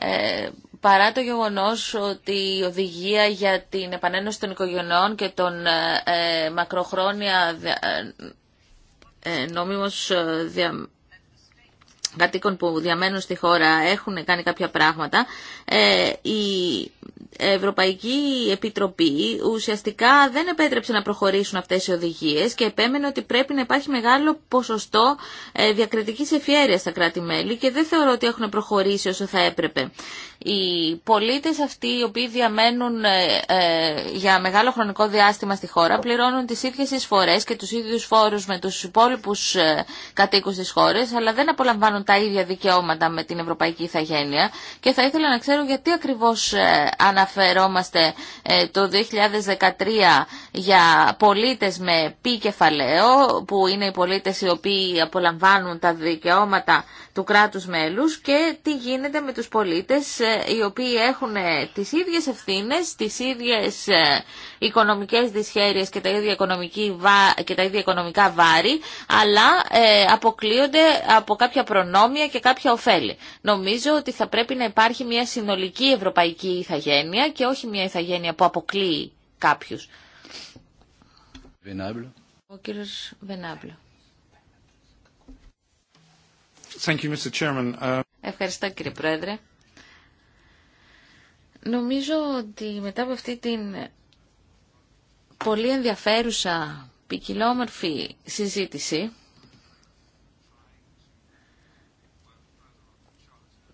Ε, παρά το γεγονός ότι η οδηγία για την επανένωση των οικογενειών και των ε, ε, μακροχρόνια ε, ε νόμιμος δια, κατοίκων που διαμένουν στη χώρα έχουν κάνει κάποια πράγματα, ε, η Ευρωπαϊκή Επιτροπή ουσιαστικά δεν επέτρεψε να προχωρήσουν αυτές οι οδηγίες και επέμενε ότι πρέπει να υπάρχει μεγάλο ποσοστό ε, διακριτικής ευχέρειας στα κράτη-μέλη και δεν θεωρώ ότι έχουν προχωρήσει όσο θα έπρεπε. Οι πολίτες αυτοί οι οποίοι διαμένουν ε, ε, για μεγάλο χρονικό διάστημα στη χώρα πληρώνουν τις ίδιες εισφορές και τους ίδιους φόρους με τους υπόλοιπους ε, κατοίκους της χώρας αλλά δεν απολαμβάνουν τα ίδια δικαιώματα με την Ευρωπαϊκή Ιθαγένεια και θα ήθελα να ξέρω γιατί ακριβώς αναφερόμαστε το 2013 για πολίτες με πι κεφαλαίο που είναι οι πολίτες οι οποίοι απολαμβάνουν τα δικαιώματα του κράτους μέλους και τι γίνεται με τους πολίτες ε, οι οποίοι έχουν ε, τις ίδιες ευθύνες, τις ίδιες ε, οικονομικές δυσχέρειες και τα ίδια, και τα ίδια οικονομικά βάρη, αλλά αποκλείονται από κάποια προνόμια και κάποια ωφέλη. Νομίζω ότι θα πρέπει να υπάρχει μια συνολική ευρωπαϊκή ηθαγένεια και όχι μια ηθαγένεια που αποκλείει κάποιους. Ο κύριος Uh, Ευχαριστώ κύριε Πρόεδρε. Νομίζω ότι μετά από αυτή την πολύ ενδιαφέρουσα, ποικιλόμορφη συζήτηση,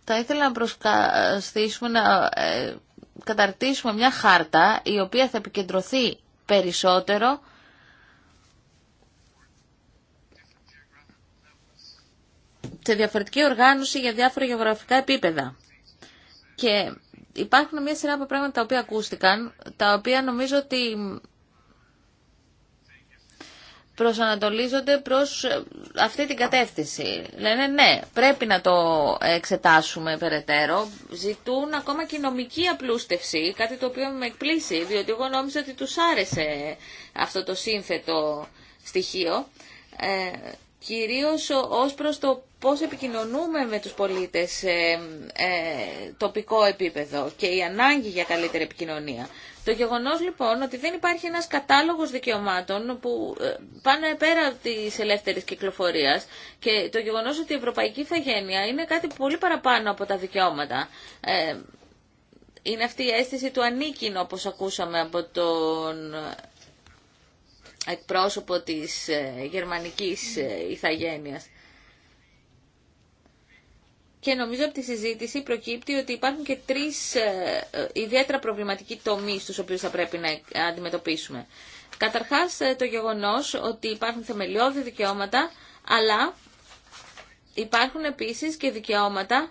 θα ήθελα να προσκαστήσουμε να ε, καταρτήσουμε μια χάρτα η οποία θα επικεντρωθεί περισσότερο σε διαφορετική οργάνωση για διάφορα γεωγραφικά επίπεδα. Και υπάρχουν μια σειρά από πράγματα τα οποία ακούστηκαν, τα οποία νομίζω ότι προσανατολίζονται προς ε, αυτή την κατεύθυνση. Λένε ναι, πρέπει να το εξετάσουμε περαιτέρω. Ζητούν ακόμα και νομική απλούστευση, κάτι το οποίο με εκπλήσει, διότι εγώ νόμιζα ότι τους άρεσε αυτό το σύνθετο στοιχείο. Ε, κυρίως ως προς το πώς επικοινωνούμε με τους πολίτες σε ε, τοπικό επίπεδο και η ανάγκη για καλύτερη επικοινωνία. Το γεγονός λοιπόν ότι δεν υπάρχει ένας κατάλογος δικαιωμάτων που ε, πάνε πέρα της ελεύθερης κυκλοφορίας και το γεγονός ότι η ευρωπαϊκή ηθαγένεια είναι κάτι πολύ παραπάνω από τα δικαιώματα. Ε, είναι αυτή η αίσθηση του ανήκεινο όπως ακούσαμε από τον εκπρόσωπο της γερμανικής ηθαγένειας. Και νομίζω από τη συζήτηση προκύπτει ότι υπάρχουν και τρεις ε, ε, ιδιαίτερα προβληματικοί τομείς στους οποίους θα πρέπει να αντιμετωπίσουμε. Καταρχάς ε, το γεγονός ότι υπάρχουν θεμελιώδη δικαιώματα, αλλά υπάρχουν επίσης και δικαιώματα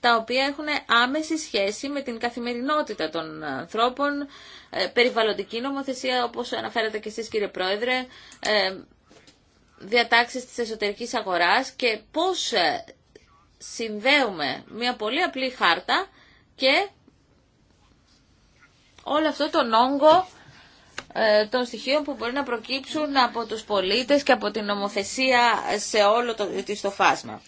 τα οποία έχουν άμεση σχέση με την καθημερινότητα των ανθρώπων, περιβαλλοντική νομοθεσία όπως αναφέρατε και εσείς κύριε Πρόεδρε, διατάξεις της εσωτερικής αγοράς και πώς συνδέουμε μια πολύ απλή χάρτα και όλο αυτό τον όγκο ε, των στοιχείων που μπορεί να προκύψουν από τους πολίτες και από την νομοθεσία σε όλο το, το φάσμα.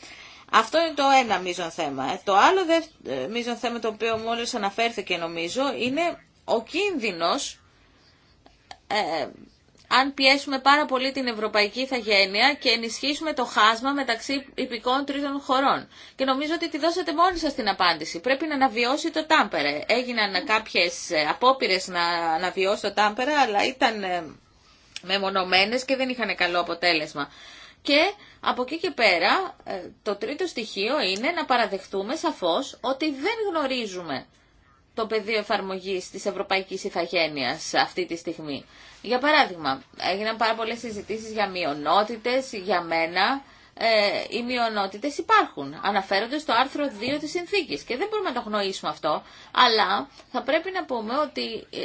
Αυτό είναι το ένα μείζον θέμα. Ε, το άλλο ε, μείζον θέμα το οποίο μόλις αναφέρθηκε νομίζω είναι ο κίνδυνος αν πιέσουμε πάρα πολύ την ευρωπαϊκή ηθαγένεια και ενισχύσουμε το χάσμα μεταξύ υπηκών τρίτων χωρών. Και νομίζω ότι τη δώσατε μόνοι σας την απάντηση. Πρέπει να αναβιώσει το Τάμπερε. Έγιναν κάποιες ε, απόπειρες να αναβιώσει το Τάμπερε, αλλά ήταν ε, μεμονωμένες και δεν είχαν καλό αποτέλεσμα. Και από εκεί και πέρα ε, το τρίτο στοιχείο είναι να παραδεχτούμε σαφώς ότι δεν γνωρίζουμε το πεδίο εφαρμογή τη Ευρωπαϊκή ηθαγένεια αυτή τη στιγμή. Για παράδειγμα, έγιναν πάρα πολλές συζητήσει για μειονότητε, για μένα, ε, οι μειονότητε υπάρχουν. Αναφέρονται στο άρθρο 2 της συνθήκης και δεν μπορούμε να το γνωρίσουμε αυτό. Αλλά θα πρέπει να πούμε ότι ε,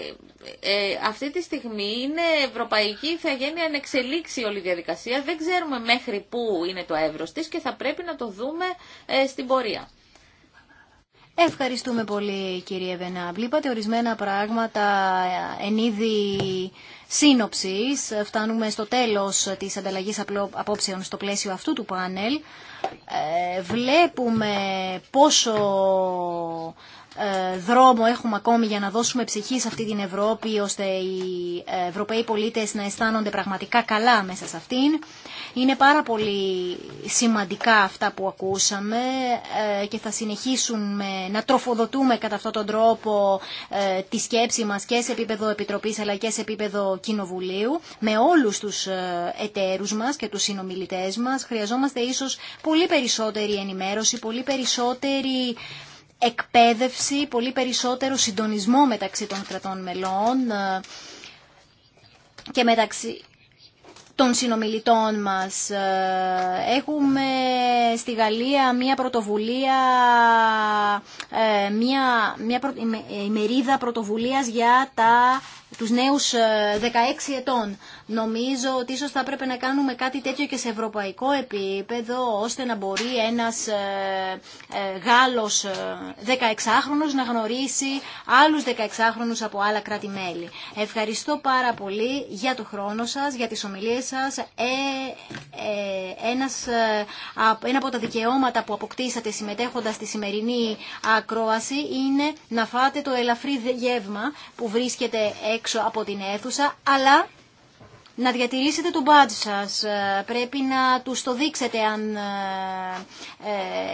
ε αυτή τη στιγμή είναι ευρωπαϊκή ηθαγένεια να εξελίξει όλη η διαδικασία. Δεν ξέρουμε μέχρι πού είναι το εύρο τη και θα πρέπει να το δούμε ε, στην πορεία. Ευχαριστούμε πολύ κύριε Βενάμπ. Βλέπατε ορισμένα πράγματα εν είδη σύνοψης. Φτάνουμε στο τέλος της ανταλλαγής απόψεων στο πλαίσιο αυτού του πάνελ. Ε, βλέπουμε πόσο ε, δρόμο έχουμε ακόμη για να δώσουμε ψυχή σε αυτή την Ευρώπη ώστε οι ε, Ευρωπαίοι πολίτες να αισθάνονται πραγματικά καλά μέσα σε αυτήν. Είναι πάρα πολύ σημαντικά αυτά που ακούσαμε ε, και θα συνεχίσουμε να τροφοδοτούμε κατά αυτόν τον τρόπο τη σκέψη μας και σε επίπεδο Επιτροπής αλλά και σε επίπεδο Κοινοβουλίου με όλους τους εταίρους μας και τους συνομιλητές μας. Χρειαζόμαστε ίσως πολύ περισσότερη ενημέρωση, πολύ περισσότερη εκπαίδευση, πολύ περισσότερο συντονισμό μεταξύ των κρατών μελών ε, και μεταξύ των συνομιλητών μας. Ε, έχουμε στη Γαλλία μια πρωτοβουλία, ε, μια, μια ημερίδα πρωτοβουλίας για τα, τους νέους 16 ετών. Νομίζω ότι ίσως θα έπρεπε να κάνουμε κάτι τέτοιο και σε ευρωπαϊκό επίπεδο, ώστε να μπορεί ένας ε, ε, Γάλλος 16χρονος ε, να γνωρίσει άλλους 16χρονους από άλλα κράτη-μέλη. Ευχαριστώ πάρα πολύ για το χρόνο σας, για τις ομιλίες σας. ένας, ένα από τα δικαιώματα που αποκτήσατε συμμετέχοντας στη σημερινή ακρόαση είναι να φάτε το ελαφρύ γεύμα που βρίσκεται έξω από την αίθουσα, αλλά να διατηρήσετε το μπάτζ σας, ε, πρέπει να τους το δείξετε αν ε,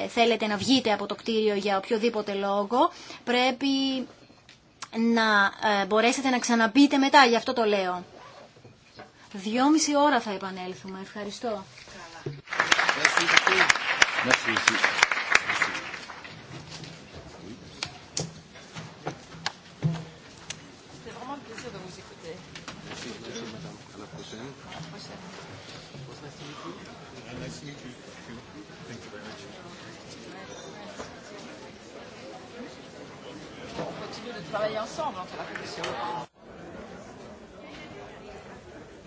ε, θέλετε να βγείτε από το κτίριο για οποιοδήποτε λόγο, πρέπει να μπορέσετε να ξαναμπείτε μετά, γι' αυτό το λέω. Δυόμιση ώρα θα επανέλθουμε. Ευχαριστώ. Άρκετ Σιώδη